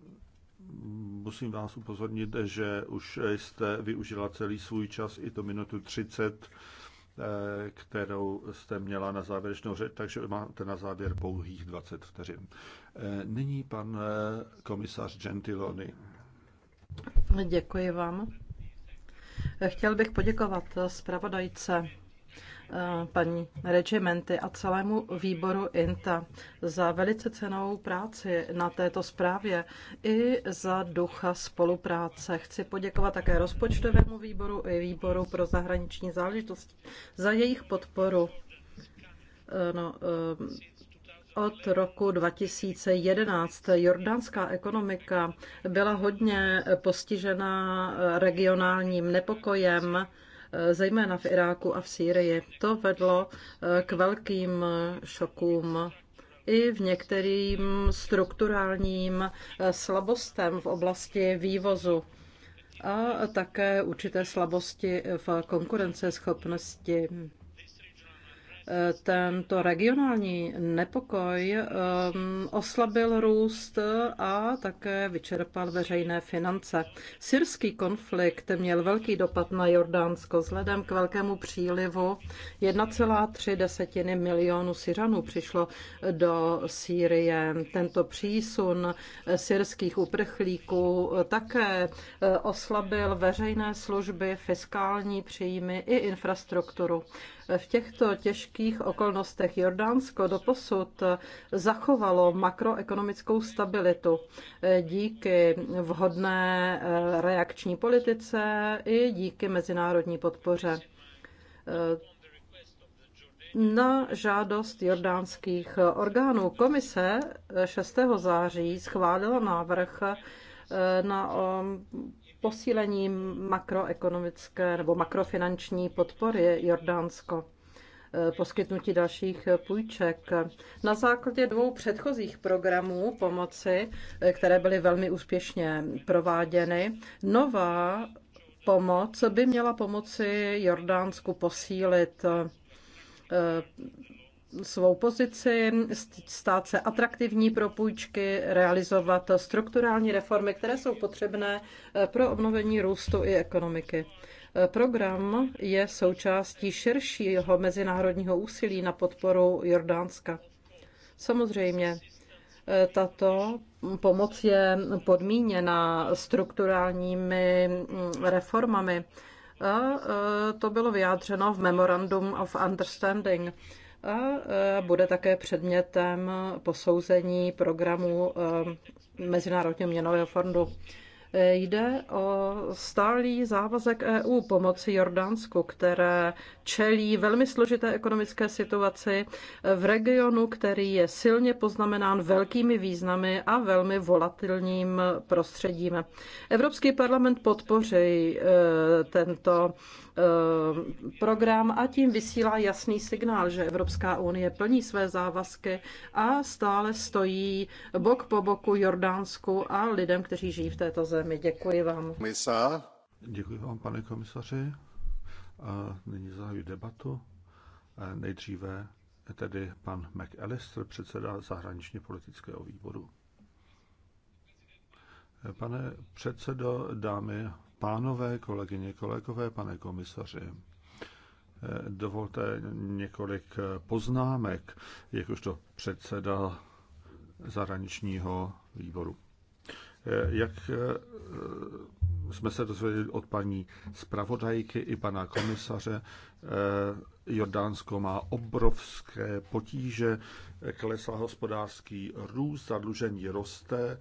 musím vás upozornit, že už jste využila celý svůj čas, i to minutu 30, eh, kterou jste měla na závěrečnou řeč, takže máte na závěr pouhých 20 vteřin. Eh, nyní pan eh, komisař Gentiloni. Děkuji vám. Chtěl bych poděkovat zpravodajce Eh, paní Regimenty a celému výboru INTA za velice cenou práci na této zprávě i za ducha spolupráce. Chci poděkovat také rozpočtovému výboru i výboru pro zahraniční záležitosti za jejich podporu. Eh, no, eh, od roku 2011 jordánská ekonomika byla hodně postižena regionálním nepokojem, zejména v Iráku a v Sýrii. To vedlo eh, k velkým šokům i v některým strukturálním eh, slabostem v oblasti vývozu a také určité slabosti v konkurenceschopnosti tento regionální nepokoj um, oslabil růst a také vyčerpal veřejné finance. Syrský konflikt měl velký dopad na Jordánsko vzhledem k velkému přílivu. 1,3 desetiny milionu Syřanů přišlo do Sýrie. Tento přísun syrských uprchlíků také eh, oslabil veřejné služby, fiskální příjmy i infrastrukturu. V těchto těžkých okolnostech Jordánsko doposud zachovalo makroekonomickou stabilitu díky vhodné eh, reakční politice i díky mezinárodní podpoře eh, na žádost jordánských orgánů. Komise 6. Eh, září schválila návrh na posílení makroekonomické nebo makrofinanční podpory Jordánsko, eh, poskytnutí dalších půjček. Na základě dvou předchozích programů pomoci, eh, které byly velmi úspěšně prováděny, nová pomoc by měla pomoci Jordánsku posílit eh, svou pozici, stát se atraktivní pro půjčky, realizovat strukturální reformy, které jsou potřebné eh, pro obnovení růstu i ekonomiky. Eh, program je součástí širšího mezinárodního úsilí na podporu Jordánska. Samozřejmě, eh, tato pomoc je podmíněna strukturálními mm, reformami. A to bylo vyjádřeno v Memorandum of Understanding a e, bude také předmětem posouzení programu e, Mezinárodního měnového fondu. E, jde o stálý závazek EU pomoci Jordánsku, které čelí velmi složité ekonomické situaci v regionu, který je silně poznamenán velkými významy a velmi volatilním prostředím. Evropský parlament podpoří tento Eh, program a tím vysílá jasný signál, že Evropská unie plní své závazky a stále stojí bok po boku Jordánsku a lidem, kteří žijí v této zemi. Děkuji vám. Děkuji vám, pane komisaři. A nyní zahajuji debatu. A eh, nejdříve tedy pan McAllister, předseda zahraničně politického výboru. Eh, pane předsedo, dámy pánové, kolegyně, kolegové, pane komisaři. Dovolte několik poznámek, jakožto předseda zahraničního výboru. Jak eh, jsme se dozvěděli od paní zpravodajky i pana komisaře, eh, Jordánsko má obrovské potíže, klesá hospodářský růst, zadlužení roste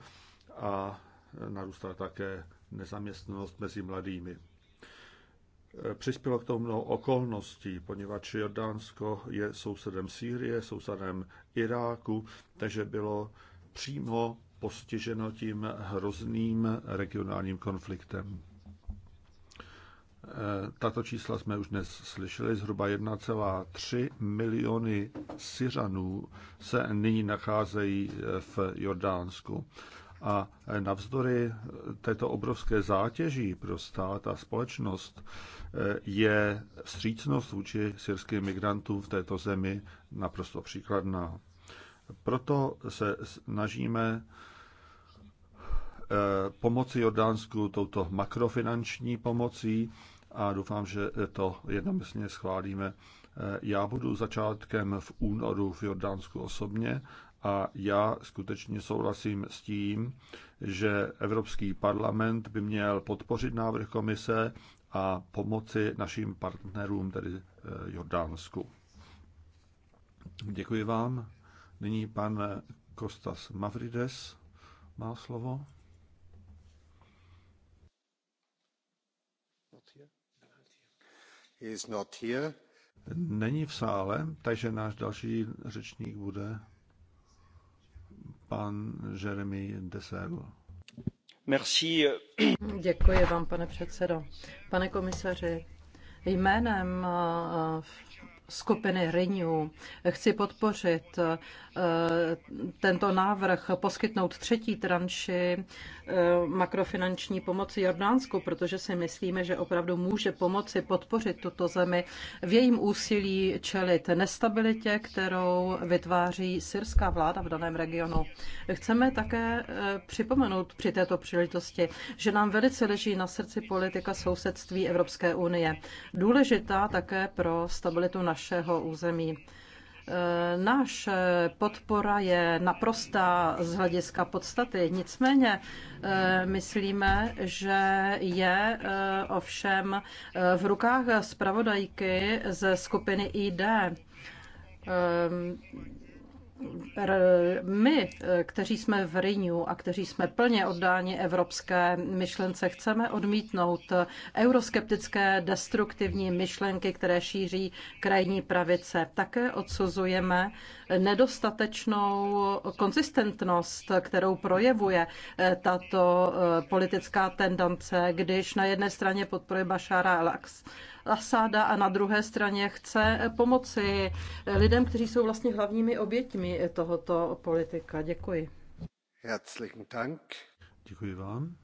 a narůstá také nezaměstnanost mezi mladými. E, přispělo k tomu mnoho okolností, poněvadž Jordánsko je sousedem Sýrie, sousedem Iráku, takže bylo přímo postiženo tím hrozným regionálním konfliktem. E, tato čísla jsme už dnes slyšeli. Zhruba 1,3 miliony Syřanů se nyní nacházejí v Jordánsku. A navzdory této obrovské zátěží pro stát a společnost eh, je střícnost vůči syrským migrantům v této zemi naprosto příkladná. Proto se snažíme eh, pomoci Jordánsku touto makrofinanční pomocí a doufám, že to jednomyslně schválíme. Eh, já budu začátkem v únoru v Jordánsku osobně a já skutečně souhlasím s tím, že Evropský parlament by měl podpořit návrh komise a pomoci našim partnerům, tedy eh, Jordánsku. Děkuji vám. Nyní pan Kostas Mavrides má slovo. He is not here. Není v sále, takže náš další řečník bude pan Jeremy Desel. Merci. Děkuji vám, pane předsedo. Pane komisaři, jménem eh, skupiny Renew. Chci podpořit eh, tento návrh poskytnout třetí tranši eh, makrofinanční pomoci Jordánsku, protože si myslíme, že opravdu může pomoci podpořit tuto zemi v jejím úsilí čelit nestabilitě, kterou vytváří syrská vláda v daném regionu. Chceme také eh, připomenout při této příležitosti, že nám velice leží na srdci politika sousedství Evropské unie. Důležitá také pro stabilitu naší našeho území. E, náš podpora je naprostá z hlediska podstaty, nicméně e, myslíme, že je e, ovšem v rukách zpravodajky ze skupiny ID my, eh, kteří jsme v Rinu a kteří jsme plně oddáni evropské myšlence, chceme odmítnout euroskeptické destruktivní myšlenky, které šíří krajní pravice. Také odsuzujeme nedostatečnou konzistentnost, kterou projevuje eh, tato eh, politická tendence, když na jedné straně podporuje Bašára al Asáda a na druhé straně chce pomoci lidem, kteří jsou vlastně hlavními oběťmi tohoto politika. Děkuji. Herzlichen Dank. Děkuji vám.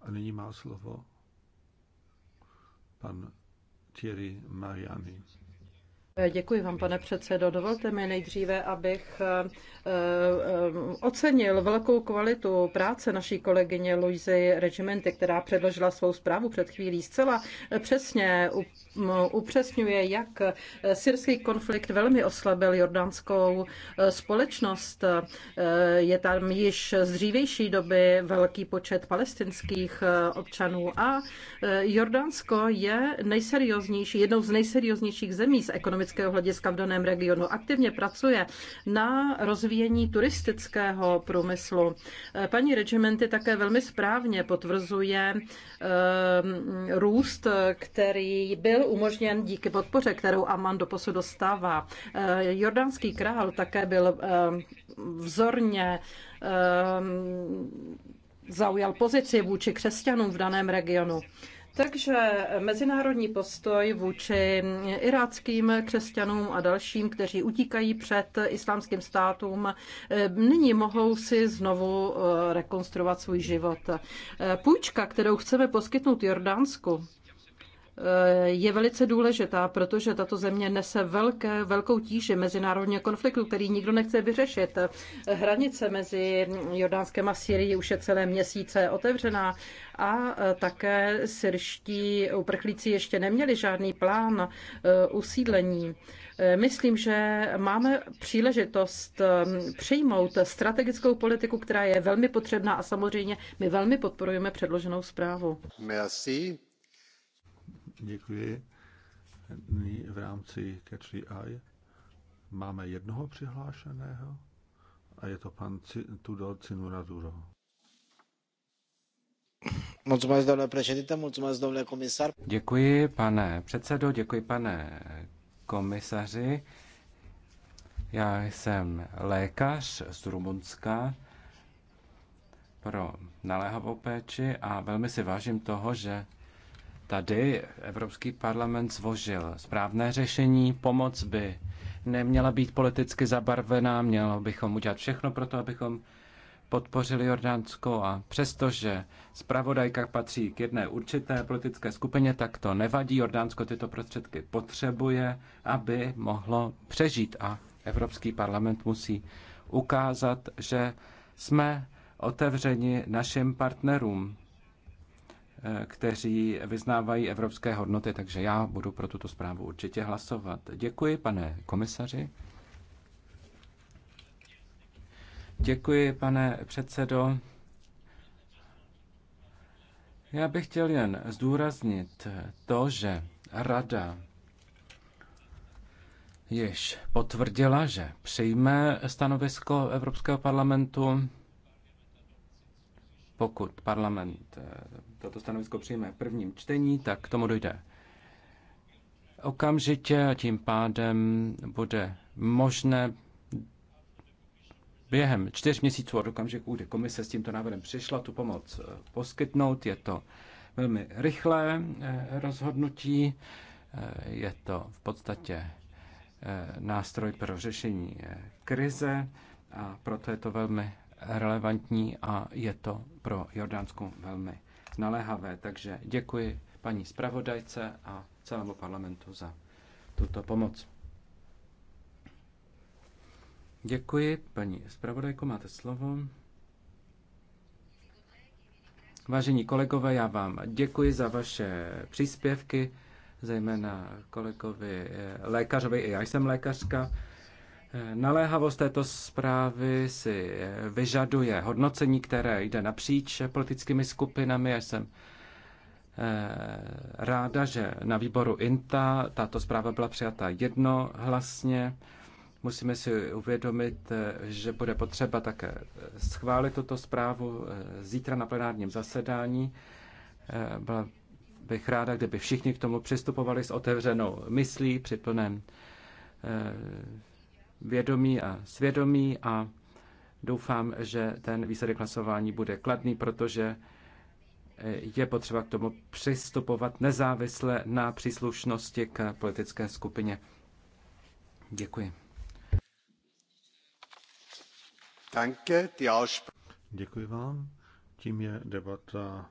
A nyní má slovo pan Thierry Mariani. Děkuji vám, pane předsedo. Dovolte mi nejdříve, abych eh, eh, ocenil velkou kvalitu práce naší kolegyně Luizy Regimenty, která předložila svou zprávu před chvílí zcela přesně upřesňuje, jak eh, syrský konflikt velmi oslabil jordánskou eh, společnost. Eh, je tam již z dřívější doby velký počet palestinských občanů a Jordánsko je nejserióznější, jednou z nejserióznějších zemí z ekonomického hlediska v daném regionu. Aktivně pracuje na rozvíjení turistického průmyslu. Paní Regimenty také velmi správně potvrzuje růst, který byl umožněn díky podpoře, kterou Amman doposud dostává. Eh, jordánský král také byl eh, vzorně eh, zaujal pozici vůči křesťanům v daném regionu. Takže mezinárodní postoj vůči iráckým křesťanům a dalším, kteří utíkají před islámským státům, nyní mohou si znovu rekonstruovat svůj život. Půjčka, kterou chceme poskytnout Jordánsku, Eh, je velice důležitá, protože tato země nese velké, velkou tíži mezinárodního konfliktu, který nikdo nechce vyřešit. Hranice mezi Jordánskem a Syrií už je celé měsíce otevřená a eh, také syrští uprchlíci ještě neměli žádný plán eh, usídlení. Myslím, že máme příležitost přijmout strategickou politiku, která je velmi potřebná a samozřejmě my velmi podporujeme předloženou zprávu. Merci. Děkuji. Nyní v rámci Catch the Eye máme jednoho přihlášeného a je to pan Tudor Cinuraduro. Mulțumesc, domnule președinte, mulțumesc, domnule comisar. Děkuji, pane předsedo, děkuji, pane komisaři. Já jsem lékař z Rumunska pro naléhavou péči a velmi si vážím toho, že Tady Evropský parlament zvožil správné řešení, pomoc by neměla být politicky zabarvená, mělo bychom udělat všechno pro to, abychom podpořili Jordánsko a přestože zpravodajka patří k jedné určité politické skupině, tak to nevadí. Jordánsko tyto prostředky potřebuje, aby mohlo přežít a Evropský parlament musí ukázat, že jsme otevřeni našim partnerům kteří vyznávají evropské hodnoty, takže já budu pro tuto zprávu určitě hlasovat. Děkuji, pane komisaři. Děkuji, pane předsedo. Já bych chtěl jen zdůraznit to, že Rada již potvrdila, že přijme stanovisko Evropského parlamentu pokud parlament eh, toto stanovisko přijme v prvním čtení, tak k tomu dojde okamžitě a tím pádem bude možné během čtyř měsíců od okamžiku, kdy komise s tímto návrhem přišla, tu pomoc eh, poskytnout. Je to velmi rychlé eh, rozhodnutí, je to v podstatě nástroj pro řešení krize a proto je to velmi relevantní a je to pro Jordánsku velmi naléhavé. Takže děkuji paní zpravodajce a celému parlamentu za tuto pomoc. Děkuji, paní zpravodajko, máte slovo. Vážení kolegové, já vám děkuji za vaše příspěvky, zejména kolegovi eh, lékařovi, i já jsem lékařka. Naléhavost této zprávy si vyžaduje hodnocení, které jde napříč politickými skupinami. Já jsem eh, ráda, že na výboru INTA tato zpráva byla přijata jednohlasně. Musíme si uvědomit, eh, že bude potřeba také schválit tuto zprávu eh, zítra na plenárním zasedání. Byla bych ráda, kdyby všichni k tomu přistupovali s otevřenou myslí při plném vědomí a svědomí a doufám, že ten výsledek hlasování bude kladný, protože eh, je potřeba k tomu přistupovat nezávisle na příslušnosti k politické skupině. Děkuji. Děkuji vám. Tím je debata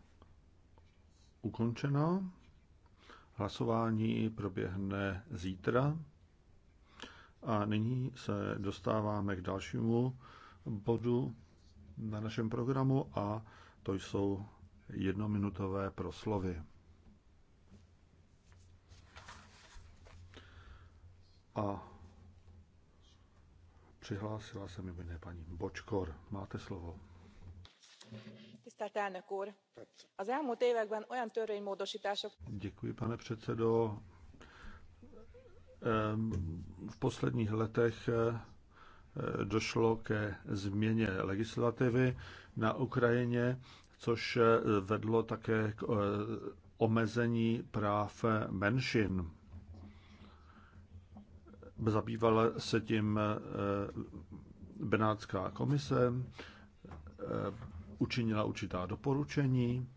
ukončena. Hlasování proběhne zítra. A nyní se dostáváme k dalšímu bodu na našem programu a to jsou jednominutové proslovy. A přihlásila se mi jiné paní Bočkor. Máte slovo. Děkuji, pane předsedo. Ehm, v posledních letech eh, eh, došlo ke změně legislativy na Ukrajině, což eh, vedlo také k omezení práv menšin. Zabývala se tím Benátská komise, učinila určitá doporučení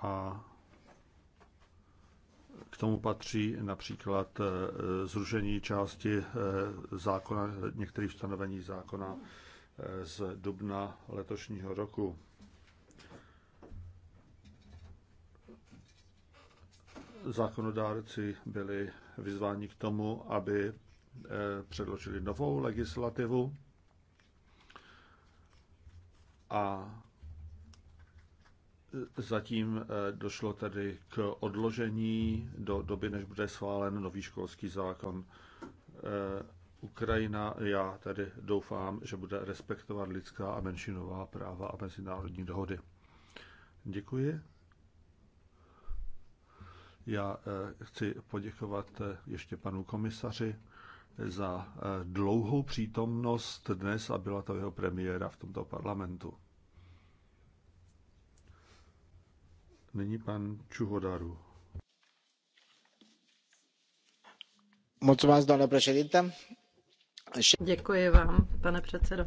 a k tomu patří například eh, zrušení části eh, zákona, některých stanovení zákona eh, z dubna letošního roku. Zákonodárci byli vyzváni k tomu, aby předložili novou legislativu a Zatím eh, došlo tedy k odložení do doby, než bude schválen nový školský zákon. Eh, Ukrajina, já tedy doufám, že bude respektovat lidská a menšinová práva a mezinárodní dohody. Děkuji. Já eh, chci poděkovat ještě panu komisaři za dlouhou přítomnost dnes a byla to jeho premiéra v tomto parlamentu. Nyní pan Čuhodaru. vás, dále prošedíte. Děkuji vám, pane předsedo.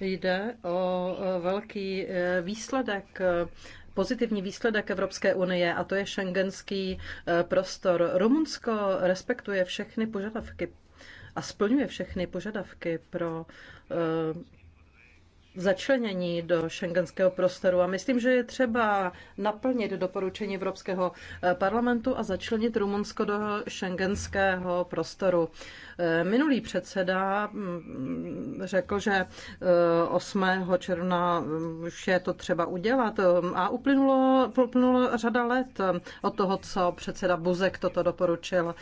Jde o e, velký e, výsledek e, pozitivní výsledek Evropské unie, a to je šengenský prostor. Rumunsko respektuje všechny požadavky a splňuje všechny požadavky pro začlenění do šengenského prostoru. A myslím, že je třeba naplnit doporučení Evropského eh, parlamentu a začlenit Rumunsko do šengenského prostoru. Eh, minulý předseda mm, řekl, že 8. Eh, června mm, už je to třeba udělat a uplynulo, uplynulo řada let od toho, co předseda Buzek toto doporučil.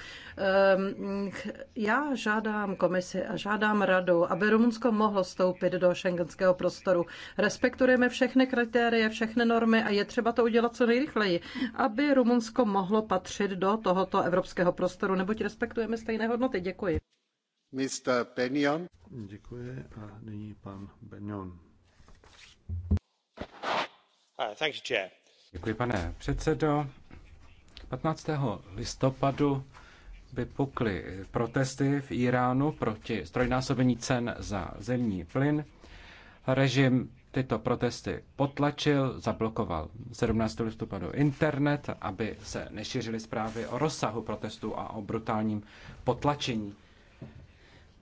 Já žádám komisi a žádám radu, aby Rumunsko mohlo stoupit do šengenského prostoru. Respektujeme všechny kritéria, všechny normy a je třeba to udělat co nejrychleji, aby Rumunsko mohlo patřit do tohoto evropského prostoru, neboť respektujeme stejné hodnoty. Děkuji. Mr. Benion. Děkuji a nyní pan Benion. Uh, thank you, chair. Děkuji, pane předsedo. 15. listopadu vypukly protesty v Iránu proti strojnásobení cen za zemní plyn. Režim tyto protesty potlačil, zablokoval 17. listopadu internet, aby se nešířily zprávy o rozsahu protestů a o brutálním potlačení.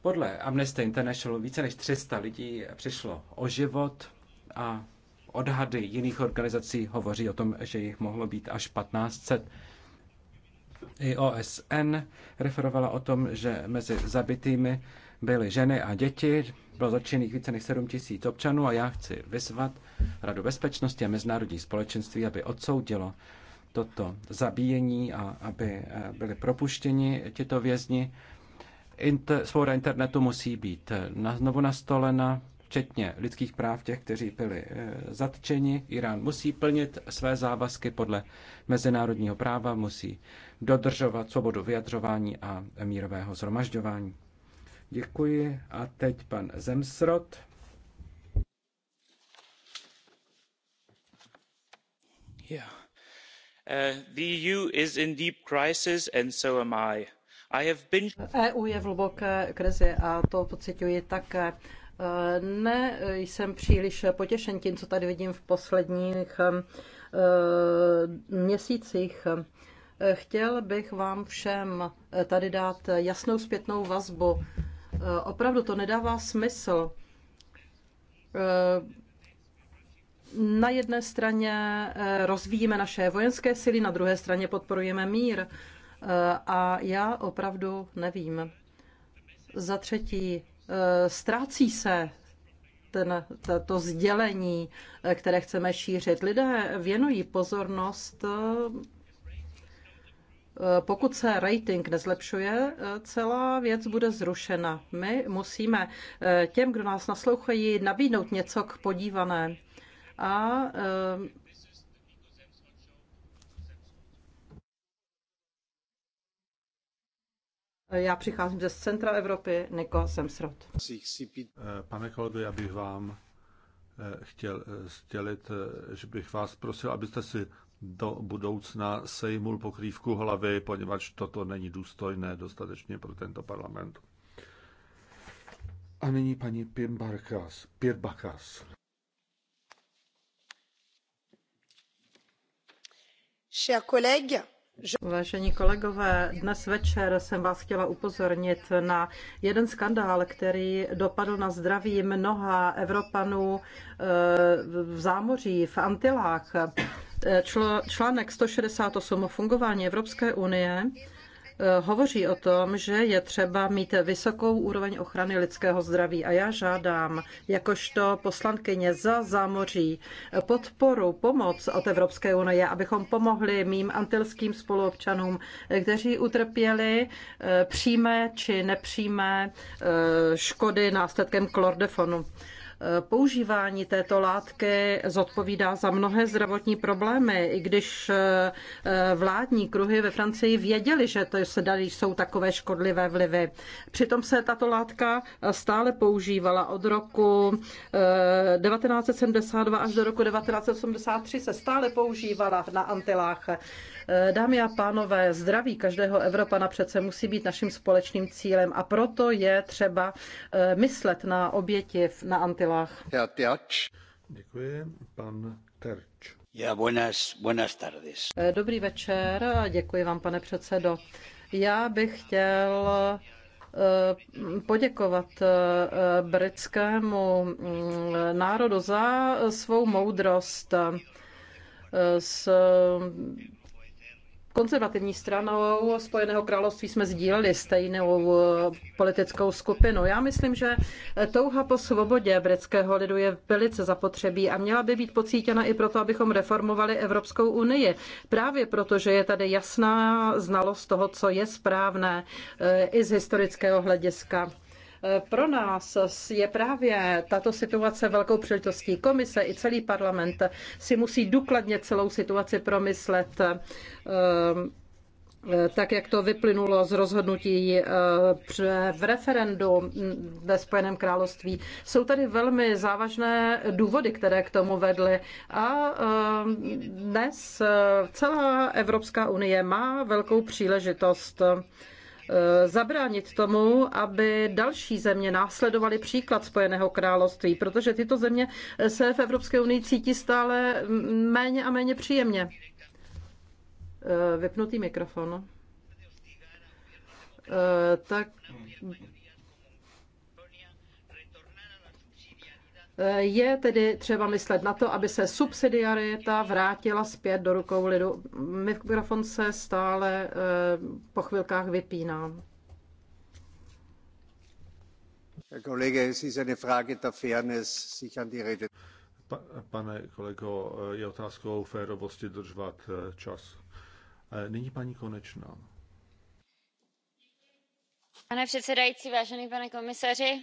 Podle Amnesty International více než 300 lidí přišlo o život a odhady jiných organizací hovoří o tom, že jich mohlo být až 1500. I OSN referovala o tom, že mezi zabitými byly ženy a děti. Bylo začených více než 7 tisíc občanů a já chci vyzvat Radu bezpečnosti a mezinárodní společenství, aby odsoudilo toto zabíjení a aby eh, byli propuštěni tyto vězni. Inter, svoboda internetu musí být eh, na, znovu nastolena, včetně lidských práv těch, kteří byli eh, zatčeni. Irán musí plnit své závazky podle mezinárodního práva, musí dodržovat svobodu vyjadřování a mírového zhromažďování. Děkuji. A teď pan Zemsrod. Yeah. Uh, the EU is in deep crisis and so am I. I have been... EU je v hluboké krizi a to pociťuji také. Uh, ne, jsem příliš potěšen tím, co tady vidím v posledních uh, měsících. Chtěl bych vám všem tady dát jasnou zpětnou vazbu Eh, opravdu to nedává smysl. Eh, na jedné straně eh, rozvíjíme naše vojenské síly, na druhé straně podporujeme mír. A já opravdu nevím. Za třetí, ztrácí se ten, to, to sdělení, které chceme šířit. Lidé věnují pozornost Eh, pokud se rating nezlepšuje, eh, celá věc bude zrušena. My musíme eh, těm, kdo nás naslouchají, nabídnout něco k podívané. A Já přicházím ze centra Evropy, Niko Semsrod. Pane kolego, já bych vám chtěl sdělit, že bych vás prosil, abyste si do budoucna sejmul pokrývku hlavy, poněvadž toto není důstojné dostatečně pro tento parlament. A nyní paní Pirbakas. Pirbakas. Vážení kolegové, dnes večer jsem vás chtěla upozornit na jeden skandál, který dopadl na zdraví mnoha Evropanů eh, v zámoří, v Antilách článek 168 o fungování Evropské unie eh, hovoří o tom, že je třeba mít vysokou úroveň ochrany lidského zdraví. A já žádám, jakožto poslankyně za zámoří, podporu, pomoc od Evropské unie, abychom pomohli mým antilským spoluobčanům, kteří utrpěli eh, přímé či nepřímé eh, škody následkem klordefonu. Používání této látky zodpovídá za mnohé zdravotní problémy, i když e, vládní kruhy ve Francii věděli, že to se dali, jsou takové škodlivé vlivy. Přitom se tato látka stále používala od roku 1972 e, až do roku 1983 se stále používala na antilách. Eh, dámy a pánové, zdraví každého Evropana přece musí být naším společným cílem a proto je třeba eh, myslet na oběti na Antilách. Děkuji. Pan Terč. Ja, buenas, buenas tardes. Eh, dobrý večer a děkuji vám, pane předsedo. Já bych chtěl poděkovat britskému mm, národu za svou moudrost s konzervativní stranou Spojeného království jsme sdíleli stejnou eh, politickou skupinu. Já myslím, že eh, touha po svobodě britského lidu je velice zapotřebí a měla by být pocítěna i proto, abychom reformovali Evropskou unii. Právě proto, že je tady jasná znalost toho, co je správné eh, i z historického hlediska. Pro nás je právě tato situace velkou příležitostí. Komise i celý parlament si musí důkladně celou situaci promyslet eh, tak jak to vyplynulo z rozhodnutí eh, v referendu ve Spojeném království. Jsou tady velmi závažné důvody, které k tomu vedly. A eh, dnes celá Evropská unie má velkou příležitost Eh, zabránit tomu, aby další země následovaly příklad Spojeného království, protože tyto země se v Evropské unii cítí stále méně a méně příjemně. Eh, vypnutý mikrofon. Eh, tak Je tedy třeba myslet na to, aby se subsidiarita vrátila zpět do rukou lidu. Mikrofon se stále eh, po chvilkách vypíná. Pane kolego, je otázkou férovosti držovat eh, čas. Eh, nyní paní Konečná. Pane předsedající, vážený pane komisaři,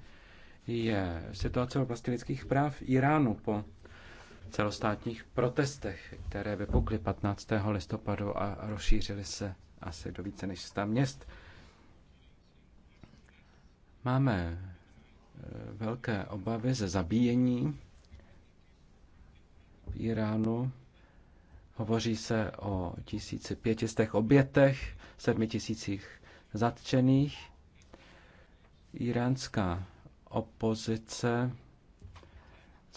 je situace v oblasti lidských práv Iránu po celostátních protestech, které vypukly 15. listopadu a rozšířily se asi do více než 100 měst. Máme eh, velké obavy ze zabíjení v Iránu. Hovoří se o 1500 obětech, 7000 zatčených. Iránská opozice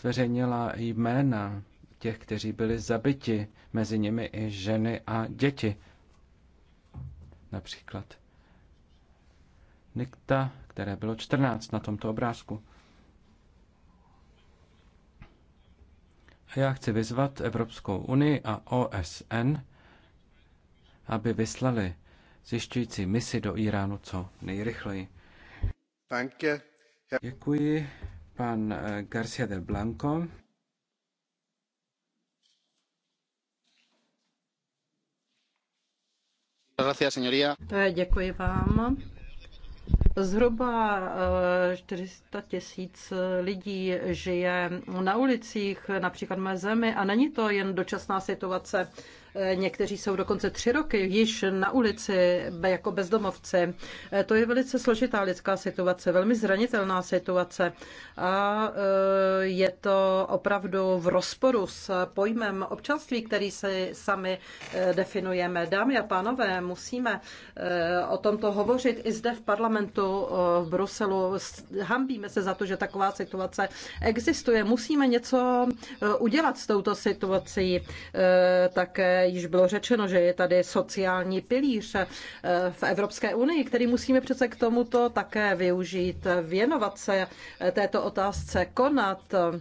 zveřejnila jména těch, kteří byli zabiti, mezi nimi i ženy a děti. Například Nikta, které bylo 14 na tomto obrázku. A já chci vyzvat Evropskou unii a OSN, aby vyslali zjišťující misi do Iránu co nejrychleji. you. Děkuji, pan eh, Garcia del Blanco. Děkuji vám. Zhruba 400 eh, tisíc lidí žije na ulicích, například mé zemi, a není to jen dočasná situace. Eh, někteří jsou dokonce tři roky již na ulici jako bezdomovci. Eh, to je velice složitá lidská situace, velmi zranitelná situace a eh, je to opravdu v rozporu s pojmem občanství, který si sami definujeme. Dámy a pánové, musíme o tomto hovořit i zde v parlamentu v Bruselu. Hambíme se za to, že taková situace existuje. Musíme něco udělat s touto situací. Také již bylo řečeno, že je tady sociální pilíř eh, v Evropské unii, který musíme přece k tomuto také využít, věnovat se eh, této otázce, konat eh,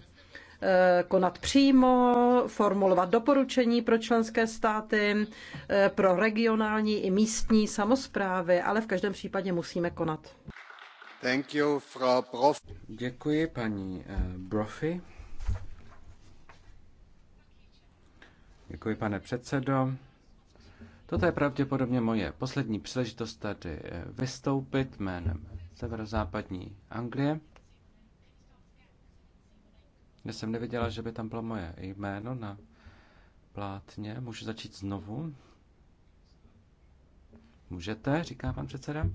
konat přímo, formulovat doporučení pro členské státy, pro regionální i místní samozprávy, ale v každém případě musíme konat. Thank you, Frau Prof. Děkuji, paní Brophy. Děkuji, pane předsedo. Toto je pravděpodobně moje poslední příležitost tady eh, vystoupit jménem severozápadní Anglie. Já jsem neviděla, že by tam bylo moje jméno na plátně. Můžu začít znovu? Můžete, říká pan předseda.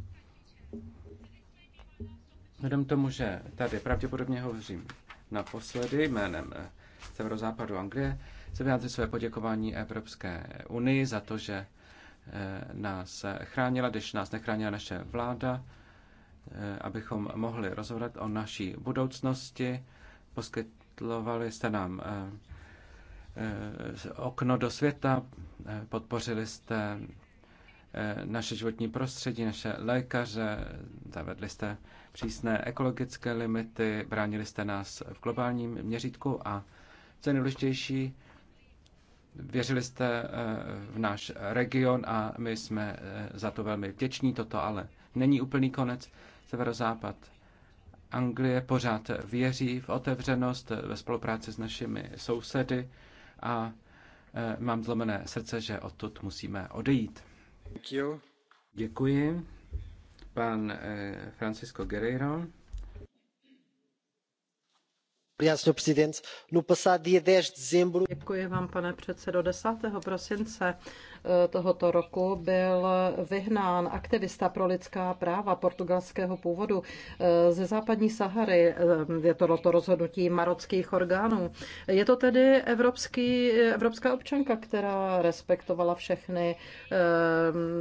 Vzhledem tomu, že tady pravděpodobně hovořím naposledy jménem eh, severozápadu Anglie, chci vyjádřit své poděkování Evropské unii za to, že eh, nás chránila, když nás nechránila naše vláda, eh, abychom mohli rozhodovat o naší budoucnosti. Poskytlovali jste nám eh, okno do světa, podpořili jste naše životní prostředí, naše lékaře, zavedli jste přísné ekologické limity, bránili jste nás v globálním měřítku a co je nejdůležitější, Věřili jste eh, v náš region a my jsme eh, za to velmi vděční. Toto ale není úplný konec. Severozápad Anglie pořád věří v otevřenost eh, ve spolupráci s našimi sousedy a mám zlomené srdce, že odtud musíme odejít. Děkuji. Pan Francisco Guerrero. No Děkuji vám, pane předsedo. 10. prosince Eh, tohoto roku byl vyhnán aktivista pro lidská práva portugalského původu eh, ze západní Sahary. Eh, je to, to rozhodnutí marockých orgánů. Je to tedy evropský, evropská občanka, která respektovala všechny,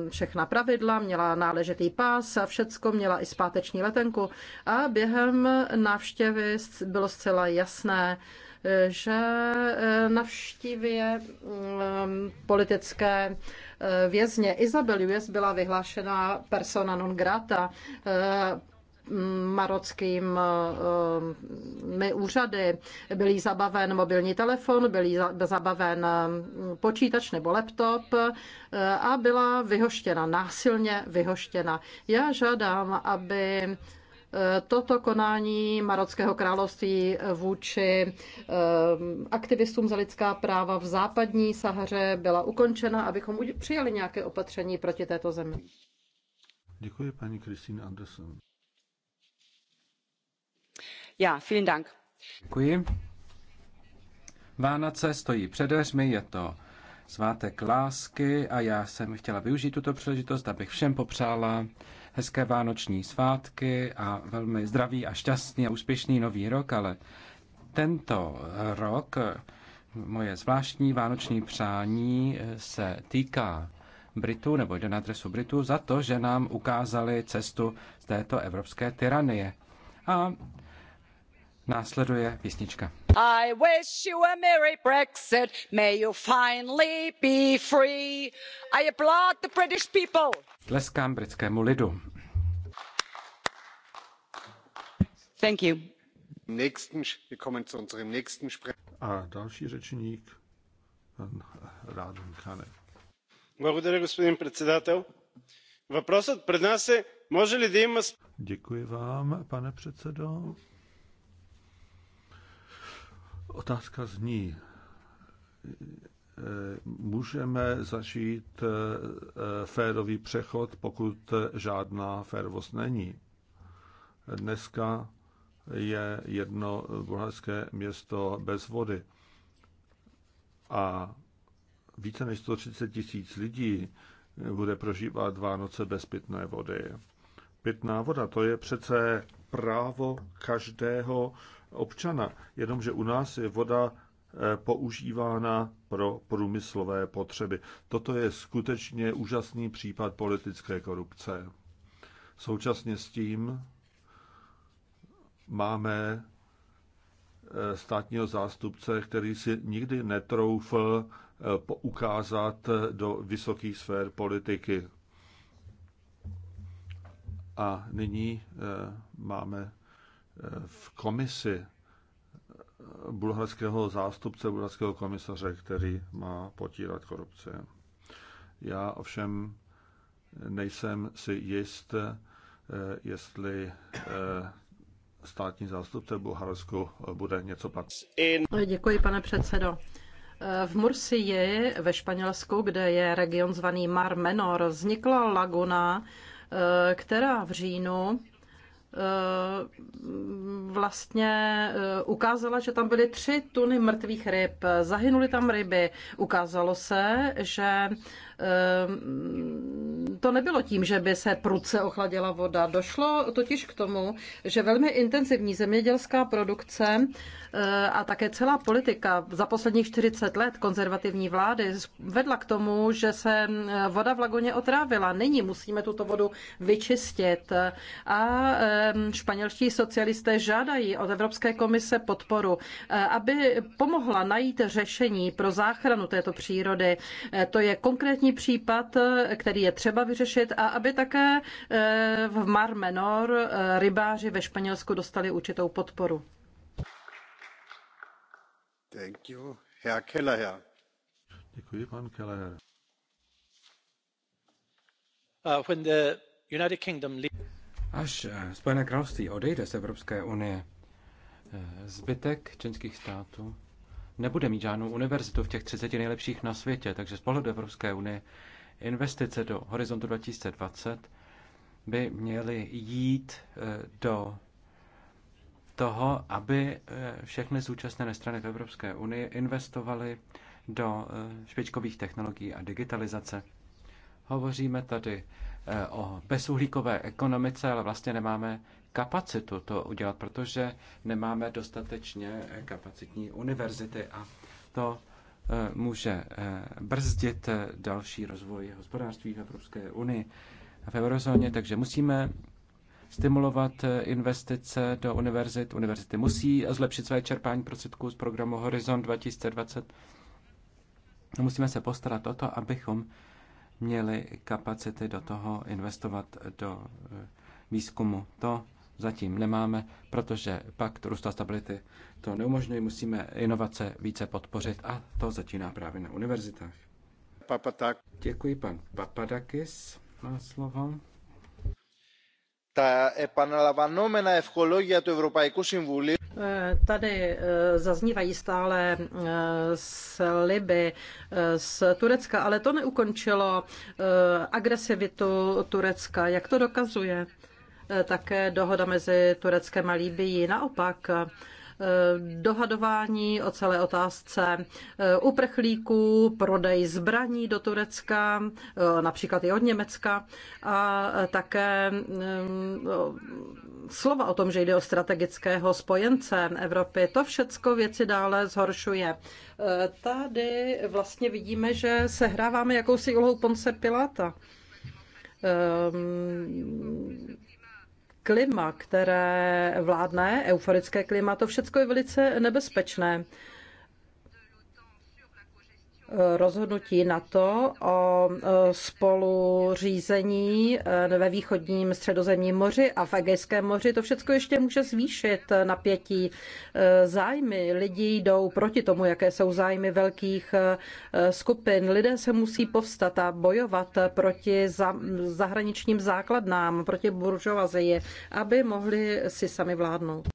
všechna pravidla, měla náležitý pás a všecko, měla i zpáteční letenku a během návštěvy bylo zcela jasné, že eh, navštívě mm, politické eh, vězně. Izabel Juez byla vyhlášena persona non grata eh, marockým my úřady. Byl jí zabaven mobilní telefon, byl jí zabaven mm, počítač nebo laptop a byla vyhoštěna, násilně vyhoštěna. Já žádám, aby toto konání Marockého království vůči eh, aktivistům za lidská práva v západní Sahaře byla ukončena, abychom přijali nějaké opatření proti této zemi. Děkuji paní Kristýn Anderson. Já, vielen Dank. Děkuji. Vánoce stojí před dveřmi, je to svátek lásky a já jsem chtěla využít tuto příležitost, abych všem popřála hezké vánoční svátky a velmi zdravý a šťastný a úspěšný nový rok, ale tento rok moje zvláštní vánoční přání se týká Britů, nebo jde na adresu Britů, za to, že nám ukázali cestu z této evropské tyranie. A následuje písnička. I wish you a merry Brexit, may you finally be free. I applaud the British people. Tleskám britskému lidu. Thank you. A další řečník, pan Rádon Kanek. Благодаря, господин Děkuji vám, pane předsedo. Otázka zní, můžeme začít eh, férový přechod, pokud žádná férovost není. Dneska je jedno bulharské město bez vody a více než 130 tisíc lidí bude prožívat Vánoce bez pitné vody. Pitná voda to je přece právo každého občana, jenomže u nás je voda Eh, používána pro průmyslové potřeby. Toto je skutečně úžasný případ politické korupce. Současně s tím máme eh, státního zástupce, který si nikdy netroufl eh, poukázat do vysokých sfér politiky. A nyní máme v komisi bulharského zástupce, bulharského komisaře, který má potírat korupci. Já ovšem nejsem si jist, eh, jestli eh, státní zástupce v Bulharsku bude něco platit. Děkuji, pane předsedo. Eh, v Mursii ve Španělsku, kde je region zvaný Mar Menor, vznikla laguna, která v říjnu Eh, vlastně eh, ukázala, že tam byly tři tuny mrtvých ryb. Zahynuly tam ryby. Ukázalo se, že eh, to nebylo tím, že by se prudce ochladila voda. Došlo totiž k tomu, že velmi intenzivní zemědělská produkce Eh, a také celá politika za posledních 40 let konzervativní vlády vedla k tomu, že se eh, voda v laguně otrávila. Nyní musíme tuto vodu vyčistit a španělští socialisté žádají od Evropské komise podporu, eh, aby pomohla najít řešení pro záchranu této přírody. To je konkrétní případ, který je třeba vyřešit a aby také v Mar Menor rybáři ve Španělsku dostali určitou podporu. Thank you. Až Spojené království odejde z Evropské unie, eh, zbytek členských států nebude mít žádnou univerzitu v těch 30 nejlepších na světě, takže z pohledu Evropské unie investice do Horizontu 2020 by měly jít eh, do toho, aby eh, všechny zúčastněné strany v Evropské unii investovaly do eh, špičkových technologií a digitalizace. Hovoříme tady eh, o bezuhlíkové ekonomice, ale vlastně nemáme kapacitu to udělat, protože nemáme dostatečně kapacitní univerzity a to může brzdit další rozvoj hospodářství v Evropské unii a v eurozóně, takže musíme stimulovat eh, investice do univerzit. Univerzity musí zlepšit své čerpání prostředků z programu Horizon 2020. Musíme se postarat o to, abychom měli kapacity do toho investovat do eh, výzkumu. To zatím nemáme, protože pakt růstu a stability to neumožňuje. Musíme inovace více podpořit a to začíná právě na univerzitách. Papa tak. Děkuji, pan Papadakis má slovo. Tady zaznívají stále sliby z Turecka, ale to neukončilo e, agresivitu Turecka. Jak to dokazuje? E, také dohoda mezi Tureckem a Líbií. Naopak, Eh, dohadování o celé otázce eh, uprchlíků, prodej zbraní do Turecka, eh, například i od Německa a také slova o tom, že jde o strategického spojence Evropy. To všecko věci dále zhoršuje. Tady vlastně vidíme, že sehráváme jakousi úlohu Ponce Pilata. Ehm, klima, které vládne, euforické klima, to všechno je velice nebezpečné rozhodnutí na to o e, spoluřízení e, ve východním středozemním moři a v Egejském moři. To všechno ještě může zvýšit napětí e, zájmy. Lidi jdou proti tomu, jaké jsou zájmy velkých skupin. Lidé se musí povstat a bojovat proti zahraničním základnám, proti buržovazii, aby mohli si sami vládnout.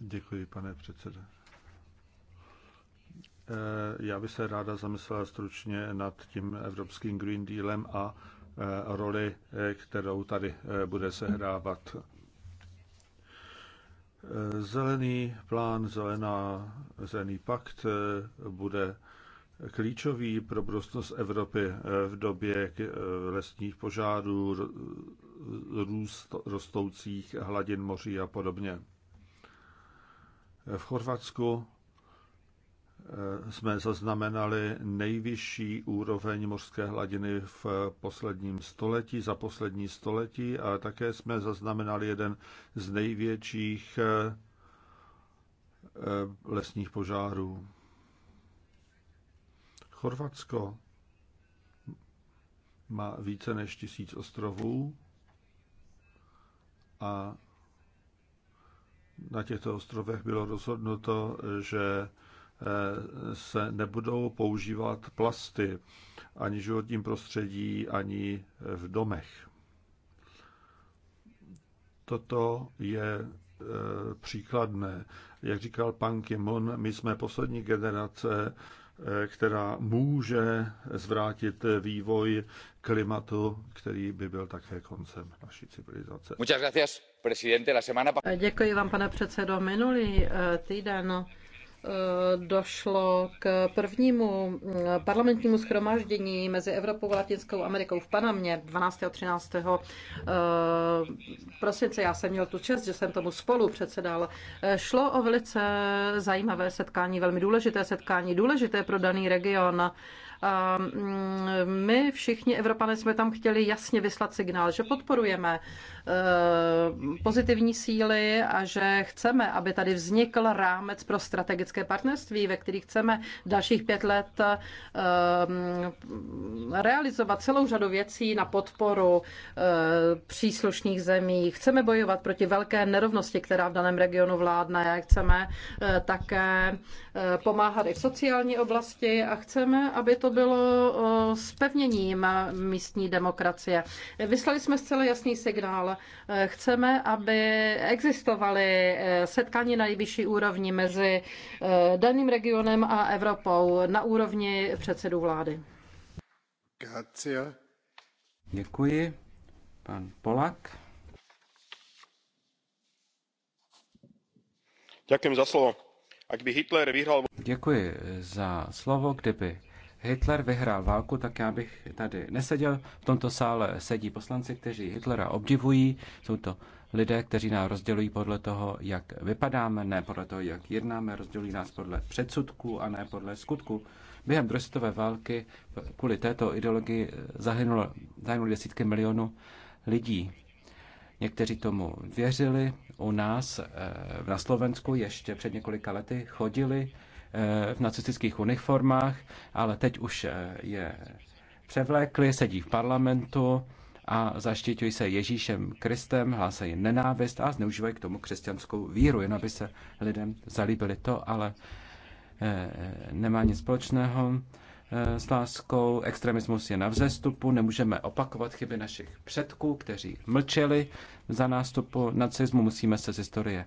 Děkuji, pane předsedající eh, Já bych se ráda zamyslela stručně nad tím Evropským Green Dealem a eh, roli, eh, kterou tady bude sehrávat. Zelený plán, zelená, zelený pakt bude klíčový pro budoucnost Evropy v době lesních požárů, růst rostoucích hladin moří a podobně. V Chorvatsku eh, jsme zaznamenali nejvyšší úroveň mořské hladiny v posledním století, za poslední století a také jsme zaznamenali jeden z největších eh, eh, lesních požárů. Chorvatsko má více než tisíc ostrovů a na těchto ostrovech bylo rozhodnuto, že eh, se nebudou používat plasty ani v životním prostředí, ani v domech. Toto je eh, příkladné. Jak říkal pan Kimon, my jsme poslední generace Eh, která může zvrátit vývoj klimatu, který by byl také koncem naší civilizace. Děkuji vám, pane předsedo. Minulý eh, týden Eh, došlo k prvnímu eh, parlamentnímu schromáždění mezi Evropou a Latinskou Amerikou v Panamě 12. a 13. Eh, prosince. Já jsem měl tu čest, že jsem tomu spolu předsedal. Šlo o velice zajímavé setkání, velmi důležité setkání, důležité pro daný region a mm, my všichni Evropané jsme tam chtěli jasně vyslat signál, že podporujeme e, pozitivní síly a že chceme, aby tady vznikl rámec pro strategické partnerství, ve kterých chceme dalších pět let e, mm, realizovat celou řadu věcí na podporu e, příslušných zemí. Chceme bojovat proti velké nerovnosti, která v daném regionu vládne. Chceme také pomáhat i v sociální oblasti a chceme, aby to působilo spevněním místní demokracie. Vyslali jsme zcela jasný signál. Chceme, aby existovaly e, setkání na nejvyšší úrovni mezi e, daným regionem a Evropou na úrovni předsedů vlády. Grazie. Děkuji. Pan Polak. Děkuji za slovo. Ak by Hitler vyhrál... Děkuji za slovo. Kdyby Hitler vyhrál válku, tak já bych tady neseděl. V tomto sále sedí poslanci, kteří Hitlera obdivují. Jsou to lidé, kteří nás rozdělují podle toho, jak vypadáme, ne podle toho, jak jednáme, rozdělují nás podle předsudků a ne podle skutku. Během druhé války kvůli této ideologii zahynulo, zahynulo desítky milionů lidí. Někteří tomu věřili. U nás eh, na Slovensku ještě před několika lety chodili v nacistických uniformách, ale teď už eh, je převlékli, sedí v parlamentu a zaštiťují se Ježíšem Kristem, hlásají nenávist a zneužívají k tomu křesťanskou víru, jen aby se lidem zalíbili to, ale eh, nemá nic společného eh, s láskou. Extremismus je na vzestupu, nemůžeme opakovat chyby našich předků, kteří mlčeli za nástupu nacismu, musíme se z historie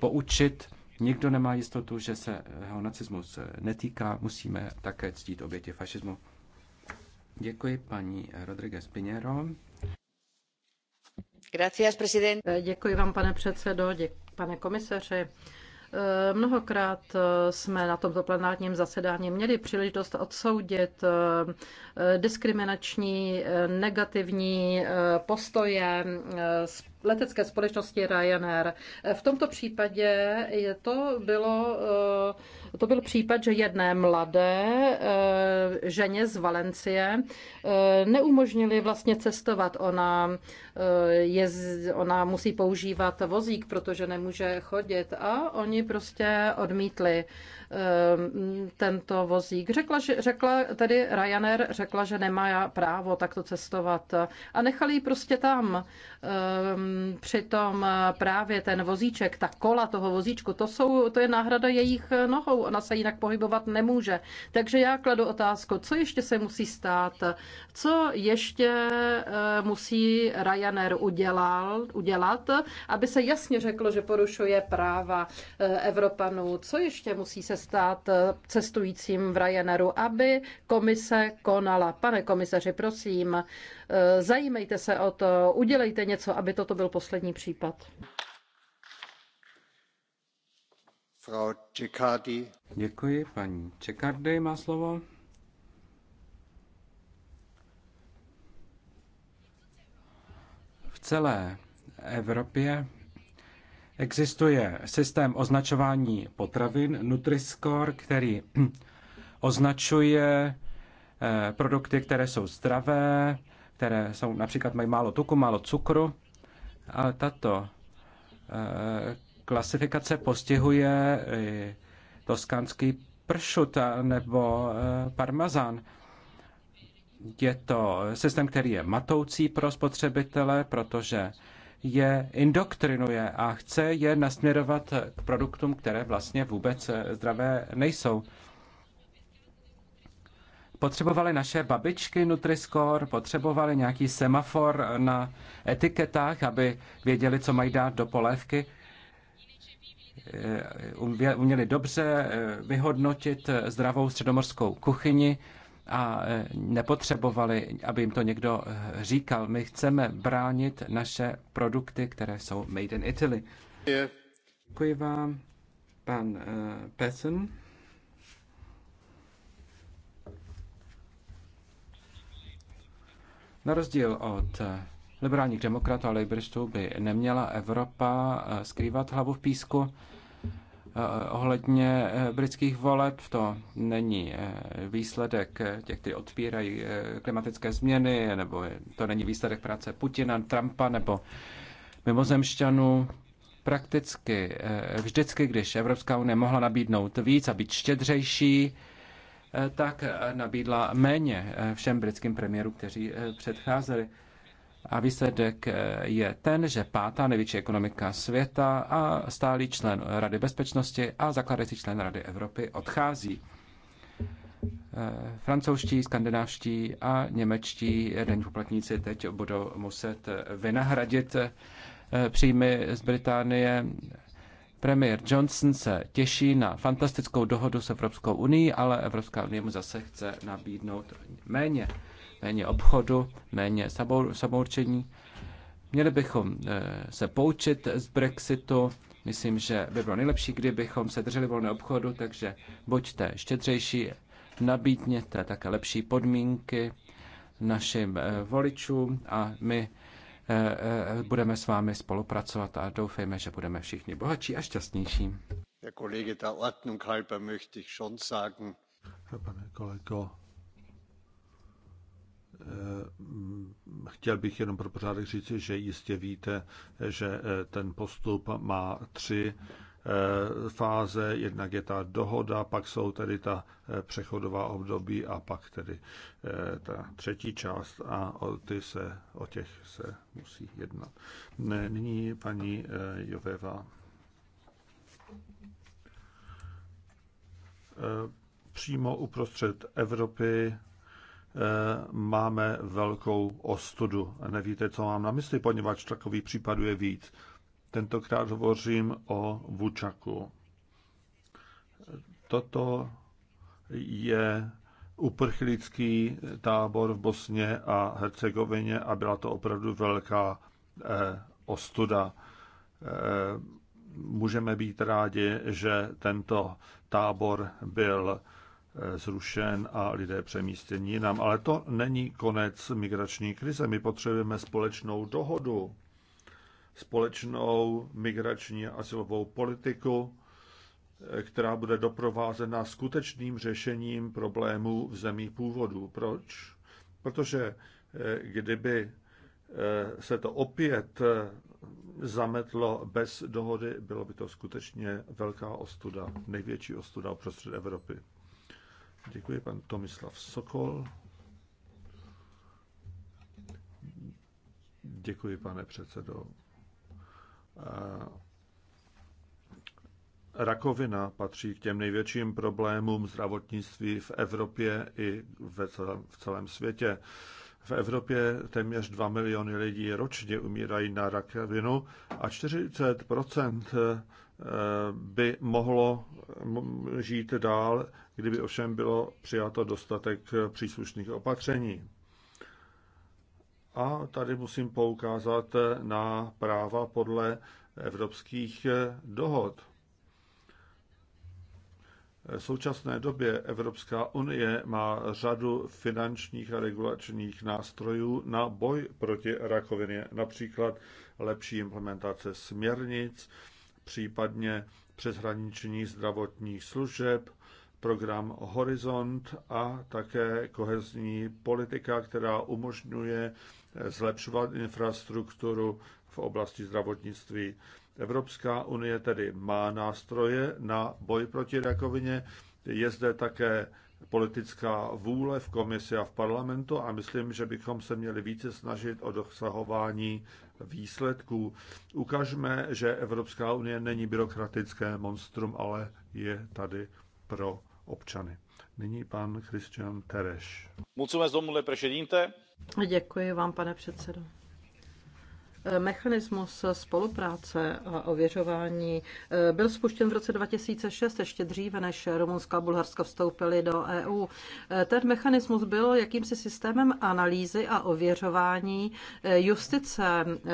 poučit Nikdo nemá jistotu, že se ho nacismus netýká. Musíme také ctít oběti fašismu. Děkuji paní Rodriguez Pinheiro. Gracias, president. Eh, děkuji vám, pane předsedo, děk, pane komisaři. Eh, mnohokrát eh, jsme na tomto plenárním zasedání měli příležitost odsoudit diskriminační, negativní postoje letecké společnosti Ryanair. V tomto případě je to, bylo, eh, to byl případ, že jedné mladé eh, ženě z Valencie eh, neumožnili vlastně cestovat. Ona, je, ona musí používat vozík, protože nemůže chodit a oni prostě odmítli Ehm, tento vozík. Řekla, že, řekla tedy Ryanair řekla, že nemá právo takto cestovat a nechali ji prostě tam. Ehm, přitom právě ten vozíček, ta kola toho vozíčku, to, jsou, to je náhrada jejich nohou. Ona se jinak pohybovat nemůže. Takže já kladu otázku, co ještě se musí stát? Co ještě eh, musí Ryanair udělal, udělat, aby se jasně řeklo, že porušuje práva eh, Evropanů? Co ještě musí se stát eh, cestujícím v Ryanairu, aby komise konala. Pane komisaři, prosím, eh, zajímejte se o to, udělejte něco, aby toto byl poslední případ. Frau Děkuji, paní čekardy má slovo. V celé Evropě Existuje systém označování potravin Nutriscore, který (clears throat) označuje eh, produkty, které jsou zdravé, které jsou například mají málo tuku, málo cukru. A tato eh, klasifikace postihuje toskánský pršut nebo eh, parmazán. Je to systém, který je matoucí pro spotřebitele, protože je indoktrinuje a chce je nasměrovat k produktům, které vlastně vůbec eh, zdravé nejsou. Potřebovali naše babičky Nutriscore, potřebovali nějaký semafor na etiketách, aby věděli, co mají dát do polévky eh, eh, uměli dobře vyhodnotit zdravou středomorskou kuchyni a e, nepotřebovali, aby jim to někdo e, říkal. My chceme bránit naše produkty, které jsou made in Italy. Děkuji vám, pan uh, e, Pesson. Na rozdíl od liberálních demokratů a liberistů by neměla Evropa skrývat hlavu v písku Eh, ohledně eh, britských voleb to není eh, výsledek těch, kteří odpírají klimatické změny, nebo to není výsledek práce Putina, Trumpa nebo mimozemšťanů. Prakticky vždycky, když Evropská unie mohla nabídnout víc a být štědřejší, tak nabídla méně všem britským premiérům, kteří předcházeli. A výsledek eh, je ten, že pátá největší ekonomika světa a stálý člen Rady bezpečnosti a zakladající člen Rady Evropy odchází. Eh, francouzští, skandinávští a němečtí jeden poplatníci teď budou muset vynahradit eh, příjmy z Británie. Premiér Johnson se těší na fantastickou dohodu s Evropskou unii, ale Evropská unie mu zase chce nabídnout méně méně obchodu, méně samoučení. Měli bychom eh, se poučit z Brexitu. Myslím, že by bylo nejlepší, kdybychom se drželi volného obchodu, takže buďte štědřejší, nabídněte také lepší podmínky našim eh, voličům a my eh, budeme s vámi spolupracovat a doufejme, že budeme všichni bohatší a šťastnější. Pane kolego, Eh, chtěl bych jenom pro pořádek říct, že jistě víte, že eh, ten postup má tři eh, fáze. Jednak je ta dohoda, pak jsou tedy ta přechodová období a pak tedy ta třetí část a o, ty se, o těch se musí jednat. Nyní paní Joveva. Přímo uprostřed Evropy Eh, máme velkou ostudu. Nevíte, co mám na mysli, poněvadž takový případů je víc. Tentokrát hovořím o Vůčaku. Toto je uprchlický tábor v Bosně a Hercegovině a byla to opravdu velká eh, ostuda. Eh, můžeme být rádi, že tento tábor byl eh, Eh, zrušen a lidé přemístěni jinam. Ale to není konec migrační krize. My potřebujeme společnou dohodu, společnou migrační a asilovou politiku, eh, která bude doprovázena skutečným řešením problémů v zemí původu. Proč? Protože eh, kdyby se to opět zametlo bez dohody, bylo by to skutečně velká ostuda, největší ostuda uprostřed Evropy. Děkuji pan Tomislav Sokol. Děkuji, pane předsedo. Rakovina patří k těm největším problémům zdravotnictví v Evropě i ve celém, v celém světě. V Evropě téměř 2 miliony lidí ročně umírají na rakovinu a 40 by mohlo žít dál, kdyby ovšem bylo přijato dostatek eh, příslušných opatření. A tady musím poukázat eh, na práva podle evropských eh, dohod. V současné době Evropská unie má řadu finančních a regulačních nástrojů na boj proti rakovině, například lepší implementace směrnic, případně přeshraniční zdravotních služeb, program Horizont a také kohezní politika, která umožňuje zlepšovat infrastrukturu v oblasti zdravotnictví. Evropská unie tedy má nástroje na boj proti rakovině, je zde také politická vůle v komisi a v parlamentu a myslím, že bychom se měli více snažit o dosahování výsledků. Ukažme, že Evropská unie není byrokratické monstrum, ale je tady pro občany. Nyní pan Christian Tereš. Děkuji vám, pane předsedo. Mechanismus spolupráce a ověřování eh, byl spuštěn v roce 2006, ještě dříve než Rumunsko a Bulharsko vstoupili do EU. Eh, ten mechanismus byl jakýmsi systémem analýzy a ověřování eh, justice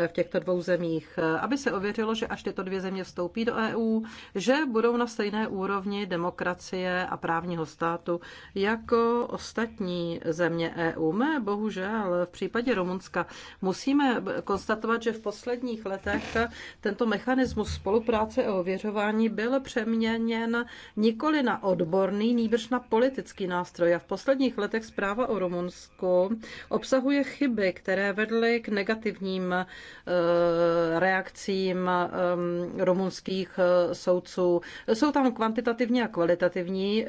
v těchto dvou zemích, aby se ověřilo, že až tyto dvě země vstoupí do EU, že budou na stejné úrovni demokracie a právního státu jako ostatní země EU. My bohužel v případě Rumunska musíme konstatovat, že v posledních letech tento mechanismus spolupráce a ověřování byl přeměněn nikoli na odborný, nýbrž na politický nástroj. A v posledních letech zpráva o Rumunsku obsahuje chyby, které vedly k negativním eh, reakcím eh, rumunských eh, soudců. Jsou tam kvantitativní a kvalitativní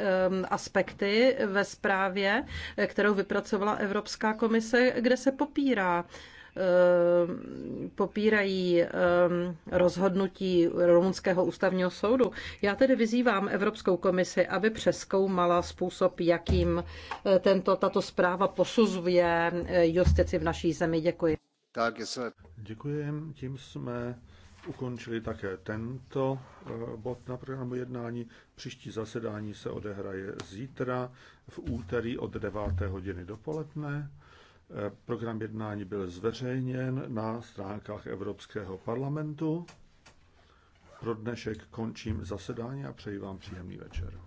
aspekty ve zprávě, kterou vypracovala Evropská komise, kde se popírá Eh, popírají eh, rozhodnutí Rumunského ústavního soudu. Já tedy vyzývám Evropskou komisi, aby přeskoumala způsob, jakým eh, tento, tato zpráva posuzuje justici v naší zemi. Děkuji. Děkuji. Tím jsme ukončili také tento bod na programu jednání. Příští zasedání se odehraje zítra v úterý od 9. hodiny dopoledne. Program jednání byl zveřejněn na stránkách Evropského parlamentu. Pro dnešek končím zasedání a přeji vám příjemný večer.